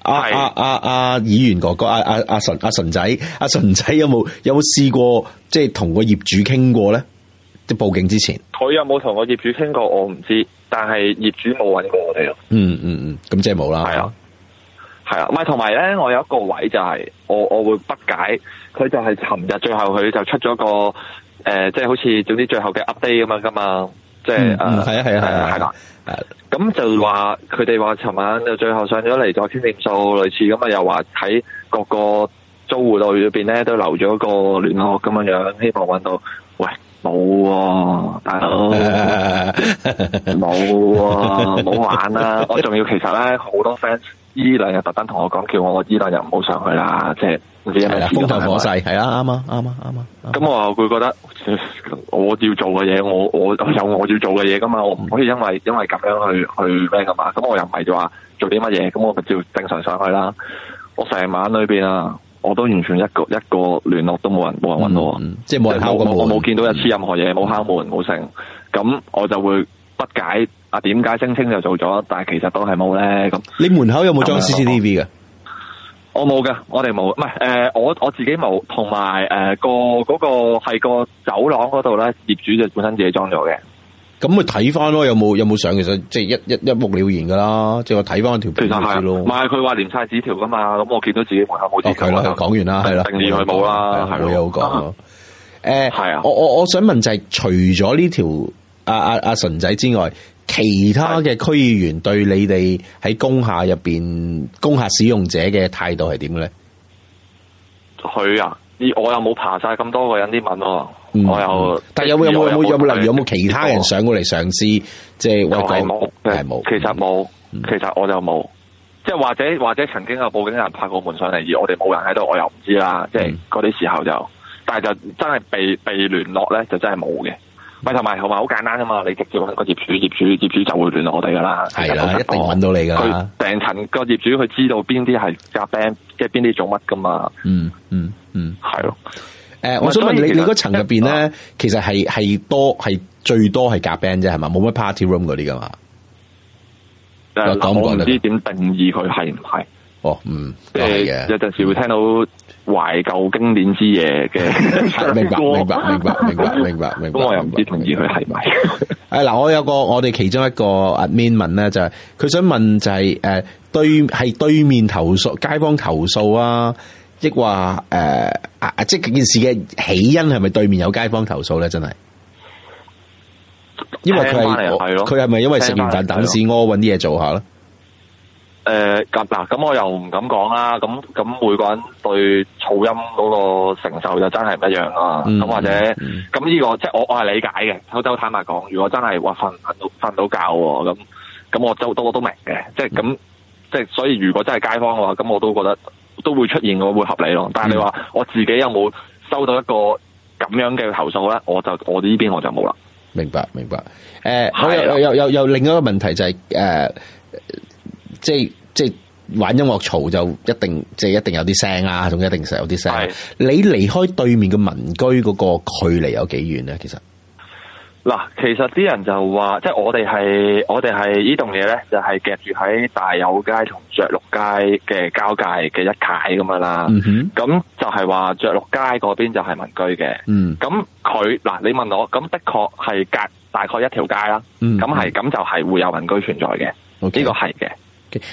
阿、嗯、啊的啊啊，啊議員哥哥，阿阿阿純阿純仔，阿、啊、純仔有冇有冇試過即係同個業主傾過咧？即係報警之前，佢有冇同個業主傾過？我唔知道，但係業主冇揾過我哋啊、嗯。嗯嗯嗯，咁即係冇啦。係啊。係啊，同埋咧，我有一個位就係、是、我我會不解，佢就係尋日最後佢就出咗個即係、呃就是、好似總之最後嘅 update 咁樣噶嘛，即係誒。係、嗯、啊，係、嗯、啊，係啊，啦。咁就話佢哋話尋晚就最後上咗嚟咗傾掂數，類似咁啊，又話喺各個租戶內裏面咧都留咗個聯絡咁樣，希望搵到。喂，冇、啊、大佬，冇冇、 [laughs] 啊、玩啦、啊！ [laughs] 我仲要其實咧好多 fans。伊兩日特登同我講，叫我我依兩日唔好上去啦，即係唔知係咪啦，動風頭火勢係啊，啱啊，啱啊，啱啊。咁、啊、我會覺得我要做嘅嘢，我我有我，我要做嘅嘢噶嘛，我唔可以因為因為咁樣去去咩噶嘛。咁我又唔係就話做啲乜嘢，咁我照正常上去啦。我成晚裏邊啊，我都完全一個一個聯絡都冇人冇人搵我，嗯、即係冇人敲個門，我冇見到一次任何嘢，冇敲門冇聲，咁我就會不解。啊，點解聲稱就做咗，但係其實都係冇咧咁。你門口有冇裝 CCTV 嘅？我冇嘅、呃，我哋冇，唔係誒，我我自己冇，同埋誒個嗰、嗰個係個走廊嗰度咧，業主就本身自己裝咗嘅。咁佢睇翻咯，有冇有冇相？其實即係一一一目了然噶啦，即係我睇翻條。其實係啊，唔係佢話粘晒紙條噶嘛，咁我見到自己門口冇紙係咯，講、哦、完啦，係啦，定佢冇啦，係啦了，講了。誒，係啊，呃、啊我我我想問就係，除咗呢條阿阿阿神仔之外。其他嘅區議員對你哋喺工廈入邊工廈使用者嘅態度係點咧？佢啊，而我又冇爬晒咁多個人啲問我，我又但有冇有冇有冇留意有冇其他人上過嚟嘗試，即係喂鬼冇，其實冇，嗯、其實我就冇，即係或者或者曾經有報警人拍過門上嚟，而我哋冇人喺度，我又唔知啦。即係嗰啲時候就，嗯、但係就真係被被聯絡咧，就真係冇嘅。咪同埋好嘛？好簡單啊嘛，你直接搵個業主，業主業主就會聯絡我哋噶啦，係啊的，一定搵到你噶啦。佢成層個業主，佢知道邊啲係夾 band，即係邊啲做乜噶嘛。嗯嗯嗯，係咯。誒，我想問你，你嗰層入邊咧，其實係係多係最多係夾 band 啫，係嘛？冇乜 party room 嗰啲噶嘛？我唔知點定義佢係唔係。是是哦，嗯，即係、嗯、有陣時會聽到。懷舊經典之夜嘅， [laughs] 明白明白明白明白明白明白，咁 [laughs] 我又唔知同意佢係咪？誒，嗱，我有個我哋其中一個 admin 問咧，就係、是、佢想問就係、是、誒對係對面投訴街坊投訴啊，亦話誒啊即係件事嘅起因係咪對面有街坊投訴咧？真係，因為佢係佢係咪因為食完飯等屎屙，揾啲嘢做下咧？誒，咁嗱、呃，咁我又唔敢講啦。咁咁，每個人對噪音嗰個承受就真係唔一樣啊。咁、嗯、或者，咁呢、這個即係我我係理解嘅。我都坦白講，如果真係話瞓瞓到瞓到覺咁，咁我都都我都明嘅、嗯。即係咁，即係所以如果真係街坊嘅話，咁我都覺得都會出現嘅會合理咯。但係你話、嗯、我自己有冇收到一個咁樣嘅投訴咧？我就我哋呢邊我就冇啦。明白明白。誒、呃，的好又又又另一個問題就係、是、誒。呃即係即係玩音樂嘈就一定即係一定有啲聲啊，仲一定實有啲聲。是你離開對面嘅民居嗰個距離有幾遠咧？其實嗱，其實啲人就話，即係我哋係我哋係呢棟嘢咧，就係夾住喺大有街同爵祿街嘅交界嘅一界咁樣啦。咁、嗯、哼就係話爵祿街嗰邊就係民居嘅。咁佢嗱，你問我咁的確係隔大概一條街啦。咁係咁就係會有民居存在嘅，呢 Okay. 個係嘅。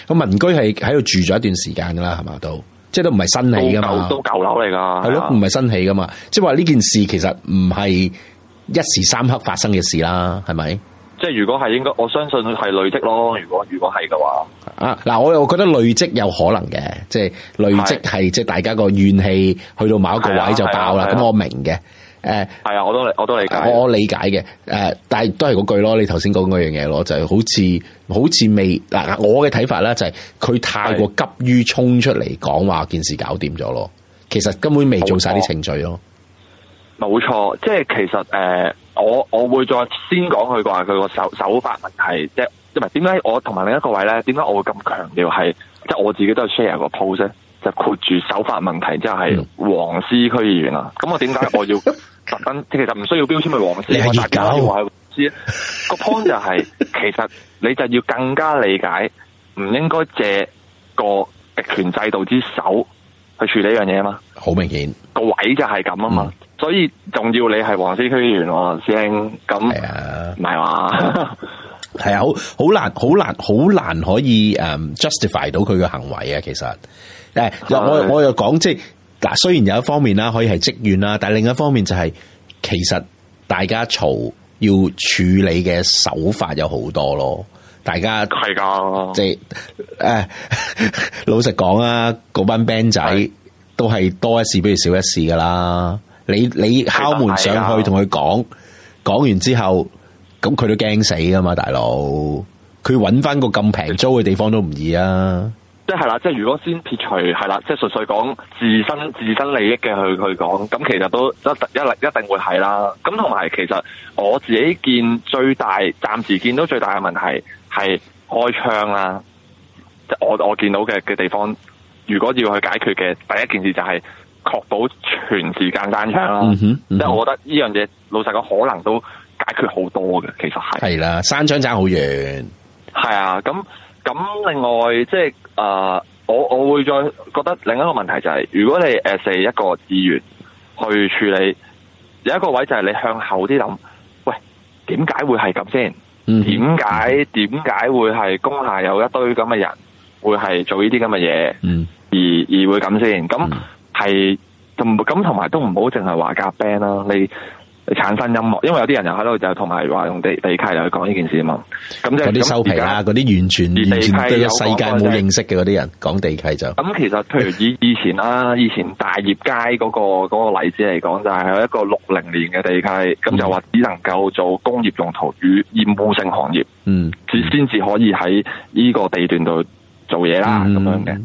咁民居係喺度住咗一段時間噶啦，係咪？都，即係都唔係新起噶嘛，都舊樓嚟噶，係咯，唔係新起噶嘛，即係話呢件事其實唔係一時三刻發生嘅事啦，係咪？即係如果係應該，我相信係累積咯。如果如果係嘅話，啊嗱，我又覺得累積有可能嘅，即係累積係的即係大家個怨氣去到某一個位就爆啦。咁我明嘅。誒，係啊，我都我都理解，我理解嘅，誒，但係都係嗰句咯，你頭先講嗰樣嘢咯，就係好似好似未嗱，我嘅睇法咧就係佢太過急於沖出嚟講話件事搞掂咗咯，是的 其實根本未做晒啲程序咯，冇錯，錯，即係其實誒、呃，我我會再先講佢話佢個手手法問題，即係即係點解我同埋另一個位咧，點解我會咁強調係即係我自己都係 share 個 post 咧，就括住手法問題之後係黃思區議員啊，咁、嗯、我點解我要？ [laughs] 十分，其實唔需要標籤係黃絲，我大家要係黃絲。 [laughs] 個 point 就係、是，其實你就要更加理解，唔應該借個極權制度之手去處理呢樣嘢啊嘛。好明顯個位就係咁、嗯、啊嘛，所以仲要你係黃絲區員、哦，我師兄咁係啊，唔係嘛？係 [laughs] 啊，好好難，好難，好難可以誒 justify 到佢嘅行為啊！其實誒，我我又講即係。嗱，雖然有一方面啦，可以係職員啦，但係另一方面就係，其實大家嘈要處理嘅手法有好多咯。大家係噶，即係誒，老實講啊，嗰班 band 仔都係多一事不如少一事噶啦。你你敲門上去同佢講，講完之後，咁佢都驚死噶嘛，大佬，佢揾翻個咁平租嘅地方都唔易啊。即係啦，即係如果先撇除，係啦，即係純粹講自身自身利益嘅，去去講，咁其實都一一一定會係啦。咁同埋，其實我自己見最大，暫時見到最大嘅問題係開窗啦、啊。即我我見到嘅嘅地方，如果要去解決嘅第一件事就係確保全時間閂窗。即係我覺得呢樣嘢老實講，可能都解決好多嘅。其實係係啦，閂窗差好遠。係啊，咁。咁另外，即係啊，我我會再覺得另一個問題就係，如果你誒係一個議員去處理，有一個位就係你向後啲諗，喂，點解會係咁先？點解點解會係工廈有一堆咁嘅人會係做呢啲咁嘅嘢？嗯，而而會咁先，咁係同咁同埋都唔好淨係話夾 band 啦，你。產生音樂，因為有啲人又喺度就同埋話用地地契嚟講呢件事啊嘛。咁即係嗰啲收皮啦，啊，嗰啲在完全地完全有世界冇認識嘅嗰啲人講地契就。咁、就是、其實譬如以以前啦， [laughs] 以前大業街嗰、那個那個例子嚟講，就係有一個六零年嘅地契，咁就話只能夠做工業用途與厭惡性行業。嗯，只先至可以喺呢個地段度做嘢啦咁樣嘅。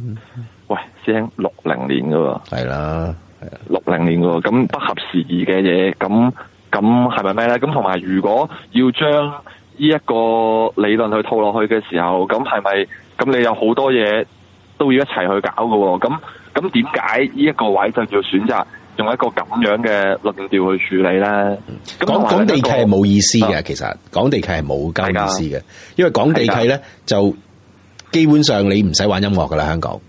喂，師兄六零年㗎喎。係啦，係啊，六零年㗎喎，咁不合時宜嘅嘢咁。咁係咪咩咧？咁同埋，如果要將呢一個理論去套落去嘅時候，咁係咪咁你有好多嘢都要一齊去搞嘅？咁咁點解呢一個位就要選擇用一個咁樣嘅論調去處理咧？講講地契係冇意思嘅，其實講地契係冇間意思嘅，因為講地契咧就基本上你唔使玩音樂噶啦，香港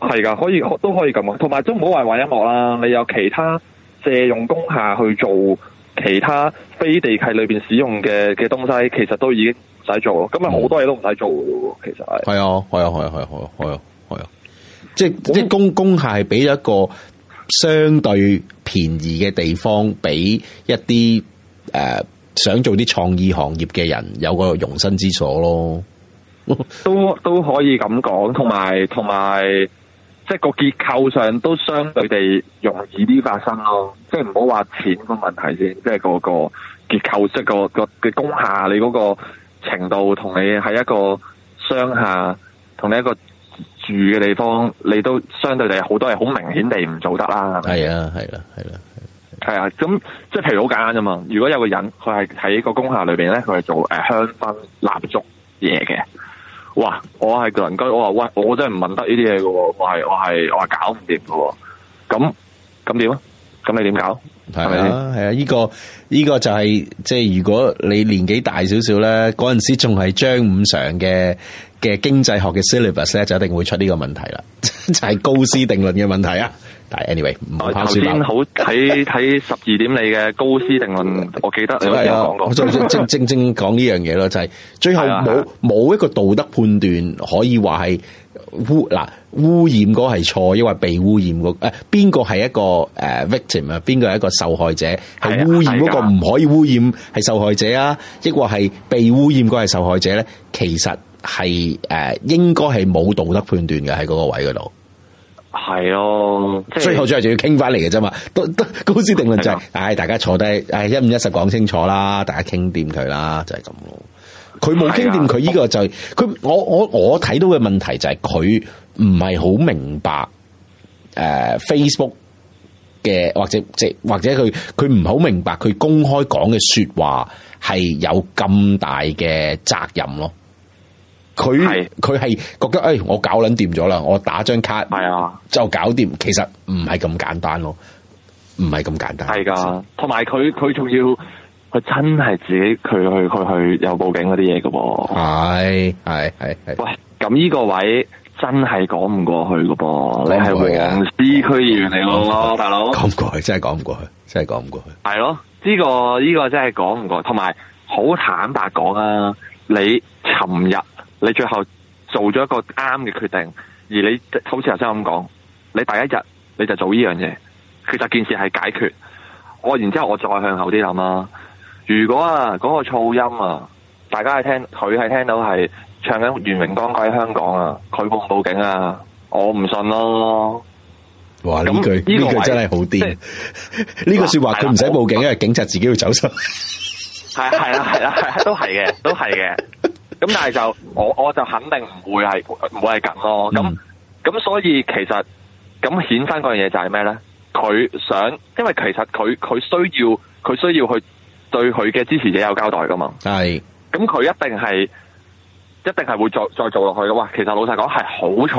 係噶，可以都可以咁啊。同埋都唔好話玩音樂啦，你有其他。借用工廈去做其他非地契裏邊使用嘅嘅東西，其實都已經唔使做咯。咁啊，好多嘢都唔使做嘅喎，其實係。係啊，係啊，係啊，係啊，係啊，係啊，即係啲工工廈係俾一個相對便宜嘅地方，俾一啲誒、呃、想做啲創意行業嘅人有個容身之所咯。都都可以咁講，同埋同埋。即係個結構上都相對地容易啲發生咯，即係唔好話錢個問題先，即係嗰個結構即係個個嘅工廈，你嗰個程度同你喺一個商廈，同你一個住嘅地方，你都相對地好多係好明顯地唔做得啦，係咪？係啊，係啊，係啦，係啊，咁即係譬如好簡單啫嘛，如果有個人佢係喺個工廈裏邊咧，佢係做誒香薰蠟燭嘢嘅。哇！我係人居，我話喂，我真係唔問得呢啲嘢嘅喎，我係我係我係搞唔掂嘅喎。咁咁點啊？咁你點搞？係咪啊？係啊，呢個呢、這個就係、是、即係如果你年紀大少少咧，嗰陣時仲係張五常嘅嘅經濟學嘅 syllabus 咧，就一定會出呢個問題啦，就係、是、高斯定論嘅問題啊！Anyway，頭先好睇睇十二點你嘅高斯定論，我記得你都講過，啊、正， [laughs] 正正正講呢樣嘢咯，就係、是、最後冇冇、啊、一個道德判斷可以話係污嗱污染嗰係錯，抑或被污染嗰誒邊個係一個、uh, victim 啊？邊個係一個受害者？係、啊、污染嗰個唔可以污染係受害者啊？抑或係被污染嗰係受害者咧？其實係誒、uh, 應該係冇道德判斷嘅喺嗰個位嗰度。係咯，是就是、最後最後仲要傾翻嚟嘅啫嘛，都都公司定論就係、是，唉的、哎，大家坐低、哎，一五一十講清楚啦，大家傾掂佢啦，就係咁咯。佢冇傾掂佢呢個就係、是，佢我我我睇到嘅問題就係佢唔係好明白，誒、呃、Facebook 嘅或者即係或者佢佢唔好明白佢公開講嘅說話係有咁大嘅責任咯。佢佢係覺得誒、哎，我搞捻掂咗啦，我打張卡就搞掂。的其實唔係咁簡單咯，唔係咁簡單。係噶，同埋佢佢仲要佢真係自己佢去去去，去有報警嗰啲嘢㗎噃。係係係喂，咁呢個位真係講唔過去噶噃。你係黃絲區議員嚟咯，大佬哥。講唔過去，真係講唔過去，真係講唔過去。係咯，呢、這個呢、這個真係講唔過去。同埋好坦白講啊，你尋日。你最後做咗一個啱嘅決定，而你好似頭先咁講，你第一日你就做呢樣嘢，其實件事係解決。我然之後我再向後啲諗啦。如果啊嗰、那個噪音啊，大家係聽佢係聽到係唱緊《願榮光歸香港》啊，佢報唔報警啊？我唔信咯。哇！呢那句呢句,句真係好癲，呢、就是、個說話佢唔使報警，不因為警察自己會走出。係係啦係啦都係嘅，都係嘅。咁但係就我我就肯定唔會係唔會係咁咯，咁咁、嗯、所以其實咁顯山嗰樣嘢就係咩咧？佢想，因為其實佢佢需要佢需要去對佢嘅支持者有交代噶嘛。係是，咁佢一定係一定係會再再做落去嘅。哇！其實老實講係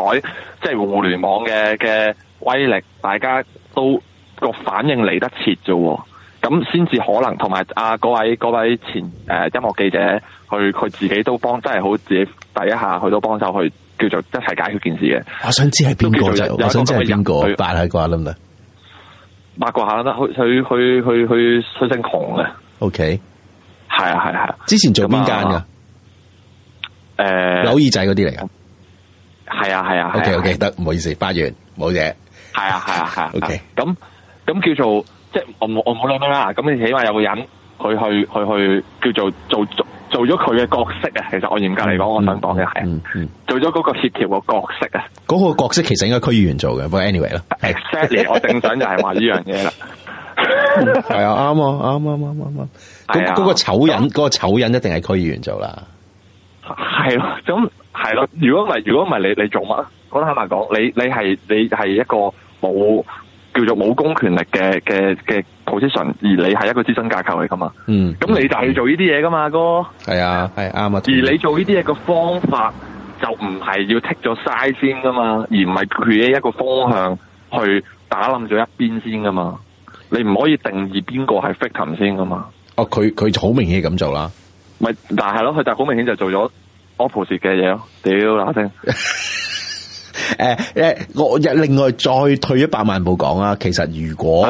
好彩，即、就、係、是、互聯網嘅嘅威力，大家都個反應嚟得切啫，咁先至可能。同埋啊，各位各位前誒、呃、音樂記者。佢佢自己都幫，真係好自己第一下幫去，佢都幫手去叫做一齊解決件事嘅。我想知係邊個啫？我想知係邊個八係啩？諗唔諗？八卦下啦，佢佢佢佢衰星狂嘅。O K，係啊係啊。啊之前做邊間噶？誒、嗯，扭耳仔嗰啲嚟噶。係啊係啊。O K O K，得唔好意思，八完冇嘢。係啊係啊係啊。O K，咁咁叫做即係我我冇諗啦。咁你起碼有個人佢去去去叫做做。做做咗佢嘅角色啊，其實我嚴格嚟講，嗯、我想講嘅係做咗嗰個協調嘅角色啊，嗰個角色其實應該區議員做嘅，不過 anyway 啦。exactly 我正想就係話呢樣嘢啦，係啊，啱啊，啱啱啱啱啱，係嗰、啊啊啊嗰個醜人，嗰、嗰個醜人一定係區議員做啦，係咯、啊，咁係咯，如果唔係，如果唔係，你你做乜？我坦白講，你你係你係一個冇。叫做冇公權力嘅嘅嘅 position，而你係一個資深架構嚟噶嘛，嗯？嗯，咁你就係做呢啲嘢噶嘛，的哥？係啊的，係啱啊。而你做呢啲嘢嘅方法就唔係要剔咗曬先噶嘛，而唔係佢喺一個方向去打冧咗一邊先噶嘛。你唔可以定義邊個係 victim 先噶嘛？哦，佢佢好明顯咁做啦。咪但係咯，佢就係好明顯就做咗 opposite 嘅嘢咯。屌嗱聲。誒誒、呃，我日另外再退一百萬步講啦，其實如果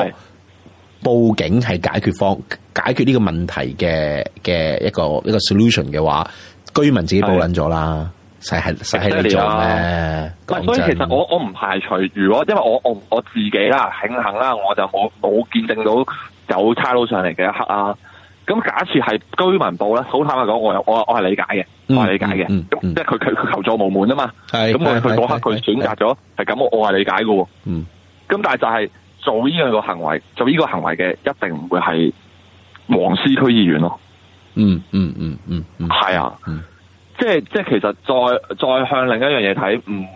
報警係解決方是解決呢個問題嘅嘅一個一個 solution 嘅話，居民自己報捻咗啦，實係實係呢種咧。啊、所以其實我我唔排除，如果因為我我我自己啦，慶幸啦，我就好冇見證到有差佬上嚟嘅一刻啊。咁假設係居民報咧，好坦白講，我我我係理解嘅。嗯、我理解嘅，咁、嗯嗯、即係佢佢佢求助無門啊嘛，咁我佢嗰刻佢選擇咗係咁，我我係理解嘅，嗯，咁但係就係做呢樣個行為，做呢個行為嘅一定唔會係黃絲區議員咯，嗯嗯嗯嗯，係、嗯嗯、啊，嗯、即係即係其實再再向另一樣嘢睇，嗯，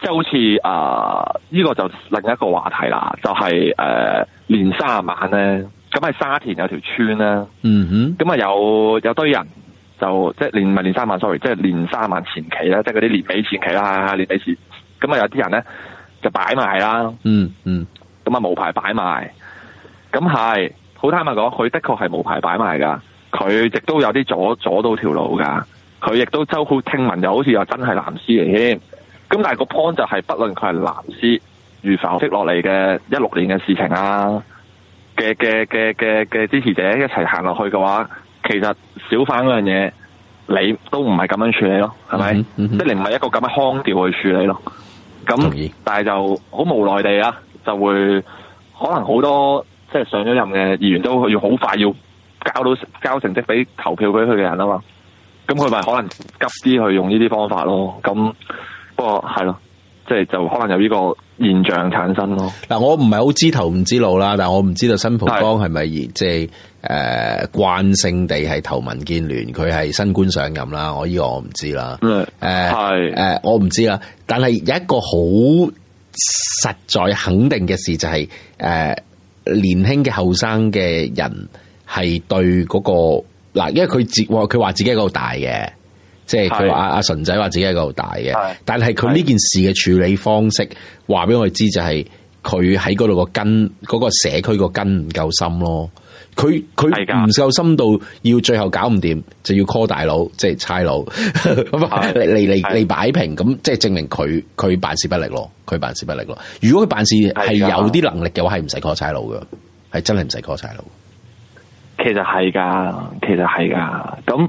即係好似呢、呃這個就另一個話題啦，就係誒年三十晚咧，咁係沙田有條村咧，嗯哼，咁啊有有堆人。就即係、就是、年唔係年三萬，sorry，即係年三萬前期啦，即係嗰啲年尾前期啦，年尾前咁啊，有啲人咧就擺賣啦，嗯嗯，咁啊冇牌擺賣，咁係好坦白講，佢的確係冇牌擺賣噶，佢亦都有啲阻阻到條路噶，佢亦都周圍聽聞又好似話，真係藍絲嚟添，咁但係個 point 就係、是、不論佢係藍絲與否，積落嚟嘅一六年嘅事情啊嘅嘅嘅嘅嘅支持者一齊行落去嘅話。其實小販嗰樣嘢，你都唔係咁樣處理咯，係咪？即係、嗯嗯、你唔係一個咁樣腔調去處理咯。咁，同意。但係就好無奈地啊，就會可能好多即係上咗任嘅議員都要好快要交到交成績俾投票俾佢嘅人啊嘛。咁佢咪可能急啲去用呢啲方法咯。咁，不過係咯，即係就可能有呢、這個。現象產生咯。嗱，我唔係好知頭唔知路啦，但我唔知道新蒲崗係咪即係誒慣性地係投民建聯，佢係新官上任啦。我呢個我唔知啦。誒，係誒，我唔知啦。但係有一個好實在肯定嘅事就係、是，誒、呃、年輕嘅後生嘅人係對嗰、那個嗱，因為佢自佢話自己喺嗰度大嘅。即係佢話的阿阿神仔話自己喺度大嘅。是的但係佢呢件事嘅處理方式，話俾的我哋知就係佢喺嗰度個根，嗰、嗰個社區個根唔夠深咯。佢佢唔夠深到要最後搞唔掂，就要 call 大佬，即係差佬嚟嚟嚟擺平。咁即係證明佢佢辦事不力咯，佢辦事不力咯。如果佢辦事係有啲能力嘅話，係唔使 call 差佬嘅，係真係唔使 call 差佬。其實係噶，其實係噶，咁。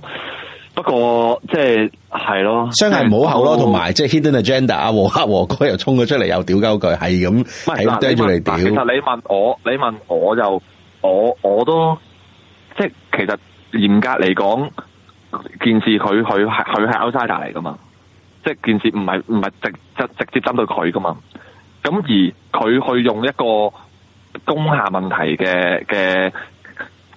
不過即係係咯，相係唔好口咯，同埋即係 hidden agenda。阿和黑和哥又衝咗出嚟，又屌鳩佢，係咁，係咁掟住嚟屌。其實你問我，你問我就我我都即係其實嚴格嚟講，件事佢佢係 outsider 嚟噶嘛？即係件事唔係唔係直直接針對佢噶嘛？咁而佢去用一個公下問題嘅嘅。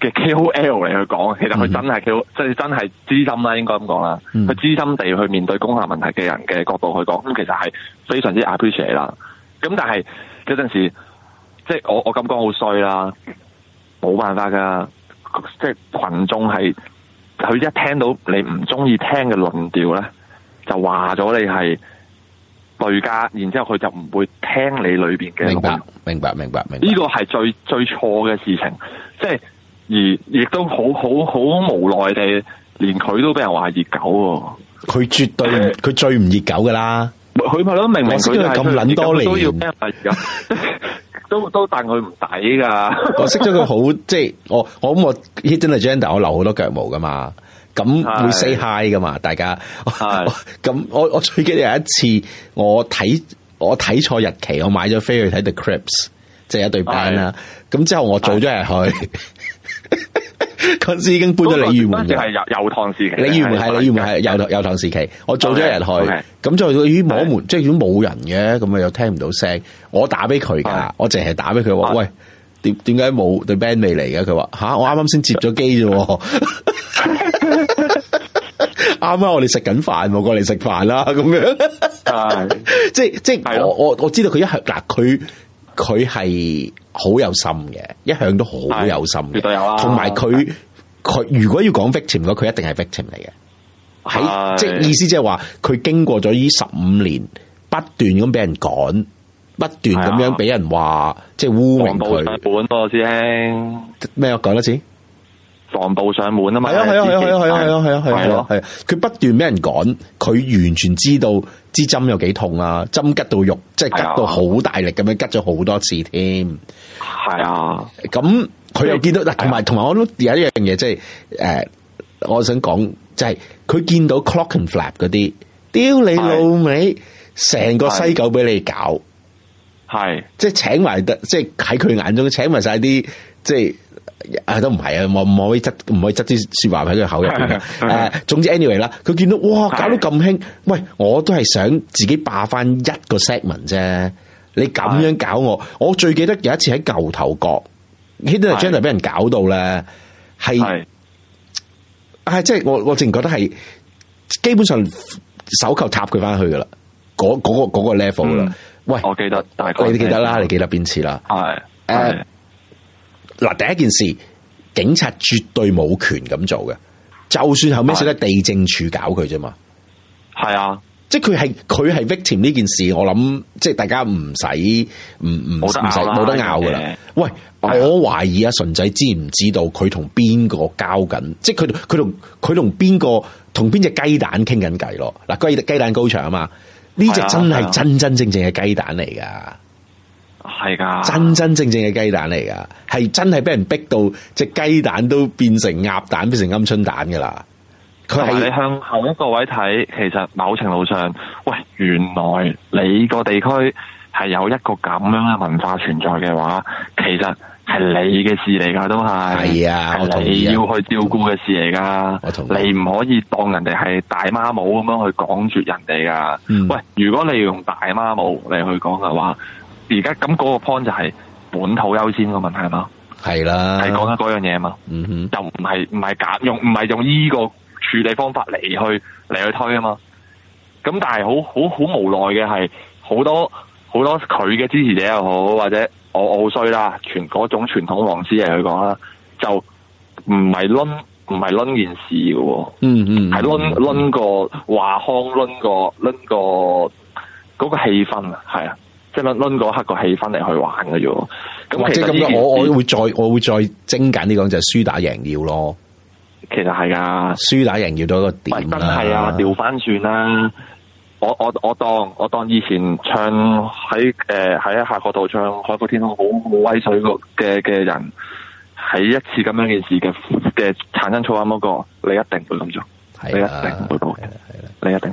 嘅 KOL 嚟去講，其實佢真係即、mm hmm. 真係資深啦，應該咁講啦。佢、mm hmm. 資深地去面對公客問題嘅人嘅角度去講，咁其實係非常之 appreciate 啦。咁但係嗰陣時，即係我我咁講好衰啦，冇辦法㗎。即係群眾係佢一聽到你唔中意聽嘅論調咧，就話咗你係對家，然之後佢就唔會聽你裏面嘅。明白，明白，明白，明白。呢個係最最錯嘅事情，即係。而亦都好好好無奈地，連佢都俾人話係熱狗。佢絕對佢最唔熱狗噶啦。佢咪咯，明明我識咗佢咁捻多年，都要都都但佢唔抵噶。我識咗佢好，即係我我我 Hidden Agenda 我留好多腳毛噶嘛，咁會 say hi 噶嘛，大家。咁我我最記得有一次，我睇我睇錯日期，我買咗飛去睇 The Cribs 即係一對 band 啦。咁之後我早咗入去。嗰 [laughs] 時已經搬咗鯉魚門嘅，係油油塘時期。鯉魚、okay, 門係鯉魚門係油油塘時期。我做咗一日去，咁就等於摸門，即係如果冇人嘅，咁啊又聽唔到聲。我打俾佢噶，我淨係打俾佢話：喂，點點解冇對 band 未嚟嘅？佢話：吓、啊，我啱啱先接咗機啫。啱啱、 [laughs] [laughs] 啊、我哋食緊飯，冇過嚟食飯啦。咁樣對 [laughs] 即，即係即係，我我我知道佢一係嗱，佢佢係。好有心嘅，一向都好有心嘅，同埋佢佢如果要講 victim 嘅，佢一定係 victim 嚟嘅。喺即係意思，即係話佢經過咗呢十五年，不斷咁俾人趕，不斷咁樣俾人話，的即係污名佢。本多、啊、師兄，咩我講多次。防暴上門啊嘛！係啊係啊係啊係啊係啊係啊係啊！啊，啊，啊。佢、啊啊啊啊啊啊、不斷俾人趕，佢完全知道支針有幾痛啊！針拮到肉，即係拮到好大力咁樣拮咗好多次添。係啊！咁佢又見到嗱，同埋同埋我都有一樣嘢，即係誒，我想講就係、是、佢見到 clock and flap 嗰啲，屌你老味，成、啊、個西九俾你搞，係即係請埋得，即係喺佢眼中請埋晒啲，即、就、係、是。啊，都唔係啊，我唔可以執，唔可以執啲說話喺佢口入邊嘅。誒， [laughs] uh, 總之 anyway 啦，佢見到哇，搞到咁興，是的 喂，我都係想自己霸翻一個 segment 啫。你咁樣搞我，是的 我最記得有一次喺舊頭角，呢啲係 Jenna 俾人搞到咧，係，係即係我我淨覺得係，基本上手球插佢翻去噶啦，嗰、嗰個嗰、嗰個 level 啦。嗯、喂，我記得大，但係你記得啦，你記得邊次啦？係誒。嗱，第一件事，警察絕對冇權咁做嘅，就算後尾識得地政處搞佢啫嘛，係啊的，即係佢係佢係 victim 呢件事，我諗即係大家唔使唔唔唔使冇得拗噶啦。喂，的我懷疑阿、啊、純仔知唔知道佢同邊個交緊，即係佢佢同佢同邊個同邊隻雞蛋傾緊偈咯。嗱，雞蛋雞蛋高牆啊嘛，呢隻真係真真正正嘅雞蛋嚟噶。係噶，真真正正嘅雞蛋嚟噶，係真係俾人逼到隻雞蛋都變成鴨蛋，變成鵪鶉蛋噶啦。佢係你向後一個位睇，其實某程度上，喂，原來你個地區係有一個咁樣嘅文化存在嘅話，其實係你嘅事嚟噶，都係係啊，啊你要去照顧嘅事嚟噶，啊、你唔可以當人哋係大媽母咁樣去講住人哋噶。嗯、喂，如果你用大媽母嚟去講嘅話。而家咁嗰個 point 就係本土優先個問題係嘛？係啦，係講緊嗰樣嘢嘛？嗯哼就唔係唔係假用唔係用呢個處理方法嚟去嚟去推啊嘛？咁但係好好好無奈嘅係好多好多佢嘅支持者又好，或者我我好衰啦，傳嗰種傳統黃絲去講啦，就唔係論唔係論件事嘅，嗯嗯哼，係論論個華康論個論個嗰個氣氛啊，係啊。即係搵嗰刻個氣氛嚟去玩嘅啫，咁即係咁啊！我我會再我會再精簡啲講，就係、是、輸打贏要咯。其實係啊，輸打贏要到一個點係啊，掉翻轉啦！我我我當我當以前唱喺誒喺下個度唱《海闊天空》好威水嘅嘅人，喺一次咁樣嘅事嘅嘅產生錯案嗰個，你一定會咁做，啊、你一定會、啊啊、你一定。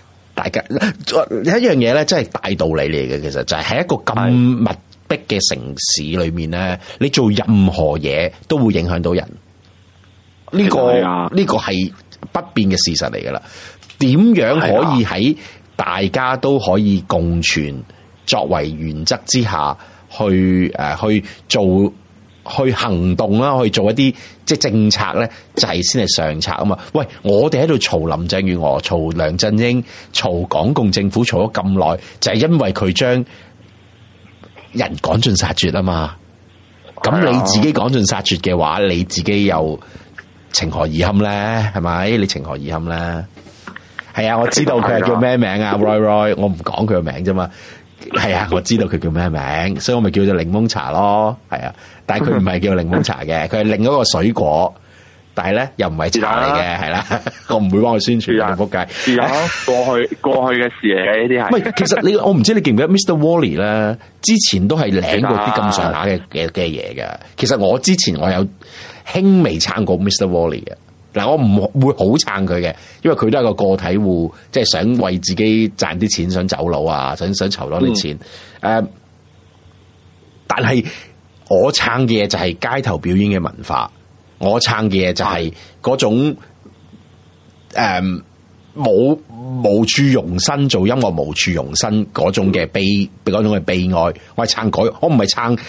大家有一樣嘢咧，真係大道理嚟嘅。其實就係、是、喺一個咁密逼嘅城市裏面咧，的你做任何嘢都會影響到人。呢、這個呢個係不變嘅事實嚟噶啦。點樣可以喺大家都可以共存作為原則之下去誒、啊、去做？去行動啦，去做一啲即政策咧，就係、是、先係上策啊嘛！喂，我哋喺度嘈林鄭月娥、嘈梁振英、嘈港共政府嘈咗咁耐，就係、是、因為佢將人趕盡殺絕啊嘛！咁、啊、你自己趕盡殺絕嘅話，你自己又情何以堪咧？係咪？你情何以堪咧？係啊，我知道佢係叫咩名啊 Roy，Roy，我唔講佢個名啫嘛。係啊，我知道佢叫咩名，所以我咪叫做檸檬茶咯。係啊，但係佢唔係叫檸檬茶嘅，佢係 [laughs] 另一個水果。但係咧又唔係茶嚟嘅，係啦、啊啊啊，我唔會幫佢宣傳。撲街、啊，係糕、啊、過去過去嘅事嚟嘅呢啲係。其實你我唔知你記唔記得 Mr. Wally 呢之前都係領過啲咁上下嘅嘅嘅嘢嘅。其實我之前我有輕微撐過 Mr. Wally 嘅。嗱，我唔會好撐佢嘅，因為佢都係個個體戶，即、就、係、是、想為自己賺啲錢，想走佬啊，想想籌多啲錢。誒、嗯，uh, 但係我撐嘅嘢就係街頭表演嘅文化，我撐嘅嘢就係嗰種誒冇、啊 um, 無,無處容身做音樂無處容身嗰種嘅悲，嗰、嗯、種嘅悲,悲哀。我係撐佢，我唔係撐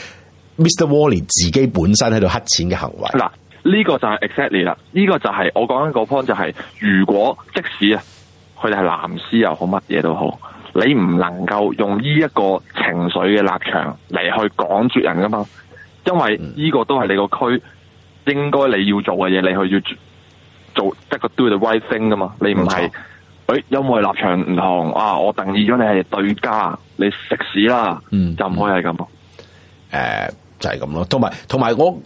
Mr. Wally 自己本身喺度乞錢嘅行為。嗱、啊。呢個就係 exactly 啦，呢、這個就係我講緊嗰 point 就係、是，如果即使啊，佢哋係藍絲又好乜嘢都好，你唔能夠用呢一個情緒嘅立場嚟去趕絕人噶嘛，因為呢個都係你個區應該你要做嘅嘢，你去要做得係個 do the right thing 噶嘛，你唔係誒，因為立場唔同啊，我定義咗你係對家，你食屎啦，嗯嗯就唔可以係咁咯，誒、呃，就係咁咯，同埋同埋我。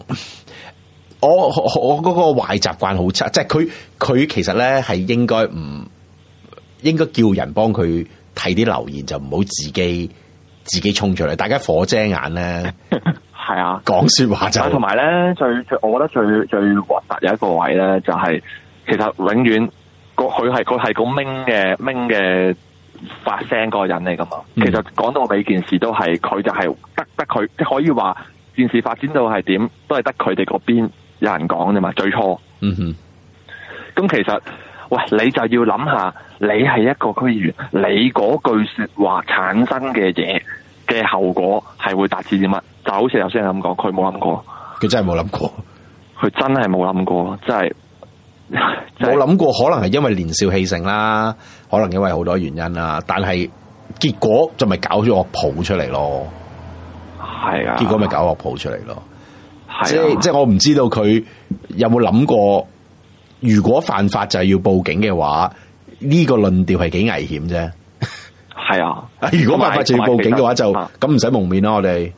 我我我嗰個壞習慣好差，即係佢佢其實咧係應該唔應該叫人幫佢睇啲留言，就唔好自己自己衝出嚟，大家火遮眼咧。係啊，講說話就。但同埋咧，最，最我覺得最最核突有一個位咧，就係，就係其實永遠個佢係佢係個明嘅明嘅發聲個人嚟噶嘛。其實講到我每件事都係佢就係得得佢，即係可以話件事發展到係點，都係得佢哋嗰邊。有人講啫嘛，最初，嗯哼，咁其實喂，你就要諗下，你係一個區議員，你嗰句說話產生嘅嘢嘅後果係會達至啲乜？就好似頭先咁講，佢冇諗過，佢真係冇諗過，佢真係冇諗過，真係，我諗過可能係因為年少氣盛啦，可能因為好多原因啦，但係結果就咪搞咗我抱出嚟咯，係啊的，結果咪搞我抱出嚟咯。即係即係，我唔知道佢有冇諗過，如果犯法就係要報警嘅話，呢個論調係幾危險啫。係啊，如果犯法就要報警嘅話，就咁唔使蒙面啦，我哋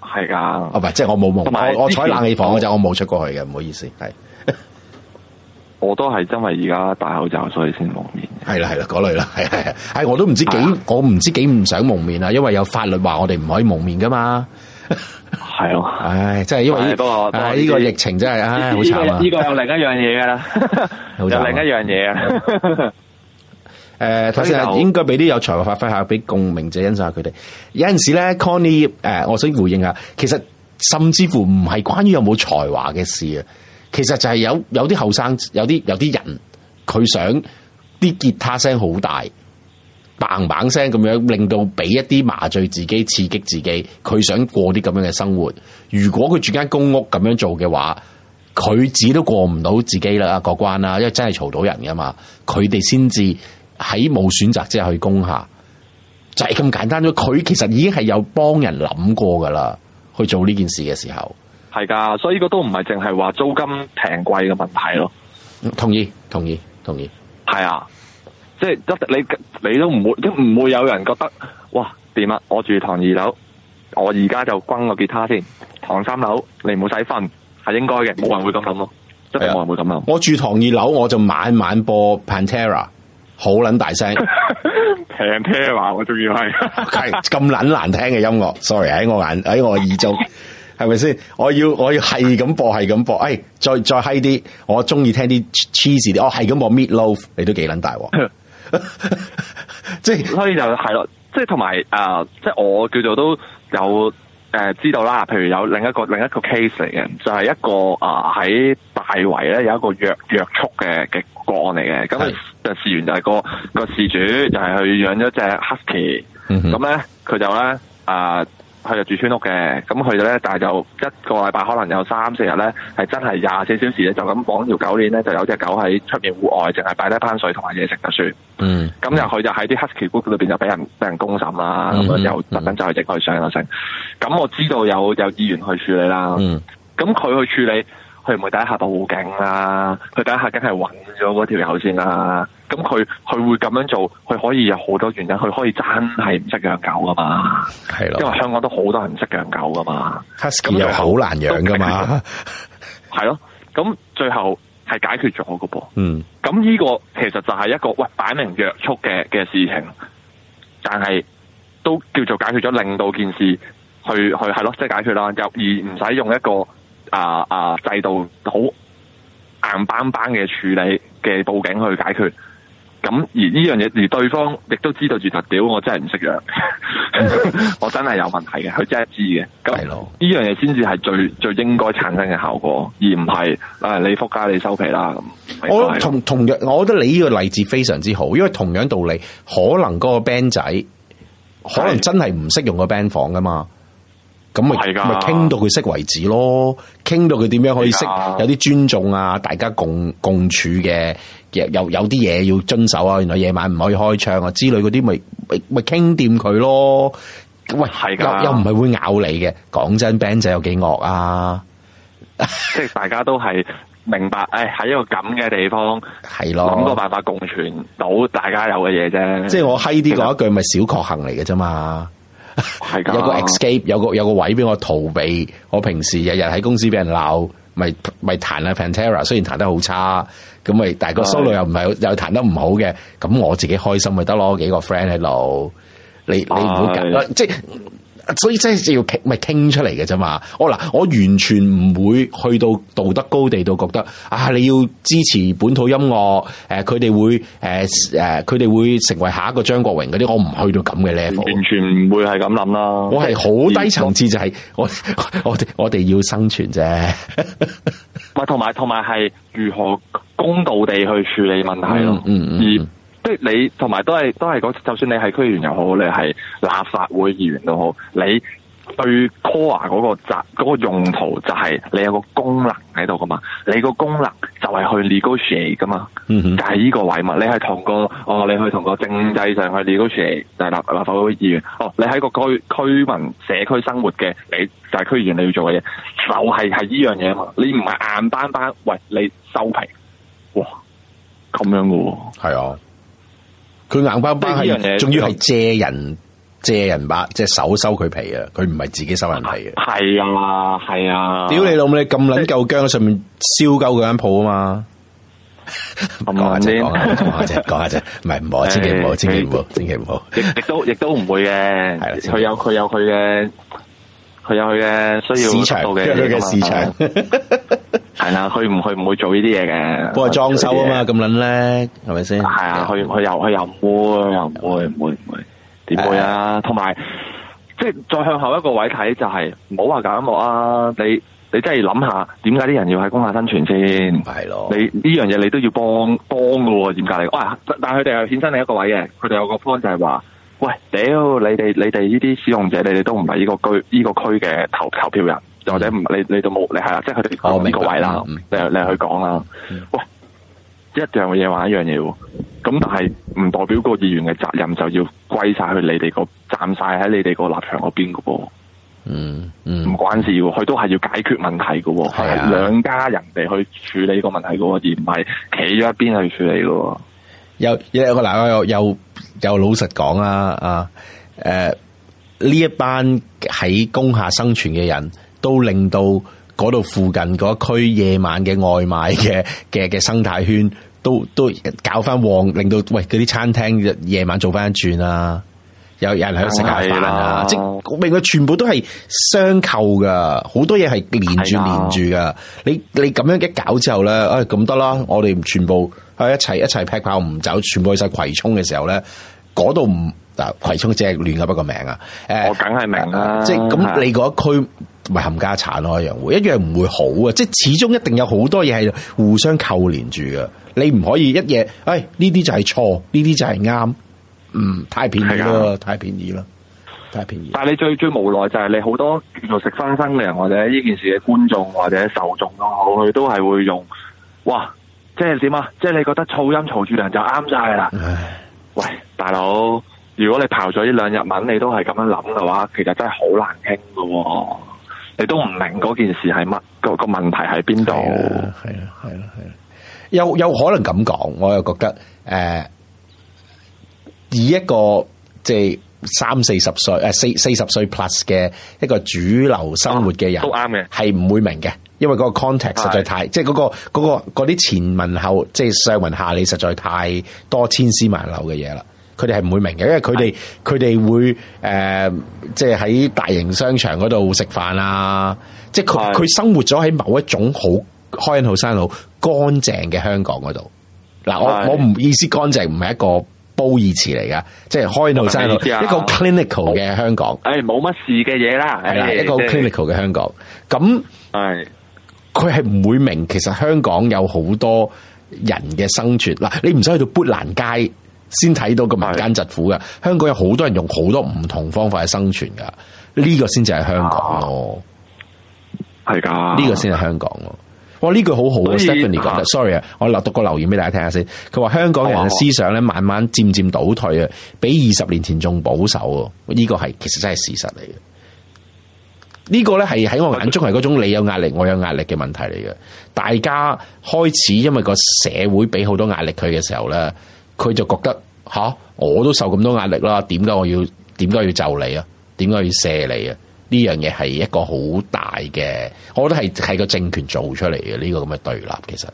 係噶。哦，唔係，即係我冇蒙，我我坐冷氣房嗰陣，我冇出過去嘅，唔好意思。係，我都係因為而家戴口罩，所以先蒙面。係啦係啦，嗰類啦，係係係。我都唔知幾，我唔知幾唔想蒙面啊，因為有法律話我哋唔可以蒙面噶嘛。係咯，唉，真係因為呢個疫情真係唉，好慘啊！呢、呢個這個有另一樣嘢噶啦，又 [laughs] 另一樣嘢啊！誒、 [laughs] [laughs] 呃，頭先應該俾啲有才華發揮下，俾共鳴者欣賞下佢哋。有陣時咧，Connie，誒、呃，我想回應一下，其實甚至乎唔係關於有冇才華嘅事啊，其實就係有有啲後生，有啲有啲人，佢想啲吉他聲好大。棒棒聲咁樣，令到俾一啲麻醉自己、刺激自己，佢想過啲咁樣嘅生活。如果佢住間公屋咁樣做嘅話，佢自己都過唔到自己啦，過關啦，因為真係嘈到人噶嘛。佢哋先至喺冇選擇之下去工廈，就係咁簡單咗。佢其實已經係有幫人諗過噶啦，去做呢件事嘅時候，係噶，所以個都唔係淨係話租金平貴嘅問題咯。同意，同意，同意，係啊。即係，你你都唔會，都唔會有人覺得，哇，掂啦！我住唐二樓，我而家就轟個吉他先。唐三樓，你唔好使瞓，係應該嘅，冇人會咁諗咯，即係冇人會咁諗。的我住唐二樓，我就晚晚播 Pantera，好撚大聲。Pantera，我仲要係係咁撚難聽嘅音樂，sorry 喺我眼喺我耳中，係咪先？我要我要係咁播，係咁播。誒，再再 high 啲，我中意聽啲 cheesy 啲，我係咁播 Meat Loaf，你都幾撚大。即係， [laughs] 就是、所以就係、是、咯，即係同埋誒，即係、呃就是、我叫做都有誒、呃、知道啦。譬如有另一個另一個 case 嚟嘅，就係、是、一個啊喺、呃、大圍咧有一個約約束嘅嘅個案嚟嘅。咁是事源就係個個事主就係去養咗隻哈士奇，咁咧佢就咧啊。呃佢就住村屋嘅，咁佢咧，但係就一個禮拜可能有三四日咧，係真係廿四小時咧，就咁綁條狗鏈咧，就有隻狗喺出面戶外，淨係擺低盆水同埋嘢食就算。嗯，咁就佢就喺啲黑社會嗰度邊就俾人俾人公審啦，咁啊又特登就去影佢上咗升。咁、嗯嗯、我知道有有議員去處理啦。嗯，咁佢去處理，佢唔會第一下報警啦、啊，佢第一下梗係搵咗嗰條狗先啦、啊。咁佢佢會咁樣做，佢可以有好多原因，佢可以真係唔識養狗噶嘛，係咯的，因為香港都好多人唔識養狗噶嘛，又好難養噶嘛，係咯，咁最後係解決咗噶噃，嗯，咁呢個其實就係一個喂擺明約束嘅嘅事情，但係都叫做解決咗，令到件事去去係咯，即係、就是、解決啦，而唔使用，用一個啊啊制度好硬邦邦嘅處理嘅報警去解決。咁而呢樣嘢，而對方亦都知道住特屌，我真係唔識樣， [laughs] [laughs] 我真係有問題嘅，佢真係知嘅。咁呢樣嘢先至係最最應該產生嘅效果，而唔係，啊，你覆家你收皮啦。我樣同同樣我覺得你呢個例子非常之好，因為同樣道理，可能嗰個 band 仔是的 可能真係唔識用個 band 房噶嘛，咁咪咪傾到佢識為止咯，傾到佢點樣可以識是的 有啲尊重啊，大家共共處嘅。有啲嘢要遵守啊，原來夜晚唔可以開窗啊之類嗰啲，咪咪傾掂佢咯。喂，係㗎的，又又唔係會咬你嘅。講真，band 仔有幾惡啊？即係、就是、大家都係明白，誒、哎，喺一個咁嘅地方，係咯的，諗個辦法共存到大家有嘅嘢啫。即係我嗨啲嗰一句，咪的小確幸嚟嘅啫嘛。係㗎的， [laughs] 有個 escape，有個有個位俾我逃避。我平時日日喺公司俾人鬧，咪咪彈啊 Pantera，雖然彈得好差。咁咪，但係個 solo 又唔係是的 又彈得唔好嘅，咁我自己開心咪得咯，幾個 friend 喺度，你你唔好緊啦，即係是的、就是。所以即係、就是、要傾咪傾出嚟嘅啫嘛！我嗱，我完全唔會去到道德高地度覺得啊，你要支持本土音樂，誒、啊，佢哋會，誒、啊，誒，佢哋會成為下一個張國榮嗰啲，我唔去到咁嘅 level。完全唔會係咁諗啦，我係好低層次就係我我我哋要生存啫。喂，同埋同埋係如何公道地去處理問題咯、嗯？嗯嗯。即係你同埋都係都係講，就算你係區議員又好，你係立法會議員又好，你對 c o r 個嗰、那個用途就係你有個功能喺度㗎嘛？你個功能就係去列高樹旗㗎嘛？嗯哼就係呢個位嘛。你係同個哦，你去同個政治上去列高樹旗就係立法會議員。哦，你喺個區區民社區生活嘅，你就係區議員，你要做嘅嘢，就係係依樣嘢嘛。你唔係硬單單餵你收皮，嘩，咁樣㗎喎，係啊。佢硬邦邦係，仲要係借人借人把，即係手收佢皮啊！佢唔係自己收人皮嘅。係啊，係啊！屌你老母你咁撚夠薑，上面燒鳩佢間鋪啊嘛！講下啫，講下啫，講下啫，唔係唔好千祈唔好，千祈唔好，千祈唔好。亦亦都亦都唔會嘅，佢有佢有佢嘅。佢有佢嘅，需要嘅市場係啦，佢唔去唔會做呢啲嘢嘅，不過裝修啊嘛，咁撚呢？係咪先？係啊，佢去又佢又唔會，又唔會唔會唔會，點會啊？同埋即係再向後一個位睇，就係唔好話搞音樂啊！你你真係諗下，點解啲人要喺工廈生存先？係咯，你呢樣嘢你都要幫幫噶喎，點解嚟？哇！但係佢哋又衍身另一個位嘅，佢哋有個方就係話。喂，屌！你哋你哋呢啲使用者，你哋都唔係呢個區呢、這個區嘅投投票人，或者唔、嗯、你你都冇你係啦、啊，即係佢哋講呢個位啦，哦嗯、你你去講啦。嗯、喂，一樣嘅嘢話一樣嘢，咁但係唔代表個議員嘅責任就要歸晒去你哋個站晒喺你哋個立場嗰邊噶噃。嗯，唔關事喎，佢都係要解決問題噶，係兩、啊、家人哋去處理個問題噶，而唔係企咗一邊去處理噶。喎。有個又。有老實講啊啊，誒，呢一班喺工廈生存嘅人，都令到嗰度附近嗰區夜晚嘅外賣嘅嘅嘅生態圈，都都搞翻旺，令到喂嗰啲餐廳夜晚做翻一轉啊。有有人喺度食下飯啊，是啊即係另外全部都係相扣噶，好多嘢係連住連住噶是、啊，你你咁樣一搞之後咧，誒咁得啦，我哋全部。係一齊一齊劈炮唔走，全部去晒葵涌嘅時候咧，嗰度唔嗱葵涌只係亂嘅，不過名啊，誒，我梗係明啦，是的 即係咁你嗰一區咪冚家鏟咯，一樣會，一樣唔會好啊，即係始終一定有好多嘢係互相扣連住嘅，你唔可以一夜，誒呢啲就係錯，呢啲就係啱，嗯，太便宜咯是的，太便宜咯，太便宜。但係你最最無奈就係你好多叫做食生生嘅人或者呢件事嘅觀眾或者受眾咯，佢都係會用，哇！即係點啊？即係你覺得噪音嘈住人就啱晒啦！唉 喂，大佬，如果你刨咗呢兩日文，你都係咁樣諗嘅話，其實真係好難傾噶。你都唔明嗰件事係乜，個問題喺邊度？係啊，係啊，係啊。有可能咁講，我又覺得誒、呃，以一個即係三四十歲誒、呃、四四十歲 plus 嘅一個主流生活嘅人，都啱嘅，係唔會明嘅。因為嗰個 context 實在太，是即係嗰、那個嗰啲、那個、前文後，即係上文下理實在太多千絲萬縷嘅嘢啦。佢哋係唔會明嘅，因為佢哋佢哋會誒、呃，即係喺大型商場嗰度食飯啊，即係佢佢生活咗喺某一種好 clean 好生好乾淨嘅香港嗰度。嗱、啊，我是我唔意思乾淨唔係一個褒義詞嚟噶，即係 clean 好生、啊、一個 clinical 嘅香港。誒、哎，冇乜事嘅嘢啦，係啦是，一個 clinical 嘅香港。咁係是。那佢係唔會明，其實香港有好多人嘅生存嗱，你唔使去到砵蘭街先睇到個民間疾苦噶。香港有好多人用好多唔同方法去生存噶，呢個先至係香港咯。係噶，呢個先係香港咯。哇，呢句好好啊！Stephanie 講得。Sorry 啊，我立讀個留言俾大家聽下先。佢話香港人嘅思想咧，慢慢漸漸倒退啊，比二十年前仲保守。呢個係其實真係事實嚟嘅。這個呢個咧，係喺我眼中係嗰種你有壓力，我有壓力嘅問題嚟嘅。大家開始因為個社會俾好多壓力佢嘅時候咧，佢就覺得吓、啊、我都受咁多壓力啦，點解我要，點解要就你啊？點解要卸你啊？呢樣嘢係一個好大嘅，我覺得係係個政權做出嚟嘅呢個咁嘅對立，其實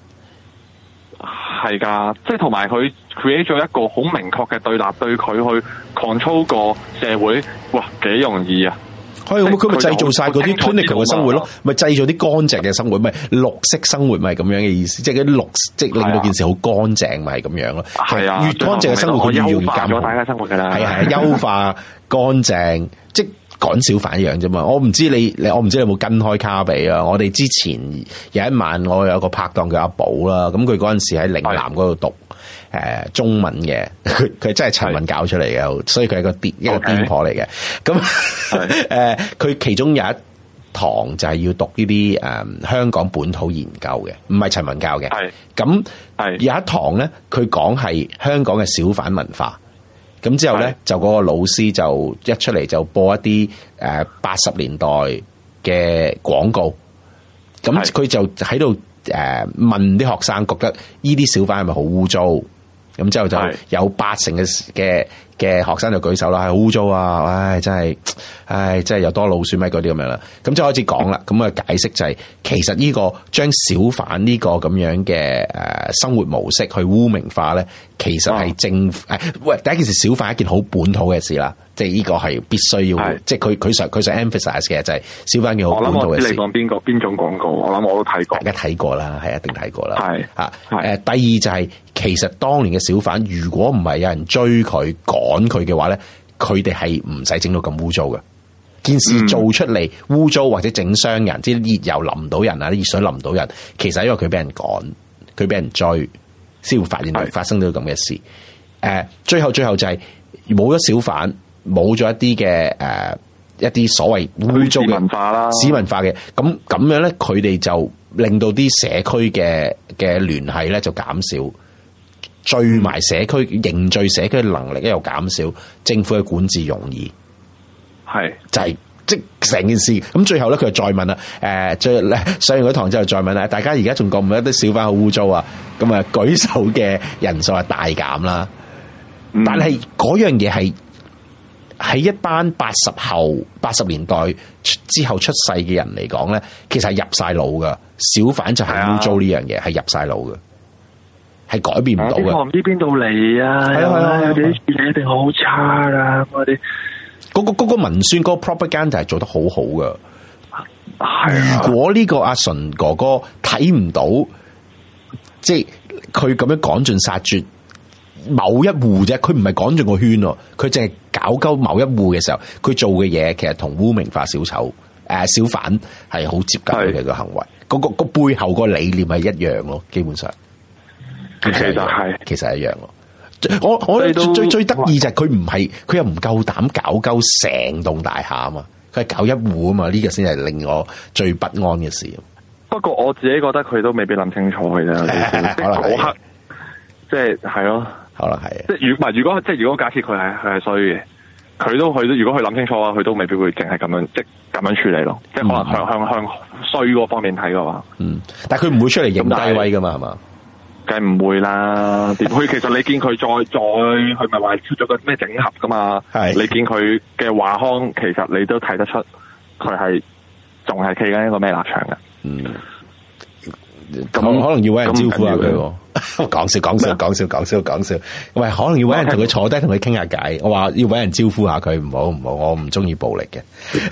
係噶，即係同埋佢 create 咗一個好明確嘅對立，對佢去 control 個社會，哇，幾容易啊！係咁，佢咪製造晒嗰啲 cleaner 嘅生活咯，咪製造啲乾淨嘅生活，咪綠色生活，咪係咁樣嘅意思，即係嗰啲綠，即係令到件事好乾淨，咪係咁樣咯。係啊，越乾淨嘅生活佢越要咁。優化咗大家生活噶啦，係係優化乾淨，即係減少反樣啫嘛。我唔知你你，我唔知你有冇跟開卡比啊？我哋之前有一晚，我有一個拍檔叫阿寶啦，咁佢嗰陣時喺嶺南嗰度讀。誒，中文嘅，佢佢真係陳文教出嚟嘅，是所以佢係個癲，一個癲 Okay. 婆嚟嘅。咁誒，佢是 [laughs] 其中有一堂就係要讀呢啲誒香港本土研究嘅，唔係陳文教嘅。係咁，係有一堂咧，佢講係香港嘅小販文化。咁之後咧，是就嗰個老師就一出嚟就播一啲誒八十年代嘅廣告。咁佢就喺度誒問啲學生，覺得呢啲小販係咪好污糟？咁之後，就有八成嘅嘅嘅學生就舉手啦，好污糟啊！唉，真係，唉，真係又多老鼠咪嗰啲咁樣啦。咁就開始講啦。咁啊，解釋就係、是、其實呢、這個將小販呢個咁樣嘅誒生活模式去污名化咧，其實係政府誒喂。第一件事，小販一件好本土嘅事啦，哦、即係呢個係必須要，是即係佢佢想佢想 emphasize 嘅就係小販嘅好本土嘅事。我諗我知你講邊個邊種廣告，我諗我都睇過，大家睇過啦，係一定睇過啦。係是啊，誒是，第二就係、是、其實當年嘅小販，如果唔係有人追佢講，趕佢嘅話咧，佢哋係唔使整到咁污糟嘅。件事做出嚟，污糟或者整傷人，即係熱油淋唔到人啊，啲熱水淋唔到人。其實因為佢俾人趕，佢俾人追，先會發現到是發生到咁嘅事。誒、呃，最後最後就係冇咗小販，冇咗一啲嘅誒，一啲所謂污糟嘅文化啦，市民化嘅。咁咁樣咧，佢哋就令到啲社區嘅嘅聯繫咧就減少。聚埋社區，凝聚社區嘅能力咧又減少，政府嘅管治容易，係是就係、是、即成件事。咁最後咧，佢就再問啦，誒、呃，上完嗰堂之後再問啦，大家而家仲覺唔覺得小販好污糟啊？咁啊，舉手嘅人數係大減啦。嗯、但係嗰樣嘢係喺一班八十後、八十年代之後出世嘅人嚟講咧，其實入晒腦噶，小販就係污糟呢樣嘢，係的入晒腦㗎。係改變唔到嘅，我唔知邊度嚟啊！係啊，啲嘢一定好差啊。嗰啲嗰個個文宣嗰個 propaganda 係做得好好嘅，如果呢個阿純哥哥睇唔到，即係佢咁樣趕盡殺絕某一戶啫，佢唔係趕盡個圈咯，佢淨係搞鳩某一戶嘅時候，佢做嘅嘢其實同污名化小丑誒小販係好接近嘅個行為，嗰個背後個理念係一樣咯，基本上。其實係，其實一樣我都我最最得意就係佢唔係，佢又唔夠膽搞鳩成棟大廈啊嘛，佢係搞一戶啊嘛。呢個先係令我最不安嘅事。不過我自己覺得佢都未必諗清楚佢啫，可能好黑，即係係咯。好啦，係。即係如唔係如果即係如果假設佢係係衰嘅，佢都佢都如果佢諗清楚嘅話，佢都未必會淨係咁樣即咁、就是、樣處理咯。嗯、即係可能向、嗯、向向衰嗰方面睇嘅話，嗯，但係佢唔會出嚟認低位噶嘛，係嘛是。梗唔會啦，佢其實你見佢再再，佢咪話出咗個咩整合噶嘛？係是你見佢嘅話腔，其實你都睇得出佢係仲係企緊一個咩立場嘅。嗯，咁樣可能要搵人招呼下佢，講笑講笑講笑講笑講笑，喂 [laughs] 麼可能要搵人同佢坐低同佢傾下偈。 [laughs] 我話要搵人招呼下佢，唔好唔好，我唔中意暴力嘅。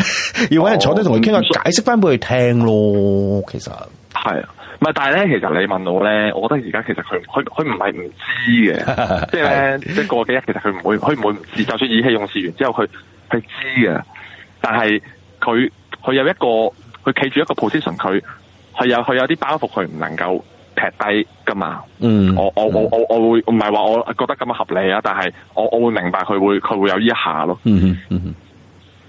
[laughs] 要搵人坐低同佢傾下偈，哦、解釋翻俾佢聽咯。其實係啊。唔係，但係咧，其實你問我咧，我覺得而家其實佢佢佢唔係唔知嘅，即係咧，即係 [laughs] 過幾日，其實佢唔會，佢唔會唔知，就算意氣用事完之後，佢佢知嘅。但係佢佢有一個，佢企住一個 position，佢佢有佢有啲包袱，佢唔能夠撇低噶嘛。嗯，我我我我我會唔係話我覺得咁樣合理啊？但係我我會明白佢會佢會有呢一下咯。嗯嗯嗯，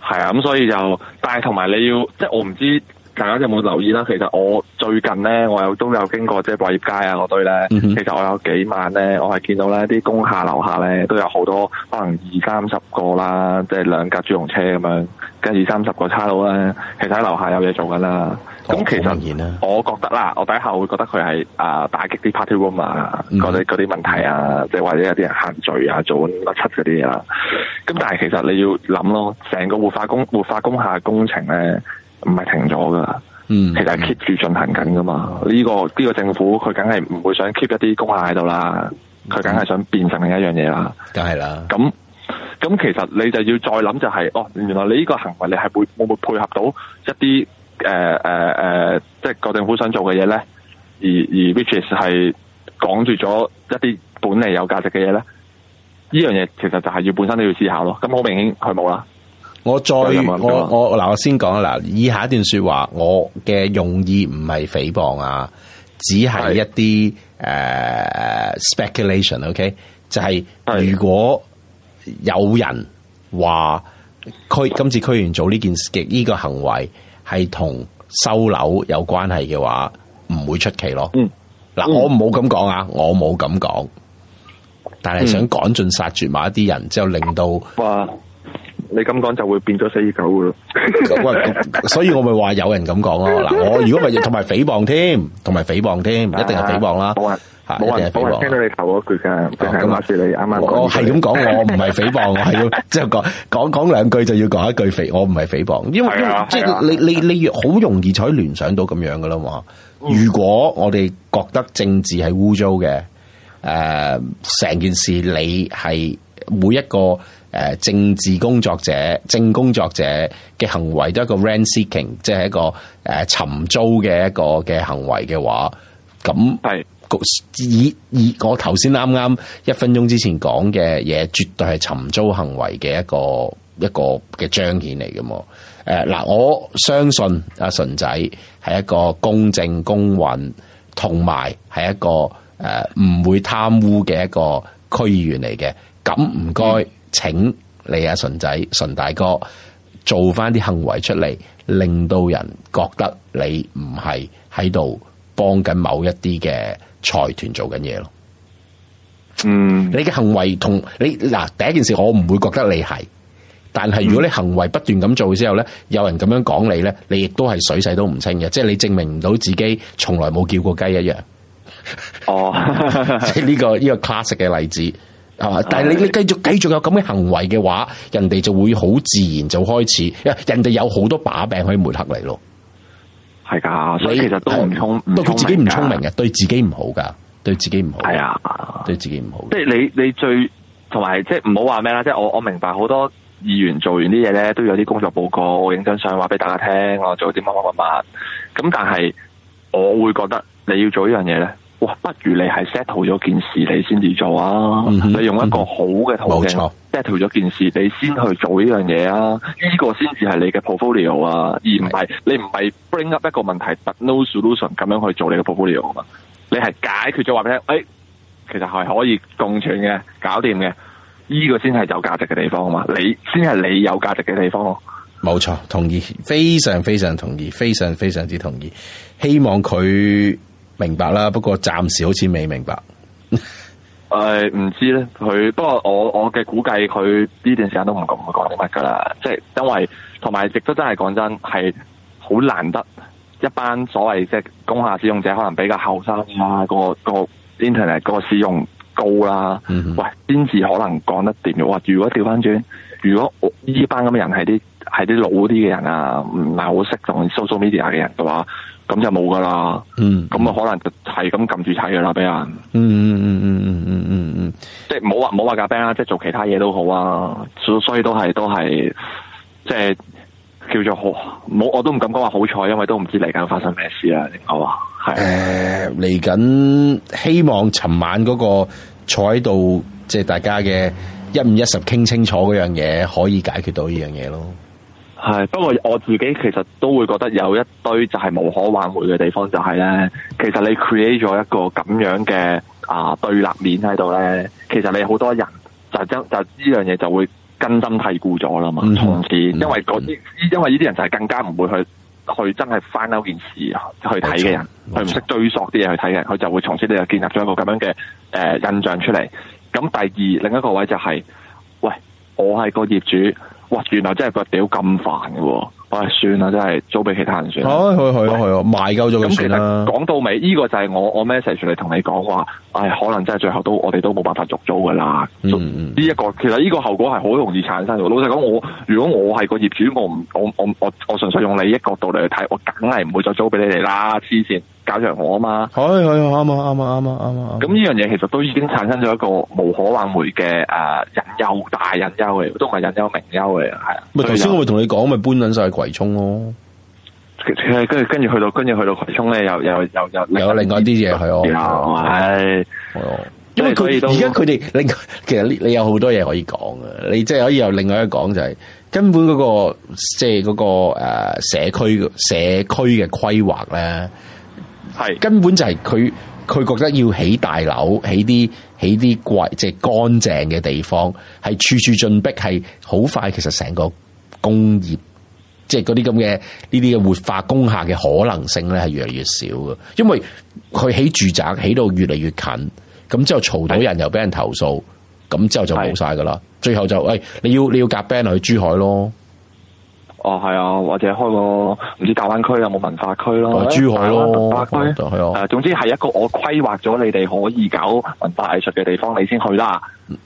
係啊，咁所以就，但係同埋你要，即係我唔知。大家有冇留意啦？其實我最近咧，我有都有經過即係百業街啊嗰堆咧。嗯、哼其實我有幾晚咧，我係見到咧啲工廈樓下咧都有好多可能二三十個啦，即係兩架專用車咁樣，跟住二三十個差佬咧，其實喺樓下有嘢做緊啦、啊。咁、哦、其實、啊、我覺得啦，我底下會覺得佢係啊打擊啲 party room 嗰啲嗰啲問題啊，即係或者有啲人限聚啊，做乜七嗰啲嘢啦。咁、啊、但係其實你要諗咯，成個活化工活化工廈工程咧。唔係停咗噶，嗯，其實係 keep 住進行緊噶嘛。呢、嗯這個呢、這個政府佢梗係唔會想 keep 一啲公害喺度啦，佢梗係想變成另一樣嘢啦。梗係啦。咁咁其實你就要再諗就係、是，哦，原來你呢個行為你係會冇會會配合到一啲誒誒誒，即係個政府想做嘅嘢咧？而而 which is 係講住咗一啲本嚟有價值嘅嘢咧？呢樣嘢其實就係要本身都要思考咯。咁好明顯佢冇啦。我再我我嗱，我先講啦。嗱，以下一段說話，我嘅用意唔係誹謗啊，只係一啲誒是的、uh, speculation。OK，就係如果有人話區今次區議員做呢件事嘅呢、這個行為係同收樓有關係嘅話，唔會出奇咯。嗯，嗱、嗯，我唔好咁講啊，我冇咁講，但係想趕盡殺絕某一啲人，之後令到。你咁講就會變咗四九噶咯，所以我咪話有人咁講咯嗱，我如果咪同埋誹謗添，同埋誹謗添，一定係誹謗啦。冇啊，冇人誹謗。聽到你頭嗰句噶，咁啊住你啱啱，我係咁講，我唔係誹謗，係要即係講講講兩句就要講一句誹，我唔係誹謗，因為即係你你你好容易才聯想到咁樣噶啦嘛。如果我哋覺得政治係污糟嘅，誒，成件事你係每一個。誒，政治工作者、政工作者嘅行為都係一個 rent-seeking 即係一個誒尋租嘅一個嘅行為嘅話，咁係以以我頭先啱啱一分鐘之前講嘅嘢，絕對係尋租行為嘅一個一個嘅彰顯嚟嘅。誒，嗱，我相信阿順仔係一個公正公允，同埋係一個誒唔會貪污嘅一個區議員嚟嘅。咁唔該。請你阿、啊、順仔、順大哥做翻啲行為出嚟，令到人覺得你唔係喺度幫緊某一啲嘅財團做緊嘢咯。嗯，你嘅行為同你嗱第一件事，我唔會覺得你係，但係如果你行為不斷咁做之後咧，嗯、有人咁樣講你咧，你亦都係水洗都唔清嘅，即係你證明唔到自己從來冇叫過雞一樣。哦， [laughs] [laughs] 即係呢、這個呢、這個 classic 嘅例子。但係你你繼續繼續有咁嘅行為嘅話，人哋就會好自然就開始，人哋有好多把柄可以抹黑你咯。係噶，所以其實都唔聰明，都佢自己唔聰明嘅，對自己唔好噶，對自己唔好的。係啊的，對自己唔好。即係你你最同埋即係唔好話咩啦？即係我我明白好多議員做完啲嘢咧，都有啲工作報告、影張相話俾大家聽，我做啲乜乜乜咁。但係我會覺得你要做件事呢樣嘢咧。哇！不如你係 settle 咗件事，你先至做啊！嗯、哼你用一個好嘅途徑 settle 咗件事，你先去做呢樣嘢啊！呢、這個先至係你嘅 portfolio 啊，而唔係是你唔係 bring up 一個問題，but no solution 咁樣去做你嘅 portfolio 啊嘛！你係解決咗話俾你聽，哎，其實係可以共存嘅，搞掂嘅，呢、這個先係有價值嘅地方啊嘛！你先係你有價值嘅地方。冇錯，同意，非常非常同意，非常非常之同意。希望佢。明白啦，不過暫時好似未明白。誒 [laughs] 呃，唔知咧，佢不過我我嘅估計，佢呢段時間都唔唔會講得噶啦。即係因為同埋亦都真係講真，係好難得一班所謂即係工廈使用者，可能比較後生啊個、那個 internet 個使用高啦。Mm hmm. 喂，先至可能講得掂嘅。哇，如果調翻轉，如果呢班咁嘅人係啲係啲老啲嘅人啊，唔係好識用 social media 嘅人嘅話。咁就冇噶啦，嗯，咁啊可能就係咁撳住踩樣啦，俾人，嗯嗯嗯嗯嗯嗯嗯嗯，即係唔好話唔好話架兵啦，即係做其他嘢都好啊，所所以都係都係，即係叫做好，冇我都唔敢講話好彩，因為都唔知嚟緊發生咩事啊點講啊？係，誒嚟緊希望尋晚嗰個坐喺度，即係大家嘅一五一十傾清楚嗰樣嘢，可以解決到呢樣嘢咯。係，不過我自己其實都會覺得有一堆就係無可挽回嘅地方，就係咧，其實你 create 咗一個咁樣嘅啊對立面喺度咧，其實你好多人就就就依樣嘢就會根深蒂固咗啦嘛。從、嗯、哼此，嗯、哼因為嗰啲、嗯、哼因為依啲人就係更加唔會去去真係翻翻件事去睇嘅人，佢唔識追溯啲嘢去睇嘅，人，佢就會從此你就建立咗一個咁樣嘅誒、呃、印象出嚟。咁第二另一個位就係、是，喂，我係個業主。哇！原來真係個屌咁煩嘅喎，唉、哎、算啦，真係租俾其他人算，去去去去咯，賣夠咗，咁其實講 [noise] 到尾，呢、這個就係我我 message 嚟同你講話，唉、哎，可能真係最後都我哋都冇辦法續租㗎啦。呢一、這個其實呢個後果係好容易產生嘅。老實講，我如果我係個業主，我唔我我我我純粹用利益角度嚟睇，我梗係唔會再租俾你哋啦，黐線。搞着我啊嘛，係 [noise] 係樂，啱啊啱啊啱啊啱啊！咁呢樣嘢其實都已經產生咗一個無可挽回嘅誒隱憂，大隱憂嚟，都係隱憂明憂嚟。係 [music] 啊。咪頭先我會同你講，咪搬撚晒葵涌咯。跟住跟住去到跟住去到葵涌咧，又又又又有另外啲嘢係我。係、啊、哦，哎啊、因為佢哋，而家佢哋另其實你有好多嘢可以講嘅，你即係可以有另外一個講就係、是、根本嗰、那個即係嗰個、啊、社區社區嘅規劃咧。係是根本就係佢佢覺得要起大樓，起啲起啲貴即係乾淨嘅地方，係處處進逼，係好快其實成個工業即係嗰啲咁嘅呢啲嘅活化工廈嘅可能性咧係越嚟越少嘅，因為佢起住宅起到越嚟越近，咁之後嘈到人是又俾人投訴，咁之後就冇晒㗎喇，是最後就誒、哎、你要你要夾 band 去珠海咯。哦，係啊，或者開個唔知大灣區有冇文化區咯，珠海咯，文化區，誒、哦，總之係一個我規劃咗你哋可以搞文化藝術嘅地方，你先去啦。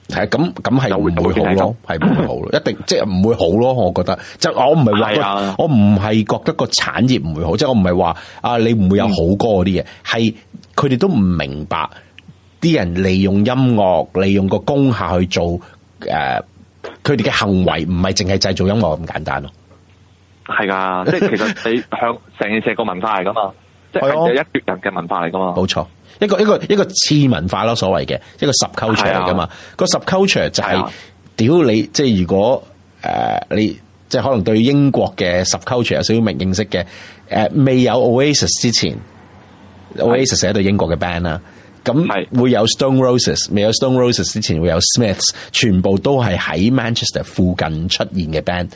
係咁咁係唔會好咯，係唔 [laughs] 會好，一定即係唔會好咯。我覺得即我唔係話，啊、我唔係覺得個產業唔會好，即係我唔係話啊，你唔會有好歌嗰啲嘢。係佢哋都唔明白，啲人利用音樂、利用個工廈去做誒，佢哋嘅行為唔係淨係製造音樂咁簡單咯。係噶，即係其實你向成件事個文化嚟噶嘛， [laughs] 即係一撮人嘅文化嚟噶嘛。冇錯，一個一個一個次文化咯，所謂嘅一個 subculture 嚟噶嘛。個 subculture 的 sub 就係、是、屌的、呃、你，即係如果誒你即係可能對英國嘅 subculture 有少少明認識嘅，誒、呃、未有 Oasis 之前，Oasis 係一隊英國嘅 band 啦的。咁會有 Stone Roses，未有 Stone Roses 之前會有 Smiths，全部都係喺 Manchester 附近出現嘅 band。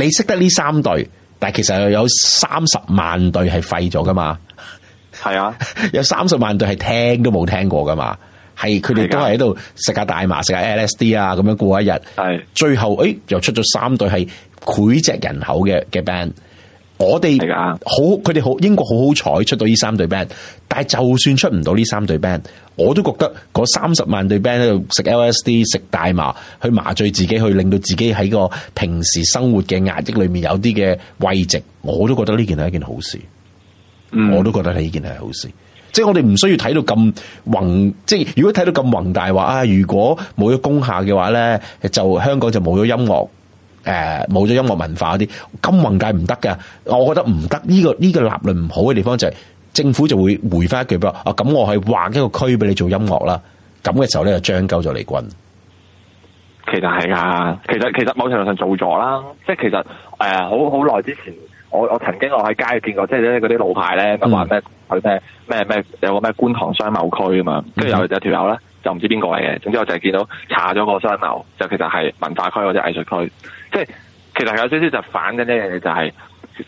你識得呢三隊，但係其實有有三十萬隊係廢咗㗎嘛？係啊， [laughs] 有三十萬隊係聽都冇聽過㗎嘛？係佢哋都係喺度食下大麻、食下 LSD 啊咁樣過一日。係的最後，誒、哎、又出咗三隊係膾炙人口嘅嘅 band。我哋好佢哋好英國好好彩出到呢三隊 band，但係就算出唔到呢三隊 band，我都覺得嗰三十萬隊 band 喺度食 LSD 食大麻去麻醉自己，去令到自己喺個平時生活嘅壓抑裏面有啲嘅慰藉，我都覺得呢件係一件好事。嗯，我都覺得呢件係好事，即係我哋唔需要睇到咁宏，即係如果睇到咁宏大話啊，如果冇咗功效嘅話咧，就香港就冇咗音樂。誒，冇咗、呃、音樂文化，嗰啲金融界唔得㗎。我覺得唔得呢個呢、這個立論唔好嘅地方就係政府就會回翻一句，俾啊咁，我係劃一個區俾你做音樂啦，咁嘅時候咧就將勾就嚟滾其。其實係啊，其實其實某程度上做咗啦，即係其實誒，好好耐之前，我我曾經我喺街見見過，即係嗰啲路牌咧，咁話咩去咩咩咩有個咩觀塘商貿區啊嘛，跟住又有條友呢。嗯就唔知邊個嚟嘅，總之我就係見到查咗個山樓，就其實係文化區或者藝術區，即係其實有少少就反緊呢樣嘢，就係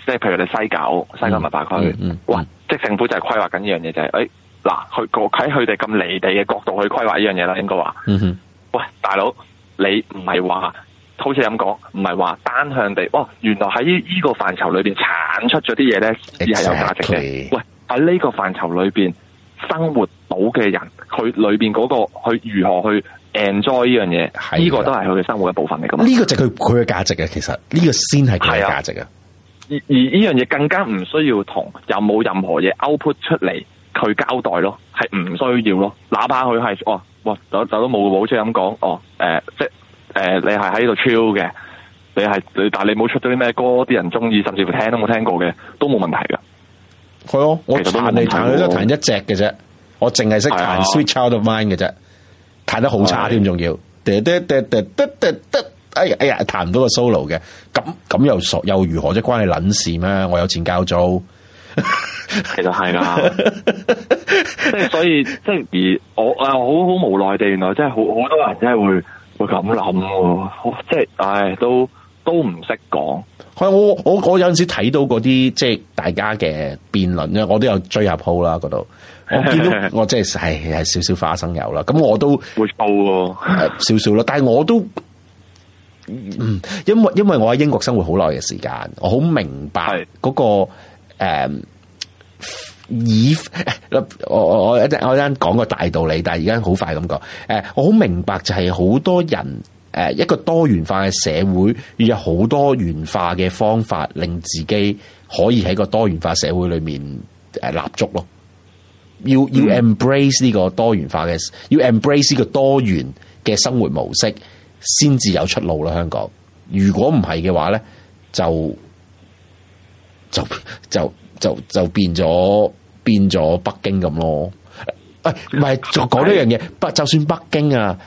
即係譬如你西九、西九文化區，喂，即係政府就係規劃緊呢樣嘢，嗯、就係、是、誒，嗱、哎，佢喺佢哋咁離地嘅角度去規劃呢樣嘢啦，應該話，喂、嗯嗯，大佬，你唔係話好似咁講，唔係話單向地，哇，原來喺呢 Exactly. 個範疇裏邊產出咗啲嘢咧，只係有價值嘅，喂，喺呢個範疇裏邊生活。好嘅人，佢裏邊嗰、那個去如何去 enjoy 呢樣嘢，呢個都係佢嘅生活嘅部分嚟。咁呢個就佢佢嘅價值嘅，其實呢、這個先係佢嘅價值啊。而而呢樣嘢更加唔需要同又冇任何嘢 output 出嚟，佢交代咯，係唔需要咯。哪怕佢係哦，哇走都冇冇車咁講哦，誒、呃、即誒你係喺度 try 嘅，你係但係你冇出到啲咩歌，啲人中意甚至乎聽都冇聽過嘅，都冇問題噶。係咯，我彈你彈，你得彈一隻嘅啫。我淨係識彈 Sweet Child O' Mine 嘅啫，彈、啊、得好差添，仲、啊、要，哎呀哎呀，彈唔到個 solo 嘅，咁咁又熟又如何？即係關你捻事咩？我有錢交租，其實係啦、啊，即係、 [laughs] 嗯、所以即係、就是、而我啊，好好無奈地，原來真係好好多人真係會會咁諗，即係、就是、唉，都都唔識講。係我我，我有陣時睇到嗰啲即係大家嘅辯論咧，我都有追入鋪啦嗰度。 [laughs] 我見到我即係係係少少花生油啦，咁我都會粗少少啦，但係我都嗯，因為因為我喺英國生活好耐嘅時間，我好明白嗰、嗰個誒的、嗯、以我我我一陣我一陣講個大道理，但係而家好快咁講誒，我好明白就係好多人誒一個多元化嘅社會，要有好多元化嘅方法，令自己可以喺個多元化社會裏面誒立足咯。要要 embrace 呢個多元化嘅，要 embrace 呢個多元嘅生活模式，先至有出路咯。香港，如果唔係嘅話咧，就就就就就變咗變咗北京咁咯。喂、哎，唔係，講呢樣嘢，的就算北京啊，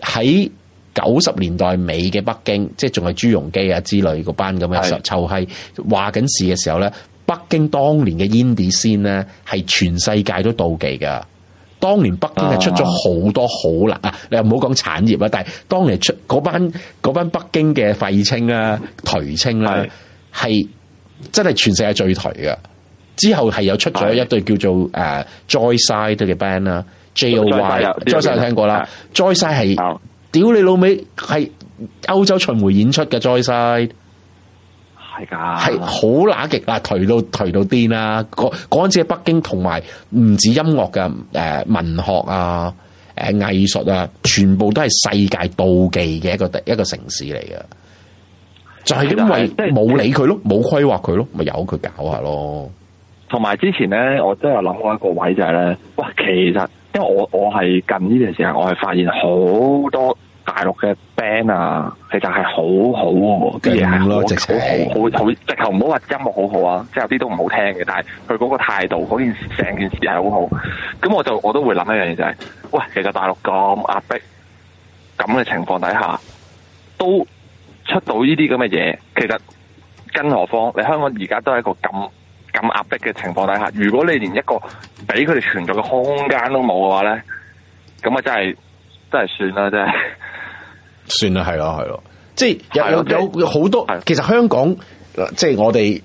喺九十年代尾嘅北京，即係仲係朱鎔基啊之類個班咁啊，就係的話緊事嘅時候咧。北京當年嘅 indie scene 呢，係全世界都妒忌嘅。當年北京係出咗好多好難啊！你又唔好講產業啊，但係當年出嗰班班北京嘅廢青啦、啊、頹青啦、啊，係是真係全世界最頹嘅。之後係有出咗一對叫做是、uh, Joy Side 嘅 band 啦，Joy、uh, Joy Side 有聽過啦？Joy Side 係屌你老味，係、uh, 歐洲巡迴演出嘅 Joy Side。係噶，係好乸極啦，頹到頹到癲啦！嗰陣時喺北京，同埋唔止音樂嘅誒文學啊，誒藝術啊，全部都係世界妒忌嘅一個一個城市嚟嘅。就係因為冇理佢咯，冇規劃佢咯，咪由佢搞下咯。同埋之前咧，我真係諗過一個位就係咧，哇！其實因為我我係近呢段時間，我係發現好多。大陸嘅 band 啊，其實係好好喎，啲嘢係好好好好，直頭唔好話音樂好好啊，即係、啊就是，有啲都唔好聽嘅，但係佢嗰個態度嗰件成件事係好好，咁我就我都會諗一樣嘢就係、是，喂，其實大陸咁壓迫，咁嘅情況底下，都出到呢啲咁嘅嘢，其實更何況你香港而家都係一個咁咁壓迫嘅情況底下，如果你連一個俾佢哋存在嘅空間都冇嘅話咧，咁啊真係真係算啦，真係。真算啦，係咯，係咯，即係有有有好多，其實香港即係我哋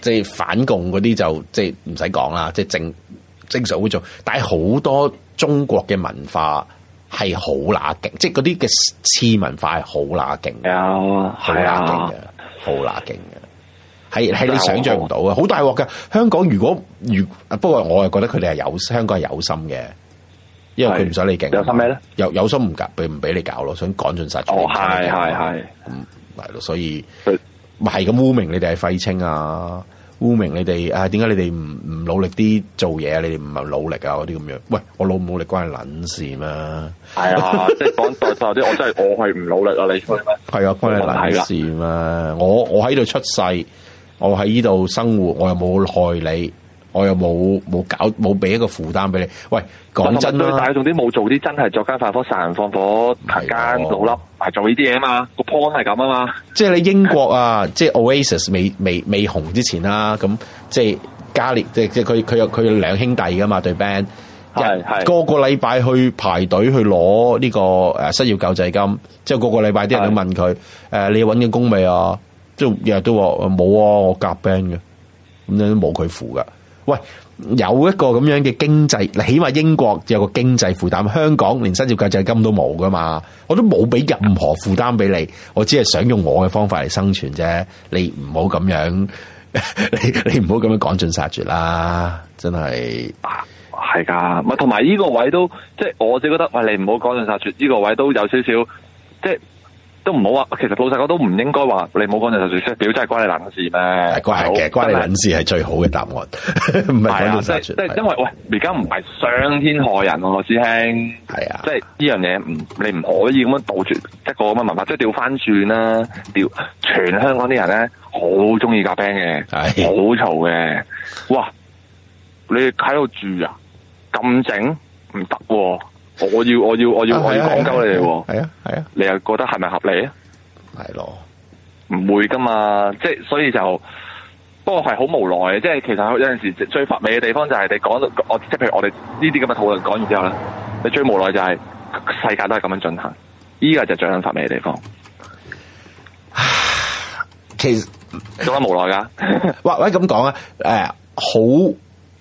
即係反共嗰啲就即係唔使講啦，即係正正常會做，但係好多中國嘅文化係好乸勁，即係嗰啲嘅次文化係好乸勁嘅，有係啊，好乸勁嘅，係係你想象唔到啊，好大鑊噶！香港如果如不過我又覺得佢哋係有香港係有心嘅。因為佢唔使你勁，有心咩咧？有有心唔搞，佢唔俾你搞咯，想趕盡殺絕。哦，係係係，係咯，是是所以唔係咁污名你哋係廢青啊，污名你哋啊？點解你哋唔唔努力啲做嘢啊？你哋唔係努力啊？嗰啲咁樣，喂，我努唔努力關係撚事啊，係啊，即係講代晒啲，我真係我係唔努力啊？你吹咩？係啊，關你撚事啊，我我喺度出世，我喺呢度生活，我又冇害你。我又冇冇搞冇俾一個負擔俾你，喂，講真啦，但係啲冇做啲真係作奸犯科、殺人放火、行奸老笠，係做呢啲嘢，啊嘛，個 point 係咁啊嘛。即係你英國啊，即係 [laughs] Oasis 未未未，未紅之前啦，啊，咁即係加列，即係即係佢佢有佢有兩兄弟噶嘛，對 band 係係、啊、個個禮拜去排隊去攞呢個誒失業救濟金，即、就、係、是、個個禮拜啲人都問佢誒是、啊，你揾緊工未啊？即係日日都話冇啊，我夾 band 嘅，咁樣都冇佢符噶。喂，有一個咁樣嘅經濟，起碼英國有個經濟負擔，香港連失業救濟金都冇噶嘛，我都冇俾任何負擔俾你，我只係想用我嘅方法嚟生存啫，你唔好咁樣，你你唔好咁樣趕盡殺絕啦，真係，係噶，咪同埋呢個位都，即係我就覺得，喂，你唔好趕盡殺絕，呢個位都有少少，即係。都唔好話，其實老實講都唔應該話你冇講就就算，表真係關你冷事咩？係關嘅，關你冷事係最好嘅答案。唔係講老實即係因為喂，而家唔係傷天害人喎，啊，師兄。係啊的，即係呢樣嘢唔你唔可以咁樣杜絕一個咁嘅文化，即係調翻轉啦，調全香港啲人咧好中意夾 band 嘅，好嘈嘅。哇！你喺度住啊，咁整唔得喎。我要我要，啊，我要，啊、我要講究你哋喎，係啊係啊，啊啊你又覺得係咪合理啊？係咯的，唔會㗎嘛，即、就、係、是、所以就，不過係好無奈即係、就是、其實有陣時最乏味嘅地方就係你講到我，即、就、係、是、譬如我哋呢啲咁嘅討論講完之後咧，你最無奈就係世界都係咁樣進行，呢個就最撚乏味嘅地方。其實做乜無奈㗎？哇 [laughs] 呃，或者，咁講啊，誒，好。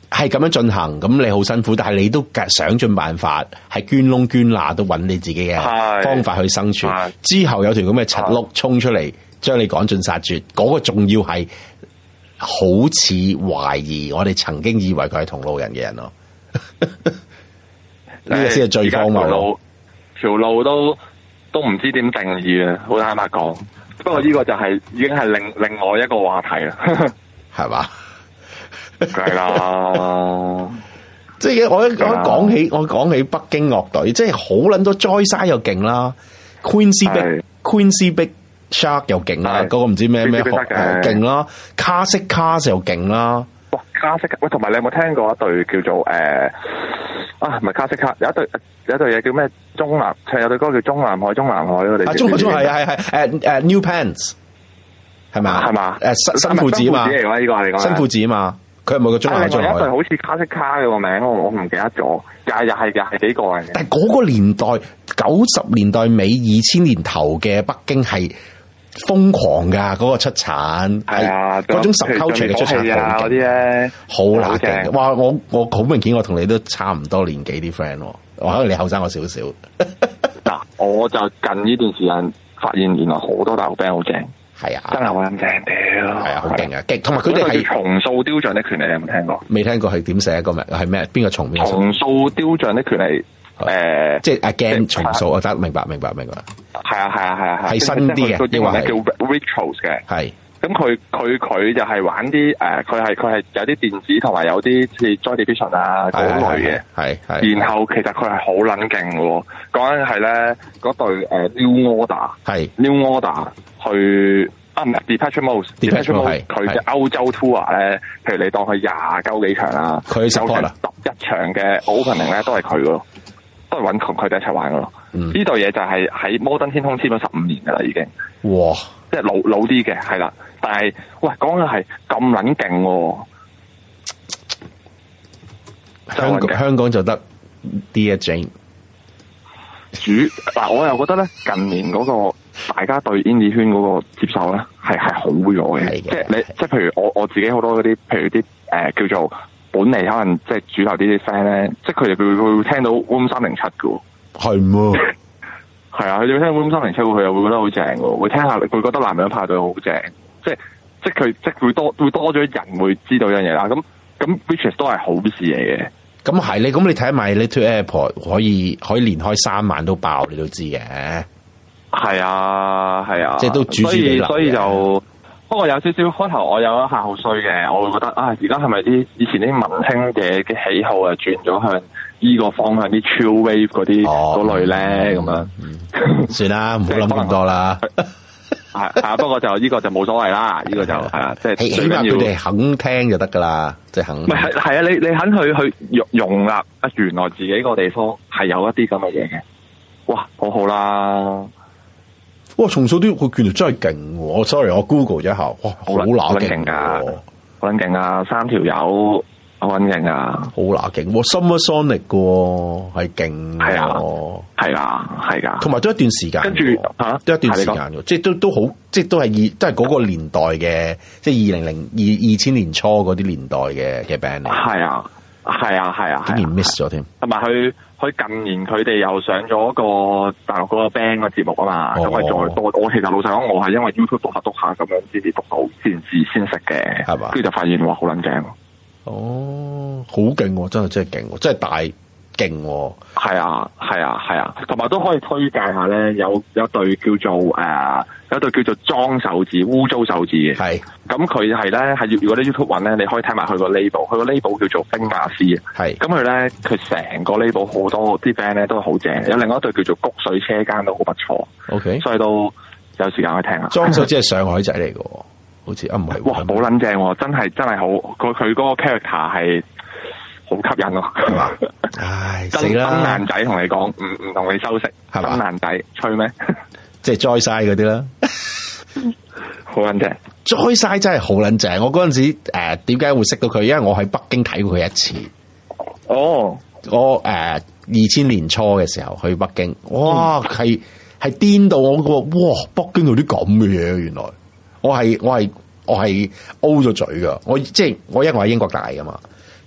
係咁樣進行，咁你好辛苦，但係你都想盡辦法，係捐窿捐罅都揾你自己嘅方法去生存。的之後有條咁嘅賊碌衝出嚟，將的你趕盡殺絕，嗰、那個仲要係好似懷疑我哋曾經以為佢係同路人嘅人咯。呢個先係最荒謬。條路都都唔知點定義啊，好坦白講。不過呢個就係、是嗯、已經係另另外一個話題啦，係嘛？梗係啦，即係我我講起我講起北京樂隊，即係好捻多。Joyside 又勁啦，Queen Sea Big Queen Sea Big Shark 又勁啦，嗰個唔知咩咩學勁啦，卡式 Cars 又勁啦。哇，卡式喂，同埋你有冇聽過一對叫做誒啊，唔係卡式卡，有一對有一對嘢叫咩？中南唱有對歌叫《中南海》，中南海嗰個地方。中中係啊係係，誒誒，New Pants 係嘛係嘛，誒新新褲子嘛，呢個係新褲子嘛。佢係咪個中文？係，仲有一隊好似卡式卡嘅個名，我我唔記得咗。又係又係又係幾個嚟？但係嗰個年代，九十年代尾二千年頭嘅北京係瘋狂噶，嗰個出產係啊，嗰種十溝渠嘅出產好勁。嗰啲咧好乸勁。棒哇！我我好明顯，我同你都差唔多年紀啲 friend，我可能你後生我少少。嗱 [laughs] 我就近呢段時間發現，原來好多大陸 band 好正。係啊，真係好咁靚屌！係啊，好勁啊，極。同埋佢哋係重塑雕像的權利，你有冇聽過？未聽過。係點寫個名？係咩？邊個重？重塑雕像的權利。誒，即係 again 重塑，得明白，明白，明白。係啊，係啊，係啊，係、啊。係新啲嘅，亦話叫 rituals 嘅，係。咁佢佢佢就係玩啲誒，佢係佢係有啲電子同埋有啲似 Joy Division 啊嗰類嘅，係係。然後其實佢係好捻勁嘅咯。講緊係咧嗰對誒 New Order，係是的 New Order 去啊唔係 Depeche Mode，Depeche Mode 係佢嘅歐洲 tour 咧，譬如你當佢廿九幾場啦，佢首場十一場嘅 opening 咧都係佢嘅咯，都係搵同佢哋一齊玩嘅咯。呢、嗯、對嘢就係喺摩登天空簽咗十五年嘅啦，已經。哇，即係老老啲嘅，係啦。但係，喂，講嘅係咁撚勁，香港香港就得 DJ 主嗱，我又覺得咧 [laughs] 近年嗰個大家對 indie 圈嗰個接受咧係係好咗嘅，是的即係你是的即係譬如我我自己好多嗰啲，譬如啲誒、呃、叫做本嚟，可能即係主流啲啲 friend 咧，即係佢哋會會聽到 Wom 三零七嘅，係喎的，係啊， [laughs] 佢哋聽 Wom 三零七，佢又會覺得好正喎。會聽下佢覺得男人派對好正。即係，即係佢，即係會多會多咗人會知道呢樣嘢啦。咁咁 w h 都係好事嚟嘅。咁係、嗯、你咁，你睇埋你推 Apple 可以可以連開三晚都爆，你都知嘅。係啊，係啊，即係都主之所，所以就、啊、不過有少少開頭，我有一下好衰嘅，我會覺得啊，而家係咪啲以前啲文青嘅嘅喜好啊，轉咗向呢個方向啲 chill wave 嗰啲嗰類咧？咁啊、嗯嗯，算啦，唔好諗咁多啦。係 [laughs] [laughs] 啊，不過就呢、這個就冇所謂啦，呢、這個就係啊，即、就、係、是、最緊要佢哋肯聽就得噶啦，即、就、係、是、肯。唔係係啊，你你肯去去用用啦，啊，原來自己個地方係有一啲咁嘅嘢嘅，哇，好好啦、啊，哇，從數啲佢原來真係勁、啊，我 sorry，我 Google 咗一下，哇，好撚勁噶，好撚勁噶，三條友。好勁啊，好乸勁，Summer Sonic 嘅，係勁啊，係啊，係噶，同埋都一段時間，跟住吓，一段時間即係都都好，即係都係二，都係嗰個年代嘅，的即係二零零二二千年初嗰啲年代嘅嘅 band 嚟，係啊，係啊，係啊，竟然 miss 咗添，同埋佢佢近年佢哋又上咗個大陸嗰個 band 嘅節目啊嘛，咁我、哦、再多。我其實老實講，我係因為 YouTube 讀下讀下咁樣先至讀到，先至先識嘅，係嘛，跟住就發現哇，好撚勁。哦，好勁、哦，真係真係勁，真係、哦、大勁。係、哦、啊，係啊，係啊，同埋都可以推介下咧，有有對叫做誒、啊，有對叫做裝手指、污糟手指嘅。係咁是，佢係咧係，如果咧 YouTube 揾咧，你可以聽埋佢個 label，佢個 label 叫做冰牙師啊。係咁、嗯，佢咧佢成個 label 好多啲 band 咧都好正，有另外一對叫做谷水車間都好不錯。OK，所以都有時間去聽下。裝手指係上海仔嚟嘅。好似啊，唔係哇，好撚正，真係真係好佢佢嗰個 character 係好吸引咯。唉，死啦！爛爛仔同你講，唔唔同你收聲係嘛？爛仔吹咩？即係 Joyside 嗰啲啦，好撚正 Joyside 真係好撚正。我嗰陣時誒，點解會識到佢？因為我喺北京睇過佢一次。哦，我誒二千年初嘅時候去北京，哇，係係顛到我個哇！北京有啲咁嘅嘢，原來。我係我係我係 O 咗嘴㗎。我，我，我即係我因為喺英國大㗎嘛，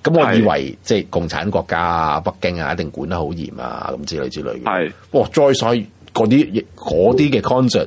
咁我以為是即係共產國家啊，北京啊一定管得好嚴啊，咁之類之類嘅。係是，哇、哦！再再嗰啲嗰啲嘅 Concert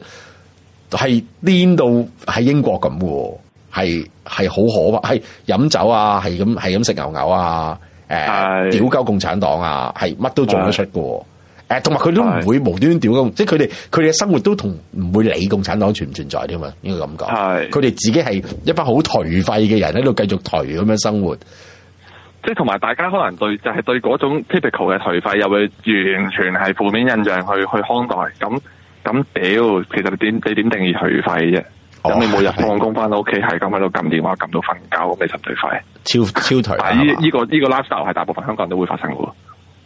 係顛到喺英國咁喎，係係好可怕，係飲酒啊，係咁係咁食牛牛啊，屌鳩是、呃、共產黨啊，係乜都做得出㗎喎。誒，同埋佢都唔會無端端點咁，是即係佢哋佢哋嘅生活都同唔會理會共產黨存唔存在添嘛，應該咁講。係佢哋自己係一班好頹廢嘅人喺度繼續頹咁樣生活。即係同埋大家可能對就係、是、對嗰種 typical 嘅頹廢又會完全係負面印象去去看待。咁咁屌，其實你點你點定義頹廢啫？咁你、哦、每日放工翻到屋企係咁喺度撳電話撳到瞓覺，咪真頹廢，超超頹。呢依、這個依吧個 lifestyle 係大部分香港人都會發生嘅。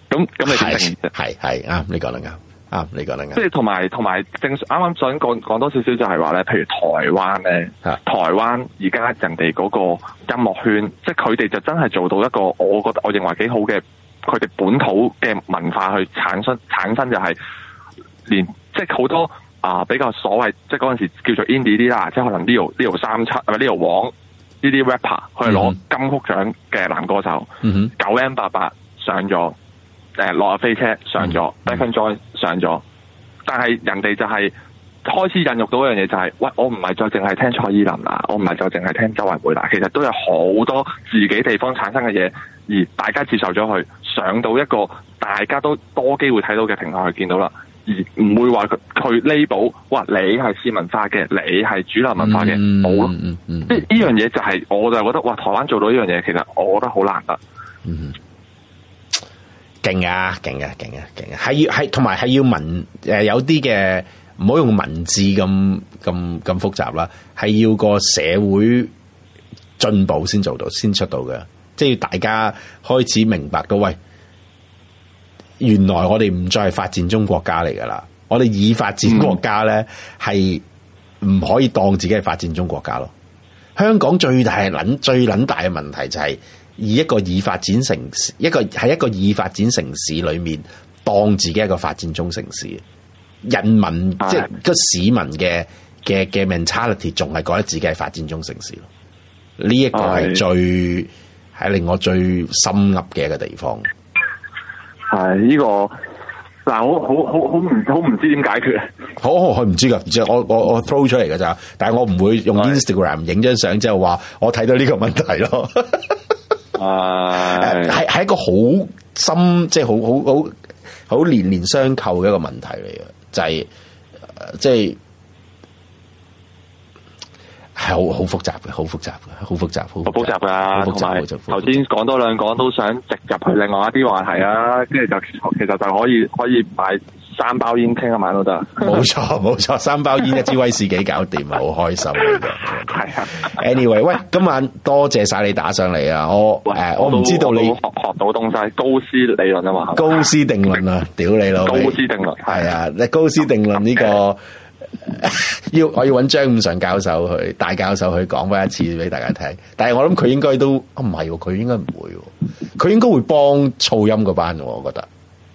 咁咁你係係係啱，你講得啱，啱、啊、你講得啱。即係同埋同埋，正啱啱想講講多少少，就係話咧，譬如台灣咧，的台灣而家人哋嗰個音樂圈，即係佢哋就真係做到一個，我覺得我認為幾好嘅，佢哋本土嘅文化去產生產生就，就係連即係好多啊、呃、比較所謂即係嗰陣時叫做 indie 啲啦，即係可能 Leo、這、Leo、個這個、三七啊，Leo 王、呃、呢啲、這個、rapper 去攞金曲獎嘅男歌手，九、嗯、哼 M 八八上咗。誒，落下飛車上咗 d i 上咗，但係人哋就係開始引入到一樣嘢，就係、是，喂，我唔係再淨係聽蔡依林啦，我唔係再淨係聽周慧敏啦，其實都有好多自己地方產生嘅嘢，而大家接受咗佢，上到一個大家都多機會睇到嘅平台去見到啦，而唔會話佢佢 label 你係市民化嘅，你係主流文化嘅，冇咯、嗯，即係呢樣嘢就係、是，我就覺得，哇，台灣做到呢樣嘢，其實我覺得好難噶。嗯嗯勁啊，勁啊，勁啊，勁啊！係要係同埋係要文誒，有啲嘅唔好用文字咁咁咁複雜啦，係要個社會進步先做到，先出到嘅，即係大家開始明白到喂，原來我哋唔再係發展中國家嚟噶啦，我哋以發展國家咧係唔可以當自己係發展中國家咯。香港最大係撚最撚大嘅問題就係、是。以一個已發展城市，一個喺一個已發展城市裏面，當自己係一個發展中城市，人民的即係個市民嘅嘅嘅 mentality，仲係覺得自己係發展中城市咯。呢、這、一個係最係的令我最心入嘅一個地方。係呢、這個嗱，但我好好好唔好唔知點解決？好好，我唔知噶，知。我我我 throw 出嚟噶咋，但係我唔會用 Instagram 影張相，即係話我睇到呢個問題咯。 [laughs] 啊，係係一個好深，即係好好好好連連相扣嘅一個問題嚟嘅，就係、是、即係係好好複雜嘅，好複雜嘅，好複雜，好複雜。好複雜嘅，同埋頭先講多兩講都想直入去另外一啲話題啊，跟住就其實就可以可以三包煙傾一晚都得，冇錯冇錯，三包煙一支威士忌搞掂啊，好 [laughs] 開心係啊，anyway，喂，今晚多謝晒你打上嚟啊，我誒喂、呃，我唔都知道你我學學到東西，高斯理論啊嘛，高斯定論啊，屌你老高斯定論係啊，你高斯定論呢、這個要 [laughs] [laughs] 我要揾張五常教授去大教授去講翻一次俾大家聽，但係我諗佢應該都唔係，佢、啊啊、應該唔會、啊，佢應該會幫噪音嗰班喎，我覺得。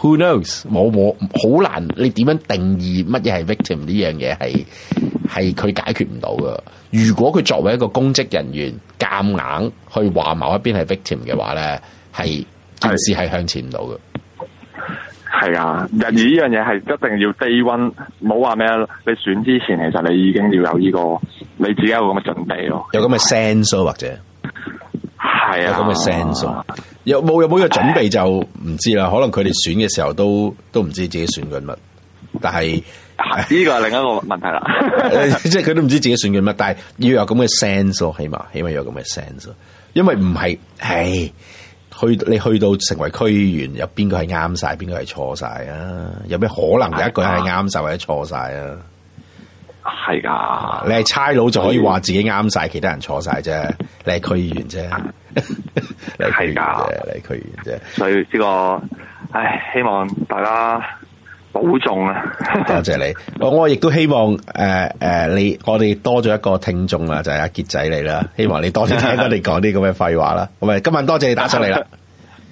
Who knows？冇冇，好難，你點樣定義乜嘢係 victim 呢樣嘢係係佢解決唔到噶。如果佢作為一個公職人員，夾硬，硬去話某一邊係 victim 嘅話咧，係件事係向前唔到嘅。係啊，人而呢樣嘢係一定要低溫，冇話咩啊！你選之前，其實你已經要有呢、呢個你自己有咁嘅準備咯，有咁嘅 sense 或者。有咁嘅 sense，有冇有冇一個準備就唔知啦。可能佢哋選嘅時候都都唔知自己選緊乜，但係呢個係另一個問題啦。 [laughs] 即係佢都唔知自己選緊乜，但係要有咁嘅 sense，起碼起碼要有咁嘅 sense。因為唔係唉去你去到成為區員，有邊個係啱晒，邊個係錯晒啊？有咩可能有一個人係啱晒或者錯晒啊？係噶，你係差佬就可以話自己啱晒，其他人錯晒啫。你係區議員啫，係噶，你係區議員啫。所以呢個，唉，希望大家保重啊！多謝你，我我亦都希望，誒誒，你我哋多咗一個聽眾啦，就係阿杰仔你啦。希望你多啲聽我哋講啲咁嘅廢話啦。好咪，今晚多謝你打上嚟啦。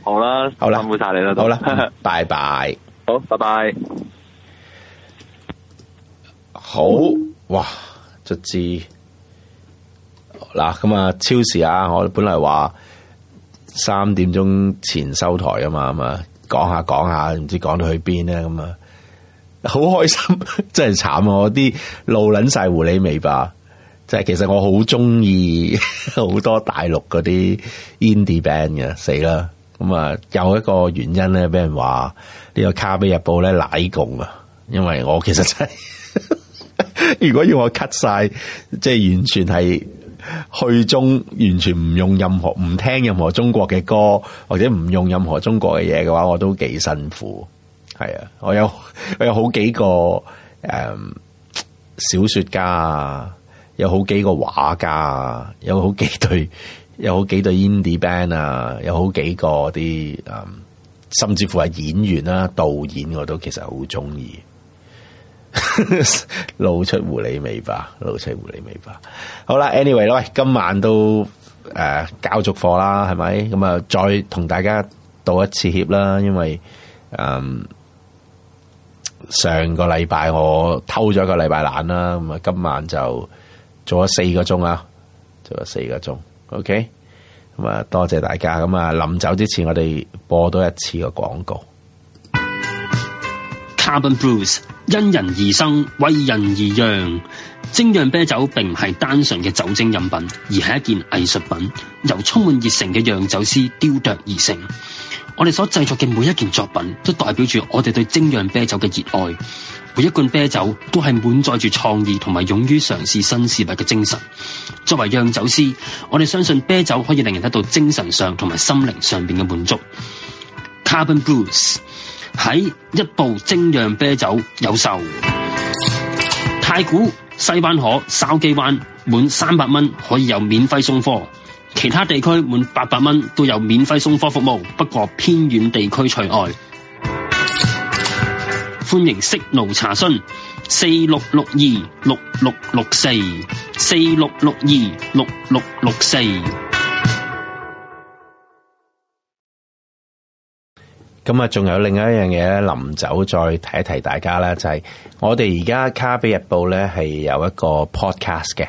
好啦，好啦，唔該晒你啦，好啦，拜拜。好，拜拜。好。哇！卒之嗱咁啊，超時啊！我本來話三點鐘前收台啊嘛，咁啊講下講下，唔知講到去邊咧咁啊，好開心！真係慘啊！我啲露撚晒狐狸尾巴，即係其實我好中意好多大陸嗰啲 indie band 嘅死啦！咁啊有一個原因咧，俾人話呢個《卡啡日報》咧奶共啊，因為我其實真係。如果要我 cut 曬，即係完全係去中，完全唔用任何唔聽任何中國嘅歌，或者唔用任何中國嘅嘢嘅話，我都幾辛苦。係啊，我有我有好幾個誒、嗯、小說家啊，有好幾個畫家啊，有好幾對有好幾對 indie band 啊，有好幾個啲誒、嗯，甚至乎係演員啦、導演，我都其實好鍾意。露出狐狸尾巴，露出狐狸尾巴。好啦，anyway，喂，今晚都誒交足貨啦，係咪？咁啊，再同大家道一次歉啦，因為誒上個禮拜我偷咗個禮拜懶啦，咁啊，今晚就做咗四個鐘啊，做咗四個鐘。OK，咁啊，多謝大家。咁啊，臨走之前我哋播多一次個廣告。Carbon Brews 因人而生，為人而釀。精釀啤酒並唔係單純嘅酒精飲品，而係一件藝術品，由充滿熱誠嘅釀酒師雕琢而成。我哋所製作嘅每一件作品，都代表住我哋對精釀啤酒嘅熱愛。每一罐啤酒都係滿載住創意同埋勇於嘗試新事物嘅精神。作為釀酒師，我哋相信啤酒可以令人得到精神上同埋心靈上面嘅滿足。Carbon Brews 喺一部精釀啤酒有售，太古、西灣河、筲箕灣滿三百蚊可以有免費送貨，其他地區滿八百蚊都有免費送貨服務，不過偏遠地區除外。歡迎 Signal 查詢四六六二六六六四四六六二六六六四。咁啊，仲有另外一樣嘢咧，臨走再提一提大家啦，就係我哋而家《卡比日報》咧，係有一個 podcast 嘅，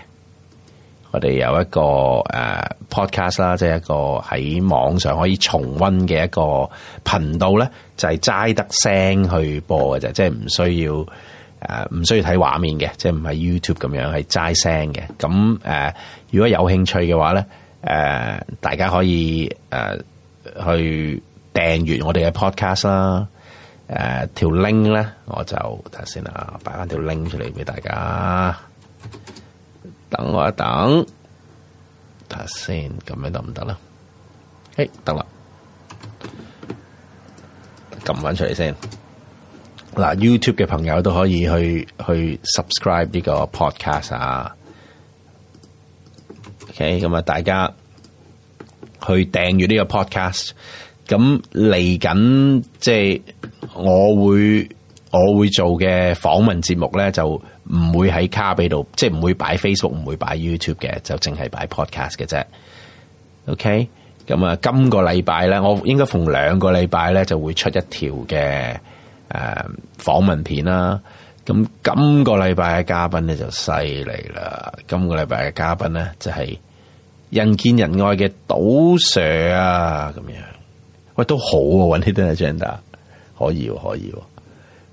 我哋有一個誒 podcast 啦，即係一個喺網上可以重溫嘅一個頻道咧，就係齋得聲去播嘅啫，即係唔需要誒唔需要睇畫面嘅，即係唔係 YouTube 咁樣，係齋聲嘅。咁誒，如果有興趣嘅話咧，誒，大家可以誒去。.訂閱我哋嘅 podcast 啦，誒，條 link 咧，我就睇下先啦，擺翻條 link 出嚟俾大家。等我一等，睇下先，咁樣得唔得啦？誒，得啦，撳翻出嚟先。嗱，YouTube 嘅朋友都可以去去 subscribe 呢個 podcast 啊。OK，咁啊，大家去訂閱呢個 podcast。咁嚟緊，即係、就是、我會我會做嘅訪問節目咧，就唔會喺卡俾度，即係唔會擺 Facebook，唔會擺 YouTube 嘅，就淨係擺 Podcast 嘅啫。OK，咁、嗯、啊，今個禮拜咧，我應該逢兩個禮拜咧就會出一條嘅誒訪問片啦。咁今個禮拜嘅嘉賓咧就犀利啦，今個禮拜嘅嘉賓咧就係人見人愛嘅賭 Sir 啊，咁樣。喂，都好喎、啊，搵呢啲係 gentle 可以喎、啊，可以喎、啊，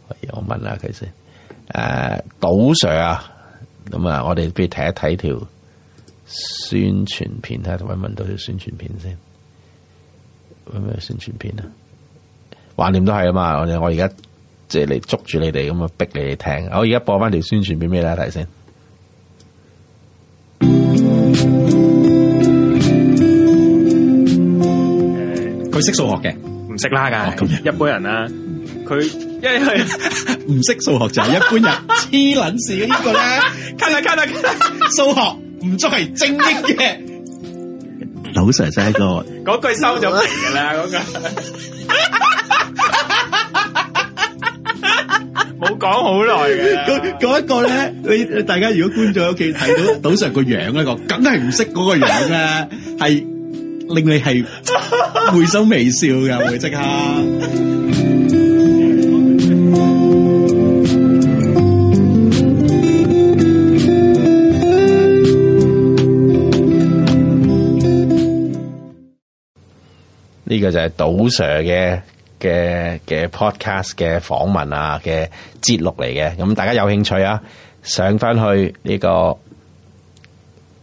可以。我問下佢先，誒，賭 Sir 啊，咁啊，我哋不如睇一睇條宣傳片，睇下同唔搵到條宣傳片先。搵咩宣傳片啊？橫掂都係啊嘛，我哋，我而家即係嚟捉住你哋，咁啊逼你哋聽。我而家播翻條宣傳片俾你睇先。 [music] 佢識數學嘅，唔識啦噶，一般人啦。佢因為唔識數學就係一般人，黐撚事嘅呢個咧。cut 啦 cut 啦 cut 啦，數學唔足係精英嘅。賭 Sir 就係一個，嗰句收咗皮啦，嗰個。冇講好耐嘅，嗰嗰一個咧，你大家如果觀眾喺屋企睇到賭 Sir 個樣呢個，梗係唔識嗰個樣啦，係。令你係會心微笑嘅，會即刻。呢 [laughs] 個就係杜 Sir 嘅嘅嘅 Podcast 嘅訪問啊嘅節錄嚟嘅，咁大家有興趣啊，上翻去呢、這個。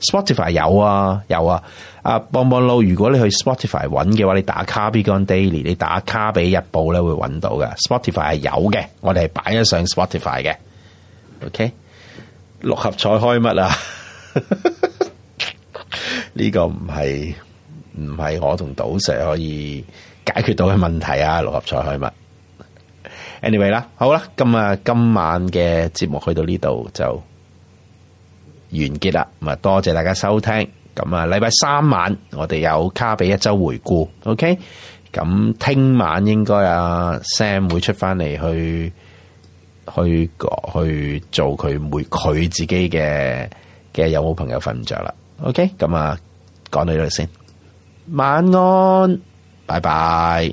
Spotify 有啊，有啊，啊棒棒路，如果你去 Spotify 揾嘅話，你打卡 b e g on Daily，你打卡俾日報咧會揾到㗎。Spotify 係有嘅，我哋係擺咗上 Spotify 嘅。OK，六合彩開乜啊？呢 [laughs] 個唔係唔係我同賭石可以解決到嘅問題啊！六合彩開乜？Anyway 啦，好啦，咁啊，今晚嘅節目去到呢度就。完結啦，咁啊多謝大家收聽，咁啊禮拜三晚我哋有卡比一周回顧，OK，咁聽晚應該阿 Sam 會出翻嚟去去去做佢每佢自己嘅嘅《有冇朋友瞓唔着》啦，OK，咁啊講到呢度先，晚安，拜拜。